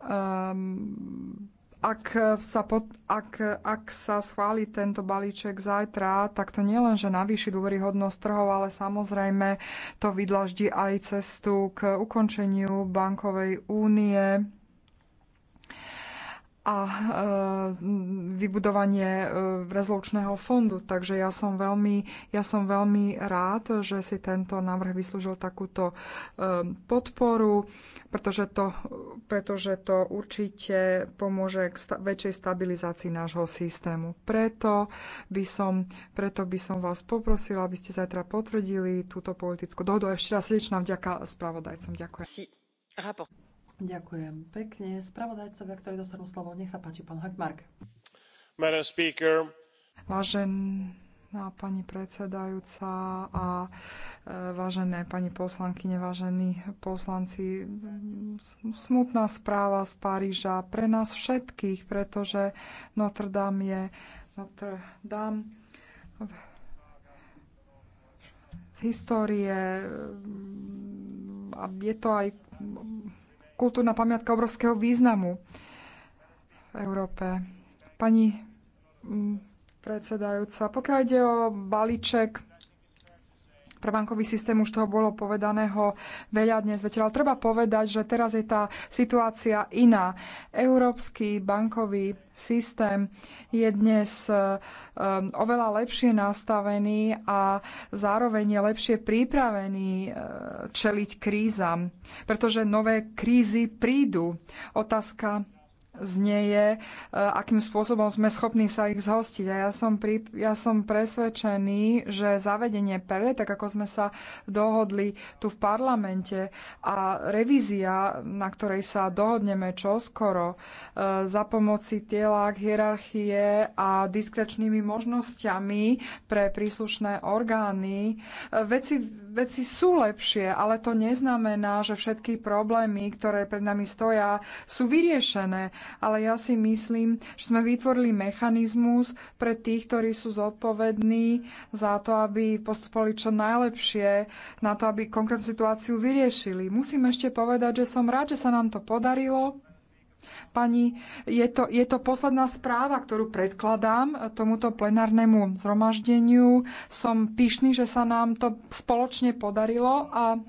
Um, ak sa, pod, ak, ak sa schváli tento balíček zajtra, tak to nielen, že navýši dôveryhodnosť trhov, ale samozrejme to vydlaždí aj cestu k ukončeniu bankovej únie a e, vybudovanie e, rezolučného fondu. Takže ja som, veľmi, ja som veľmi rád, že si tento návrh vyslúžil takúto e, podporu, pretože to, pretože to určite pomôže k sta- väčšej stabilizácii nášho systému. Preto by, som, preto by som vás poprosila, aby ste zajtra potvrdili túto politickú dohodu. Ešte raz srdečná vďaka spravodajcom. Ďakujem. Si, Ďakujem pekne. Spravodajcovia, ktorí dostanú slovo, nech sa páči, pán Hakmark. Vážená pani predsedajúca a e, vážené pani poslanky, vážení poslanci, smutná správa z Paríža pre nás všetkých, pretože Notre Dame je Notre Dame z histórie a je to aj kultúrna pamiatka obrovského významu v Európe. Pani mm, predsedajúca, pokiaľ ide o balíček pre bankový systém už toho bolo povedaného veľa dnes večer. Ale treba povedať, že teraz je tá situácia iná. Európsky bankový systém je dnes e, e, oveľa lepšie nastavený a zároveň je lepšie pripravený e, čeliť krízam, pretože nové krízy prídu. Otázka znieje, e, akým spôsobom sme schopní sa ich zhostiť. A ja som, pri, ja som presvedčený, že zavedenie perle, tak ako sme sa dohodli tu v parlamente a revízia, na ktorej sa dohodneme čoskoro, e, za pomoci tielák hierarchie a diskrečnými možnosťami pre príslušné orgány, e, veci veci sú lepšie, ale to neznamená, že všetky problémy, ktoré pred nami stoja, sú vyriešené. Ale ja si myslím, že sme vytvorili mechanizmus pre tých, ktorí sú zodpovední za to, aby postupovali čo najlepšie, na to, aby konkrétnu situáciu vyriešili. Musím ešte povedať, že som rád, že sa nám to podarilo Pani, je to, je to posledná správa, ktorú predkladám eh, tomuto plenárnemu zhromaždeniu. Som pyšný, že sa nám to spoločne podarilo a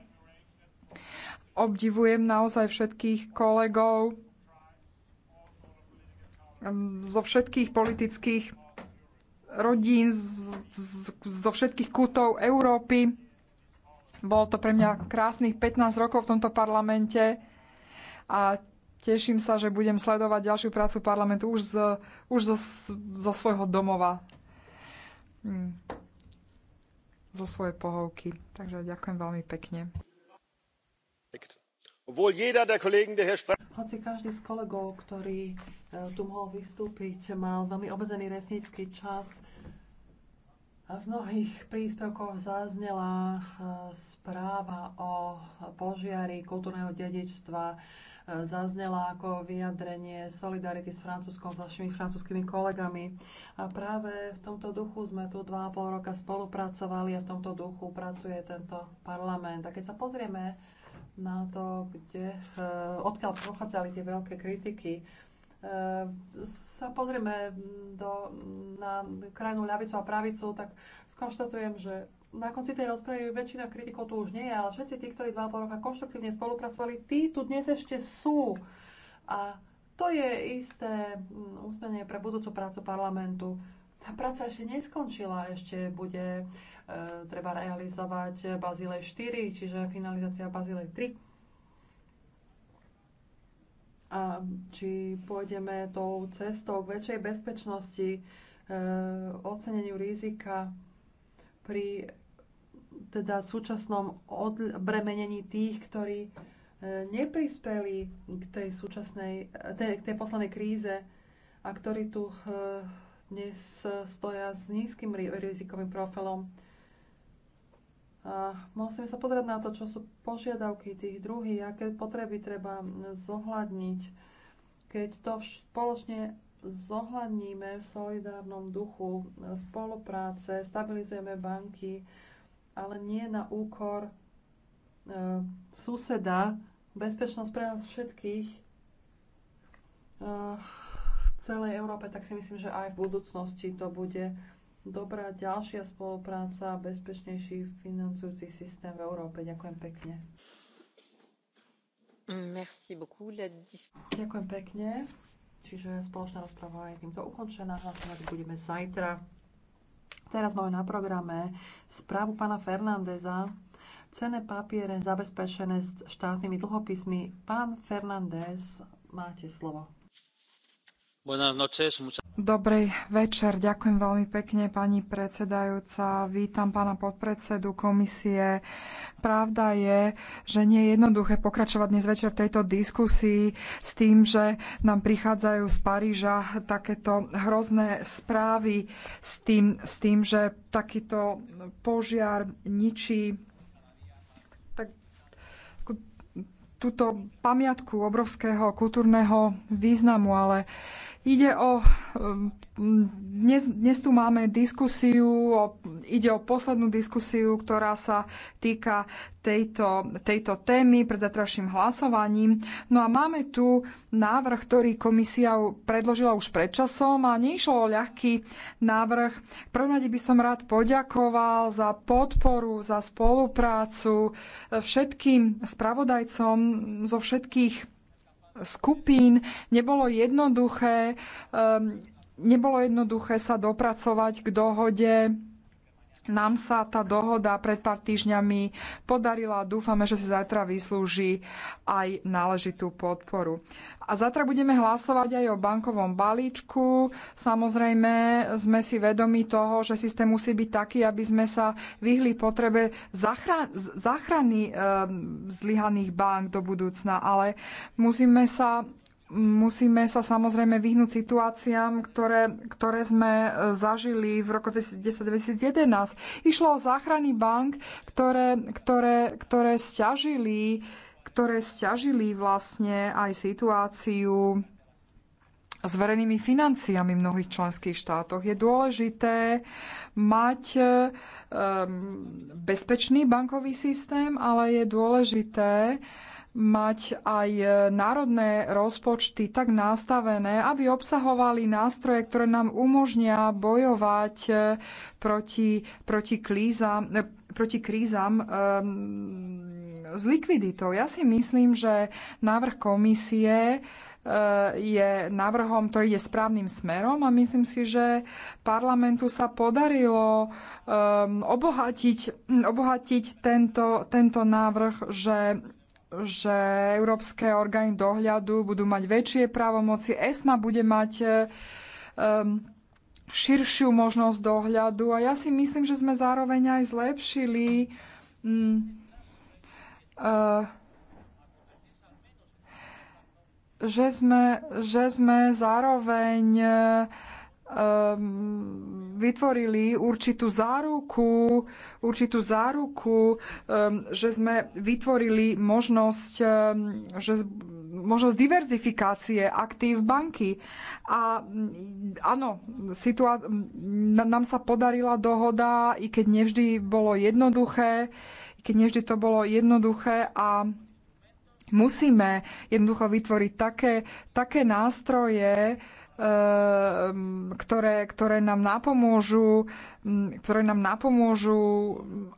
obdivujem naozaj všetkých kolegov mm, zo všetkých politických rodín, z, z, zo všetkých kútov Európy. Bolo to pre mňa krásnych 15 rokov v tomto parlamente a Teším sa, že budem sledovať ďalšiu prácu parlamentu už, z, už zo, zo svojho domova. Hmm. Zo svojej pohovky. Takže ďakujem veľmi pekne. Hoci každý z kolegov, ktorý e, tu mohol vystúpiť, mal veľmi obmedzený resnícky čas, a v mnohých príspevkoch zaznela e, správa o požiari kultúrneho dedičstva E, zaznela ako vyjadrenie solidarity s Francúzskom, s našimi francúzskými kolegami. A práve v tomto duchu sme tu 2,5 roka spolupracovali a v tomto duchu pracuje tento parlament. A keď sa pozrieme na to, kde, e, odkiaľ pochádzali tie veľké kritiky, e, sa pozrieme do, na krajnú ľavicu a pravicu, tak skonštatujem, že na konci tej rozpravy väčšina kritikov tu už nie je, ale všetci tí, ktorí dva roka konštruktívne spolupracovali, tí tu dnes ešte sú. A to je isté úsmenie mm, pre budúcu prácu parlamentu. Tá práca ešte neskončila, ešte bude e, treba realizovať Bazílej 4, čiže finalizácia Bazílej 3 a či pôjdeme tou cestou k väčšej bezpečnosti, e, oceneniu rizika pri teda súčasnom odbremenení tých, ktorí e, neprispeli k tej súčasnej, e, tej, k tej poslednej kríze a ktorí tu e, dnes stoja s nízkym rizikovým profilom. A musíme sa pozrieť na to, čo sú požiadavky tých druhých, aké potreby treba zohľadniť. Keď to spoločne zohľadníme v solidárnom duchu spolupráce, stabilizujeme banky, ale nie na úkor e, suseda. Bezpečnosť pre nás všetkých e, v celej Európe, tak si myslím, že aj v budúcnosti to bude dobrá ďalšia spolupráca a bezpečnejší financujúci systém v Európe. Ďakujem pekne. Merci beaucoup. La... Ďakujem pekne. Čiže spoločná rozpráva je týmto ukončená. Hlasovať budeme zajtra. Teraz máme na programe správu pána Fernandeza. Cené papiere zabezpečené s štátnymi dlhopismi. Pán Fernández, máte slovo. Buenas noches. Dobrý večer, ďakujem veľmi pekne pani predsedajúca. Vítam pána podpredsedu komisie. Pravda je, že nie je jednoduché pokračovať dnes večer v tejto diskusii s tým, že nám prichádzajú z Paríža takéto hrozné správy s tým, s tým že takýto požiar ničí túto pamiatku obrovského kultúrneho významu, ale Ide o, ehm, dnes, dnes tu máme diskusiu, o, ide o poslednú diskusiu, ktorá sa týka tejto, tejto témy pred zatraším hlasovaním. No a máme tu návrh, ktorý komisia predložila už pred časom a neišlo o ľahký návrh. V prvom by som rád poďakoval za podporu, za spoluprácu e, všetkým spravodajcom zo všetkých skupín. Nebolo jednoduché, ehm, nebolo jednoduché sa dopracovať k dohode nám sa tá dohoda pred pár týždňami podarila a dúfame, že si zajtra vyslúži aj náležitú podporu. A zajtra budeme hlasovať aj o bankovom balíčku. Samozrejme, sme si vedomi toho, že systém musí byť taký, aby sme sa vyhli potrebe záchrany ehm, zlyhaných bank do budúcna, ale musíme sa musíme sa samozrejme vyhnúť situáciám, ktoré, ktoré sme e, zažili v roku 2010-2011. Išlo o záchrany bank, ktoré, ktoré, ktoré, stiažili, ktoré stiažili vlastne aj situáciu s verejnými financiami v mnohých členských štátoch. Je dôležité mať um, bezpečný bankový systém, ale je dôležité, mať aj e, národné rozpočty tak nastavené, aby obsahovali nástroje, ktoré nám umožnia bojovať e, proti, proti, klízam, e, proti krízam um, s likviditou. Ja si myslím, že návrh komisie je návrhom, ktorý je správnym smerom a myslím si, že parlamentu sa podarilo um, obohatiť, obohatiť tento, tento návrh, že že európske orgány dohľadu budú mať väčšie právomoci, ESMA bude mať um, širšiu možnosť dohľadu a ja si myslím, že sme zároveň aj zlepšili um, uh, že sme, že sme zároveň um, vytvorili určitú záruku, určitú záruku, um, že sme vytvorili možnosť, um, že možnosť diverzifikácie aktív banky. A mm, áno, situá- nám sa podarila dohoda, i keď nevždy bolo jednoduché, i keď nevždy to bolo jednoduché a musíme jednoducho vytvoriť také, také nástroje, Eh, ktoré, ktoré nám napomôžu, mm, ktoré nám napomôžu,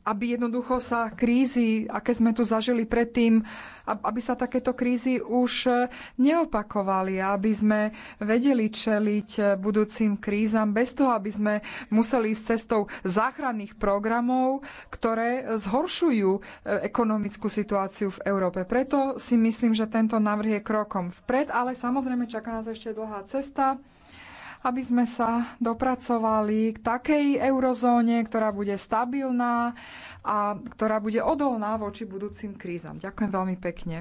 aby jednoducho sa krízy, aké sme tu zažili predtým, aby sa takéto krízy už e, neopakovali, aby sme vedeli čeliť e, budúcim krízam bez toho, aby sme museli ísť cestou záchranných programov, ktoré zhoršujú e, ekonomickú situáciu v Európe. Preto si myslím, že tento návrh je krokom vpred, ale samozrejme čaká nás ešte dlhá cesta aby sme sa dopracovali k takej eurozóne, ktorá bude stabilná, a ktorá bude odolná voči budúcim krízam. Ďakujem veľmi pekne.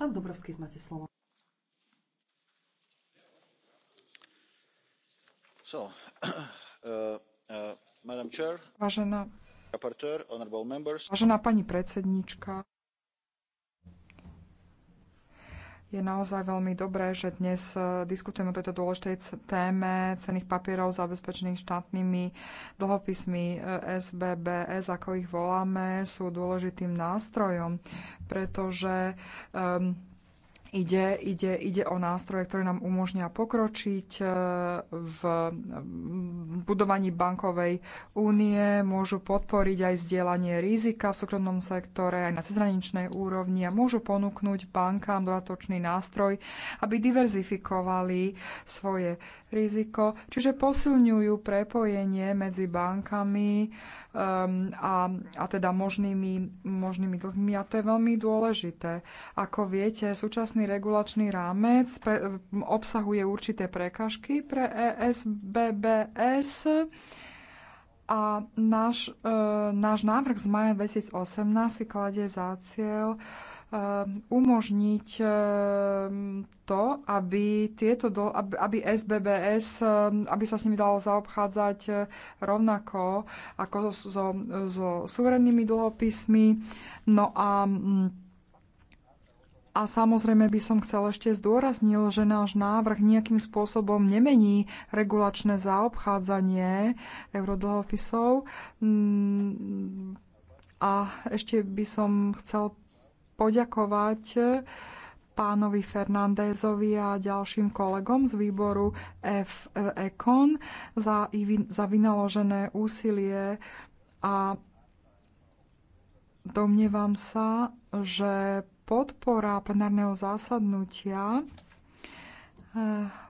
Pán Dobrovský, máte slovo. So, [coughs] uh, uh, Chair, Vážená, Vážená pani predsednička, Je naozaj veľmi dobré, že dnes e, diskutujeme o tejto dôležitej téme cených papierov zabezpečených štátnymi dlhopismi SBBS, e, ako ich voláme, sú dôležitým nástrojom, pretože um, Ide, ide, ide o nástroje, ktoré nám umožnia pokročiť e, v budovaní bankovej únie, môžu podporiť aj zdieľanie rizika v súkromnom sektore, aj na cezhraničnej úrovni a môžu ponúknuť bankám dodatočný nástroj, aby diverzifikovali svoje riziko, čiže posilňujú prepojenie medzi bankami um, a, a teda možnými, možnými dlhmi. A to je veľmi dôležité. Ako viete, súčasný regulačný rámec pre, obsahuje určité prekažky pre ESBBS a náš, e, náš návrh z maja 2018 si kladie za cieľ Um, umožniť um, to, aby, tieto, aby SBBS, um, aby sa s nimi dalo zaobchádzať uh, rovnako ako so, so suverennými dlhopismi. No a mm, a samozrejme by som chcel ešte zdôraznil, že náš návrh nejakým spôsobom nemení regulačné zaobchádzanie eurodlhopisov. Mm, a ešte by som chcel poďakovať pánovi Fernandézovi a ďalším kolegom z výboru F. E, Econ za, za vynaložené úsilie a domnievam sa, že podpora plenárneho zásadnutia e,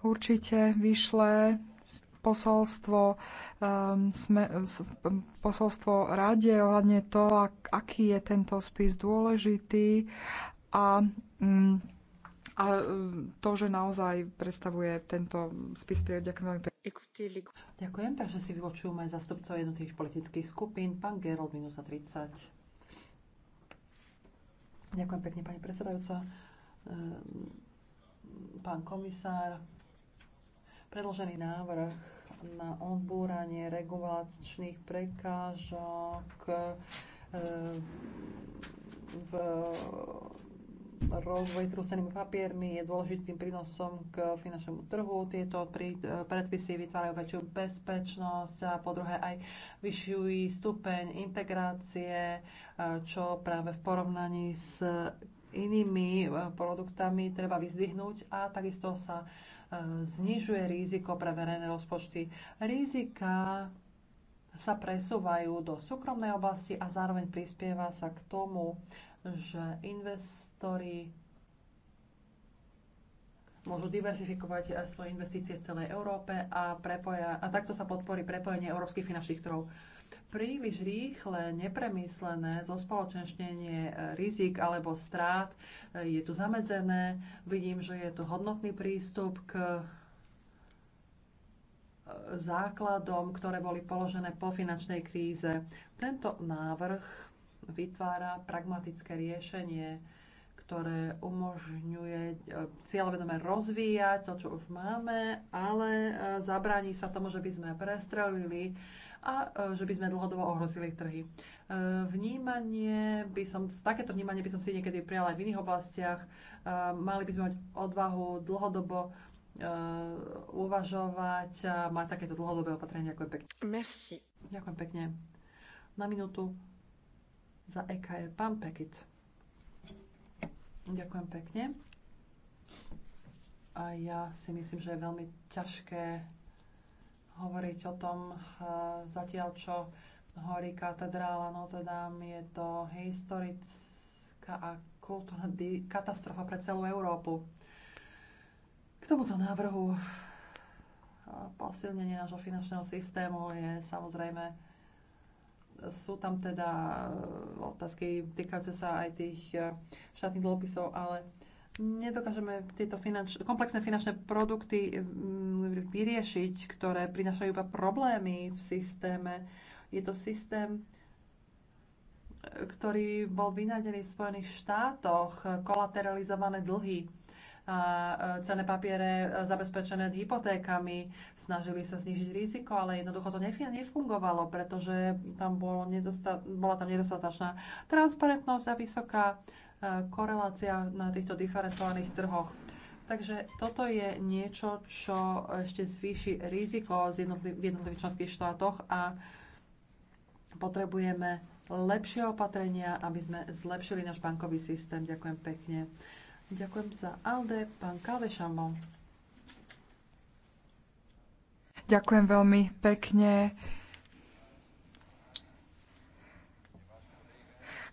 určite vyšle posolstvo, um, sme, posolstvo rade ohľadne to, ak, aký je tento spis dôležitý a um, a mm, to, že naozaj predstavuje tento spis priorit, ďakujem veľmi pekne. Ďakujem, takže si vypočujeme zastupcov jednotlivých politických skupín. Pán Gerold, minúta 30. Ďakujem pekne, pani predsedajúca. Ehm, pán komisár, Predložený návrh na odbúranie regulačných prekážok e, v rozvoji trhu papiermi je dôležitým prínosom k finančnému trhu. Tieto e, predpisy vytvárajú väčšiu bezpečnosť a po druhé aj vyšší stupeň integrácie, e, čo práve v porovnaní s inými produktami treba vyzdvihnúť a takisto sa znižuje riziko pre verejné rozpočty. Rizika sa presúvajú do súkromnej oblasti a zároveň prispieva sa k tomu, že investori môžu diversifikovať eh, svoje investície v celej Európe a, prepoja, a takto sa podporí prepojenie európskych finančných trhov príliš rýchle, nepremyslené zospoločenštenie e, rizik alebo strát e, je tu zamedzené. Vidím, že je tu hodnotný prístup k e, základom, ktoré boli položené po finančnej kríze. Tento návrh vytvára pragmatické riešenie, ktoré umožňuje cieľavedome rozvíjať to, čo už máme, ale zabrání sa tomu, že by sme prestrelili a e, že by sme dlhodobo ohrozili trhy. E, vnímanie by som, takéto vnímanie by som si niekedy prijala aj v iných oblastiach. E, mali by sme mať odvahu dlhodobo uvažovať a mať takéto dlhodobé opatrenie. Ďakujem pekne. Merci. Ďakujem pekne. Na minútu za EKR pán Pekit. Ďakujem pekne. A ja si myslím, že je veľmi ťažké hovoriť o tom eh, zatiaľ, čo horí katedrála Notre Dame. Je to historická a kultúrna katastrofa pre celú Európu. K tomuto návrhu eh, posilnenie nášho finančného systému je samozrejme sú tam teda eh, otázky týkajúce sa aj tých štátnych dlhopisov, ale nedokážeme tieto finanč- komplexné finančné produkty mm, vyriešiť, ktoré prinašajú iba problémy v systéme. Je to systém, ktorý bol vynadený v Spojených štátoch, kolateralizované dlhy a cené papiere zabezpečené hypotékami. Snažili sa znižiť riziko, ale jednoducho to nefungovalo, pretože tam bolo nedostat- bola tam nedostatočná transparentnosť a vysoká korelácia na týchto diferencovaných trhoch. Takže toto je niečo, čo ešte zvýši riziko v jednotlivých členských štátoch a potrebujeme lepšie opatrenia, aby sme zlepšili náš bankový systém. Ďakujem pekne. Ďakujem za Alde, pán Kalvešamo. Ďakujem veľmi pekne.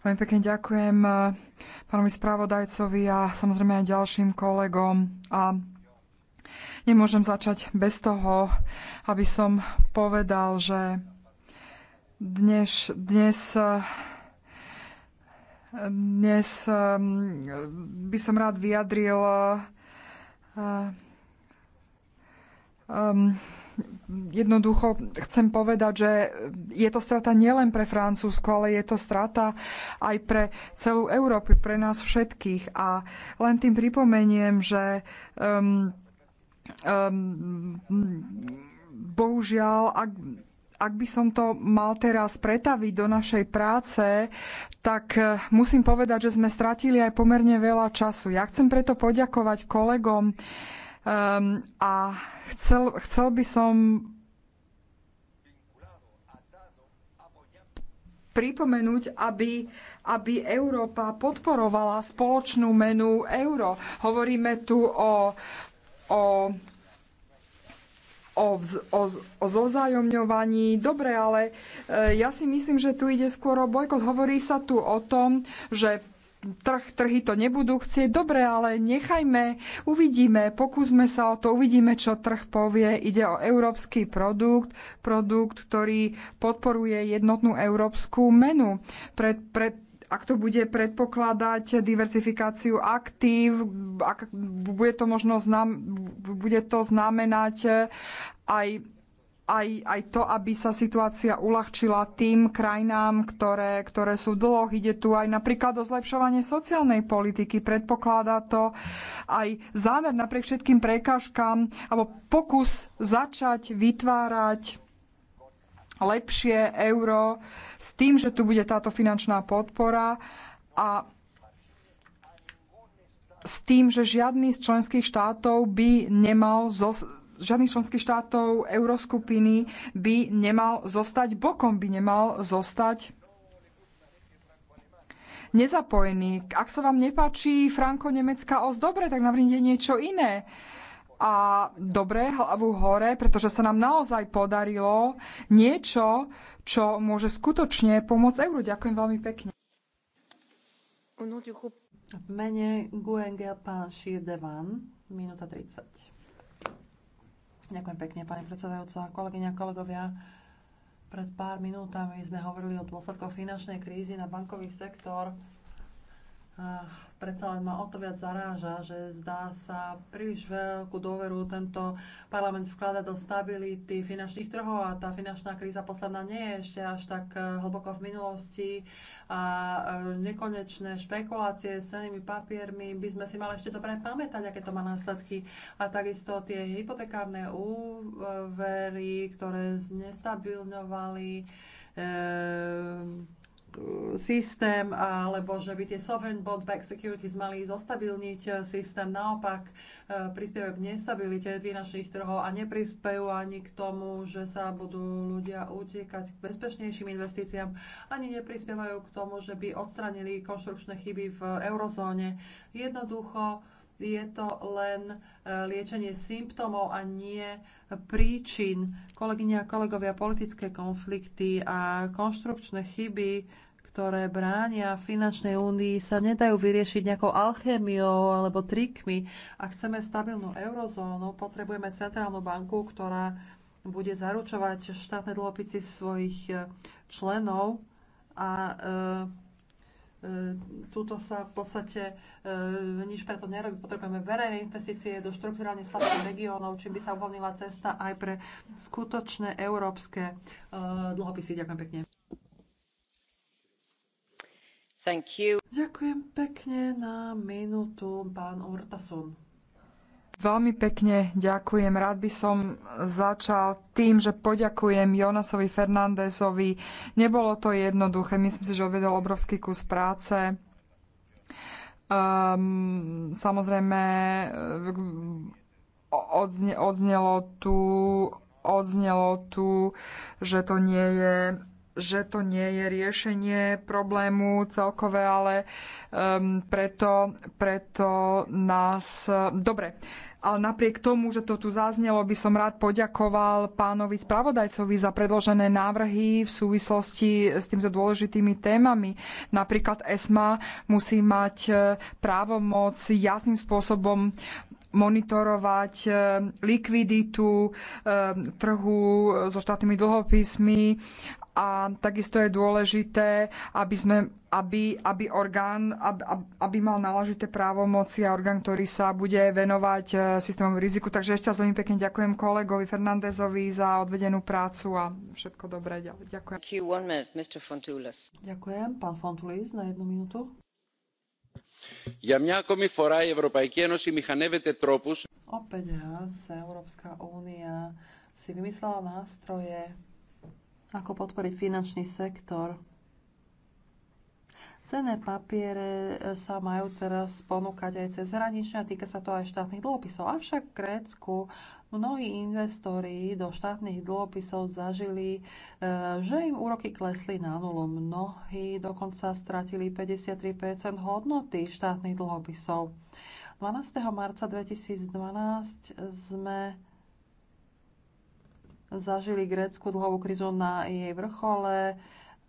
Veľmi pekne ďakujem pánovi spravodajcovi a samozrejme aj ďalším kolegom. A nemôžem začať bez toho, aby som povedal, že dnes, dnes dnes um, by som rád vyjadril uh, um, jednoducho chcem povedať, že je to strata nielen pre Francúzsko, ale je to strata aj pre celú Európu, pre nás všetkých. A len tým pripomeniem, že um, um, bohužiaľ, ak, ak by som to mal teraz pretaviť do našej práce, tak eh, musím povedať, že sme stratili aj pomerne veľa času. Ja chcem preto poďakovať kolegom um, a Chcel, chcel by som pripomenúť, aby, aby Európa podporovala spoločnú menu euro. Hovoríme tu o, o, o, o, o zozájomňovaní. Dobre, ale e, ja si myslím, že tu ide skôr o bojkot. Hovorí sa tu o tom, že trh, trhy to nebudú chcieť. Dobre, ale nechajme, uvidíme, pokúsme sa o to, uvidíme, čo trh povie. Ide o európsky produkt, produkt, ktorý podporuje jednotnú európsku menu. Pred, pred, ak to bude predpokladať diversifikáciu aktív, ak, bude, to možno znam, bude to znamenať aj aj, aj to, aby sa situácia uľahčila tým krajinám, ktoré, ktoré sú dlho. Ide tu aj napríklad o zlepšovanie sociálnej politiky. Predpokladá to aj zámer napriek všetkým prekážkam alebo pokus začať vytvárať lepšie euro s tým, že tu bude táto finančná podpora a s tým, že žiadny z členských štátov by nemal zo, žiadnych členských štátov euroskupiny by nemal zostať bokom, by nemal zostať nezapojený. Ak sa vám nepáči franko-nemecká os, dobre, tak navrhnite niečo iné a dobre hlavu hore, pretože sa nám naozaj podarilo niečo, čo môže skutočne pomôcť euru. Ďakujem veľmi pekne. V mene Guengel pán Šírdevan, minúta 30. Ďakujem pekne, pani predsedajúca, kolegyňa, kolegovia. Pred pár minútami sme hovorili o dôsledkoch finančnej krízy na bankový sektor predsa len ma o to viac zaráža, že zdá sa príliš veľkú dôveru tento parlament vkladať do stability finančných trhov a tá finančná kríza posledná nie je ešte až tak eh, hlboko v minulosti a eh, nekonečné špekulácie s cenými papiermi by sme si mali ešte dobre pamätať, aké to má následky a takisto tie hypotekárne úvery, ktoré znestabilňovali e eh, systém, alebo že by tie sovereign bond back securities mali zostabilniť e, systém. Naopak e, prispievajú k nestabilite finančných trhov a neprispejú ani k tomu, že sa budú ľudia utekať k bezpečnejším investíciám, ani neprispievajú k tomu, že by odstranili konštrukčné chyby v eurozóne. Jednoducho je to len e, liečenie symptómov a nie príčin. Kolegyne a kolegovia, politické konflikty a konštrukčné chyby, ktoré bránia finančnej únii, sa nedajú vyriešiť nejakou alchémiou alebo trikmi. A chceme stabilnú eurozónu, potrebujeme centrálnu banku, ktorá bude zaručovať štátne dlhopisy svojich e, členov a e, E, Tuto sa v podstate e, nič preto nerobí. Potrebujeme verejné investície do štruktúralne slabých regiónov, čím by sa uvoľnila cesta aj pre skutočné európske e, dlhopisy. Ďakujem pekne. Thank you. Ďakujem pekne na minútu, pán Urtasun. Veľmi pekne ďakujem. Rád by som začal tým, že poďakujem Jonasovi Fernándezovi. Nebolo to jednoduché. Myslím si, že odvedol obrovský kus práce. Um, samozrejme, e, odzne, odznelo tu, odznelo tu, že to nie je že to nie je riešenie problému celkové, ale um, preto, preto nás... Dobre, ale napriek tomu, že to tu zaznelo, by som rád poďakoval pánovi spravodajcovi za predložené návrhy v súvislosti s týmto dôležitými témami. Napríklad ESMA musí mať e, právomoc jasným spôsobom monitorovať e, likviditu e, trhu e, so štátnymi dlhopismi a takisto je dôležité, aby, sme, aby, aby orgán, aby, aby mal náležité právomoci a orgán, ktorý sa bude venovať systémom riziku. Takže ešte raz veľmi pekne ďakujem kolegovi Fernandezovi za odvedenú prácu a všetko dobré. Ďakujem. Ďakujem, pán Fontulis, na jednu minútu. Opäť raz Európska únia si vymyslela nástroje, ako podporiť finančný sektor Cené papiere e, sa majú teraz ponúkať aj cez hranične a týka sa to aj štátnych dlhopisov. Avšak v Grécku mnohí investori do štátnych dlhopisov zažili, e, že im úroky klesli na nulu. Mnohí dokonca stratili 53 hodnoty štátnych dlhopisov. 12. marca 2012 sme zažili grécku dlhovú krizu na jej vrchole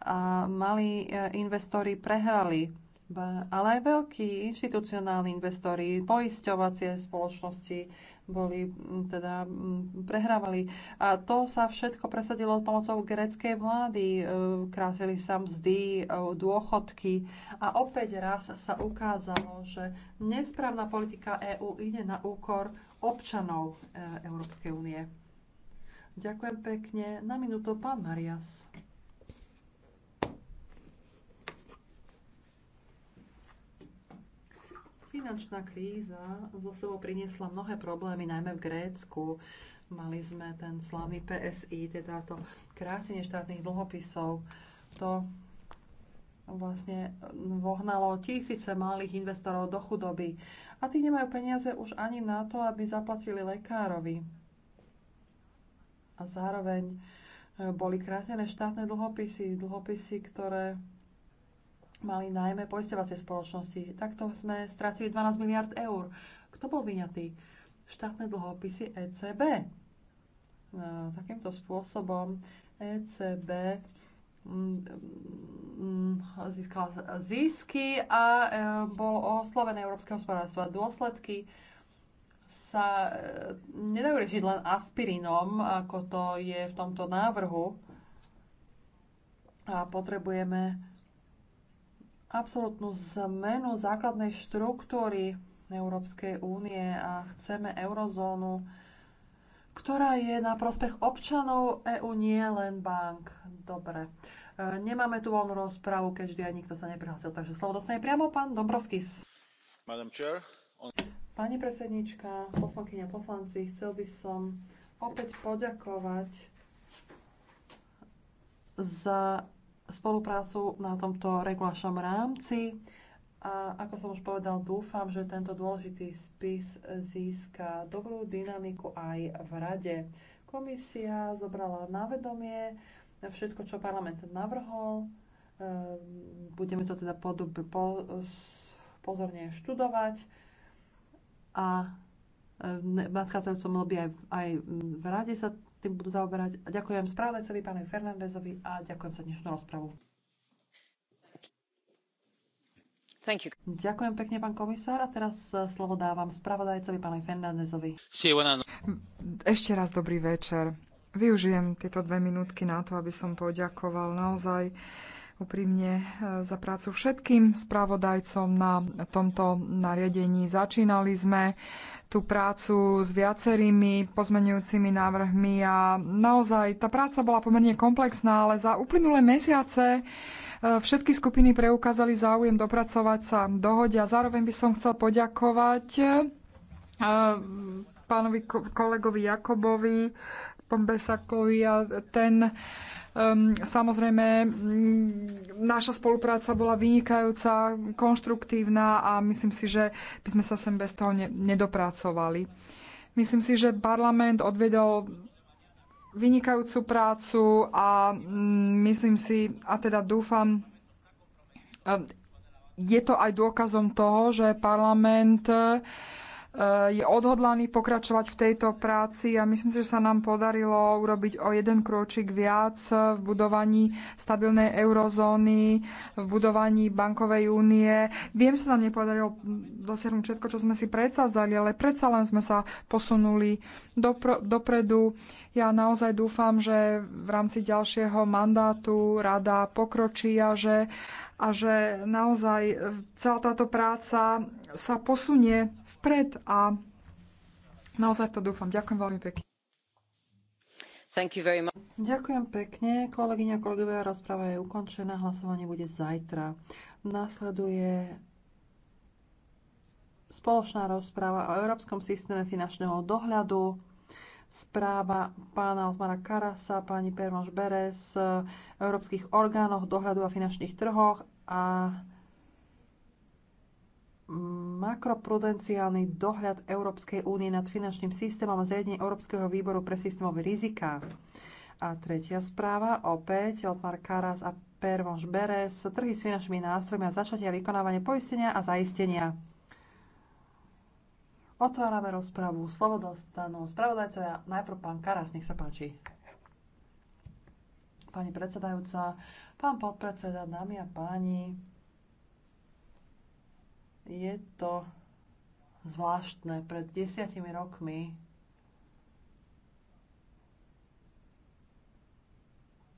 a malí e, investori prehrali. Ale aj veľkí inštitucionálni investori, poisťovacie spoločnosti boli, teda prehrávali. A to sa všetko presadilo pomocou greckej vlády. E, krátili sa mzdy, e, dôchodky a opäť raz sa ukázalo, že nesprávna politika EÚ ide na úkor občanov Európskej únie. Ďakujem pekne. Na minútu pán Marias. Finančná kríza zo sebou priniesla mnohé problémy, najmä v Grécku. Mali sme ten slavný PSI, teda to krátenie štátnych dlhopisov. To vlastne vohnalo tisíce malých investorov do chudoby. A tí nemajú peniaze už ani na to, aby zaplatili lekárovi. A zároveň eh, boli krátené štátne dlhopisy, dlhopisy, ktoré mali najmä poisťovacie spoločnosti. Takto sme stratili 12 miliard eur. Kto bol vyňatý? Štátne dlhopisy ECB. No, e, takýmto spôsobom ECB mm, mm, získal zisky a e, bol oslovené európske hospodárstvo. Dôsledky sa e, nedajú riešiť len aspirinom, ako to je v tomto návrhu. A potrebujeme absolútnu zmenu základnej štruktúry Európskej únie a chceme eurozónu, ktorá je na prospech občanov EÚ, nie len bank. Dobre. E, nemáme tu voľnú rozprávu, keď vždy aj nikto sa neprihlásil, takže slovo dostane priamo pán Dobrovskis. Madam Chair, on... Pani predsednička, poslankyňa, poslanci, chcel by som opäť poďakovať za spoluprácu na tomto regulačnom rámci. A ako som už povedal, dúfam, že tento dôležitý spis získa dobrú dynamiku aj v rade. Komisia zobrala na vedomie všetko, čo parlament navrhol. Ehm, budeme to teda pozorne študovať a v nadchádzajúcom lobby aj, aj v rade sa tým budú zaoberať. Ďakujem správlecovi, pánovi Fernandezovi a ďakujem za dnešnú rozpravu. Thank you. Ďakujem pekne, pán komisár. A teraz e, slovo dávam spravodajcovi, pánovi Fernandezovi. No- ešte raz dobrý večer. Využijem tieto dve minútky na to, aby som poďakoval naozaj úprimne e, za prácu všetkým spravodajcom na tomto nariadení. Začínali sme tú prácu s viacerými pozmenujúcimi návrhmi a naozaj tá práca bola pomerne komplexná, ale za uplynulé mesiace e, všetky skupiny preukázali záujem dopracovať sa dohode a zároveň by som chcel poďakovať e, pánovi kolegovi Jakobovi, Pombersakovi a ten Um, samozrejme, mm, naša spolupráca bola vynikajúca, konštruktívna a myslím si, že by sme sa sem bez toho ne- nedopracovali. Myslím si, že parlament odvedol vynikajúcu prácu a mm, myslím si, a teda dúfam, ehm, je to aj dôkazom toho, že parlament Eh, je odhodlaný pokračovať v tejto práci a myslím si, že sa nám podarilo urobiť o jeden krôčik viac v budovaní stabilnej eurozóny, v budovaní bankovej únie. Viem, že sa nám nepodarilo dosiahnuť všetko, čo sme si predsazali, ale predsa len sme sa posunuli dopr- dopredu. Ja naozaj dúfam, že v rámci ďalšieho mandátu rada pokročí a že, a že naozaj eh, celá táto práca sa posunie vpred a naozaj to dúfam. Ďakujem veľmi pekne. Ďakujem pekne. Kolegyňa, kolegovia, rozpráva je ukončená. Hlasovanie bude zajtra. Nasleduje spoločná rozpráva o Európskom systéme finančného dohľadu. Správa pána Otmara Karasa, pani Permoš Beres, európskych orgánoch dohľadu a finančných trhoch a makroprudenciálny dohľad Európskej únie nad finančným systémom a zriadenie Európskeho výboru pre systémové riziká. A tretia správa, opäť od Karas a Pervonš Beres, trhy s finančnými nástrojmi a začatia vykonávanie poistenia a zaistenia. Otvárame rozpravu. Slovo dostanú spravodajcovia. Najprv pán Karas, nech sa páči. Pani predsedajúca, pán podpredseda, dámy a páni, je to zvláštne. Pred desiatimi rokmi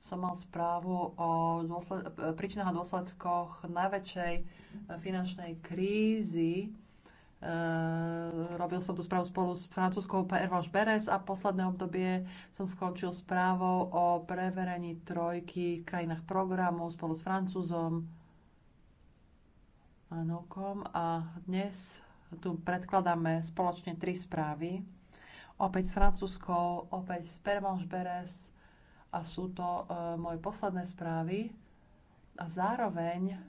som mal správu o dôsled- príčinách a dôsledkoch najväčšej finančnej krízy. E, robil som tú správu spolu s francúzskou Pervanche Beres a posledné obdobie som skončil správou o preverení trojky v krajinách programu spolu s Francúzom Nukom a dnes tu predkladáme spoločne tri správy. Opäť s francúzskou, opäť s Pervanche Beres a sú to e, moje posledné správy. A zároveň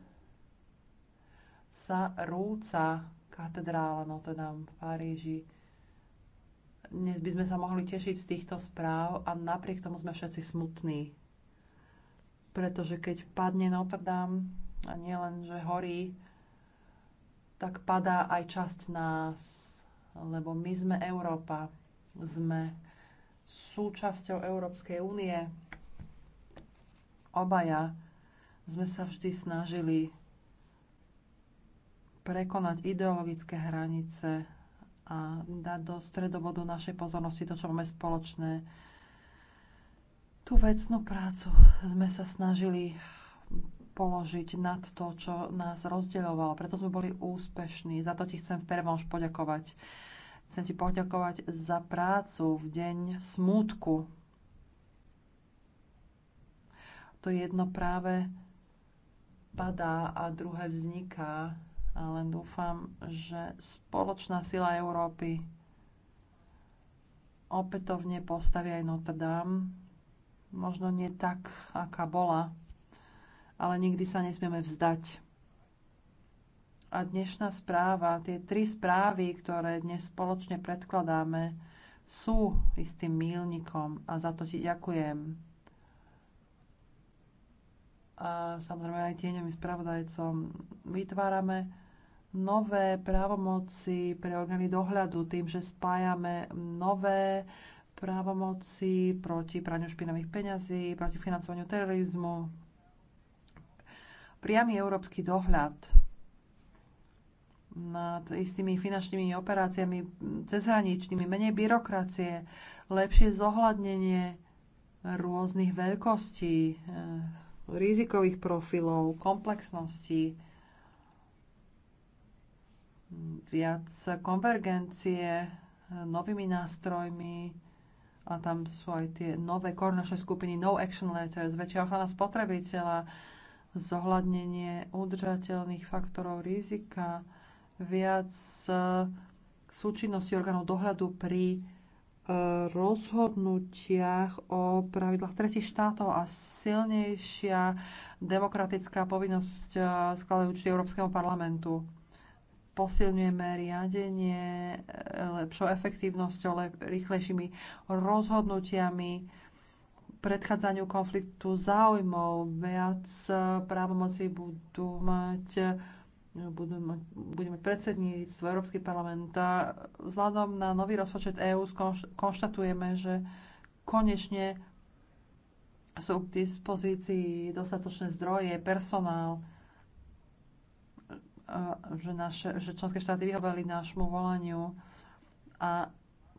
sa rúca katedrála Notre Dame v Paríži. Dnes by sme sa mohli tešiť z týchto správ a napriek tomu sme všetci smutní. Pretože keď padne Notre Dame, a nielen, že horí, tak padá aj časť nás, lebo my sme Európa, sme súčasťou Európskej únie. Obaja sme sa vždy snažili prekonať ideologické hranice a dať do stredobodu našej pozornosti to, čo máme spoločné. Tú vecnú prácu sme sa snažili položiť nad to, čo nás rozdeľovalo. Preto sme boli úspešní. Za to ti chcem v prvom poďakovať. Chcem ti poďakovať za prácu v deň smútku. To jedno práve padá a druhé vzniká. A len dúfam, že spoločná sila Európy opätovne postaví aj Notre Dame. Možno nie tak, aká bola, ale nikdy sa nesmieme vzdať. A dnešná správa, tie tri správy, ktoré dnes spoločne predkladáme, sú istým mílnikom a za to ti ďakujem. A samozrejme aj tieňom spravodajcom vytvárame nové právomoci pre orgány dohľadu tým, že spájame nové právomoci proti praniu špinavých peňazí, proti financovaniu terorizmu, priamy európsky dohľad nad istými finančnými operáciami cezhraničnými, menej byrokracie, lepšie zohľadnenie rôznych veľkostí, eh, rizikových profilov, komplexností, viac konvergencie eh, novými nástrojmi a tam sú aj tie nové koordinačné skupiny No Action Letters, väčšia ochrana spotrebiteľa, zohľadnenie udržateľných faktorov rizika, viac e, súčinnosti orgánov dohľadu pri e, rozhodnutiach o pravidlách tretich štátov a silnejšia demokratická povinnosť e, skladať účty Európskemu parlamentu. Posilňujeme riadenie lepšou efektívnosťou, lep, rýchlejšími rozhodnutiami, predchádzaniu konfliktu záujmov. Viac eh, právomocí budú mať eh, budú mať, bude mať predsedníctvo Európsky parlament. A vzhľadom na nový rozpočet EÚ konštatujeme, že konečne sú k dispozícii dostatočné zdroje, personál, eh, že, naše, že členské štáty vyhovali nášmu volaniu a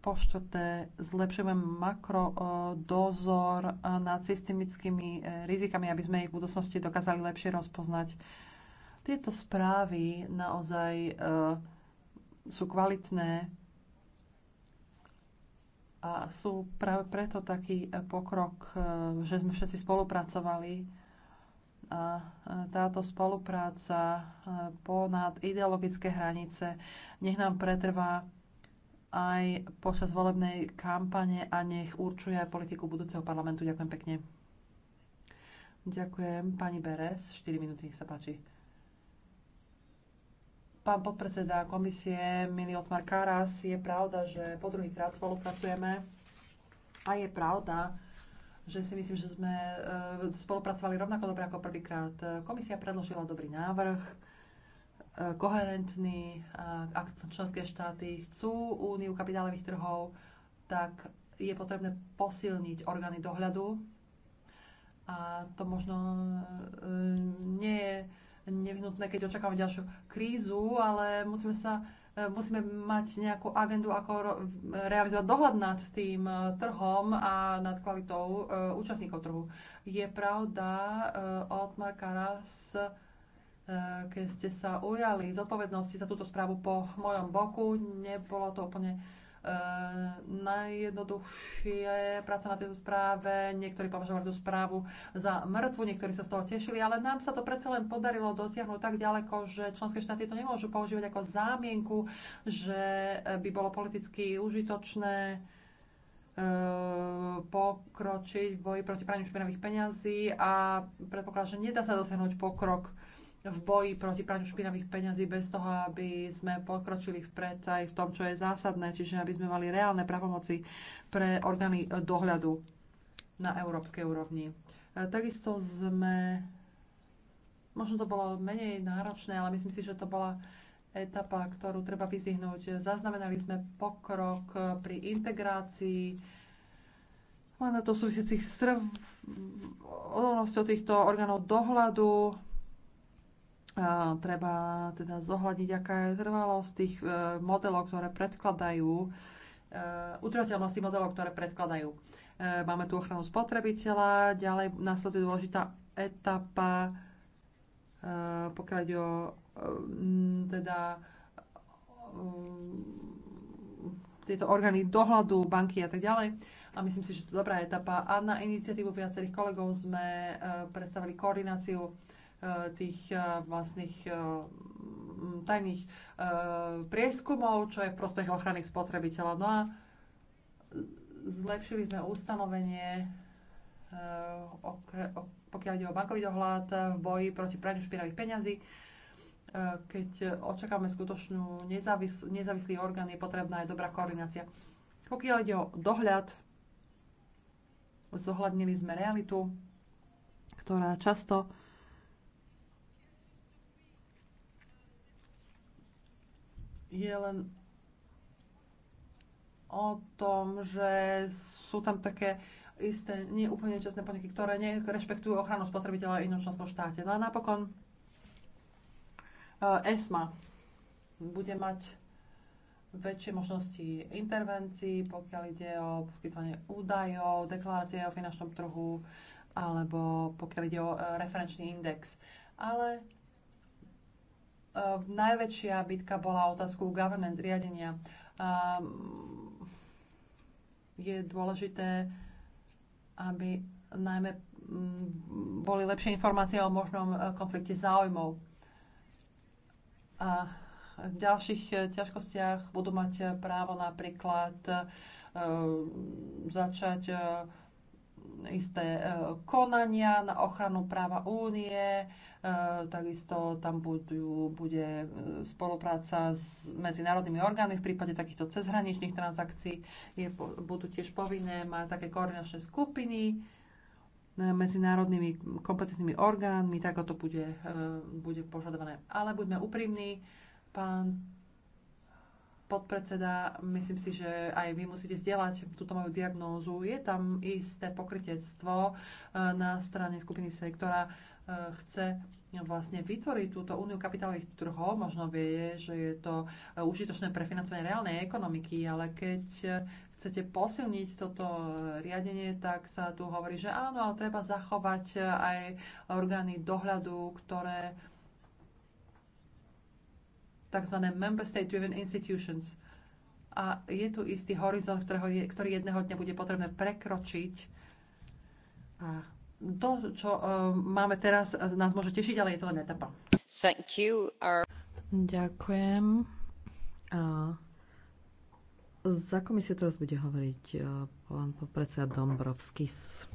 po štvrté, zlepšujeme makrodozor nad systemickými e, rizikami, aby sme ich v budúcnosti dokázali lepšie rozpoznať. Tieto správy naozaj e, sú kvalitné a sú práve preto taký pokrok, e, že sme všetci spolupracovali. A táto spolupráca ponad ideologické hranice nech nám pretrvá aj počas volebnej kampane a nech určuje aj politiku budúceho parlamentu. Ďakujem pekne. Ďakujem. Pani Beres, 4 minúty, nech sa páči. Pán podpredseda komisie, milý Otmar Karas, je pravda, že po druhýkrát spolupracujeme a je pravda, že si myslím, že sme e, spolupracovali rovnako dobre ako prvýkrát. Komisia predložila dobrý návrh, E, koherentní, e, ak členské štáty chcú úniu kapitálových trhov, tak je potrebné posilniť orgány dohľadu. A to možno e, nie je nevyhnutné, keď očakávame ďalšiu krízu, ale musíme sa musíme mať nejakú agendu, ako realizovať dohľad nad tým trhom a nad kvalitou účastníkov trhu. Je pravda od Marka Ras, E, keď ste sa ujali zodpovednosti za túto správu po mojom boku. Nebolo to úplne e, najjednoduchšie práca na tejto správe. Niektorí považovali tú správu za mŕtvu, niektorí sa z toho tešili, ale nám sa to predsa len podarilo dotiahnuť tak ďaleko, že členské štáty to nemôžu používať ako zámienku, že by bolo politicky užitočné e, pokročiť v boji proti praniu špinavých peňazí a predpokladám, že nedá sa dosiahnuť pokrok v boji proti praniu špinavých peňazí bez toho, aby sme pokročili vpred aj v tom, čo je zásadné, čiže aby sme mali reálne pravomoci pre orgány dohľadu na európskej úrovni. E, takisto sme, možno to bolo menej náročné, ale myslím si, že to bola etapa, ktorú treba vyzihnúť. Zaznamenali sme pokrok pri integrácii na to súvisiacich srv odolnosťou týchto orgánov dohľadu treba teda zohľadiť, aká je trvalosť tých e, modelov, ktoré predkladajú, e, udržateľnosti modelov, ktoré predkladajú. E, máme tu ochranu spotrebiteľa, ďalej následuje dôležitá etapa, pokiaľ ide o teda tieto orgány dohľadu, banky a tak ďalej. A myslím si, že to je dobrá etapa. A na iniciatívu viacerých kolegov sme predstavili koordináciu Eh, tých eh, vlastných eh, tajných prieskumov, čo je v prospech ochrany spotrebiteľa. No a zlepšili sme ustanovenie, pokiaľ ide o bankový dohľad v boji proti praniu špinavých peňazí. Keď očakávame skutočnú nezávis- nezávislý orgán, je potrebná aj dobrá koordinácia. Pokiaľ ide o dohľad, zohľadnili sme realitu, ktorá často je len o tom, že sú tam také isté neúplne čestné podniky, ktoré nerešpektujú ochranu spotrebiteľa v inom členskom štáte. No a napokon e, ESMA bude mať väčšie možnosti intervencií, pokiaľ ide o poskytovanie údajov, deklarácie o finančnom trhu alebo pokiaľ ide o e, referenčný index. Ale Ehm, najväčšia bitka bola otázku governance, riadenia. Ehm, je dôležité, aby najmä mm, boli lepšie informácie o možnom e, konflikte záujmov. A v ďalších e, ťažkostiach budú mať právo napríklad e, začať isté e, konania na ochranu práva únie, e, takisto tam budú, bude e, spolupráca s medzinárodnými orgánmi v prípade takýchto cezhraničných transakcií. Je, budú tiež povinné mať také koordinačné skupiny medzinárodnými kompetentnými orgánmi, tak to bude, bude požadované. Ale buďme úprimní, pán podpredseda, myslím si, že aj vy musíte zdieľať túto moju diagnózu. Je tam isté pokrytectvo eh, na strane skupiny sektora eh, chce vlastne vytvoriť túto úniu kapitálových trhov. Možno vie, že je to eh, užitočné pre financovanie reálnej ekonomiky, ale keď chcete posilniť toto riadenie, tak sa tu hovorí, že áno, ale treba zachovať aj orgány dohľadu, ktoré tzv. Member State-driven institutions. A je tu istý horizont, ktorého je, ktorý jedného dňa bude potrebné prekročiť. A to, čo uh, máme teraz, e, nás môže tešiť, ale je to len etapa. Thank you. Our... Ďakujem. A za komisiu teraz bude hovoriť e, pán predseda Dombrovskis.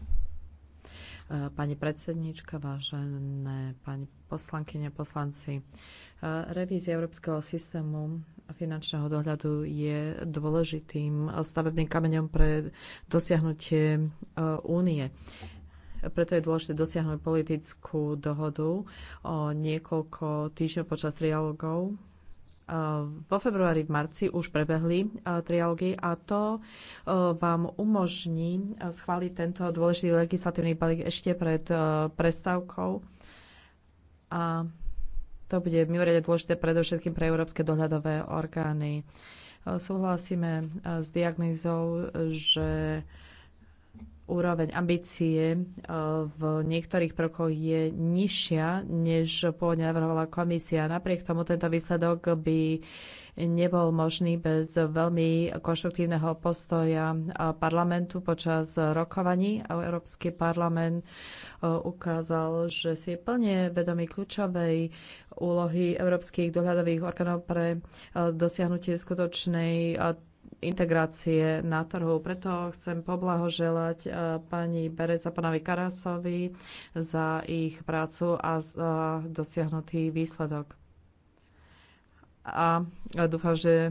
Eh, pani predsednička, vážené pani poslankyne, poslanci. Eh, revízia Európskeho systému finančného dohľadu je dôležitým stavebným kameňom pre dosiahnutie eh, únie preto je dôležité dosiahnuť politickú dohodu o niekoľko týždňov počas trialogov vo februári, v marci už prebehli e, trialógy a to e, vám umožní e, schváliť tento dôležitý legislatívny balík ešte pred prestávkou. A to bude mimoriadne dôležité predovšetkým pre európske dohľadové orgány. Súhlasíme s diagnózou, že úroveň ambície eh, v niektorých prokoch je nižšia, než pôvodne navrhovala komisia. Napriek tomu tento výsledok by nebol možný bez veľmi konštruktívneho postoja eh, parlamentu počas rokovaní. Európsky parlament eh, ukázal, že si je plne vedomý kľúčovej úlohy európskych dohľadových orgánov pre dosiahnutie skutočnej integrácie na trhu. Preto chcem poblahoželať eh, pani Berez a pánovi Karasovi za ich prácu a za dosiahnutý výsledok. A dúfam, že eh,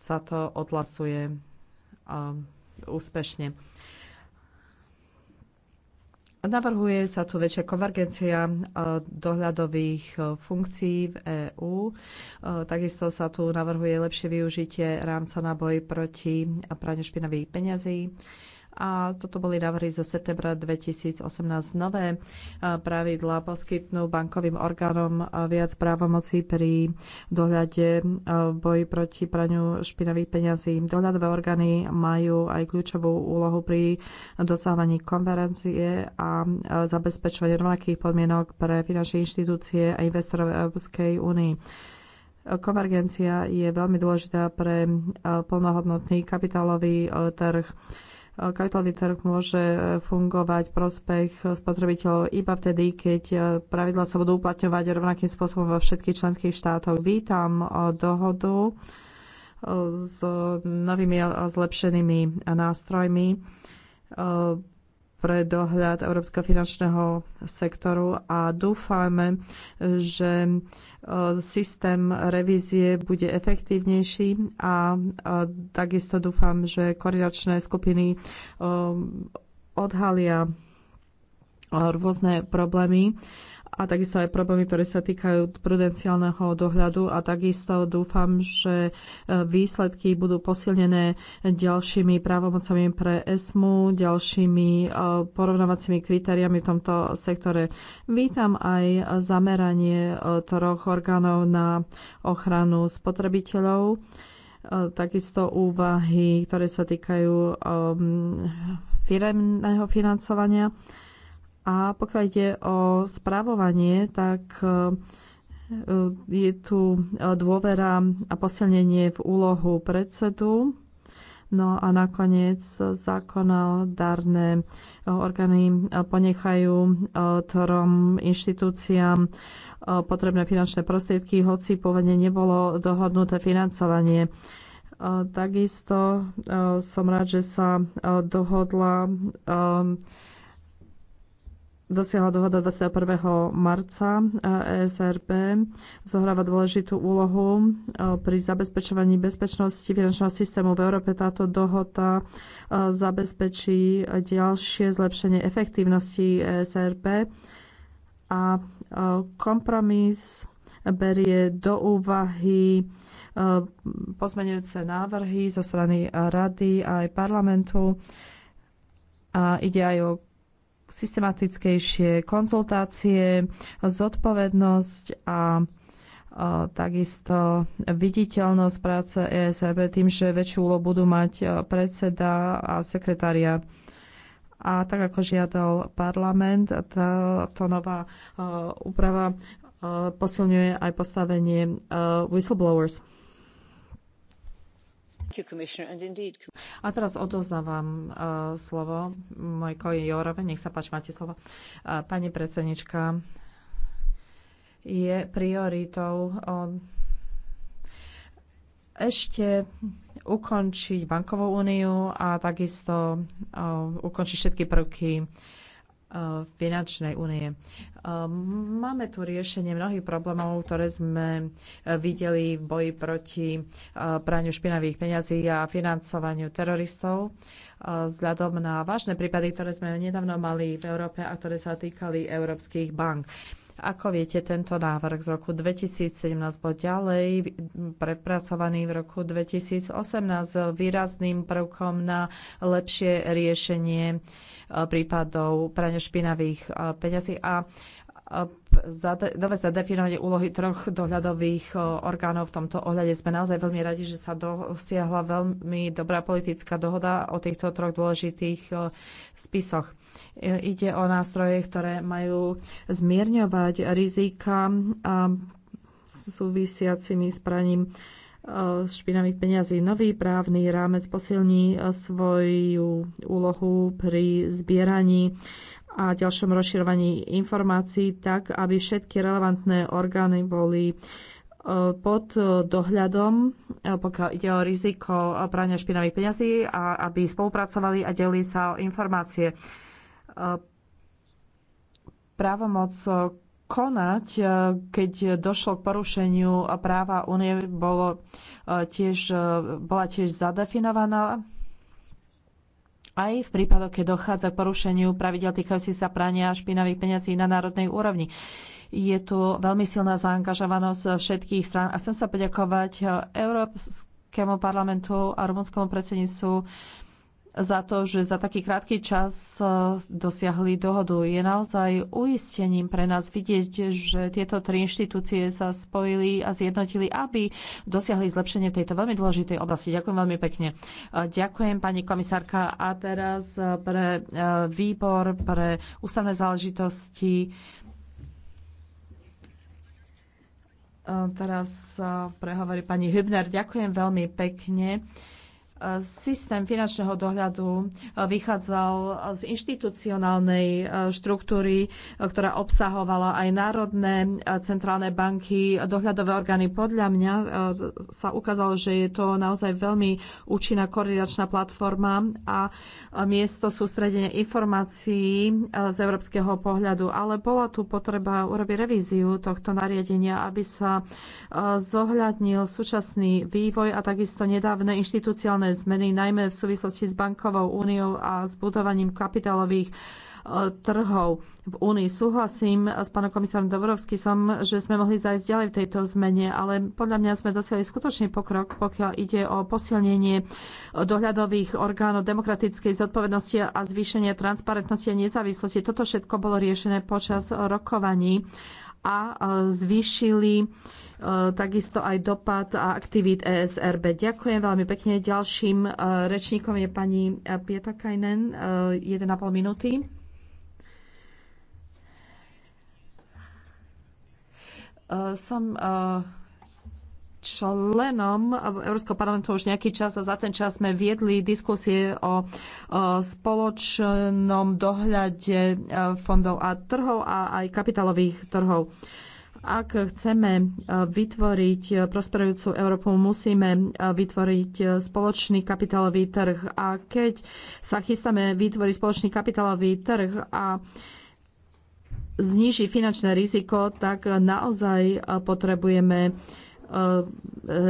sa to odhlasuje eh, úspešne. Navrhuje sa tu väčšia konvergencia e, dohľadových e, funkcií v EÚ. E, takisto sa tu navrhuje lepšie využitie rámca na boj proti praniu špinavých peňazí a toto boli návrhy zo septembra 2018. Nové e, pravidlá poskytnú bankovým orgánom e, viac právomocí pri dohľade e, boji proti praniu špinavých peňazí. Dohľadové orgány majú aj kľúčovú úlohu pri dosávaní konferencie a zabezpečovaní rovnakých podmienok pre finančné inštitúcie a investorov Európskej únii. Konvergencia je veľmi dôležitá pre plnohodnotný kapitálový trh kapitálový trh môže fungovať prospech spotrebiteľov iba vtedy, keď pravidla sa budú uplatňovať rovnakým spôsobom vo všetkých členských štátoch. Vítam dohodu s novými a zlepšenými nástrojmi pre dohľad európskeho finančného sektoru a dúfame, že systém revízie bude efektívnejší a takisto dúfam, že koordinačné skupiny um, odhalia rôzne problémy a takisto aj problémy, ktoré sa týkajú prudenciálneho dohľadu a takisto dúfam, že e, výsledky budú posilnené ďalšími právomocami pre ESMU, ďalšími e, porovnávacími kritériami v tomto sektore. Vítam aj zameranie e, troch orgánov na ochranu spotrebiteľov takisto úvahy, ktoré sa týkajú firemného financovania a pokiaľ ide o správovanie, tak e, je tu e, dôvera a posilnenie v úlohu predsedu. No a nakoniec zákonodárne orgány e, ponechajú trom inštitúciám potrebné finančné prostriedky, hoci povedne nebolo dohodnuté financovanie. Takisto som rád, že sa dohodla dosiahla dohoda 21. marca. ESRP zohráva dôležitú úlohu e, pri zabezpečovaní bezpečnosti finančného systému v Európe. Táto dohoda e, zabezpečí ďalšie zlepšenie efektívnosti ESRP a e, kompromis berie do úvahy pozmenujúce návrhy zo strany rady a aj parlamentu a ide aj o systematickejšie konzultácie, zodpovednosť a takisto viditeľnosť práce ESRB tým, že väčšiu úlohu budú mať predseda a sekretária. A tak ako žiadal parlament, táto nová úprava posilňuje aj postavenie whistleblowers. A teraz odoznávam uh, e, slovo mojej koji Jorove. Nech sa páči, máte slovo. Uh, pani predsednička, je prioritou e, ešte ukončiť bankovú úniu a takisto ukončiť všetky prvky Eh, finančnej únie. Eh, máme tu riešenie mnohých problémov, ktoré sme eh, videli v boji proti praniu špinavých peňazí a financovaniu teroristov. Vzhľadom na vážne prípady, ktoré sme nedávno mali v Európe a ktoré sa týkali európskych bank. Ako viete, tento návrh z roku 2017 bol ďalej prepracovaný v roku 2018 s výrazným prvkom na lepšie riešenie Eh, prípadov prania špinavých eh, peňazí a eh, nové zadefinovanie úlohy troch dohľadových orgánov v tomto ohľade. Sme naozaj veľmi radi, že sa dosiahla veľmi dobrá politická dohoda o týchto troch dôležitých spisoch. Ide o nástroje, ktoré majú zmierňovať rizika súvisiacimi s praním špinavých peňazí. Nový právny rámec posilní eh, svoju úlohu pri zbieraní a ďalšom rozširovaní informácií tak, aby všetky relevantné orgány boli eh, pod dohľadom, eh, pokiaľ ide o riziko prania špinavých peňazí a aby spolupracovali a delili sa o informácie. Právomoc konať, e, keď došlo k porušeniu práva únie, bolo e, tiež, e, bola tiež zadefinovaná aj v prípadoch, keď dochádza k porušeniu pravidel týkajúcich sa prania špinavých peňazí na národnej úrovni. Je tu veľmi silná zaangažovanosť všetkých strán a chcem sa poďakovať Európskemu parlamentu a rumunskému predsedníctvu za to, že za taký krátky čas e, dosiahli dohodu. Je naozaj uistením pre nás vidieť, že tieto tri inštitúcie sa spojili a zjednotili, aby dosiahli zlepšenie v tejto veľmi dôležitej oblasti. Ďakujem veľmi pekne. E, ďakujem pani komisárka a teraz e, pre výbor pre ústavné záležitosti Teraz prehovorí pani Hübner. Ďakujem veľmi pekne. Systém finančného dohľadu e, vychádzal z inštitucionálnej e, štruktúry, e, ktorá obsahovala aj národné centrálne banky, dohľadové orgány. Podľa mňa sa ukázalo, že je to naozaj veľmi účinná koordinačná platforma a miesto sústredenia informácií z európskeho pohľadu. Ale bola tu potreba urobiť revíziu tohto nariadenia, aby sa zohľadnil súčasný vývoj a takisto nedávne inštitucionálne štruktúrálne zmeny, najmä v súvislosti s bankovou úniou a s budovaním kapitálových e, trhov v Únii. Súhlasím s pánom komisárom Dobrovským, že sme mohli zajsť ďalej v tejto zmene, ale podľa mňa sme dosiahli skutočný pokrok, pokiaľ ide o posilnenie dohľadových orgánov demokratickej zodpovednosti a zvýšenie transparentnosti a nezávislosti. Toto všetko bolo riešené počas rokovaní a e, zvýšili E, takisto aj dopad a aktivít ESRB. Ďakujem veľmi pekne. Ďalším e, rečníkom je pani e, Pieta Kajnen, 1,5 minúty. Som členom Európskeho parlamentu už nejaký čas a za ten čas sme viedli diskusie o, spoločnom dohľade fondov a trhov a aj kapitálových trhov. Ak chceme e, vytvoriť e, prosperujúcu Európu, musíme e, vytvoriť spoločný kapitálový trh. A keď sa chystáme vytvoriť spoločný kapitálový trh a zniží finančné riziko, tak naozaj potrebujeme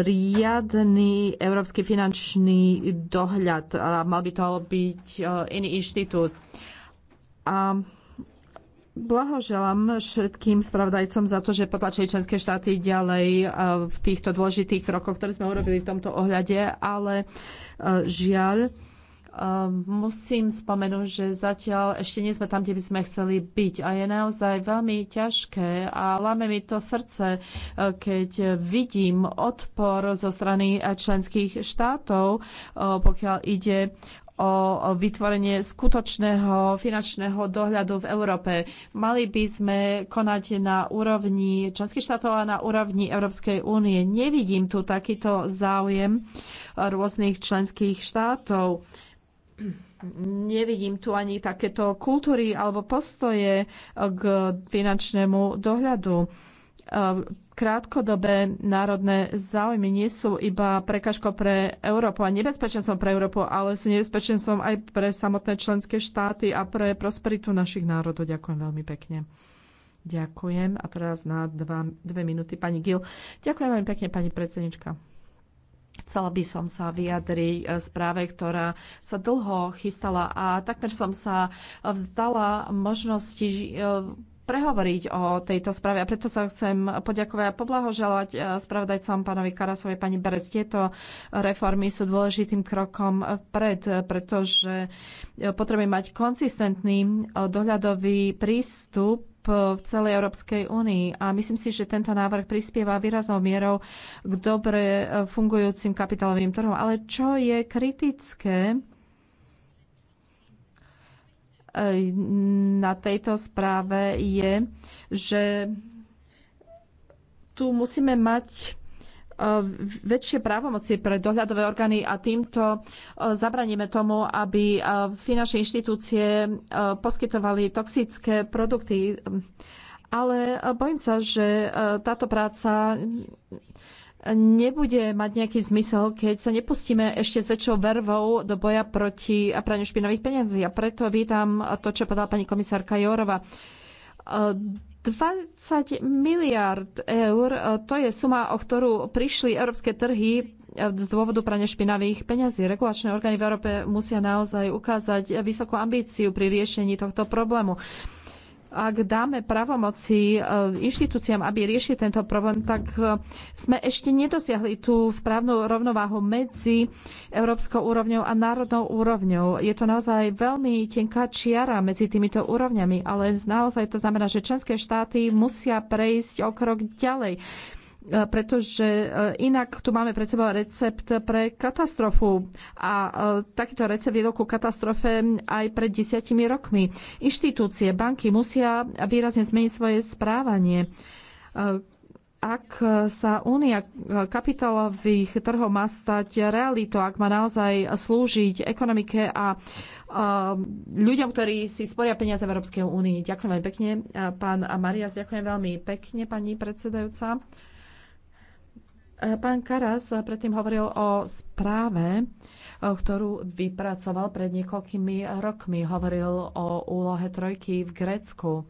riadny európsky finančný dohľad. Mal by to byť iný inštitút. A Blahoželám všetkým spravodajcom za to, že potlačili členské štáty ďalej e, v týchto dôležitých krokoch, ktoré sme urobili v tomto ohľade, ale e, žiaľ, e, musím spomenúť, že zatiaľ ešte nie sme tam, kde by sme chceli byť. A je naozaj veľmi ťažké a láme mi to srdce, keď vidím odpor zo strany členských štátov, pokiaľ ide o vytvorenie skutočného finančného dohľadu v Európe. Mali by sme konať na úrovni členských štátov a na úrovni Európskej únie. Nevidím tu takýto záujem rôznych členských štátov. Nevidím tu ani takéto kultúry alebo postoje k finančnému dohľadu krátkodobé národné záujmy nie sú iba prekažko pre Európu a nebezpečenstvom pre Európu, ale sú nebezpečenstvom aj pre samotné členské štáty a pre prosperitu našich národov. Ďakujem veľmi pekne. Ďakujem. A teraz na dva, dve minúty pani Gil. Ďakujem veľmi pekne, pani predsednička. Chcela by som sa vyjadriť eh, správe, ktorá sa dlho chystala a takmer som sa vzdala možnosti eh, prehovoriť o tejto správe a preto sa chcem poďakovať a poblahoželať eh, spravodajcom pánovi Karasovej pani Berec. Tieto reformy sú dôležitým krokom vpred, pretože eh, potrebujeme mať konsistentný eh, dohľadový prístup v celej Európskej únii. A myslím si, že tento návrh prispieva výraznou mierou k dobre fungujúcim kapitálovým trhom. Ale čo je kritické na tejto správe je, že tu musíme mať e, väčšie právomoci pre dohľadové orgány a týmto e, zabraníme tomu, aby e, finančné inštitúcie poskytovali toxické produkty. Ale bojím sa, že táto práca nebude mať nejaký zmysel, keď sa nepustíme ešte s väčšou vervou do boja proti praniu špinových peniazí. A preto vítam to, čo povedala pani komisárka Jorova. 20 miliard eur, to je suma, o ktorú prišli európske trhy z dôvodu prania špinavých peňazí. Regulačné orgány v Európe musia naozaj ukázať vysokú ambíciu pri riešení tohto problému. Ak dáme pravomoci e, inštitúciám, aby riešili tento problém, tak e, sme ešte nedosiahli tú správnu rovnováhu medzi európskou úrovňou a národnou úrovňou. Je to naozaj veľmi tenká čiara medzi týmito úrovňami, ale naozaj to znamená, že členské štáty musia prejsť o krok ďalej E, pretože e, inak tu máme pred sebou recept pre katastrofu a e, takýto recept viedol ku katastrofe aj pred desiatimi rokmi. Inštitúcie, banky musia výrazne zmeniť svoje správanie. Ak sa únia kapitálových trhov má stať realitou, ak má naozaj slúžiť ekonomike a ľuďom, ktorí si sporia peniaze v Európskej únii. Ďakujem veľmi pekne. Pán Marias, ďakujem veľmi pekne, pani predsedajúca. Pán Karas predtým hovoril o správe, ktorú vypracoval pred niekoľkými rokmi. Hovoril o úlohe trojky v Grécku.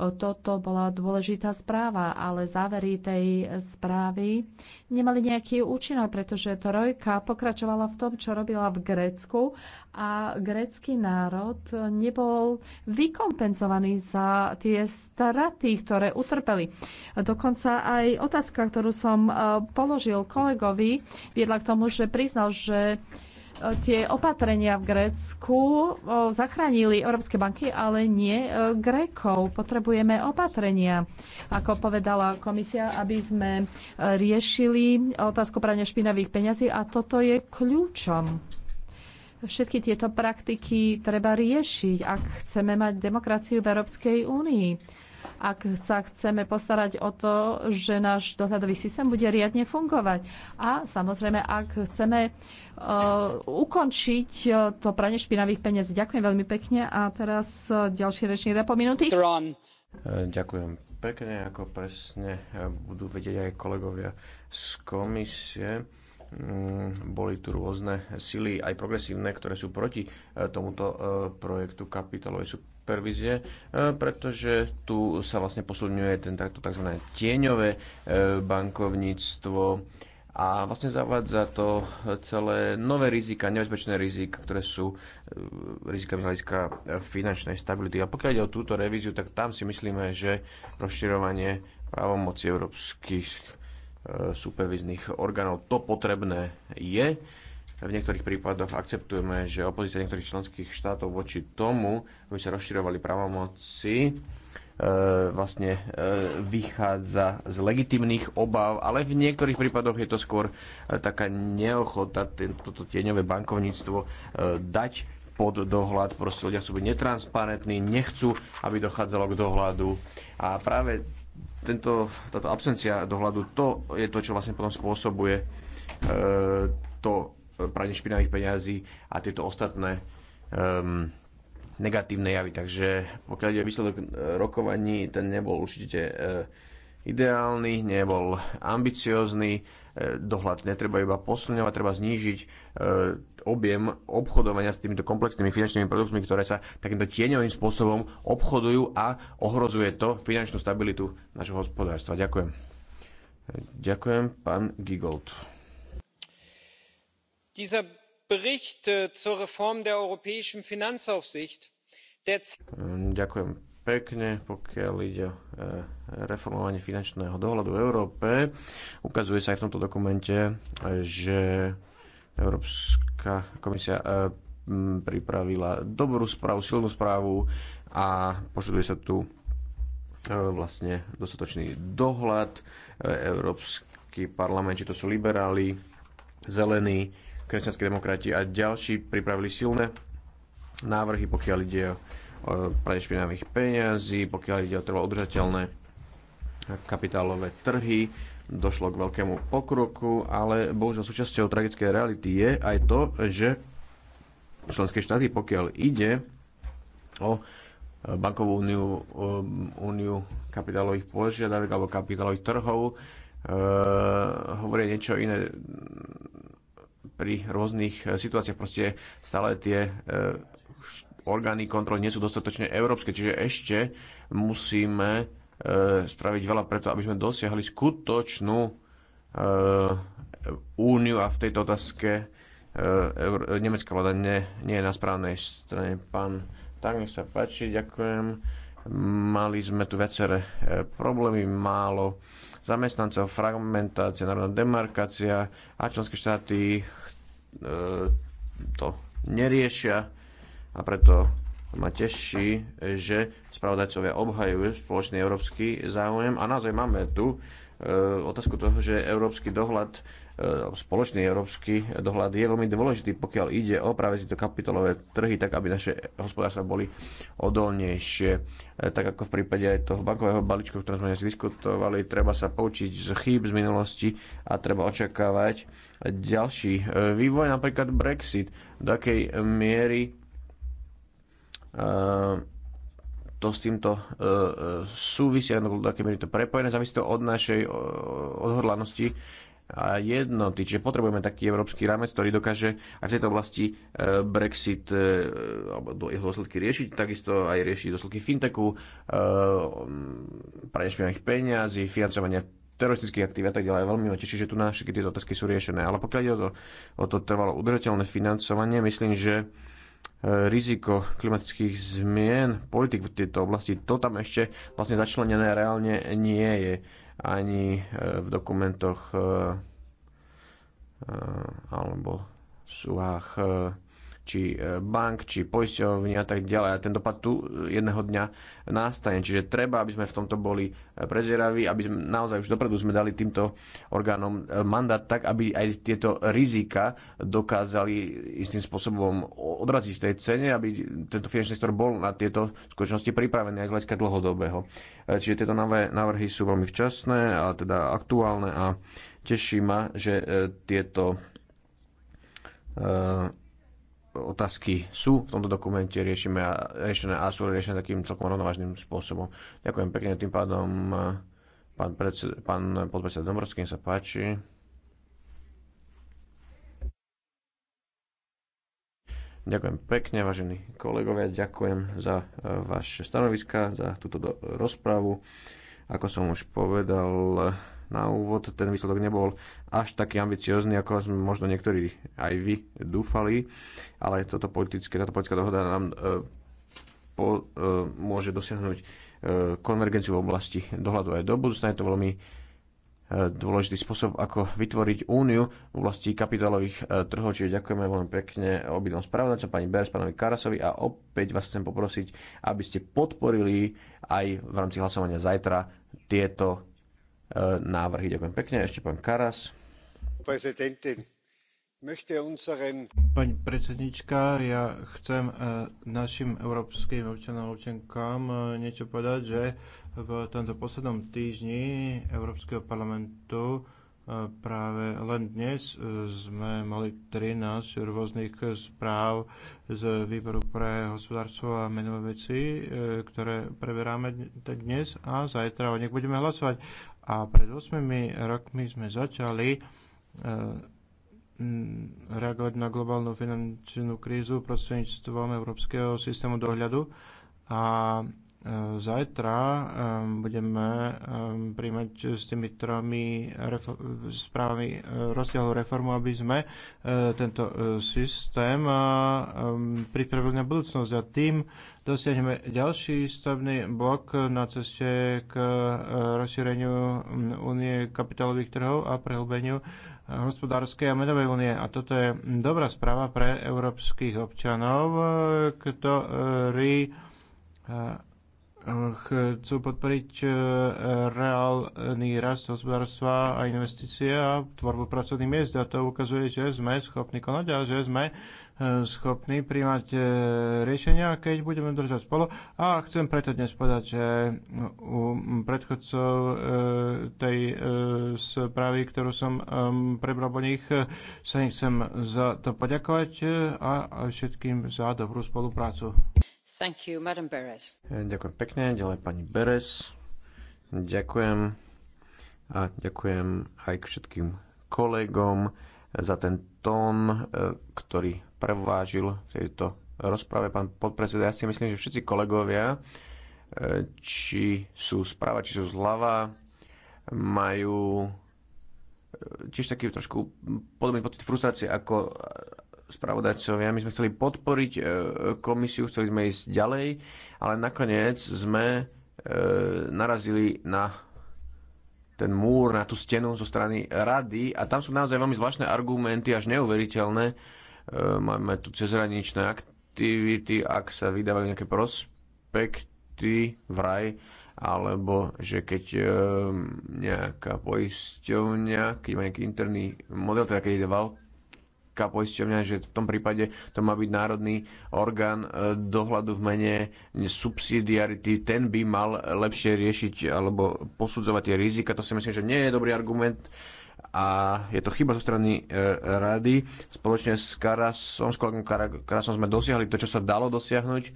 Toto bola dôležitá správa, ale závery tej správy nemali nejaký účinok, pretože Trojka pokračovala v tom, čo robila v Grécku a grécky národ nebol vykompenzovaný za tie straty, ktoré utrpeli. Dokonca aj otázka, ktorú som e, položil kolegovi, viedla k tomu, že priznal, že tie opatrenia v Grécku zachránili európske banky, ale nie e, Grékov. Potrebujeme opatrenia, ako povedala komisia, aby sme e, riešili otázku prania špinavých peňazí a toto je kľúčom. Všetky tieto praktiky treba riešiť, ak chceme mať demokraciu v Európskej únii ak sa chceme postarať o to, že náš dohľadový systém bude riadne fungovať. A samozrejme, ak chceme uh, ukončiť uh, to pranie špinavých peniaz. Ďakujem veľmi pekne a teraz uh, ďalší rečník na pominutý. Ďakujem pekne, ako presne budú vedieť aj kolegovia z komisie mm, boli tu rôzne sily, aj progresívne, ktoré sú proti tomuto projektu kapitálovej pervízie, e, pretože tu sa vlastne posilňuje ten takto tzv. tieňové e, bankovníctvo a vlastne zavádza to celé nové rizika, nebezpečné rizika, ktoré sú e, rizika z hľadiska finančnej stability. A pokiaľ ide o túto revíziu, tak tam si myslíme, že rozširovanie právomoci európskych supervizných orgánov to potrebné je v niektorých prípadoch akceptujeme, že opozícia niektorých členských štátov voči tomu, aby sa rozširovali právomoci, e, vlastne e, vychádza z legitimných obav, ale v niektorých prípadoch je to skôr e, taká neochota toto tieňové bankovníctvo dať pod dohľad. Proste ľudia chcú byť netransparentní, nechcú, aby dochádzalo k dohľadu. A práve tento, táto absencia dohľadu, to je to, čo vlastne potom spôsobuje to pranie špinavých peňazí a tieto ostatné um, negatívne javy. Takže pokiaľ ide výsledok eh, rokovaní, ten nebol určite uh, ideálny, nebol ambiciózny, eh, dohľad netreba iba posilňovať, treba znížiť objem obchodovania s týmito komplexnými finančnými produktmi, ktoré sa takýmto tieňovým spôsobom obchodujú a ohrozuje to finančnú stabilitu našho hospodárstva. Ďakujem. Ďakujem, pán Gigold dieser bericht äh, zur reform der europäischen finanzaufsicht mm, Ďakujem pekne, pokiaľ ide o e, reformovanie finančného dohľadu v Európe. Ukazuje sa aj v tomto dokumente, e, že Európska komisia e, pripravila dobrú správu, silnú správu a požaduje sa tu vlastne dostatočný dohľad. Európsky parlament, či to sú liberáli, zelení, kresťanskí demokrati a ďalší pripravili silné návrhy, pokiaľ ide o pranie špinavých peniazí, pokiaľ ide o trvalo udržateľné kapitálové trhy, došlo k veľkému pokroku, ale bohužiaľ súčasťou tragickej reality je aj to, že členské štáty, pokiaľ ide o bankovú úniu, um, úniu kapitálových požiadavek alebo kapitálových trhov, uh, hovoria niečo iné pri rôznych e, situáciách proste stále tie e, orgány kontroly nie sú dostatočne európske, čiže ešte musíme e, spraviť veľa preto, aby sme dosiahli skutočnú úniu a v tejto otázke nemecká vláda nie, nie je na správnej strane. Pán, tak nech sa páči, ďakujem. Mali sme tu viaceré problémy, málo zamestnancov, fragmentácia, národná demarkácia a členské štáty E, to neriešia a preto ma teší, že spravodajcovia obhajujú spoločný európsky záujem a naozaj máme tu e, otázku toho, že európsky dohľad E, spoločný európsky dohľad je veľmi dôležitý, pokiaľ ide o práve tieto kapitolové trhy, tak aby naše hospodárstva boli odolnejšie. E, tak ako v prípade aj toho bankového balíčku, ktorý sme dnes diskutovali, treba sa poučiť z chýb z minulosti a treba očakávať ďalší e, vývoj, napríklad Brexit, do akej miery to s týmto súvisia, do akej miery to prepojené, závisí to od našej odhodlanosti jednoty. Čiže potrebujeme taký európsky rámec, ktorý dokáže aj v tejto oblasti e, Brexit e, alebo do jeho dôsledky riešiť, takisto aj riešiť dôsledky fintechu, e, prenešmievaných peniazy, financovania teroristických aktív a tak ďalej. Veľmi ma teší, že tu na všetky tieto otázky sú riešené. Ale pokiaľ ide o to, o to trvalo udržateľné financovanie, myslím, že riziko klimatických zmien politik v tejto oblasti, to tam ešte vlastne začlenené reálne nie je ani e, v dokumentoch e, e, alebo súhách či e, bank, či poisťovní a tak ďalej. A ten dopad tu jedného dňa nastane. Čiže treba, aby sme v tomto boli e, prezieraví, aby sme naozaj už dopredu sme dali týmto orgánom e, mandát tak, aby aj tieto rizika dokázali istým spôsobom odraziť v tej cene, aby tento finančný sektor bol na tieto skutočnosti pripravený aj z hľadiska dlhodobého. Čiže tieto nové návrhy sú veľmi včasné a teda aktuálne a teší ma, že tieto otázky sú v tomto dokumente riešime a, riešené a sú riešené takým celkom rovnovážnym spôsobom. Ďakujem pekne tým pádom e, pán, predsed, pán podpredseda Domorský, sa páči. Ďakujem pekne, vážení kolegovia, ďakujem za e, vaše stanoviska, za túto do, rozprávu. Ako som už povedal e, na úvod, ten výsledok nebol až taký ambiciózny, ako sme možno niektorí aj vy dúfali, ale toto politické, táto politická dohoda nám e, po, e, môže dosiahnuť e, konvergenciu v oblasti dohľadu aj do budúcna. Je to veľmi e, dôležitý spôsob, ako vytvoriť úniu v oblasti kapitálových e, trhov. Čiže ďakujeme veľmi pekne obidvom spravodajcom, pani Beres, pánovi Karasovi a opäť vás chcem poprosiť, aby ste podporili aj v rámci hlasovania zajtra tieto e, návrhy. Ďakujem pekne. Ešte pán Karas. Pani predsednička, ja chcem e, našim európskym občanom a občankám e, niečo povedať, že v tomto poslednom týždni Európskeho parlamentu e, práve len dnes sme mali 13 rôznych správ z výboru pre hospodárstvo a menové veci, ktoré preberáme dnes a zajtra o nich budeme hlasovať. A pred 8 rokmi sme začali Ehm, reagovať na globálnu finančnú krízu prostredníctvom európskeho systému dohľadu a e, Zajtra ehm, budeme ehm, príjmať s tými tromi správami e, rozsiahlu reformu, aby sme e, tento systém pripravili na budúcnosť a tým dosiahneme ďalší stavný blok na ceste k rozšíreniu únie kapitálových trhov a prehlbeniu hospodárskej a menovej únie. A toto je dobrá správa pre európskych občanov, ktorí eh, chcú podporiť eh, reálny rast hospodárstva a investície a tvorbu pracovných miest. A to ukazuje, že sme schopní konať a že sme E, schopní príjmať e, riešenia, keď budeme držať spolu. A chcem preto dnes povedať, že u predchodcov e, tej správy, ktorú som prebral po nich, sa im chcem za to poďakovať a všetkým za dobrú spoluprácu. Thank you, Madam Beres. Ďakujem pekne, ďalej pani Beres. Ďakujem a ďakujem aj k všetkým kolegom za ten tón, e, ktorý prevážil v tejto rozprave. Pán podpredseda, ja si myslím, že všetci kolegovia, e, či sú správa, či sú zľava, majú e, tiež taký trošku podobný pocit frustrácie ako spravodajcovia. My sme chceli podporiť komisiu, chceli sme ísť ďalej, ale nakoniec sme narazili na ten múr, na tú stenu zo strany rady a tam sú naozaj veľmi zvláštne argumenty, až neuveriteľné. E, máme tu cezhraničné aktivity, ak sa vydávajú nejaké prospekty vraj, alebo že keď e, nejaká poisťovňa, keď má nejaký interný model, teda keď ide Slovenská poisťovňa, že v tom prípade to má byť národný orgán e, dohľadu v mene subsidiarity, ten by mal lepšie riešiť alebo posudzovať tie rizika. To si myslím, že nie je dobrý argument a je to chyba zo strany e, rady. Spoločne s Karasom, s kolegom Karasom sme dosiahli to, čo sa dalo dosiahnuť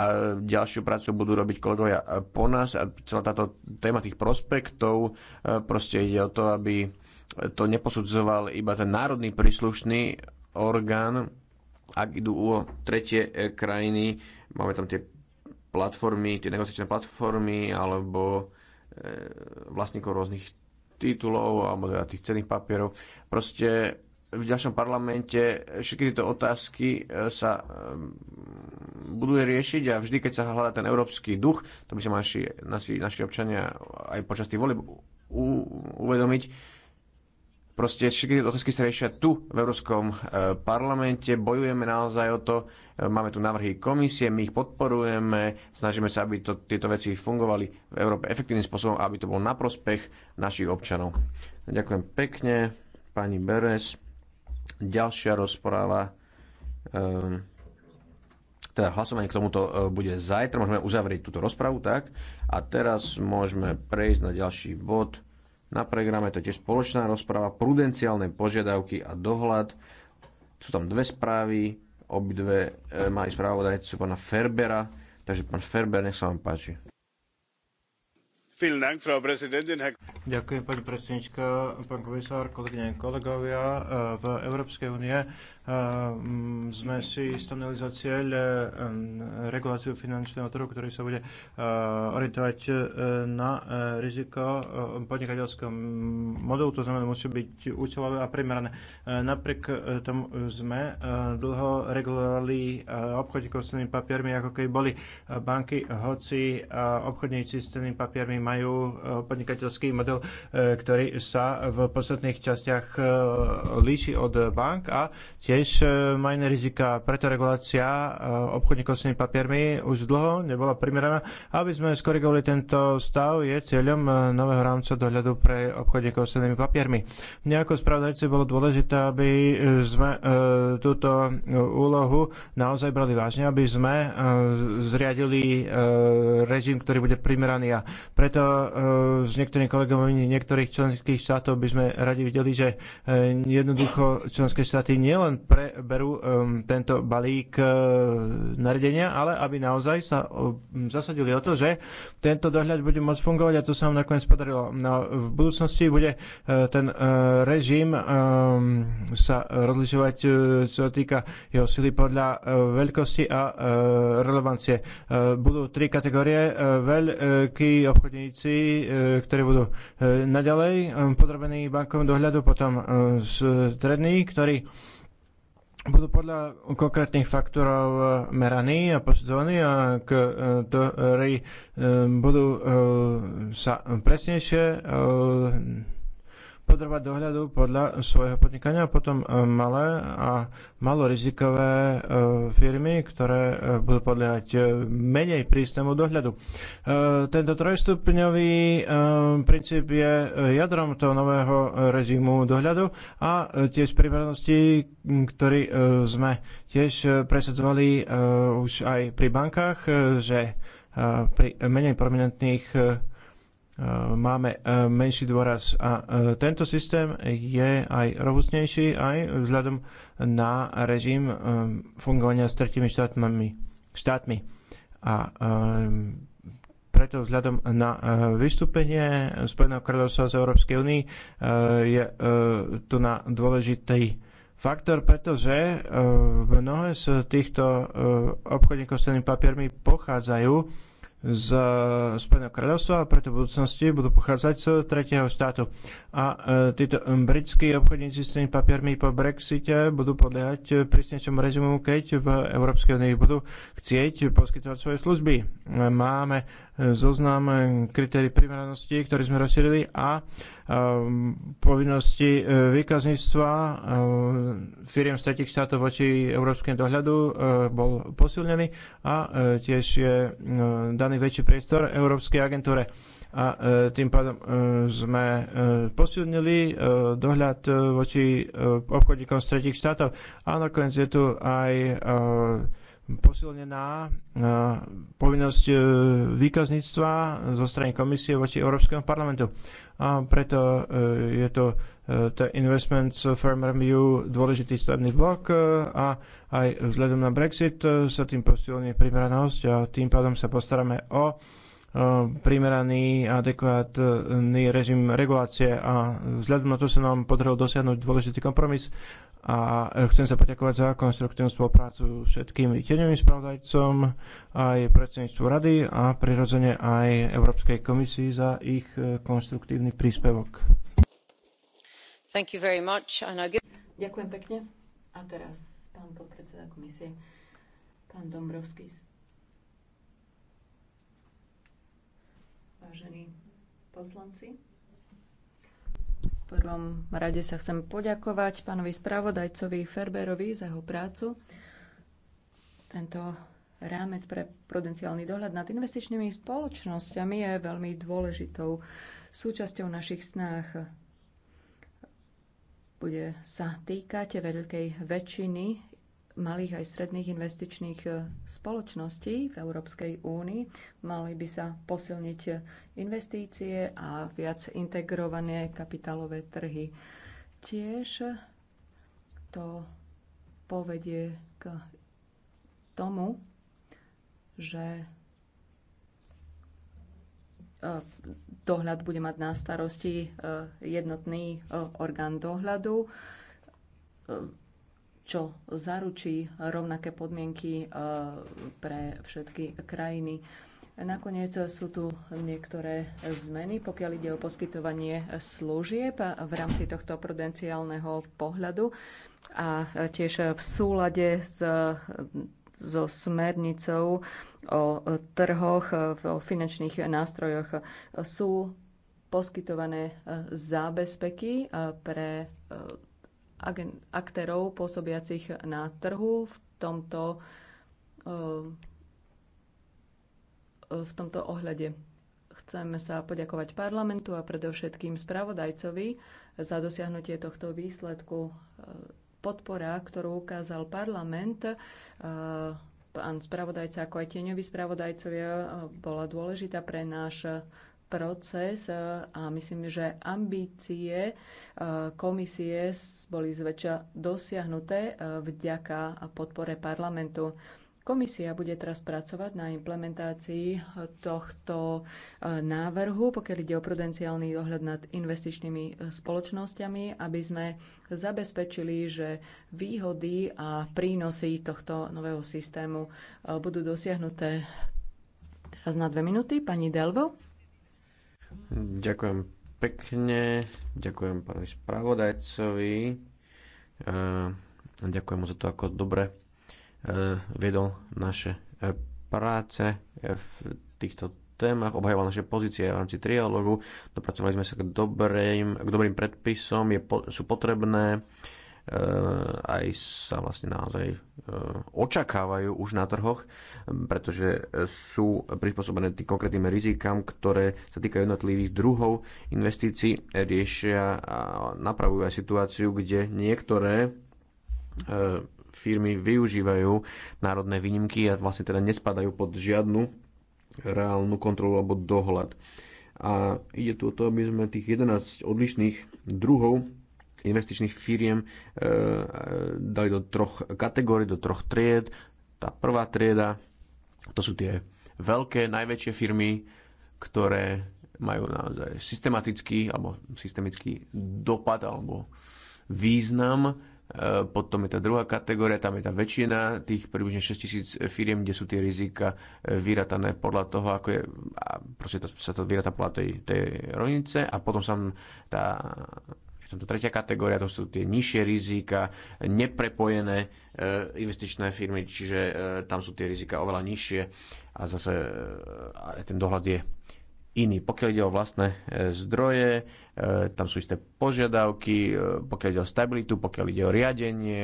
a ďalšiu prácu budú robiť kolegovia po nás a celá táto téma tých prospektov e, proste ide o to, aby to neposudzoval iba ten národný príslušný orgán, ak idú o tretie e, krajiny, máme tam tie platformy, tie negociačné platformy, alebo e, vlastníkov rôznych titulov, alebo teda tých cenných papierov. Proste v ďalšom parlamente všetky tieto otázky e, sa budú riešiť a vždy, keď sa hľadá ten európsky duch, to by sa naši, naši, naši občania aj počas tých volieb uvedomiť, Proste všetky otázky sa riešia tu v Európskom e, parlamente, bojujeme naozaj o to, e, máme tu návrhy komisie, my ich podporujeme, snažíme sa, aby to, tieto veci fungovali v Európe efektívnym spôsobom, aby to bol na prospech našich občanov. Ďakujem pekne, pani Beres. Ďalšia rozpráva, e, teda hlasovanie k tomuto bude zajtra, môžeme uzavrieť túto rozpravu, tak? A teraz môžeme prejsť na ďalší bod na programe to je tiež spoločná rozprava, prudenciálne požiadavky a dohľad. Sú tam dve správy, obidve e, mali správodajcu pána Ferbera, takže pán Ferber, nech sa vám páči. Ďakujem, pani predsednička, pán komisár, kolegyne, kolegovia. E, v Európskej únie Mm, sme si stanovili za cieľ e, reguláciu finančného trhu, ktorý sa bude e, orientovať e, na riziko podnikateľského modelu, to znamená, musí byť účelové a primerané. Napriek tomu sme dlho regulovali obchodníkov s cennými papiermi, ako keby boli banky, hoci obchodníci s cennými papiermi majú podnikateľský model, ktorý sa v posledných častiach líši od bank a tie tiež e, majné rizika, preto regulácia e, obchodníkov s tými papiermi už dlho nebola primeraná. Aby sme skorigovali tento stav, je cieľom e, nového rámca dohľadu pre obchodníkov s tými papiermi. Mne ako spravodajci bolo dôležité, aby sme túto úlohu naozaj brali vážne, aby sme zriadili režim, ktorý bude primeraný a preto s niektorými kolegami niektorých členských štátov by sme radi videli, že jednoducho členské štáty nielen preberú um, tento balík uh, naredenia, ale aby naozaj sa uh, zasadili o to, že tento dohľad bude môcť fungovať a to sa nám nakoniec podarilo. No, v budúcnosti bude uh, ten režim um, sa rozlišovať, čo sa týka jeho sily podľa veľkosti a relevancie. Budú tri kategórie. Veľkí obchodníci, ktorí budú naďalej um, podrobení bankovým dohľadu, potom strední, ktorí budú podľa konkrétnych faktorov eh, meraní a posudzovaní, a ktorí eh, eh, budú sa presnejšie podrobať dohľadu podľa svojho podnikania a potom e, malé a malorizikové e, firmy, ktoré e, budú podliehať menej prísnemu dohľadu. Tento trojstupňový princíp je jadrom toho nového režimu dohľadu a tiež primeranosti, ktorý sme tiež presadzovali už aj pri bankách, že pri menej prominentných máme e, menší dôraz. A e, tento systém je aj robustnejší aj vzhľadom na režim e, fungovania s tretími štátmi. štátmi. A preto vzhľadom na vystúpenie Spojeného kráľovstva z Európskej únie je tu na dôležitý faktor, pretože mnohé z týchto obchodníkov s cenými papiermi pochádzajú z Spojeného kráľovstva a preto v budúcnosti budú pochádzať z tretieho štátu. A e, títo britskí obchodníci s tými papiermi po Brexite budú podliehať prísnejšom režimu, keď v Európskej únii budú chcieť poskytovať svoje služby. E, máme zoznam kritérií primeranosti, ktorý sme rozšírili a um, povinnosti uh, výkazníctva uh, firiem z tretich štátov voči európskym dohľadu uh, bol posilnený a tiež je daný väčší priestor Európskej agentúre a tým pádom sme posilnili dohľad voči obchodníkom z tretich štátov a nakoniec je tu aj posilnená e, povinnosť e, výkazníctva zo strany komisie voči Európskemu parlamentu. A preto e, je to The Investment Firm Review dôležitý stavný blok a aj vzhľadom na Brexit sa tým posilní primeranosť a tým pádom sa postaráme o Eh, primeraný a adekvátny režim regulácie a vzhľadom na to sa nám podarilo dosiahnuť dôležitý kompromis a chcem sa poďakovať za konstruktívnu spoluprácu všetkým výtenovým spravodajcom, aj predsedníctvu rady a prirodzene aj Európskej komisii za ich eh, konstruktívny príspevok. Thank you very much. And give... Ďakujem pekne. A teraz pán podpredseda komisie, pán Dombrovskis. vážení poslanci. V prvom rade sa chcem poďakovať pánovi spravodajcovi Ferberovi za jeho prácu. Tento rámec pre prudenciálny dohľad nad investičnými spoločnosťami je veľmi dôležitou súčasťou našich snách. Bude sa týkať veľkej väčšiny malých aj stredných investičných e, spoločností v Európskej únii. Mali by sa posilniť investície a viac integrované kapitálové trhy. Tiež to povedie k tomu, že e, dohľad bude mať na starosti e, jednotný orgán dohľadu čo zaručí rovnaké podmienky e, pre všetky krajiny. Nakoniec sú tu niektoré zmeny, pokiaľ ide o poskytovanie služieb v rámci tohto prudenciálneho pohľadu a tiež v súlade s so smernicou o trhoch, o finančných nástrojoch sú poskytované zábezpeky e, pre e, aktérov pôsobiacich na trhu v tomto, eh, v tomto ohľade. Chceme sa poďakovať parlamentu a predovšetkým spravodajcovi za dosiahnutie tohto výsledku. Eh, podpora, ktorú ukázal parlament, eh, pán spravodajca, ako aj tieňoví spravodajcovia, bola dôležitá pre náš proces e, a myslím, že ambície e, komisie boli zväčša dosiahnuté e, vďaka podpore parlamentu. Komisia bude teraz pracovať na implementácii tohto návrhu, pokiaľ ide o prudenciálny dohľad nad investičnými spoločnosťami, aby sme zabezpečili, že výhody a prínosy tohto nového systému budú dosiahnuté. Teraz na dve minúty, pani Delvo. Ďakujem pekne, ďakujem pánovi spravodajcovi. E, ďakujem mu za to, ako dobre e, viedol naše e, práce v týchto témach, obhajoval naše pozície v rámci trialógu, dopracovali sme sa k dobrým, k dobrým predpisom, je, sú potrebné Eh, aj sa vlastne naozaj eh, očakávajú už na trhoch, pretože sú prispôsobené tým konkrétnym rizikám, ktoré sa týkajú jednotlivých druhov investícií, riešia a napravujú aj situáciu, kde niektoré eh, firmy využívajú národné výnimky a vlastne teda nespadajú pod žiadnu reálnu kontrolu alebo dohľad. A ide tu o to, aby sme tých 11 odlišných druhov investičných firiem e, e, dali do troch kategórií, do troch tried. Tá prvá trieda, to sú tie veľké, najväčšie firmy, ktoré majú naozaj systematický alebo systemický dopad alebo význam. E, potom je tá druhá kategória, tam je tá väčšina tých približne 6000 firiem, kde sú tie rizika vyratané podľa toho, ako je, a proste to, sa to vyrata podľa tej, tej rovnice a potom sa tá potom to tretia kategória, to sú tie nižšie rizika, neprepojené e, investičné firmy, čiže e, tam sú tie rizika oveľa nižšie a zase e, ten dohľad je iný. Pokiaľ ide o vlastné zdroje, tam sú isté požiadavky, pokiaľ ide o stabilitu, pokiaľ ide o riadenie,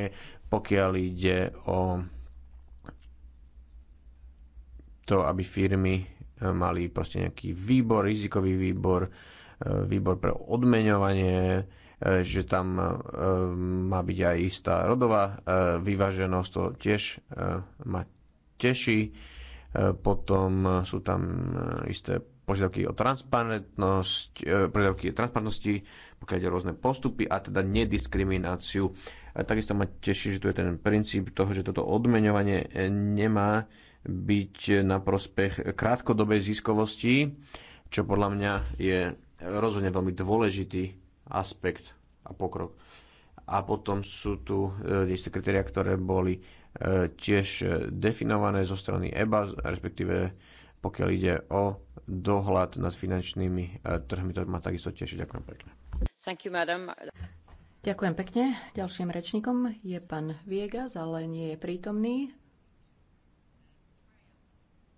pokiaľ ide o to, aby firmy mali proste nejaký výbor, rizikový výbor, výbor pre odmeňovanie, E, že tam e, má byť aj istá rodová e, vyváženosť, to tiež ma teší. Potom sú tam isté požiadavky o transparentnosť, požiadavky o transparentnosti, pokiaľ ide rôzne postupy a teda nediskrimináciu. A takisto ma teší, že tu je ten princíp toho, že toto odmeňovanie nemá byť na prospech krátkodobej ziskovosti, čo podľa mňa je rozhodne veľmi dôležitý aspekt a pokrok. A potom sú tu e, isté kritéria, ktoré boli e, tiež e, definované zo strany EBA, respektíve pokiaľ ide o dohľad nad finančnými trhmi. To ma takisto teší. Ďakujem pekne. Thank you, madam. Ďakujem pekne. Ďalším rečníkom je pán Viegas, ale nie je prítomný.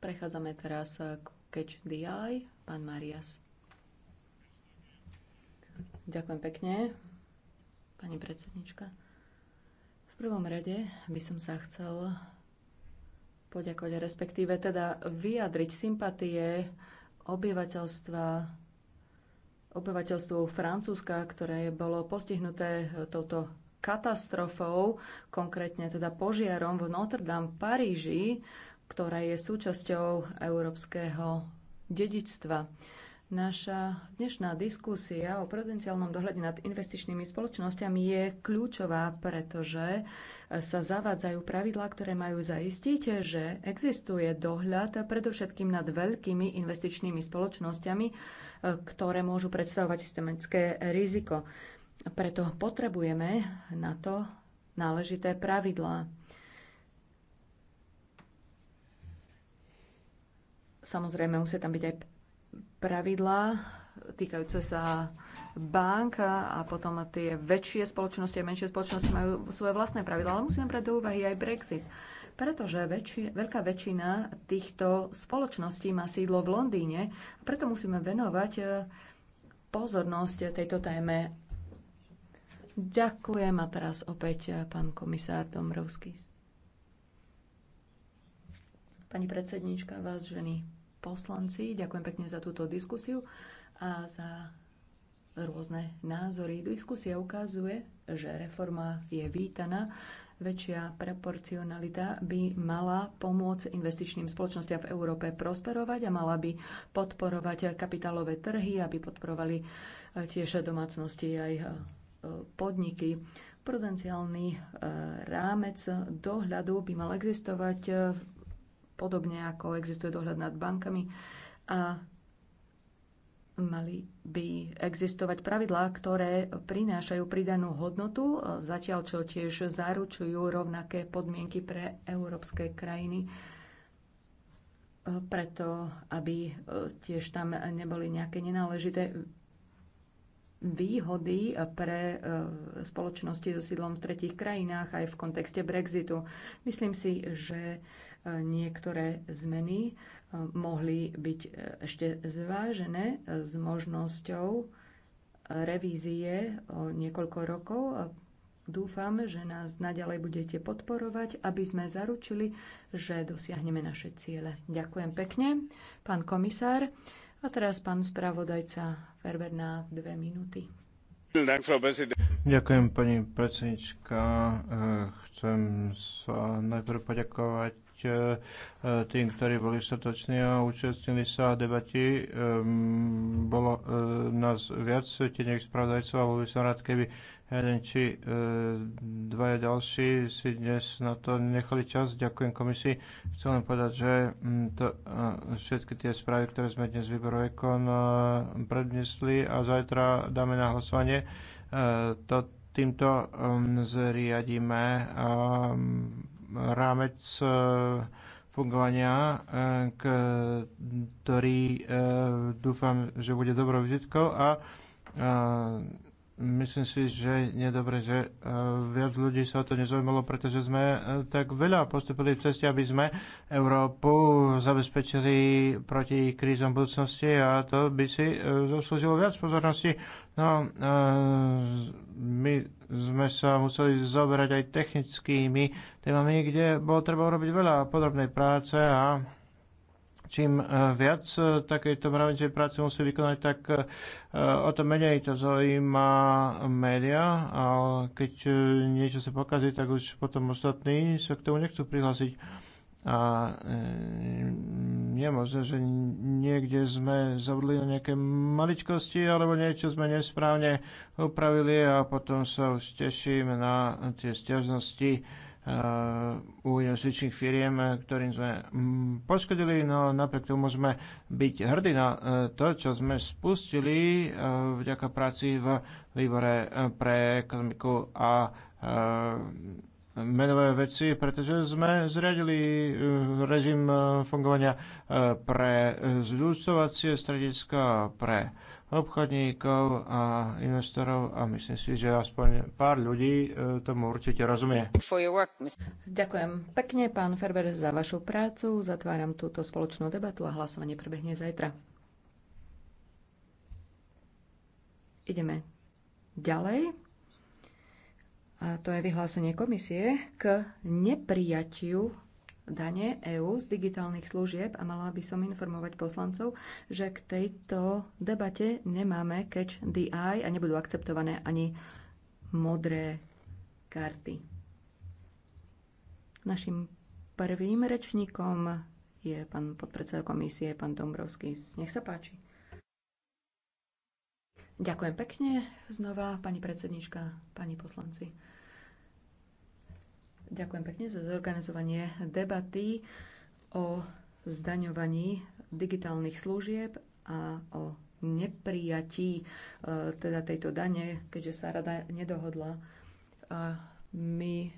Prechádzame teraz k Catch the Eye, pán Marias. Ďakujem pekne, pani predsednička. V prvom rade by som sa chcel poďakovať, respektíve teda vyjadriť sympatie obyvateľstva obyvateľstvu Francúzska, ktoré bolo postihnuté touto katastrofou, konkrétne teda požiarom v Notre Dame v Paríži, ktorá je súčasťou európskeho dedičstva. Naša dnešná diskusia o prudenciálnom dohľade nad investičnými spoločnosťami je kľúčová, pretože e, sa zavádzajú pravidlá, ktoré majú zaistiť, že existuje dohľad predovšetkým nad veľkými investičnými spoločnosťami, e, ktoré môžu predstavovať systemické riziko. Preto potrebujeme na to náležité pravidlá. Samozrejme, musia tam byť aj pravidlá týkajúce sa bank a potom tie väčšie spoločnosti a menšie spoločnosti majú svoje vlastné pravidlá, ale musíme brať do úvahy aj Brexit. Pretože väčši, veľká väčšina týchto spoločností má sídlo v Londýne a preto musíme venovať e, pozornosť tejto téme. Ďakujem a teraz opäť e, pán komisár Dombrovský. Pani predsednička, vás ženy poslanci. Ďakujem pekne za túto diskusiu a za rôzne názory. Diskusia ukazuje, že reforma je vítaná. Väčšia proporcionalita by mala pomôcť investičným spoločnostiam v Európe prosperovať a mala by podporovať kapitálové trhy, aby podporovali tiež domácnosti aj e, podniky. Prudenciálny e, rámec dohľadu by mal existovať podobne ako existuje dohľad nad bankami. A mali by existovať pravidlá, ktoré prinášajú pridanú hodnotu, zatiaľ čo tiež zaručujú rovnaké podmienky pre európske krajiny, preto aby e, tiež tam neboli nejaké nenáležité výhody pre e, spoločnosti so sídlom v tretich krajinách aj v kontexte Brexitu. Myslím si, že niektoré zmeny e, mohli byť e, ešte zvážené e, s možnosťou revízie o niekoľko rokov. Dúfam, že nás naďalej budete podporovať, aby sme zaručili, že dosiahneme naše ciele. Ďakujem pekne, pán komisár. A teraz pán spravodajca Ferber na dve minúty. Ďakujem, pani predsednička. Chcem sa najprv poďakovať E, e, tým, ktorí boli srdoční a účastnili sa debati. Bolo e, nás viac tieňových spravodajcov a bol by som rád, keby jeden či dvaja ďalší si dnes na to nechali čas. Ďakujem komisii. Chcem len povedať, že to, všetky tie správy, ktoré sme dnes výboru Ekon prednesli a zajtra dáme na hlasovanie, to týmto zriadíme rámec e, fungovania, e, ktorý e, dúfam, že bude dobrou vizitkou a myslím si, že nie je dobre, že e, viac ľudí sa o to nezaujímalo, pretože sme e, tak veľa postupili v ceste, aby sme Európu zabezpečili proti krízom budúcnosti a to by si e, zaslúžilo viac pozornosti. No, my sme sa museli zaoberať aj technickými témami, kde bolo treba urobiť veľa podrobnej práce a čím e, viac e, takejto mravenčej práce musí vykonať, tak e, o to menej to zaujíma média a keď niečo sa pokazí, tak už potom ostatní sa k tomu nechcú prihlásiť. A je možné, že niekde sme zavrli na nejaké maličkosti alebo niečo sme nesprávne upravili a potom sa už tešíme na tie stiažnosti u jazyčných firiem, ktorým sme mm, poškodili, no napriek tomu môžeme byť hrdí na e, to, čo sme spustili e, vďaka práci v výbore e, pre ekonomiku a menové veci, pretože sme zriadili režim fungovania pre zúčtovacie strediska, pre obchodníkov a investorov a myslím si, že aspoň pár ľudí e, tomu určite rozumie. Ďakujem pekne, pán Ferber, za vašu prácu. Zatváram túto spoločnú debatu a hlasovanie prebehne zajtra. Ideme ďalej. A to je vyhlásenie komisie k neprijatiu dane EÚ z digitálnych služieb a mala by som informovať poslancov, že k tejto debate nemáme catch the eye a nebudú akceptované ani modré karty. Našim prvým rečníkom je pán podpredseda komisie, pán Dombrovský. Nech sa páči. Ďakujem pekne znova, pani predsednička, pani poslanci. Ďakujem pekne za zorganizovanie debaty o zdaňovaní digitálnych služieb a o neprijatí e, teda tejto dane, keďže sa rada nedohodla. My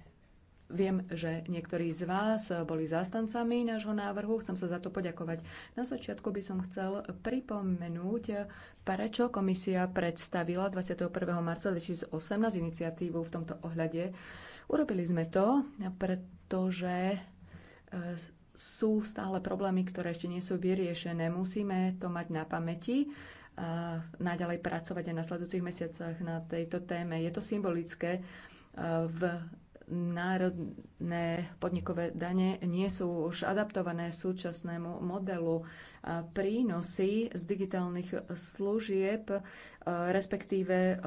viem, že niektorí z vás boli zástancami nášho návrhu, chcem sa za to poďakovať. Na začiatku by som chcel pripomenúť, prečo komisia predstavila 21. marca 2018 iniciatívu v tomto ohľade Urobili sme to, pretože e, sú stále problémy, ktoré ešte nie sú vyriešené. Musíme to mať na pamäti a e, naďalej pracovať aj na sledujúcich mesiacoch na tejto téme. Je to symbolické. E, v národné podnikové dane nie sú už adaptované súčasnému modelu. Prínosy z digitálnych služieb, respektíve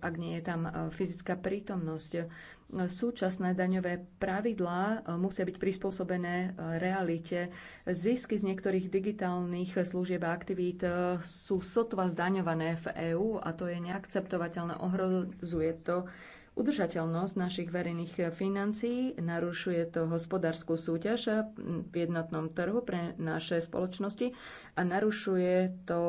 ak nie je tam fyzická prítomnosť, súčasné daňové pravidlá e, musia byť prispôsobené e, realite. Zisky z niektorých digitálnych služieb a aktivít e, sú sotva zdaňované v EÚ a to je neakceptovateľné. Ohrozuje to udržateľnosť našich verejných financií, narušuje to hospodárskú súťaž v jednotnom trhu pre naše spoločnosti a narušuje to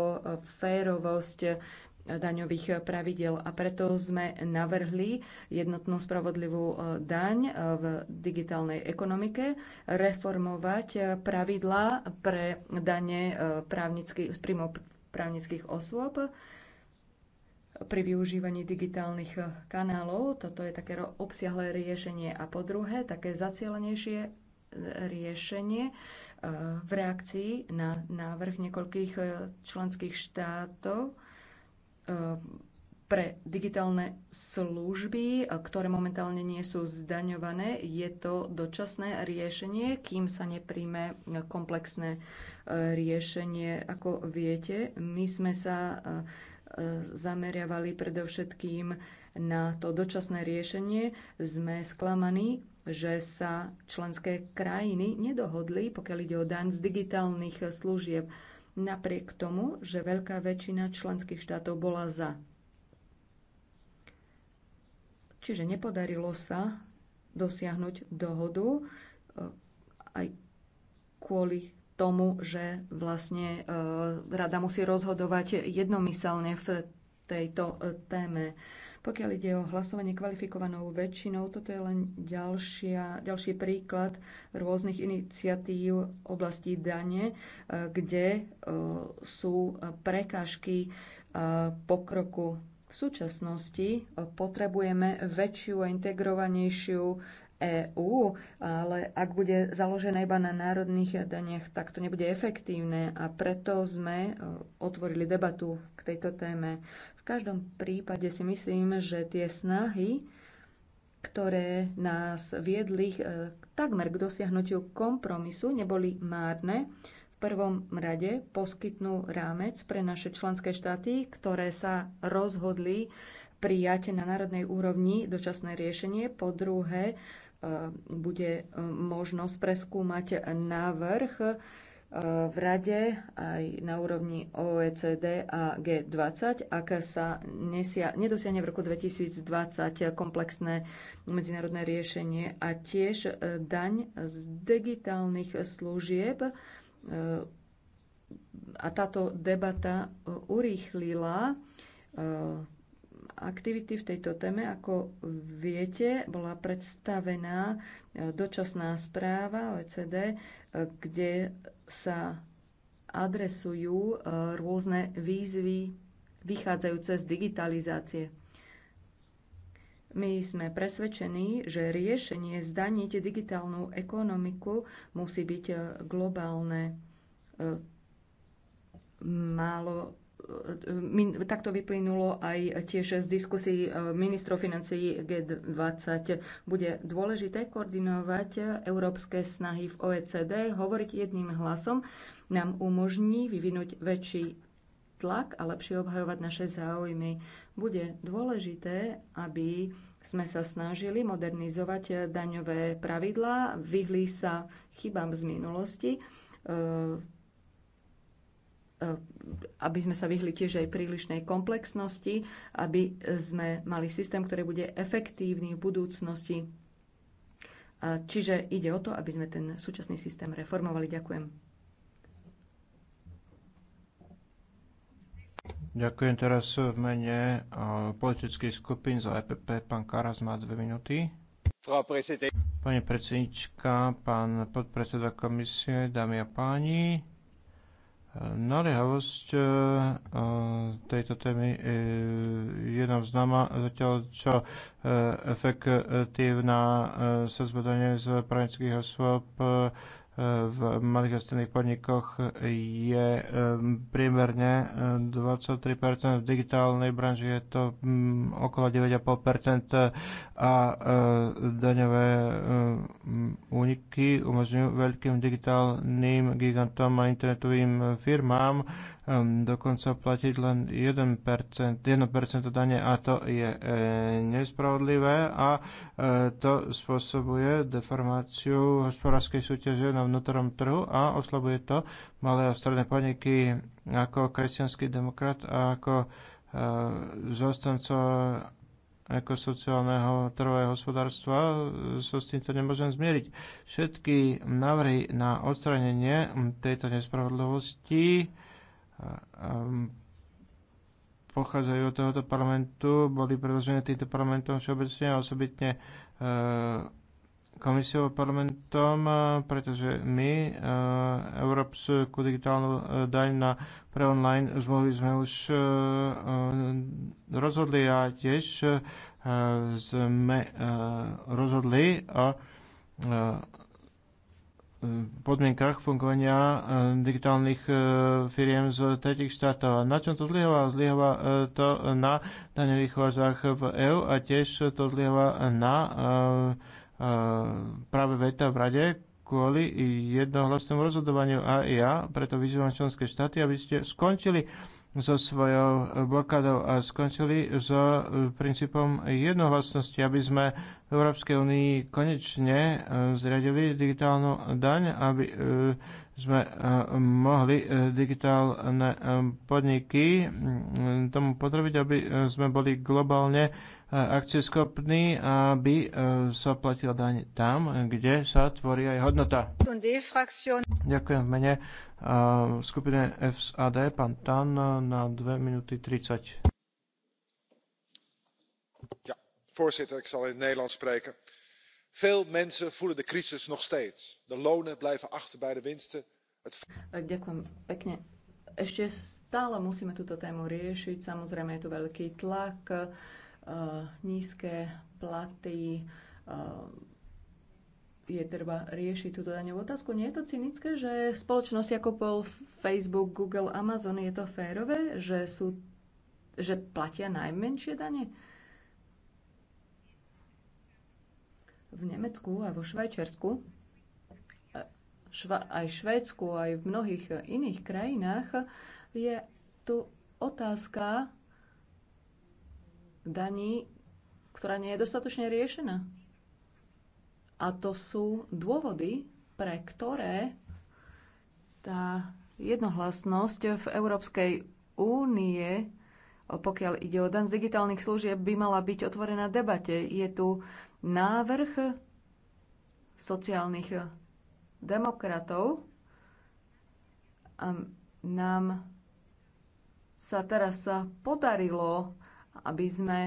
férovosť daňových pravidel. A preto sme navrhli jednotnú spravodlivú e, daň e, v digitálnej ekonomike, reformovať e, pravidlá pre dane právnických, právnických osôb pri využívaní digitálnych kanálov. Toto je také obsiahle riešenie. A po druhé, také zacielenejšie riešenie v reakcii na návrh niekoľkých členských štátov pre digitálne služby, ktoré momentálne nie sú zdaňované. Je to dočasné riešenie, kým sa nepríjme komplexné e, riešenie. Ako viete, my sme sa e, e, zameriavali predovšetkým na to dočasné riešenie. Sme sklamaní, že sa členské krajiny nedohodli, pokiaľ ide o daň z digitálnych služieb napriek tomu, že veľká väčšina členských štátov bola za. Čiže nepodarilo sa dosiahnuť dohodu e, aj kvôli tomu, že vlastne e, rada musí rozhodovať jednomyselne v tejto e, téme. Pokiaľ ide o hlasovanie kvalifikovanou väčšinou, toto je len ďalšia, ďalší príklad rôznych iniciatív v oblasti dane, eh, kde eh, sú prekážky eh, pokroku. V súčasnosti potrebujeme väčšiu a integrovanejšiu EÚ, ale ak bude založené iba na národných daniach, tak to nebude efektívne a preto sme otvorili debatu k tejto téme každom prípade si myslím, že tie snahy, ktoré nás viedli eh, takmer k dosiahnutiu kompromisu, neboli márne. V prvom rade poskytnú rámec pre naše členské štáty, ktoré sa rozhodli prijať na národnej úrovni dočasné riešenie. Po druhé, eh, bude eh, možnosť preskúmať návrh v Rade aj na úrovni OECD a G20, ak sa nesia, nedosiahne v roku 2020 komplexné medzinárodné riešenie a tiež e, daň z digitálnych služieb. E, a táto debata e, urýchlila aktivity v tejto téme. Ako viete, bola predstavená e, dočasná správa OECD, e, kde sa adresujú e, rôzne výzvy vychádzajúce z digitalizácie. My sme presvedčení, že riešenie zdaniť digitálnu ekonomiku musí byť globálne. Málo takto vyplynulo aj tiež z diskusí e, ministrov financií G20. Bude dôležité koordinovať európske snahy v OECD, hovoriť jedným hlasom nám umožní vyvinúť väčší tlak a lepšie obhajovať naše záujmy. Bude dôležité, aby sme sa snažili modernizovať daňové pravidlá, vyhli sa chybám z minulosti, e, E, aby sme sa vyhli tiež aj prílišnej komplexnosti, aby sme mali systém, ktorý bude efektívny v budúcnosti. čiže ide o to, aby sme ten súčasný systém reformovali. Ďakujem. Ďakujem teraz v mene e, politických skupín za EPP. Pán Karas má dve minúty. Pani predsednička, pán podpredseda komisie, dámy a páni. Naliehavosť e, e, tejto témy je nám známa, zatiaľ čo e, efektívna sezbadanie z právnických osôb v malých a stredných podnikoch je priemerne 23%, v digitálnej branži je to okolo 9,5% a eh, eh, daňové úniky umožňujú veľkým digitálnym gigantom a internetovým firmám Ehm, dokonca platiť len 1%, 1% dane a to je e, nespravodlivé a e, to spôsobuje deformáciu hospodárskej súťaže na vnútornom trhu a oslabuje to malé a stredné podniky ako kresťanský demokrat a ako e, zostanca ako sociálneho trvového hospodárstva sa s týmto nemôžem zmieriť. Všetky návrhy na odstranenie tejto nespravodlivosti pochádzajú od tohoto parlamentu, boli predložené týmto parlamentom všeobecne a osobitne e, komisiou a parlamentom, e, pretože my e, európsku digitálnu daň na pre online zmluvy sme už rozhodli a tiež sme rozhodli o podmienkach fungovania eh, digitálnych eh, firiem z tretich štátov. Na čom to zlyhova? Zlyhova eh, to na daňových oazách v EÚ a tiež to zlyhova na práve veta v rade kvôli jednohlasnému rozhodovaniu a ja preto vyzývam členské štáty, aby ste skončili so svojou eh, blokádou a skončili s eh, princípom jednohlasnosti, aby sme v Európskej únii konečne eh, zriadili digitálnu daň, aby sme mohli digitálne podniky mm, mm, tomu potrebiť, aby sme boli globálne akcieschopný, aby e, sa platila daň tam, kde sa tvorí aj hodnota. Ďakujem v mene e, skupine FSAD, pán Tan, na 2 minúty 30. Ja, voorzitter, ik zal in het Nederlands spreken. Veel mensen voelen de crisis nog steeds. De lonen blijven achter bij de winsten. Het... Eh, ďakujem pekne ešte stále musíme túto tému riešiť. Samozrejme je tu veľký tlak. Eh, nízke platy, eh, je treba riešiť túto daňovú otázku. Nie je to cynické, že spoločnosti ako bol Facebook, Google, Amazon, je to férové, že, sú, že platia najmenšie dane? V Nemecku a vo Švajčiarsku, eh, aj v Švédsku, aj v mnohých iných krajinách je tu otázka daní, ktorá nie je dostatočne riešená. A to sú dôvody, pre ktoré tá jednohlasnosť v Európskej únie, pokiaľ ide o dan z digitálnych služieb, by mala byť otvorená debate. Je tu návrh sociálnych demokratov a nám sa teraz podarilo aby sme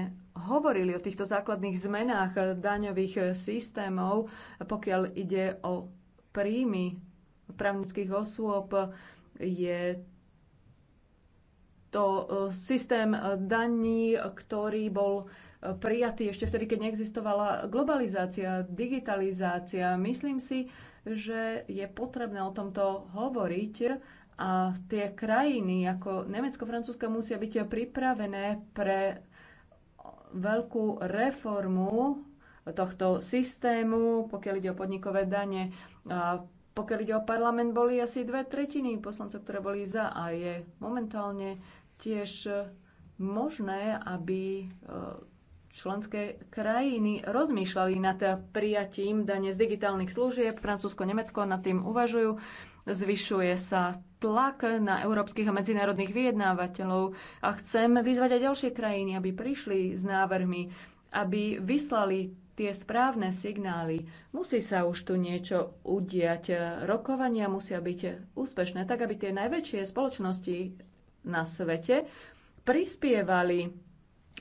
hovorili o týchto základných zmenách daňových systémov, pokiaľ ide o príjmy právnických osôb, je to e, systém daní, ktorý bol e, prijatý ešte vtedy, keď neexistovala globalizácia, digitalizácia. Myslím si, že je potrebné o tomto hovoriť, a tie krajiny ako Nemecko, Francúzska musia byť pripravené pre veľkú reformu tohto systému, pokiaľ ide o podnikové dane. A pokiaľ ide o parlament, boli asi dve tretiny poslancov, ktoré boli za a je momentálne tiež možné, aby e, členské krajiny rozmýšľali nad prijatím dane z digitálnych služieb. Francúzsko, Nemecko nad tým uvažujú. Zvyšuje sa tlak na európskych a medzinárodných vyjednávateľov a chcem vyzvať aj ďalšie krajiny, aby prišli s návrhmi, aby vyslali tie správne signály. Musí sa už tu niečo udiať. Rokovania musia byť úspešné, tak aby tie najväčšie spoločnosti na svete prispievali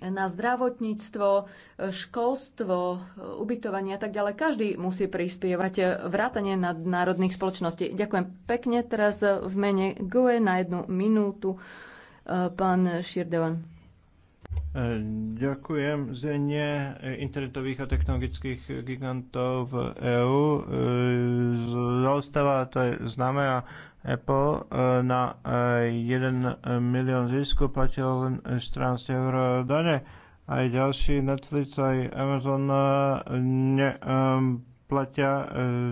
na zdravotníctvo, školstvo, ubytovanie a tak ďalej. Každý musí prispievať vrátanie nadnárodných spoločností. Ďakujem pekne. Teraz v mene GUE na jednu minútu e, pán Širdevan. E, ďakujem. Zenie internetových a technologických gigantov v EÚ e, Zostáva, to je známe a Apple e, na 1 e, milión zisku platil len 14 eur dane. Aj ďalší Netflix, aj Amazon e, neplatia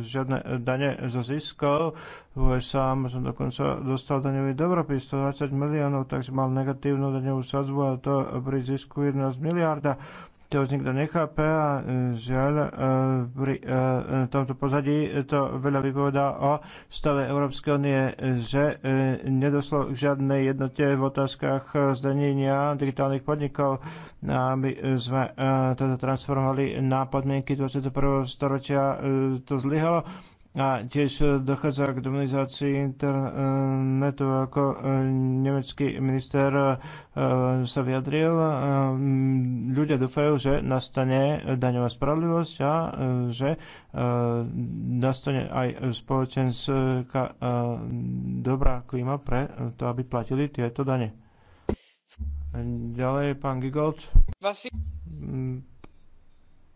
žiadne dane za ziskov. V USA Amazon dokonca dostal daňový dobropis 120 miliónov, takže mal negatívnu daňovú sadzbu a to pri zisku 11 miliarda to už nikto nechápe a e, žiaľ e, pri e, tomto pozadí to veľa vypovedá o stave Európskej únie, že nedoslo k žiadnej jednote v otázkach zdanenia digitálnych podnikov, aby sme toto transformovali na podmienky 21. storočia. To zlyhalo a tiež e, dochádza k demonizácii internetu, ako e, nemecký minister e, sa vyjadril. Ľudia dúfajú, že nastane daňová spravodlivosť a že nastane aj spoločenská dobrá klíma pre to, aby platili tieto dane. Ďalej pán Gigold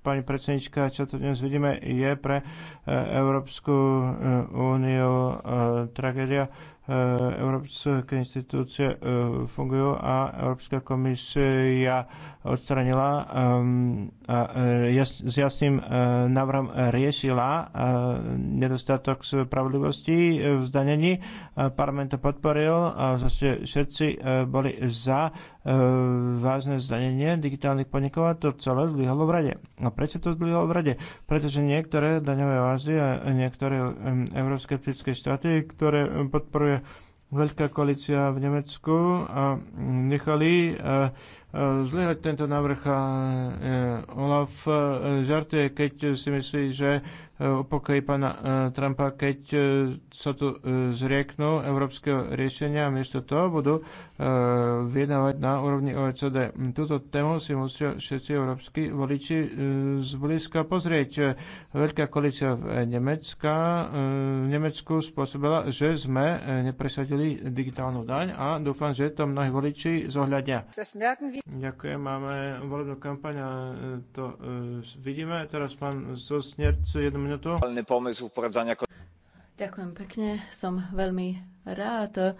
pani predsednička, čo tu dnes vidíme, je pre e, Európsku e, úniu e, tragédia. Európske inštitúcie fungujú a Európska komisia odstranila a s jasným návrhom riešila nedostatok spravodlivosti v zdanení. Parlament to podporil a zase všetci boli za E, vážne zdanenie digitálnych podnikov a to celé zlyhalo v rade. A no prečo to zlyhalo v rade? Pretože niektoré daňové oázy a niektoré e, európskeptické štáty, ktoré podporuje veľká koalícia v Nemecku a nechali e, zlyhať tento návrh a Olaf žartuje, keď si myslí, že upokojí e, pána e, Trumpa, keď e, sa tu zrieknú európskeho riešenia a miesto toho budú vyjednávať na úrovni OECD. Túto tému si musia všetci európsky voliči zblízka pozrieť. Veľká koalícia v, Nemecka, v Nemecku spôsobila, že sme nepresadili digitálnu daň a dúfam, že to mnohí voliči zohľadia. Ďakujem, máme volebnú kampaň a to vidíme. Teraz pán Sosnerc, jednu minútu minútu. Ďakujem pekne. Som veľmi rád,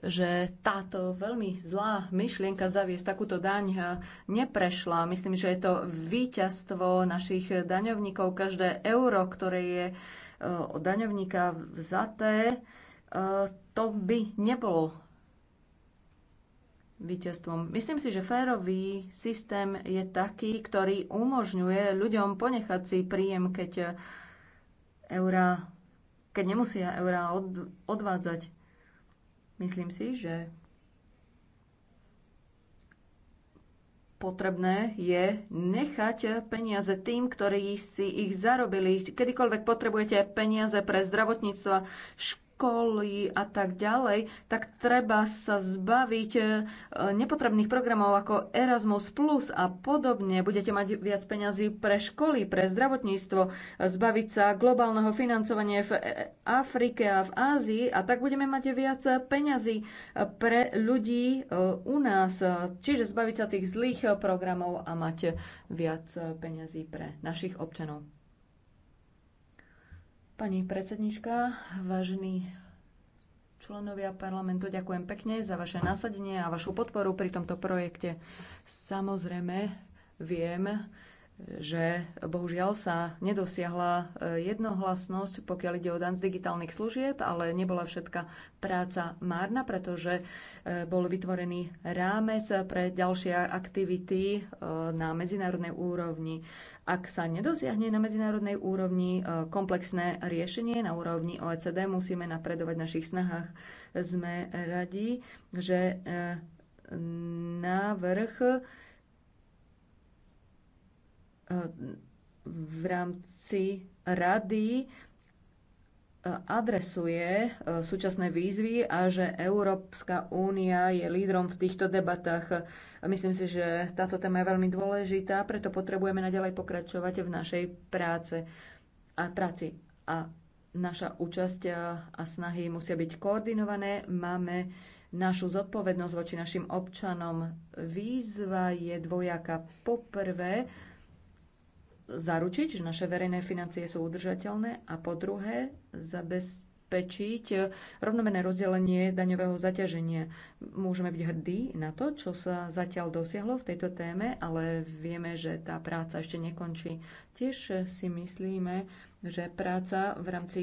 že táto veľmi zlá myšlienka zaviesť takúto daň neprešla. Myslím, že je to víťazstvo našich daňovníkov. Každé euro, ktoré je e, od daňovníka vzaté, e, to by nebolo víťazstvom. Myslím si, že férový systém je taký, ktorý umožňuje ľuďom ponechať si príjem, keď eurá, keď nemusia eurá od, odvádzať. Myslím si, že potrebné je nechať peniaze tým, ktorí si ich zarobili. Kedykoľvek potrebujete peniaze pre zdravotníctvo, školy a tak ďalej, tak treba sa zbaviť e, nepotrebných programov ako Erasmus Plus a podobne. Budete mať viac peňazí pre školy, pre zdravotníctvo, zbaviť sa globálneho financovania v e- Afrike a v Ázii a tak budeme mať viac peňazí pre ľudí e, u nás. Čiže zbaviť sa tých zlých programov a mať viac peňazí pre našich občanov. Pani predsednička, vážení členovia parlamentu, ďakujem pekne za vaše nasadenie a vašu podporu pri tomto projekte. Samozrejme, viem, že bohužiaľ sa nedosiahla eh, jednohlasnosť, pokiaľ ide o dan z digitálnych služieb, ale nebola všetka práca márna, pretože eh, bol vytvorený rámec pre ďalšie aktivity eh, na medzinárodnej úrovni. Ak sa nedosiahne na medzinárodnej úrovni e, komplexné riešenie na úrovni OECD, musíme napredovať v našich snahách. Sme radi, že e, návrh e, v rámci rady adresuje e, súčasné výzvy a že Európska únia je lídrom v týchto debatách. Myslím si, že táto téma je veľmi dôležitá, preto potrebujeme naďalej pokračovať v našej práce a práci. A naša účasť a snahy musia byť koordinované. Máme našu zodpovednosť voči našim občanom. Výzva je dvojaká. Poprvé, zaručiť, že naše verejné financie sú udržateľné a po druhé zabezpečiť rovnomené rozdelenie daňového zaťaženia. Môžeme byť hrdí na to, čo sa zatiaľ dosiahlo v tejto téme, ale vieme, že tá práca ešte nekončí. Tiež si myslíme, že práca v rámci,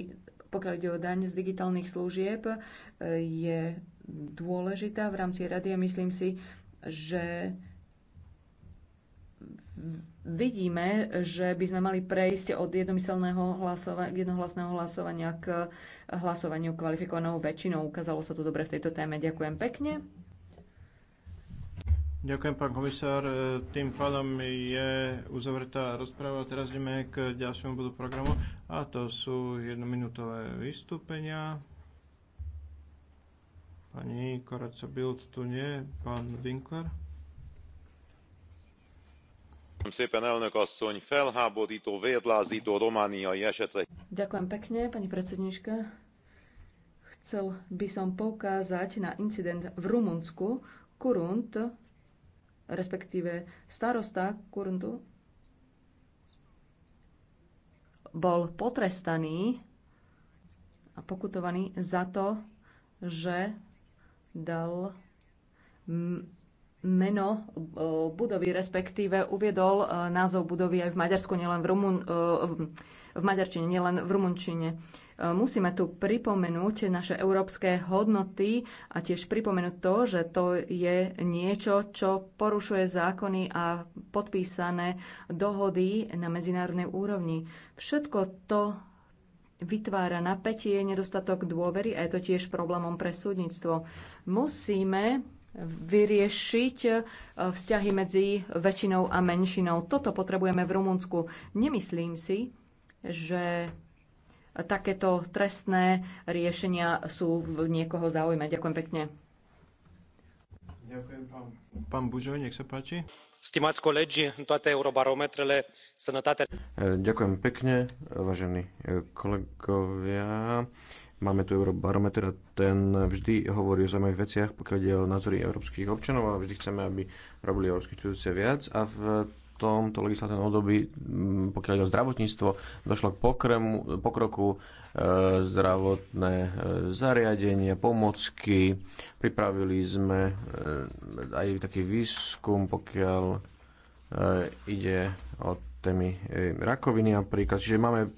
pokiaľ ide o daň z digitálnych služieb, je dôležitá v rámci rady a myslím si, že vidíme, že by sme mali prejsť od jednomyselného hlasova- jednohlasného hlasovania k hlasovaniu kvalifikovanou väčšinou. Ukázalo sa to dobre v tejto téme. Ďakujem pekne. Ďakujem, pán komisár. E, tým pádom je uzavretá rozpráva. Teraz ideme k ďalšiemu bodu programu. A to sú jednominútové vystúpenia. Pani Koraco Bild tu nie, pán Winkler. Ďakujem pekne, pani predsedníčka. Chcel by som poukázať na incident v Rumunsku. Kurunt, respektíve starosta Kuruntu, bol potrestaný a pokutovaný za to, že dal meno e, budovy, respektíve uviedol e, názov budovy aj v Maďarsku, nielen v, Rumun, e, v Maďarčine, nielen v Rumunčine. Musíme tu pripomenúť naše európske hodnoty a tiež pripomenúť to, že to je niečo, čo porušuje zákony a podpísané dohody na medzinárodnej úrovni. Všetko to vytvára napätie, nedostatok dôvery a je to tiež problémom pre súdnictvo. Musíme vyriešiť e, vzťahy medzi väčšinou a menšinou. Toto potrebujeme v Rumunsku. Nemyslím si, že takéto trestné riešenia sú v niekoho záujme. Ďakujem pekne. Ďakujem, pán. Pán Bužo, nech sa páči. Stimáci kolegi, toate eurobarometrele, sănătatea... Ďakujem pekne, vážení kolegovia. Máme tu Eurobarometer a ten vždy hovorí o zaujímavých veciach, pokiaľ ide o názory európskych občanov a vždy chceme, aby robili európske inštitúcie viac a v tomto legislatívnom období, mm, pokiaľ ide o zdravotníctvo, došlo k pokremu, pokroku e, zdravotné e, zariadenie, pomocky. Pripravili sme e, aj taký výskum, pokiaľ e, ide o témy e, rakoviny napríklad. Čiže máme e,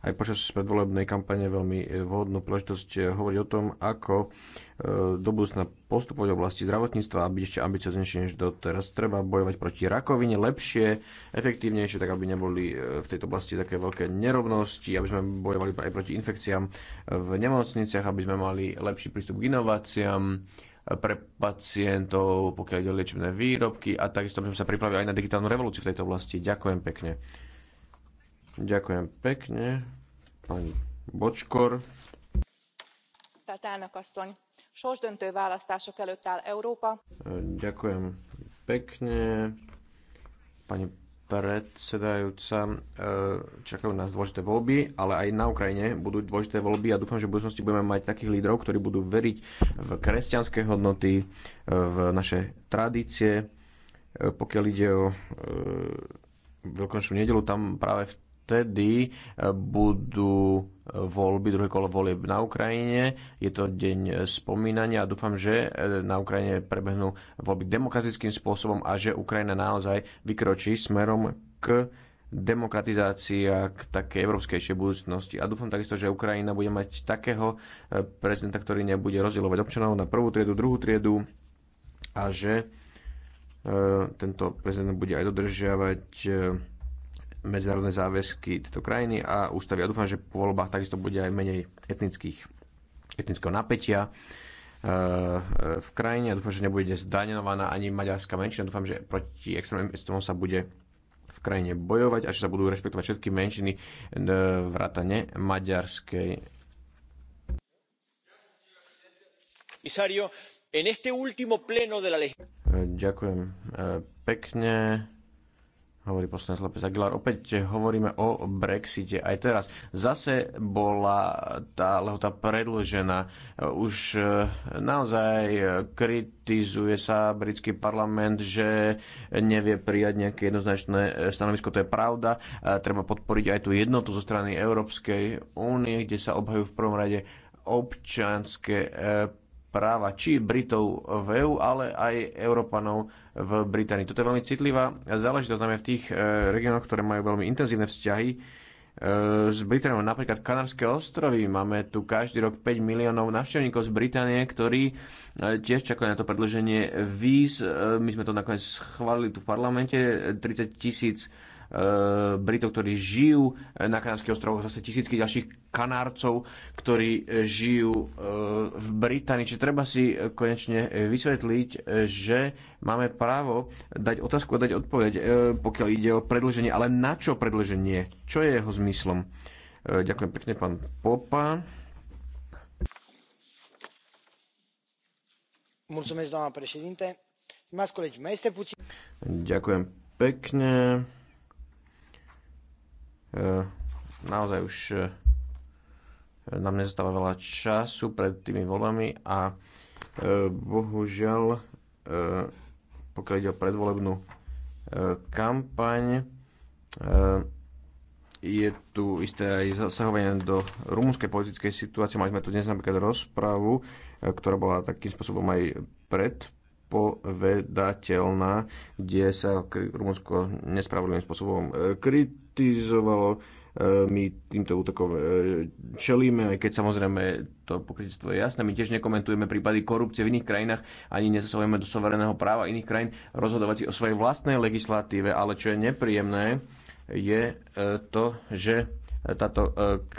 aj počas predvolebnej kampane veľmi e, vhodnú príležitosť e, hovoriť o tom, ako e, do budúcna postupovať v oblasti zdravotníctva a byť ešte ambicioznejšie než doteraz. Treba bojovať proti rakovine lepšie, efektívnejšie, tak aby neboli v tejto oblasti také veľké nerovnosti, aby sme bojovali aj proti infekciám v nemocniciach, aby sme mali lepší prístup k inováciám pre pacientov, pokiaľ ide o liečebné výrobky a takisto by sme sa pripravili aj na digitálnu revolúciu v tejto oblasti. Ďakujem pekne. Ďakujem pekne. Pani Bočkor. Tehát elnök asszony, sorsdöntő választások előtt áll Európa. Ďakujem pekne. Pani predsedajúca, čakajú nás dôležité voľby, ale aj na Ukrajine budú dôležité voľby a dúfam, že v budúcnosti budeme mať takých lídrov, ktorí budú veriť v kresťanské hodnoty, v naše tradície. Pokiaľ ide o Veľkonočnú nedelu, tam práve v vtedy eh, budú eh, voľby, druhé kolo volieb na Ukrajine. Je to deň eh, spomínania a dúfam, že na Ukrajine prebehnú voľby demokratickým spôsobom a že Ukrajina naozaj vykročí smerom k demokratizácii a k takej európskejšej budúcnosti. A dúfam takisto, že Ukrajina bude mať takého prezidenta, ktorý nebude rozdielovať občanov na prvú triedu, druhú triedu a že tento prezident bude aj dodržiavať medzinárodné záväzky tejto krajiny a ústavy. A dúfam, že po voľbách takisto bude aj menej etnických, etnického napätia e, e, v krajine. a dúfam, že nebude zdaňovaná ani maďarská menšina. Dúfam, že proti extrémistom sa bude v krajine bojovať a že sa budú rešpektovať všetky menšiny e, vrátane maďarskej. Ďakujem pekne hovorí poslanec López Aguilar. Opäť hovoríme o Brexite. Aj teraz zase bola tá lehota predlžená. Už e, naozaj kritizuje sa britský parlament, že nevie prijať nejaké jednoznačné e, stanovisko. To je pravda. E, treba podporiť aj tú jednotu zo strany Európskej únie, kde sa obhajú v prvom rade občanské práva či Britov v EU, ale aj Európanov v Británii. Toto je veľmi citlivá záležitosť, najmä v tých e, regiónoch, ktoré majú veľmi intenzívne vzťahy e, s Britániou. Napríklad Kanárske ostrovy. Máme tu každý rok 5 miliónov návštevníkov z Británie, ktorí e, tiež čakajú na to predlženie víz. My sme to nakoniec schválili tu v parlamente. 30 tisíc E, Britov, ktorí žijú na Kanárskych ostrovoch, zase tisícky ďalších Kanárcov, ktorí žijú e, v Británii. Čiže treba si konečne vysvetliť, že máme právo dať otázku a dať odpoveď, e, pokiaľ ide o predlženie. Ale na čo predlženie? Čo je jeho zmyslom? Ďakujem pekne, pán Popa. Mulțumesc, doamna președinte. Stimați colegi, mai este puțin... Ďakujem pekne. E, naozaj už e, nám nezostáva veľa času pred tými voľbami a e, bohužiaľ pokiaľ ide o predvolebnú kampaň je tu isté aj zasahovanie do rumúnskej politickej situácie. Mali sme tu dnes napríklad rozprávu, ktorá bola takým spôsobom aj predpovedateľná, kde sa Rumunsko nespravodlivým spôsobom kryt kritizovalo. E, my týmto útokom e, čelíme, aj keď samozrejme to pokrytstvo je jasné. My tiež nekomentujeme prípady korupcie v iných krajinách, ani nezasahujeme do suverénneho práva iných krajín rozhodovať o svojej vlastnej legislatíve, ale čo je nepríjemné, je e, to, že táto, e, k,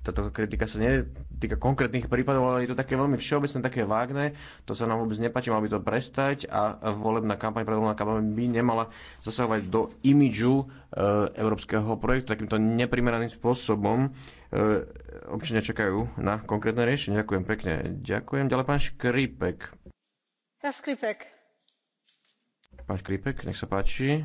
táto kritika sa netýka konkrétnych prípadov, ale je to také veľmi všeobecné, také vágne. To sa nám vôbec nepáči, mal by to prestať a volebná kampaň, predvolebná kampaň by nemala zasahovať do imidžu e, európskeho projektu takýmto neprimeraným spôsobom. E, občania čakajú na konkrétne riešenie. Ďakujem pekne. Ďakujem. Ďalej pán Škripek. Ja Škripek. Pán Škripek, nech sa páči.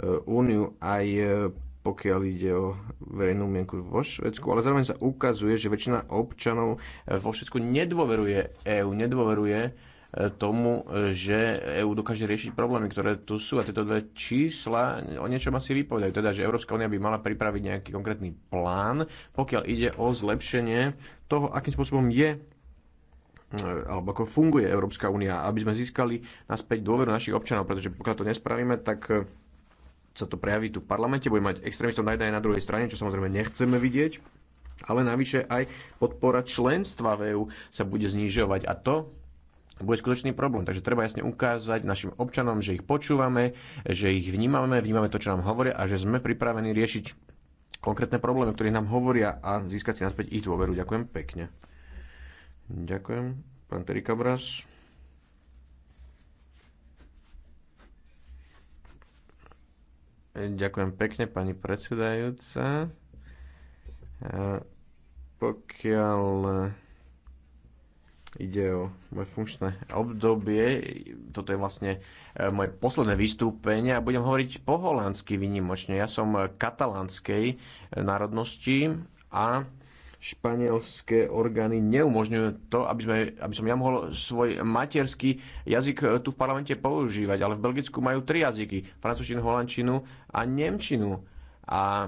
Eh, úniu aj eh, pokiaľ ide o verejnú mienku vo Švedsku, ale zároveň sa ukazuje, že väčšina občanov eh, vo Švedsku nedôveruje EÚ, nedôveruje tomu, že EÚ dokáže riešiť problémy, ktoré tu sú. A tieto dve čísla o niečom asi vypovedajú. Teda, že Európska únia by mala pripraviť nejaký konkrétny plán, pokiaľ ide o zlepšenie toho, akým spôsobom je alebo ako funguje Európska únia, aby sme získali naspäť dôveru našich občanov, pretože pokiaľ to nespravíme, tak sa to prejaví tu v parlamente, bude mať extrémistov na jednej aj na druhej strane, čo samozrejme nechceme vidieť, ale navyše aj podpora členstva v EU sa bude znižovať a to bude skutočný problém. Takže treba jasne ukázať našim občanom, že ich počúvame, že ich vnímame, vnímame to, čo nám hovoria a že sme pripravení riešiť konkrétne problémy, ktoré nám hovoria a získať si naspäť ich dôveru. Ďakujem pekne. Ďakujem, pán Terika Bras. Ďakujem pekne, pani predsedajúca. E, pokiaľ ide o moje funkčné obdobie, toto je vlastne e, moje posledné vystúpenie a budem hovoriť po holandsky vynimočne. Ja som katalánskej e, národnosti a španielské orgány neumožňujú to, aby, sme, aby som ja mohol svoj materský jazyk eh, tu v parlamente používať. Ale v Belgicku majú tri jazyky. Francúzštinu, holandčinu a nemčinu. A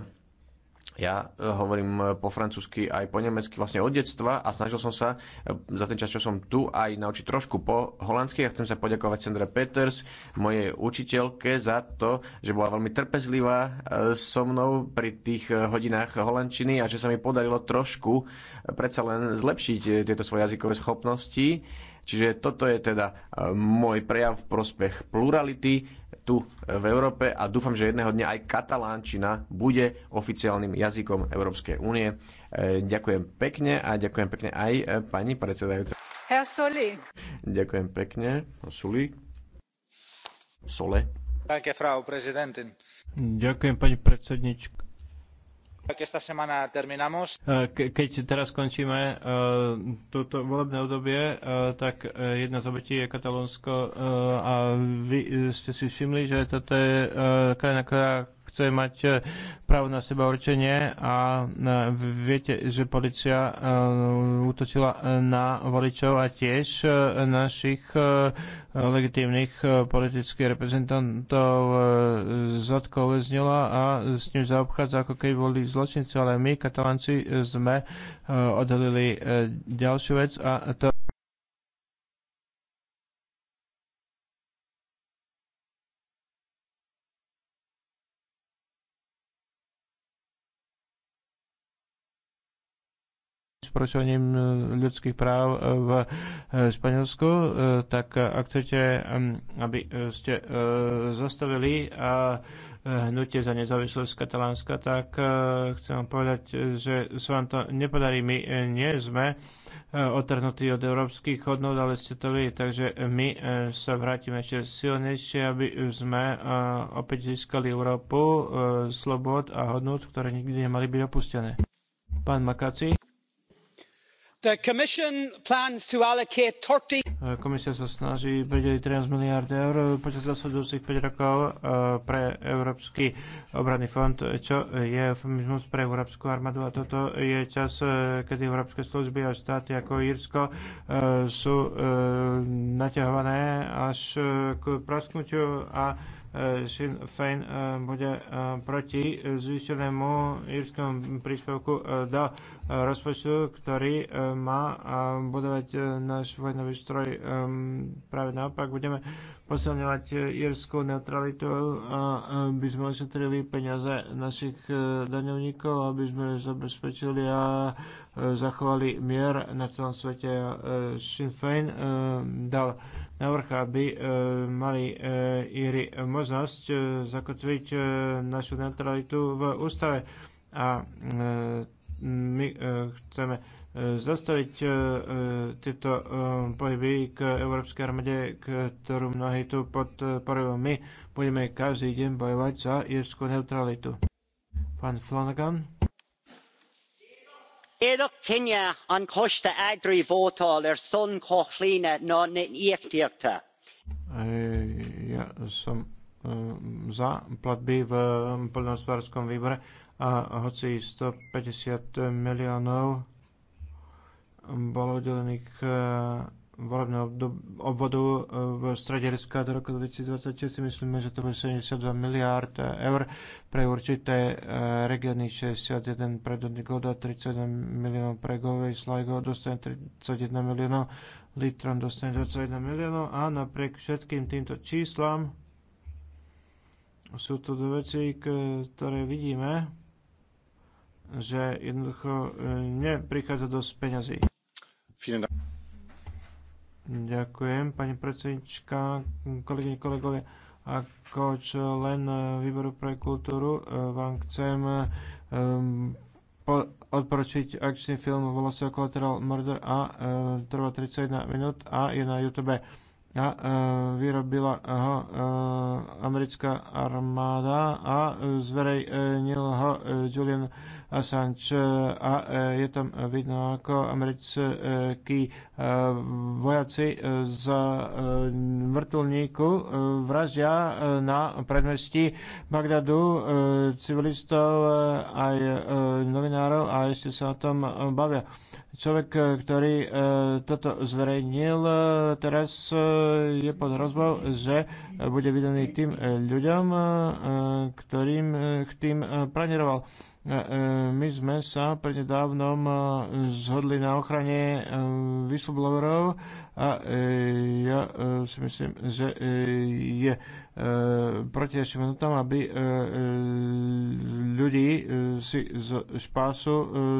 ja e, hovorím e, po francúzsky aj po nemecky vlastne od detstva a snažil som sa e, za ten čas, čo som tu, aj naučiť trošku po holandsky a ja chcem sa poďakovať Sandra Peters, mojej učiteľke, za to, že bola veľmi trpezlivá so mnou pri tých hodinách holandčiny a že sa mi podarilo trošku predsa len zlepšiť tieto svoje jazykové schopnosti Čiže toto je teda e, môj prejav v prospech plurality tu v Európe a dúfam, že jedného dňa aj katalánčina bude oficiálnym jazykom Európskej únie. E, ďakujem pekne a ďakujem pekne aj e, pani predsedajúca. Herr Soli. Ďakujem pekne. Soli. Sole. Ďakujem, frau prezidentin. Ďakujem, pani predsednička. Eh, keď teraz končíme eh, toto volebné obdobie, eh, tak jedna z obetí je Katalónsko a vy ste si všimli, že toto je krajina, ktorá chce mať e, právo na seba určenie a e, viete, že policia e, útočila na voličov a tiež našich legitímnych politických reprezentantov zadko uväznila a s ním zaobchádza ako keby boli zločinci, ale my, katalanci, sme odhalili ďalšiu vec a to porušovaním e, ľudských práv e, v e, Španielsku, tak ak chcete, aby ste zastavili a hnutie za nezávislosť Katalánska, tak chcem vám povedať, že sa vám to nepodarí. My nie sme otrhnutí od európskych hodnot, ale ste to vy, takže my sa vrátime ešte silnejšie, aby sme opäť získali Európu slobod a hodnot, ktoré nikdy nemali byť opustené. Pán Makaci. Komisia sa snaží prideliť 13 miliard eur počas nasledujúcich 5 rokov e, pre Európsky obranný fond, čo je eufemizmus pre Európsku armádu a toto je čas, e, kedy Európske služby a štáty ako Írsko e, sú naťahované až k prasknutiu a Sinn Féin e, bude e, proti zvýšenému írskému príspevku e, do rozpočtu, ktorý má budovať náš vojnový stroj. Práve naopak budeme posilňovať e, írskú neutralitu a aby sme ošetrili peniaze našich e, daňovníkov, aby sme zabezpečili a e, zachovali mier na celom svete. Sinn Féin dal návrh, aby mali Íry možnosť zakotviť našu neutralitu v ústave. A my chceme zastaviť e, e, tieto e, pohyby k Európskej armáde, ktorú mnohí tu podporujú. My budeme každý deň bojovať za írskú neutralitu. Pán Flanagan. Éadach cinenne an coiste eagraí bhótáil ar son cóchlíne ná na íochtíochta. Ja som za platby v poľnohospodárskom výbore a hoci 150 miliónov bolo k eh, volebnému obvodu eh, v strede Riska do roku 2026 myslíme, že to bude 72 miliárd eur pre určité eh, regióny 61 pre Donigoda, 31 miliónov pre Govej, Slajgo dostane 31 miliónov, Litron dostane 21 miliónov a napriek všetkým týmto číslam sú to dve veci, ktoré vidíme, že jednoducho neprichádza dosť peňazí. Ďakujem, pani predsednička, kolegyne, kolegovia. Ako člen eh, výboru pre kultúru eh, vám chcem um, po, odporučiť akčný film Volá Collateral Murder a uh, trvá 31 minút a je na YouTube a e, vyrobila ho e, americká armáda a zverejnil ho e, Julian Assange a je tam vidno ako americkí vojaci z vrtulníku vraždia na predmestí Bagdadu civilistov aj novinárov a ešte sa o tom bavia. Človek, e, ktorý uh, toto zverejnil, uh, teraz uh, je pod hrozbou, že bude vydaný tým ľuďom, uh, ktorým e, tým uh, praneroval. My sme sa prednedávnom zhodli na ochrane whistleblowerov a ja si myslím, že je proti našim minutám, aby ľudí si z špásu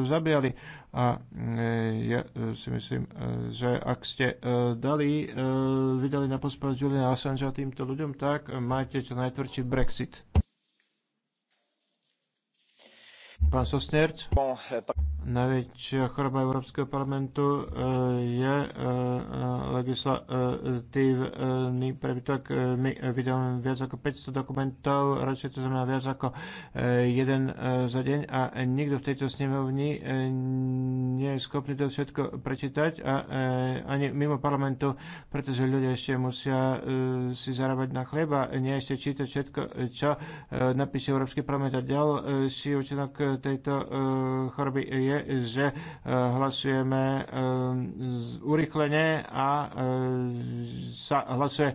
zabíjali a e, ja e, si myslím, e, že ak ste dali, vydali na pospas Juliana Assangea týmto ľuďom, tak máte čo najtvrdší Brexit. Pán Sosnerc, najväčšia choroba Európskeho parlamentu eh, je eh, legislatívny prebytok. Eh, my vydávame viac ako 500 dokumentov, radšej to znamená viac ako jeden za deň a nikto v tejto snemovni nie je schopný to všetko prečítať a ani mimo parlamentu, pretože ľudia ešte musia si zarábať na chleba, nie ešte čítať všetko, čo napíše Európsky parlament a ďalší účinok tejto e, choroby je, že e, hlasujeme e, urychlene a sa hlasuje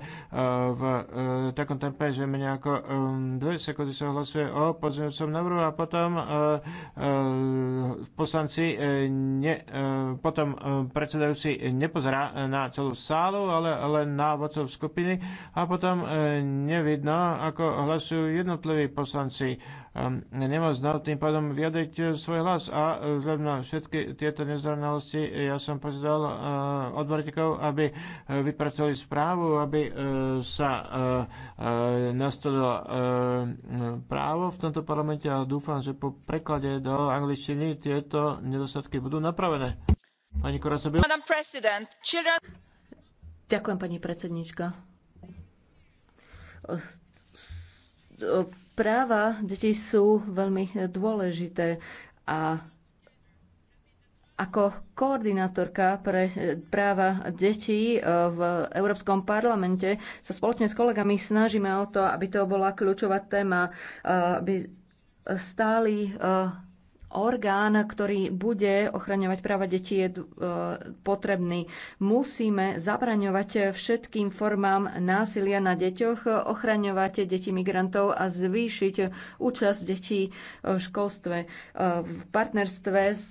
v takom tempe, že menej ako 2 sekundy sa hlasuje o pozmeňujúcom návrhu a potom poslanci ne, potom predsedajúci nepozerá na celú sálu, ale len na vodcov skupiny a potom nevidno, ako hlasujú jednotliví poslanci. Nemá tým pádom potom vyjadriť eh, svoj hlas. A eh, vzhľadom na všetky tieto nezrovnalosti eh, ja som požiadal odborníkov, aby vypracovali správu, aby sa nastolilo právo v tomto parlamente a dúfam, že po preklade do angličtiny tieto nedostatky budú napravené. Pani Koraca, Ďakujem, pani predsednička práva detí sú veľmi dôležité a ako koordinátorka pre eh, práva detí eh, v Európskom parlamente sa spoločne s kolegami snažíme o to, aby to bola kľúčová téma, eh, aby stáli orgán, ktorý bude ochraňovať práva detí, je e, potrebný. Musíme zabraňovať všetkým formám násilia na deťoch, ochraňovať deti migrantov a zvýšiť účasť detí v školstve. E, v partnerstve s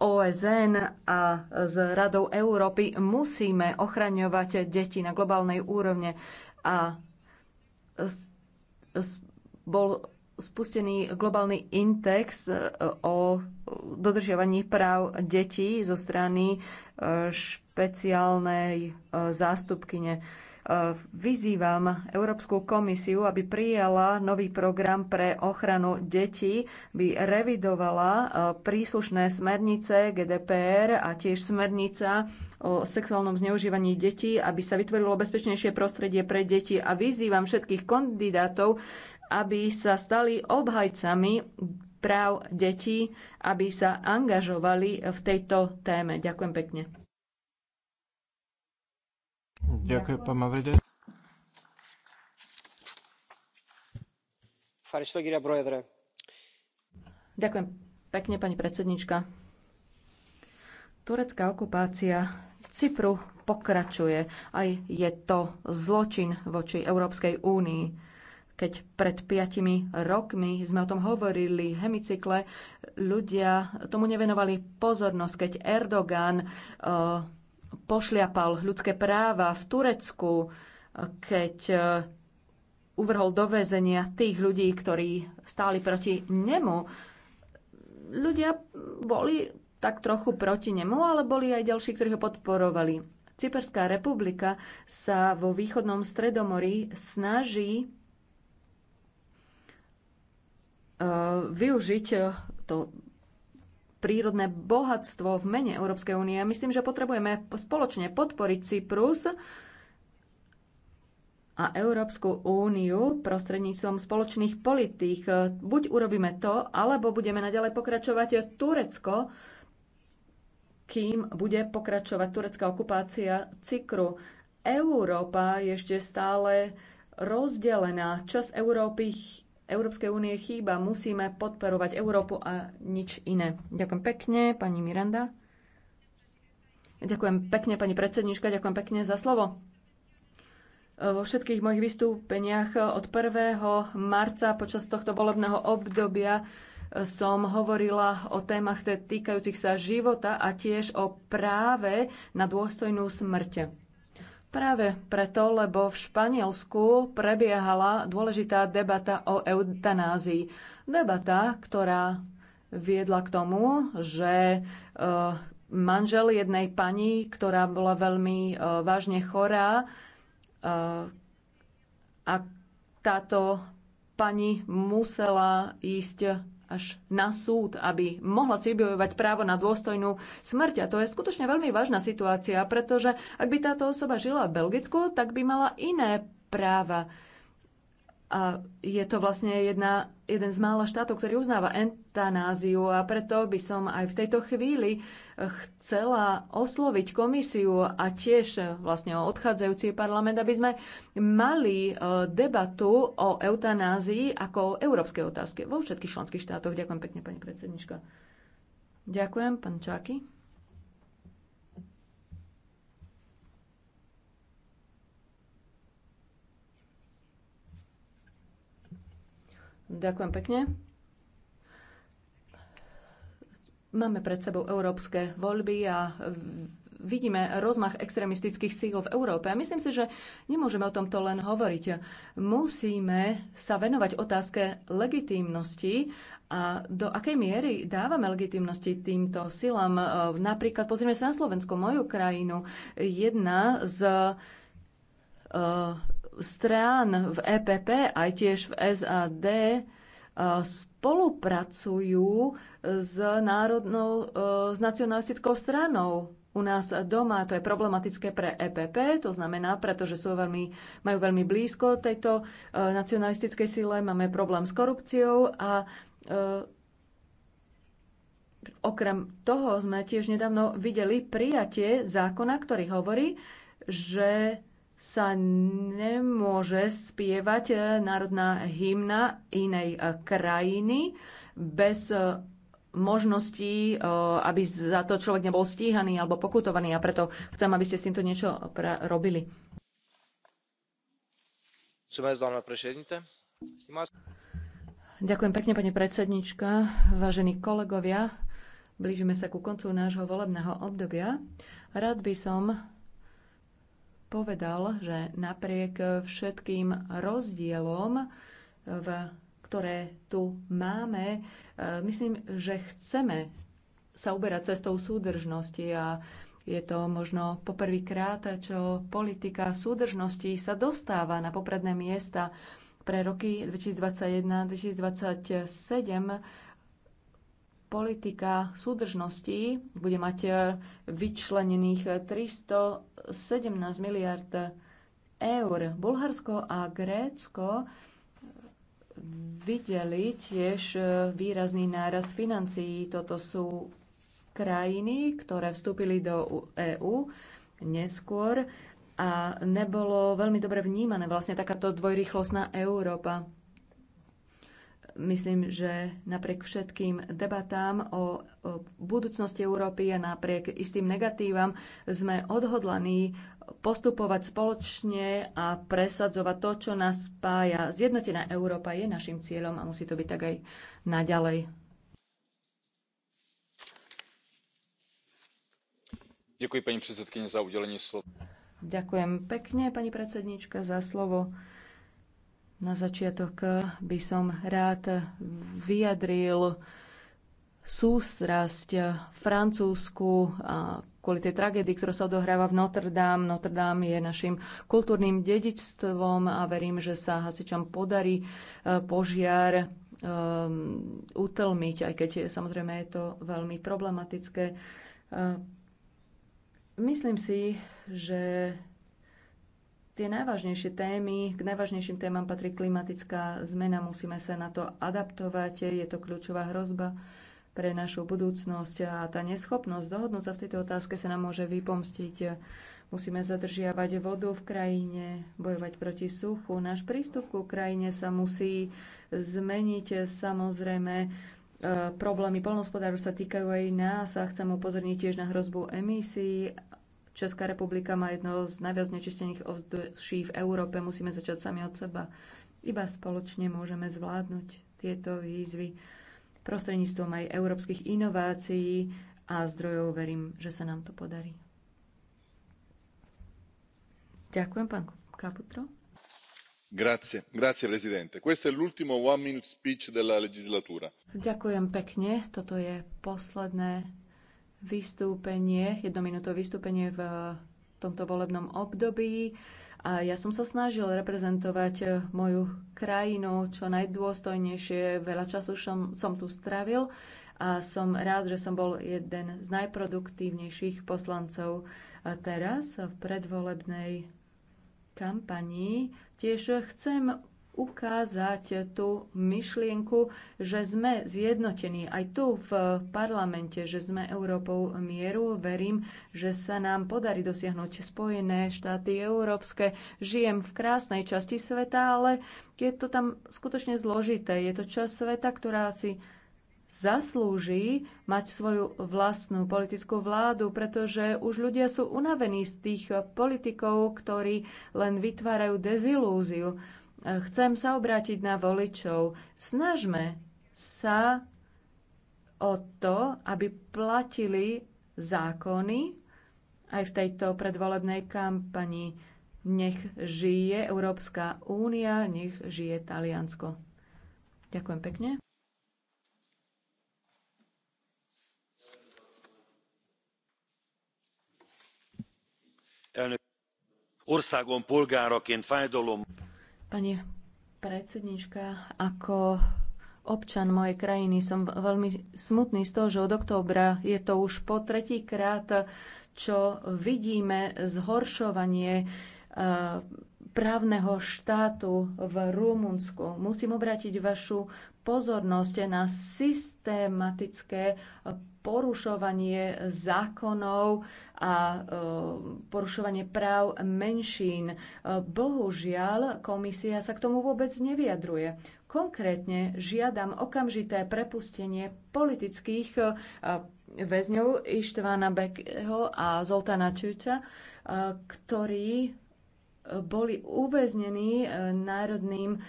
OSN a s Radou Európy musíme ochraňovať deti na globálnej úrovne a bol spustený globálny index e, o dodržiavaní práv detí zo strany e, špeciálnej e, zástupkyne. Vyzývam Európsku komisiu, aby prijala nový program pre ochranu detí, by revidovala príslušné smernice GDPR a tiež smernica o sexuálnom zneužívaní detí, aby sa vytvorilo bezpečnejšie prostredie pre deti a vyzývam všetkých kandidátov aby sa stali obhajcami práv detí, aby sa angažovali v tejto téme. Ďakujem pekne. Ďakujem, pán Mavride. Ďakujem pekne, pani predsednička. Turecká okupácia Cypru pokračuje. Aj je to zločin voči Európskej únii keď pred piatimi rokmi sme o tom hovorili, hemicykle, ľudia tomu nevenovali pozornosť, keď Erdogan e, pošliapal ľudské práva v Turecku, e, keď e, uvrhol do väzenia tých ľudí, ktorí stáli proti nemu. Ľudia boli tak trochu proti nemu, ale boli aj ďalší, ktorí ho podporovali. Cyperská republika sa vo východnom stredomorí snaží E, využiť e, to prírodné bohatstvo v mene Európskej únie. Myslím, že potrebujeme spoločne podporiť Cyprus a Európsku úniu prostredníctvom spoločných politík. E, buď urobíme to, alebo budeme naďalej pokračovať Turecko, kým bude pokračovať turecká okupácia Cykru. Európa je ešte stále rozdelená. Čas Európy Európskej únie chýba. Musíme podporovať Európu a nič iné. Ďakujem pekne, pani Miranda. Ďakujem pekne, pani predsednička, ďakujem pekne za slovo. Vo všetkých mojich vystúpeniach od 1. marca počas tohto volebného obdobia som hovorila o témach týkajúcich sa života a tiež o práve na dôstojnú smrť. Práve preto, lebo v Španielsku prebiehala dôležitá debata o eutanázii. Debata, ktorá viedla k tomu, že eh, manžel jednej pani, ktorá bola veľmi eh, vážne chorá, eh, a táto pani musela ísť až na súd, aby mohla si vybojovať právo na dôstojnú smrť. A to je skutočne veľmi vážna situácia, pretože ak by táto osoba žila v Belgicku, tak by mala iné práva. A je to vlastne jedna, jeden z mála štátov, ktorý uznáva entanáziu a preto by som aj v tejto chvíli eh, chcela osloviť komisiu a tiež eh, vlastne o odchádzajúci parlament, aby sme mali eh, debatu o eutanázii ako o európskej otázke vo všetkých členských štátoch. Ďakujem pekne, pani predsednička. Ďakujem, pán Čáky. Ďakujem pekne. Máme pred sebou európske voľby a vidíme rozmach extremistických síl v Európe. A myslím si, že nemôžeme o tomto len hovoriť. Musíme sa venovať otázke legitímnosti a do akej miery dávame legitimnosti týmto silám. E, napríklad pozrieme sa na Slovensko, moju krajinu. Jedna z uh, strán v EPP aj tiež v SAD e, spolupracujú s, národnou, e, s nacionalistickou stranou u nás doma. To je problematické pre EPP, to znamená, pretože sú veľmi, majú veľmi blízko tejto e, nacionalistickej síle máme problém s korupciou a Okrem toho sme tiež nedávno videli prijatie zákona, ktorý hovorí, že sa nemôže spievať e, národná hymna inej e, krajiny bez e, možností, aby za to človek nebol stíhaný alebo pokutovaný a preto chcem, aby ste s týmto niečo robili. Ďakujem pekne, pani predsednička, vážení kolegovia. Blížime sa ku koncu nášho volebného obdobia. Rád by som povedal, že napriek všetkým rozdielom, eh, v, ktoré tu máme, eh, myslím, že chceme sa uberať cestou súdržnosti a je to možno poprvýkrát, čo politika súdržnosti sa dostáva na popredné miesta pre roky 2021-2027 politika súdržnosti bude mať e, vyčlenených 317 miliard eur. Bulharsko a Grécko videli tiež e, výrazný náraz financií. Toto sú krajiny, ktoré vstúpili do EÚ neskôr a nebolo veľmi dobre vnímané vlastne takáto dvojrýchlostná Európa. Myslím, že napriek všetkým debatám o budúcnosti Európy a napriek istým negatívam sme odhodlaní postupovať spoločne a presadzovať to, čo nás spája. Zjednotená Európa je našim cieľom a musí to byť tak aj naďalej. Ďakujem pani predsedkyne za udelenie slova. Ďakujem pekne, pani predsednička, za slovo. Na začiatok by som rád vyjadril sústrasť Francúzsku a kvôli tej tragédii, ktorá sa odohráva v Notre Dame. Notre Dame je našim kultúrnym dedičstvom a verím, že sa hasičom podarí e, požiar um, utlmiť, aj keď je, samozrejme je to veľmi problematické. E, myslím si, že tie najvážnejšie témy, k najvážnejším témam patrí klimatická zmena, musíme sa na to adaptovať, je to kľúčová hrozba pre našu budúcnosť a tá neschopnosť dohodnúť sa v tejto otázke sa nám môže vypomstiť. Musíme zadržiavať vodu v krajine, bojovať proti suchu. Náš prístup ku krajine sa musí zmeniť. Samozrejme, e, problémy polnospodárov sa týkajú aj nás a chcem upozorniť tiež na hrozbu emisí Česká republika má jedno z najviac nečistených ovzduší v Európe. Musíme začať sami od seba. Iba spoločne môžeme zvládnuť tieto výzvy prostredníctvom aj európskych inovácií a zdrojov. Verím, že sa nám to podarí. Ďakujem, pán Kaputro. Grazie, grazie presidente. Questo è l'ultimo one minute speech della legislatura. Ďakujem pekne. Toto je posledné vystúpenie, jednominútové vystúpenie v eh, tomto volebnom období. A ja som sa snažil reprezentovať eh, moju krajinu čo najdôstojnejšie. Veľa času som, som tu stravil a som rád, že som bol jeden z najproduktívnejších poslancov a teraz v predvolebnej kampanii. Tiež chcem ukázať tú myšlienku, že sme zjednotení aj tu v parlamente, že sme Európou mieru. Verím, že sa nám podarí dosiahnuť Spojené štáty európske. Žijem v krásnej časti sveta, ale je to tam skutočne zložité. Je to časť sveta, ktorá si zaslúži mať svoju vlastnú politickú vládu, pretože už ľudia sú unavení z tých politikov, ktorí len vytvárajú dezilúziu. Chcem sa obrátiť na voličov. Snažme sa o to, aby platili zákony aj v tejto predvolebnej kampani. Nech žije Európska únia, nech žije Taliansko. Ďakujem pekne. Országom polgáraként fájdalom. Pani predsednička, ako občan mojej krajiny som veľmi smutný z toho, že od októbra je to už po tretíkrát, čo vidíme zhoršovanie e, právneho štátu v Rumunsku. Musím obrátiť vašu pozornosť na systematické porušovanie zákonov a e, porušovanie práv menšín. E, bohužiaľ, komisia sa k tomu vôbec nevyjadruje. Konkrétne žiadam okamžité prepustenie politických e, väzňov Ištvána Bekeho a Zoltana Čuča, ktorí boli uväznení národným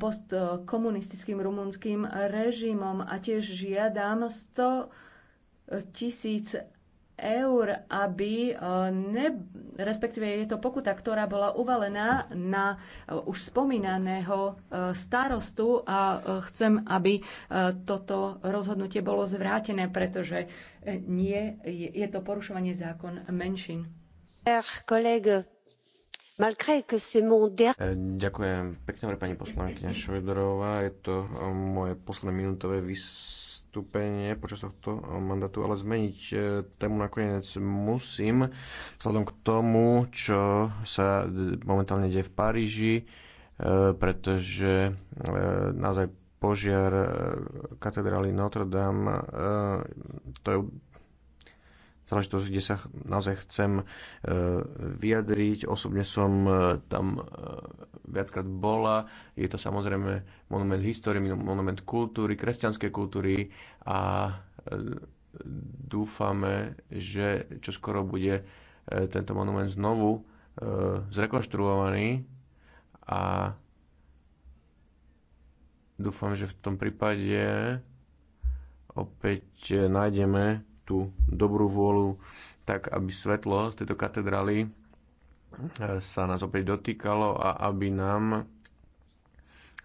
postkomunistickým rumunským režimom a tiež žiadam 100 tisíc eur, aby e, ne, respektíve je to pokuta, ktorá bola uvalená na e, už spomínaného e, starostu a chcem, aby toto rozhodnutie bolo zvrátené, pretože nie, je to porušovanie zákon menšin. Ďakujem pekne, pani poslankyňa Šojdorová. Je to moje posledné minútové vys- vystúpenie počas tohto eh, mandátu, ale zmeniť eh, tému nakoniec musím, vzhľadom k tomu, čo sa eh, momentálne deje v Paríži, pretože naozaj požiar katedrály Notre Dame, to je záležitosť, kde sa naozaj chcem e, vyjadriť. Osobne som e, tam e, viackrát bola. Je to samozrejme monument histórie, monument kultúry, kresťanskej kultúry a dúfame, že čo skoro bude tento monument znovu zrekonštruovaný a dúfam, že v tom prípade opäť nájdeme tú dobrú vôľu, tak aby svetlo z tejto katedrály e, sa nás opäť dotýkalo a aby nám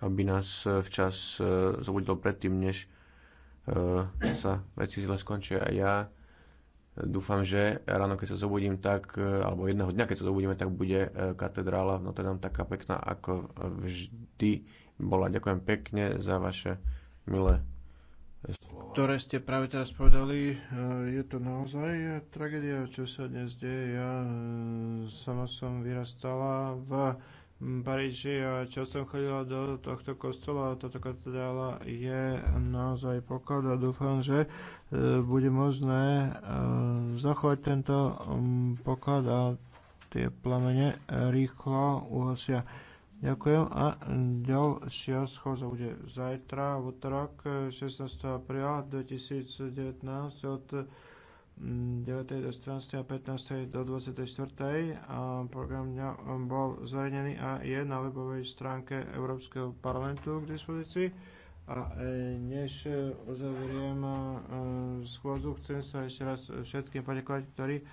aby nás včas e, zobudilo predtým, než e, sa veci zle skončia. A ja dúfam, že ráno, keď sa zobudím, tak, alebo jedného dňa, keď sa zobudíme, tak bude katedrála v Notre Dame taká pekná, ako vždy bola. Ďakujem pekne za vaše milé ktoré ste práve teraz povedali, e, je to naozaj tragédia, čo sa dnes deje. Ja e, sama som vyrastala v Paríži a často som chodila do tohto kostola a táto katedrála je naozaj poklad a dúfam, že e, bude možné zachovať tento poklad a tie plamene rýchlo uhasia Ďakujem. A ďalšia schôdza bude zajtra, v útorok 16. apríla 2019 od 9. Mm, do 14. a 15. do 24. A program dňa bol zverejnený a je na webovej stránke Európskeho parlamentu k dispozícii. A e, než uzavriem e, schôdzu, chcem sa ešte raz všetkým poďakovať, ktorí e,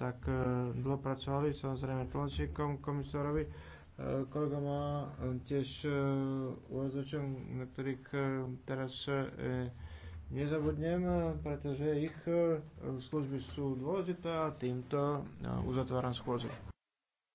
tak dlho pracovali, samozrejme tlačíkom, komisárovi Eh, kolega má eh, tiež eh, uvádza, na ktorých teraz nezabudnem, pretože ich služby sú dôležité a týmto uzatváram schôdzu.